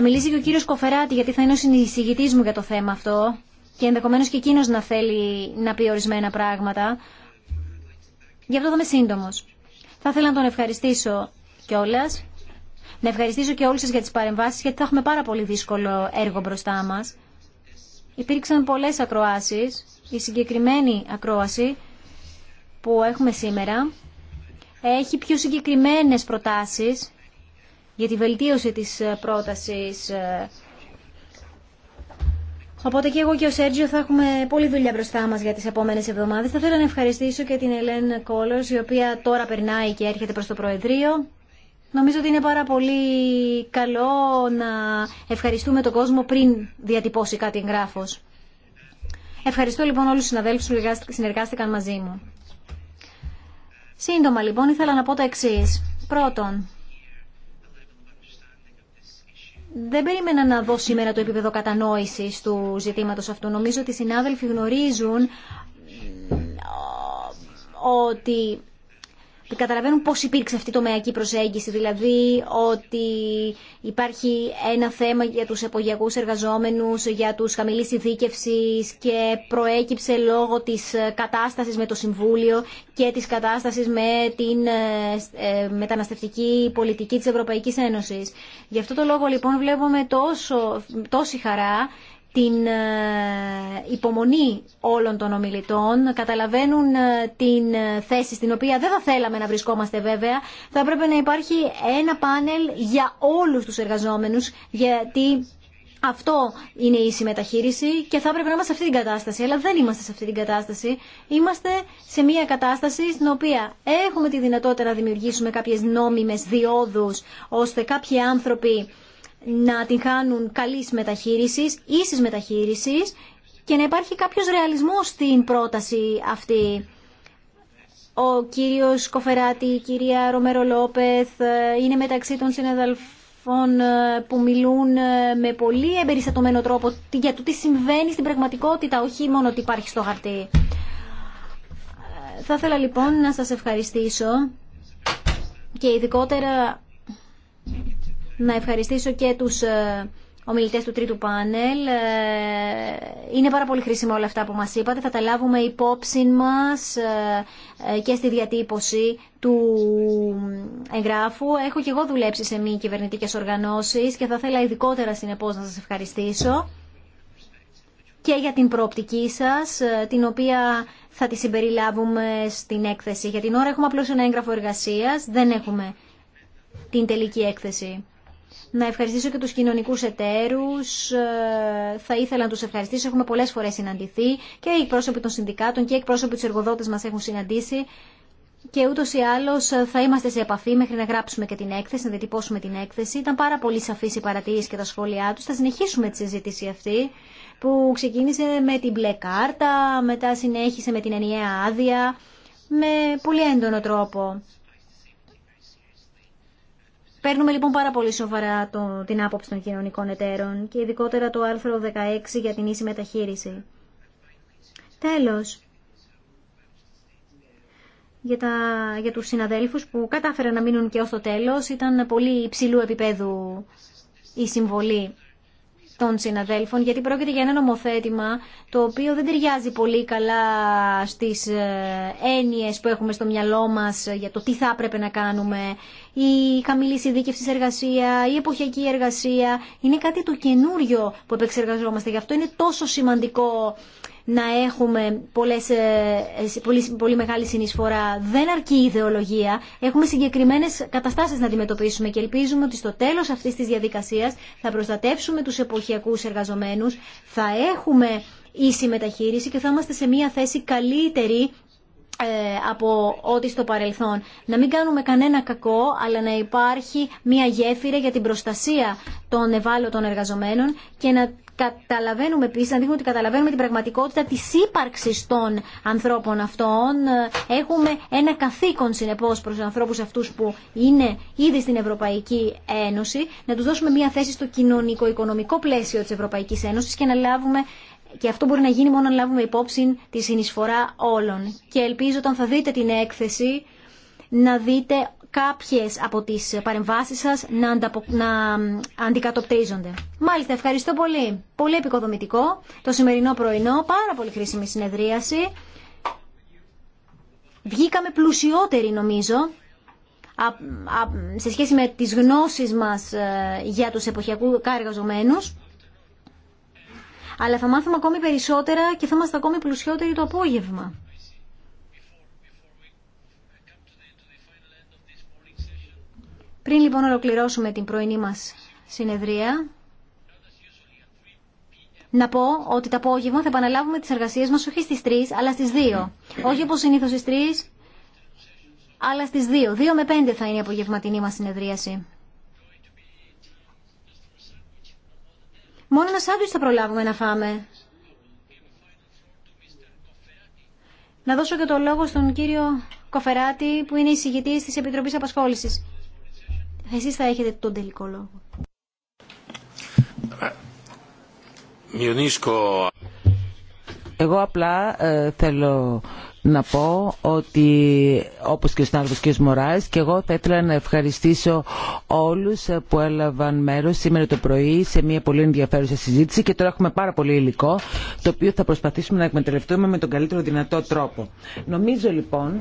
Θα μιλήσει και ο κύριος Κοφεράτη γιατί θα είναι ο συνεισηγητής μου για το θέμα αυτό και ενδεχομένως και εκείνος να θέλει να πει ορισμένα πράγματα. Γι' αυτό θα είμαι σύντομο. Θα ήθελα να τον ευχαριστήσω κιόλα. Να ευχαριστήσω και όλους σας για τις παρεμβάσεις γιατί θα έχουμε πάρα πολύ δύσκολο έργο μπροστά μας. Υπήρξαν πολλές ακροάσεις. Η συγκεκριμένη ακρόαση που έχουμε σήμερα έχει πιο συγκεκριμένες προτάσεις για τη βελτίωση της ε, πρότασης. Ε. Οπότε και εγώ και ο Σέργιο θα έχουμε πολλή δουλειά μπροστά μας για τις επόμενες εβδομάδες. Θα θέλω να ευχαριστήσω και την Ελένη Κόλος, η οποία τώρα περνάει και έρχεται προς το Προεδρείο. Νομίζω ότι είναι πάρα πολύ καλό να ευχαριστούμε τον κόσμο πριν διατυπώσει κάτι εγγράφος. Ευχαριστώ λοιπόν όλους τους συναδέλφους που συνεργάστηκαν μαζί μου. Σύντομα λοιπόν ήθελα να πω το εξή. Πρώτον, δεν περίμενα να δω σήμερα το επίπεδο κατανόησης του ζητήματος αυτού. Νομίζω ότι οι συνάδελφοι γνωρίζουν ότι καταλαβαίνουν πώς υπήρξε αυτή η τομεακή προσέγγιση, δηλαδή ότι υπάρχει ένα θέμα για τους επογειακούς εργαζόμενους, για τους χαμηλής ειδίκευσης και προέκυψε λόγω της κατάστασης με το Συμβούλιο και της κατάστασης με την ε, ε, μεταναστευτική πολιτική της Ευρωπαϊκής Ένωσης. Γι' αυτό το λόγο λοιπόν βλέπουμε τόσο, τόση χαρά την ε, υπομονή όλων των ομιλητών, καταλαβαίνουν ε, την ε, θέση στην οποία δεν θα θέλαμε να βρισκόμαστε βέβαια. Θα έπρεπε να υπάρχει ένα πάνελ για όλους τους εργαζόμενους, γιατί αυτό είναι η συμμεταχείριση και θα έπρεπε να είμαστε σε αυτή την κατάσταση. Αλλά δεν είμαστε σε αυτή την κατάσταση. Είμαστε σε μια κατάσταση στην οποία έχουμε τη δυνατότητα να δημιουργήσουμε κάποιες νόμιμες διόδους, ώστε κάποιοι άνθρωποι να την χάνουν καλής μεταχείρισης, ίσης μεταχείρισης και να υπάρχει κάποιος ρεαλισμός στην πρόταση αυτή. Ο κύριος Κοφεράτη, η κυρία Ρομέρο Λόπεθ ε, είναι μεταξύ των συναδελφών ε, που μιλούν ε, με πολύ εμπεριστατωμένο τρόπο για το τι συμβαίνει στην πραγματικότητα, όχι μόνο ότι υπάρχει στο χαρτί. Θα ήθελα λοιπόν να σας ευχαριστήσω και ειδικότερα να ευχαριστήσω και τους ε, ομιλητές του τρίτου πάνελ. Ε, είναι πάρα πολύ χρήσιμα όλα αυτά που μας είπατε. Θα τα λάβουμε υπόψη μας ε, και στη διατύπωση του εγγράφου. Έχω και εγώ δουλέψει σε μη κυβερνητικές οργανώσεις και θα θέλα ειδικότερα συνεπώς να σας ευχαριστήσω και για την προοπτική σας, την οποία θα τη συμπεριλάβουμε στην έκθεση. Για την ώρα έχουμε απλώς ένα έγγραφο εργασίας, δεν έχουμε την τελική έκθεση. Να ευχαριστήσω και τους κοινωνικούς εταίρους. Ε, θα ήθελα να τους ευχαριστήσω. Έχουμε πολλές φορές συναντηθεί και οι εκπρόσωποι των συνδικάτων και οι εκπρόσωποι του εργοδότες μας έχουν συναντήσει. Και ούτω ή άλλω ε, θα είμαστε σε επαφή μέχρι να γράψουμε και την έκθεση, να διατυπώσουμε την έκθεση. Ήταν πάρα πολύ σαφή η παρατήρηση και τα σχόλιά του. Θα συνεχίσουμε τη συζήτηση αυτή που ξεκίνησε με την μπλε κάρτα, μετά συνέχισε με την ενιαία άδεια, με πολύ έντονο τρόπο. Παίρνουμε λοιπόν πάρα πολύ σοβαρά το, την άποψη των κοινωνικών εταίρων και ειδικότερα το άρθρο 16 για την ίση μεταχείριση. Τέλος, για, τα, για τους συναδέλφους που κατάφεραν να μείνουν και ως το τέλος, ήταν πολύ υψηλού επίπεδου η συμβολή των συναδέλφων, γιατί πρόκειται για ένα νομοθέτημα το οποίο δεν ταιριάζει πολύ καλά στις ε, έννοιες που έχουμε στο μυαλό μα για το τι θα έπρεπε να κάνουμε. Η χαμηλή συνδίκευση εργασία, η εποχιακή εργασία, είναι κάτι το καινούριο που επεξεργαζόμαστε. Γι' αυτό είναι τόσο σημαντικό να έχουμε πολλές, ε, πολύ, πολύ μεγάλη συνεισφορά. Δεν αρκεί ιδεολογία. Έχουμε συγκεκριμένες καταστάσεις να αντιμετωπίσουμε και ελπίζουμε ότι στο τέλος αυτής της διαδικασίας θα προστατεύσουμε τους εποχιακούς εργαζομένους, θα έχουμε ίση μεταχείριση και θα είμαστε σε μια θέση καλύτερη ε, από ό,τι στο παρελθόν. Να μην κάνουμε κανένα κακό, αλλά να υπάρχει μια γέφυρα για την προστασία των ευάλωτων εργαζομένων και να καταλαβαίνουμε επίσης, να δείχνουμε ότι καταλαβαίνουμε την πραγματικότητα της ύπαρξης των ανθρώπων αυτών. Έχουμε ένα καθήκον συνεπώς προς τους ανθρώπους αυτούς που είναι ήδη στην Ευρωπαϊκή Ένωση, να τους δώσουμε μια θέση στο κοινωνικο-οικονομικό πλαίσιο της Ευρωπαϊκής Ένωσης και να λάβουμε και αυτό μπορεί να γίνει μόνο αν λάβουμε υπόψη τη συνεισφορά όλων. Και ελπίζω όταν θα δείτε την έκθεση να δείτε κάποιες από τις παρεμβάσεις σας να, να αντικατοπτρίζονται. Μάλιστα, ευχαριστώ πολύ. Πολύ επικοδομητικό το σημερινό πρωινό, πάρα πολύ χρήσιμη συνεδρίαση. Βγήκαμε πλουσιότεροι νομίζω σε σχέση με τις γνώσεις μας ε, για τους εποχιακούς εργαζομένους αλλά θα μάθουμε ακόμη περισσότερα και θα είμαστε ακόμη πλουσιότεροι το απόγευμα. Πριν λοιπόν ολοκληρώσουμε την πρωινή μας συνεδρία, να πω ότι το απόγευμα θα επαναλάβουμε τις εργασίες μας όχι στις 3, αλλά στις 2. Όχι όπως συνήθως στις 3, αλλά στις 2. 2 με 5 θα είναι η απογευματινή μας συνεδρίαση. Μόνο ένα σάντουιτς θα προλάβουμε να φάμε. Να δώσω και το λόγο στον κύριο Κοφεράτη που είναι εισηγητής της Επιτροπής Απασχόλησης. Εσείς θα έχετε τον τελικό λόγο. Εγώ απλά ε, θέλω να πω ότι όπως και ο συνάδελφος ο Μωράς και εγώ θα ήθελα να ευχαριστήσω όλους που έλαβαν μέρος σήμερα το πρωί σε μια πολύ ενδιαφέρουσα συζήτηση και τώρα έχουμε πάρα πολύ υλικό το οποίο θα προσπαθήσουμε να εκμεταλλευτούμε με τον καλύτερο δυνατό τρόπο. Νομίζω λοιπόν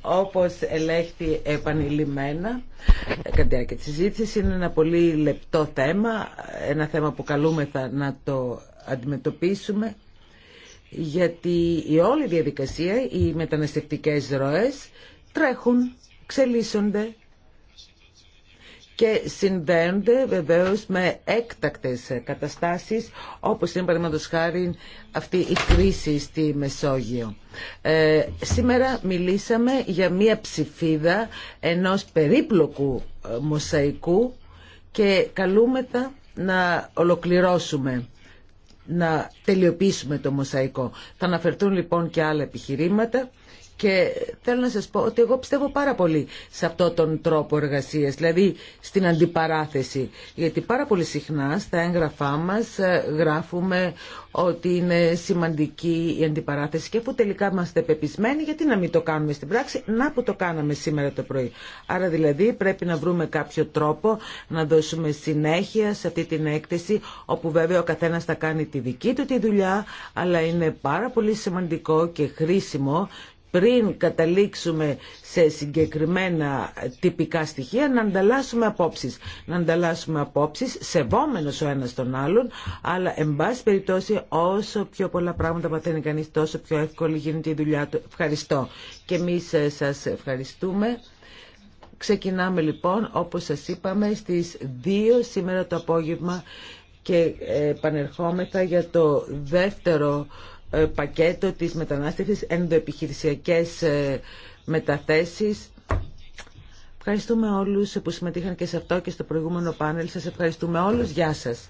όπως ελέγχθη επανειλημμένα κατά τη διάρκεια της συζήτησης είναι ένα πολύ λεπτό θέμα ένα θέμα που καλούμεθα να το αντιμετωπίσουμε γιατί η όλη διαδικασία, οι μεταναστευτικές ροές τρέχουν, ξελίσσονται και συνδέονται βεβαίως με έκτακτες καταστάσεις όπως είναι παραδείγματος χάρη αυτή η κρίση στη Μεσόγειο. Ε, σήμερα μιλήσαμε για μία ψηφίδα ενός περίπλοκου ε, μοσαϊκού και καλούμεθα να ολοκληρώσουμε να τελειοποιήσουμε το μοσαϊκό. Θα αναφερθούν λοιπόν και άλλα επιχειρήματα. Και θέλω να σας πω ότι εγώ πιστεύω πάρα πολύ σε αυτόν τον τρόπο εργασίας, δηλαδή στην αντιπαράθεση. Γιατί πάρα πολύ συχνά στα έγγραφά μας ε, γράφουμε ότι είναι σημαντική η αντιπαράθεση και αφού τελικά είμαστε πεπισμένοι, γιατί να μην το κάνουμε στην πράξη, να που το κάναμε σήμερα το πρωί. Άρα δηλαδή πρέπει να βρούμε κάποιο τρόπο να δώσουμε συνέχεια σε αυτή την έκθεση, όπου βέβαια ο καθένας θα κάνει τη δική του τη δουλειά, αλλά είναι πάρα πολύ σημαντικό και χρήσιμο πριν καταλήξουμε σε συγκεκριμένα τυπικά στοιχεία να ανταλλάσσουμε απόψεις. Να ανταλλάσσουμε απόψεις σεβόμενος ο ένας τον άλλον, αλλά εν πάση περιπτώσει όσο πιο πολλά πράγματα παθαίνει κανείς τόσο πιο εύκολη γίνεται η δουλειά του. Ευχαριστώ. Και εμεί ε, σας ευχαριστούμε. Ξεκινάμε λοιπόν όπως σας είπαμε στις 2 σήμερα το απόγευμα και ε, επανερχόμεθα για το δεύτερο ε, πακέτο της μετανάστευσης, ενδοεπιχειρησιακές ε, μεταθέσεις. Ευχαριστούμε όλους που συμμετείχαν και σε αυτό και στο προηγούμενο πάνελ. Σας ευχαριστούμε όλους. Γεια σας.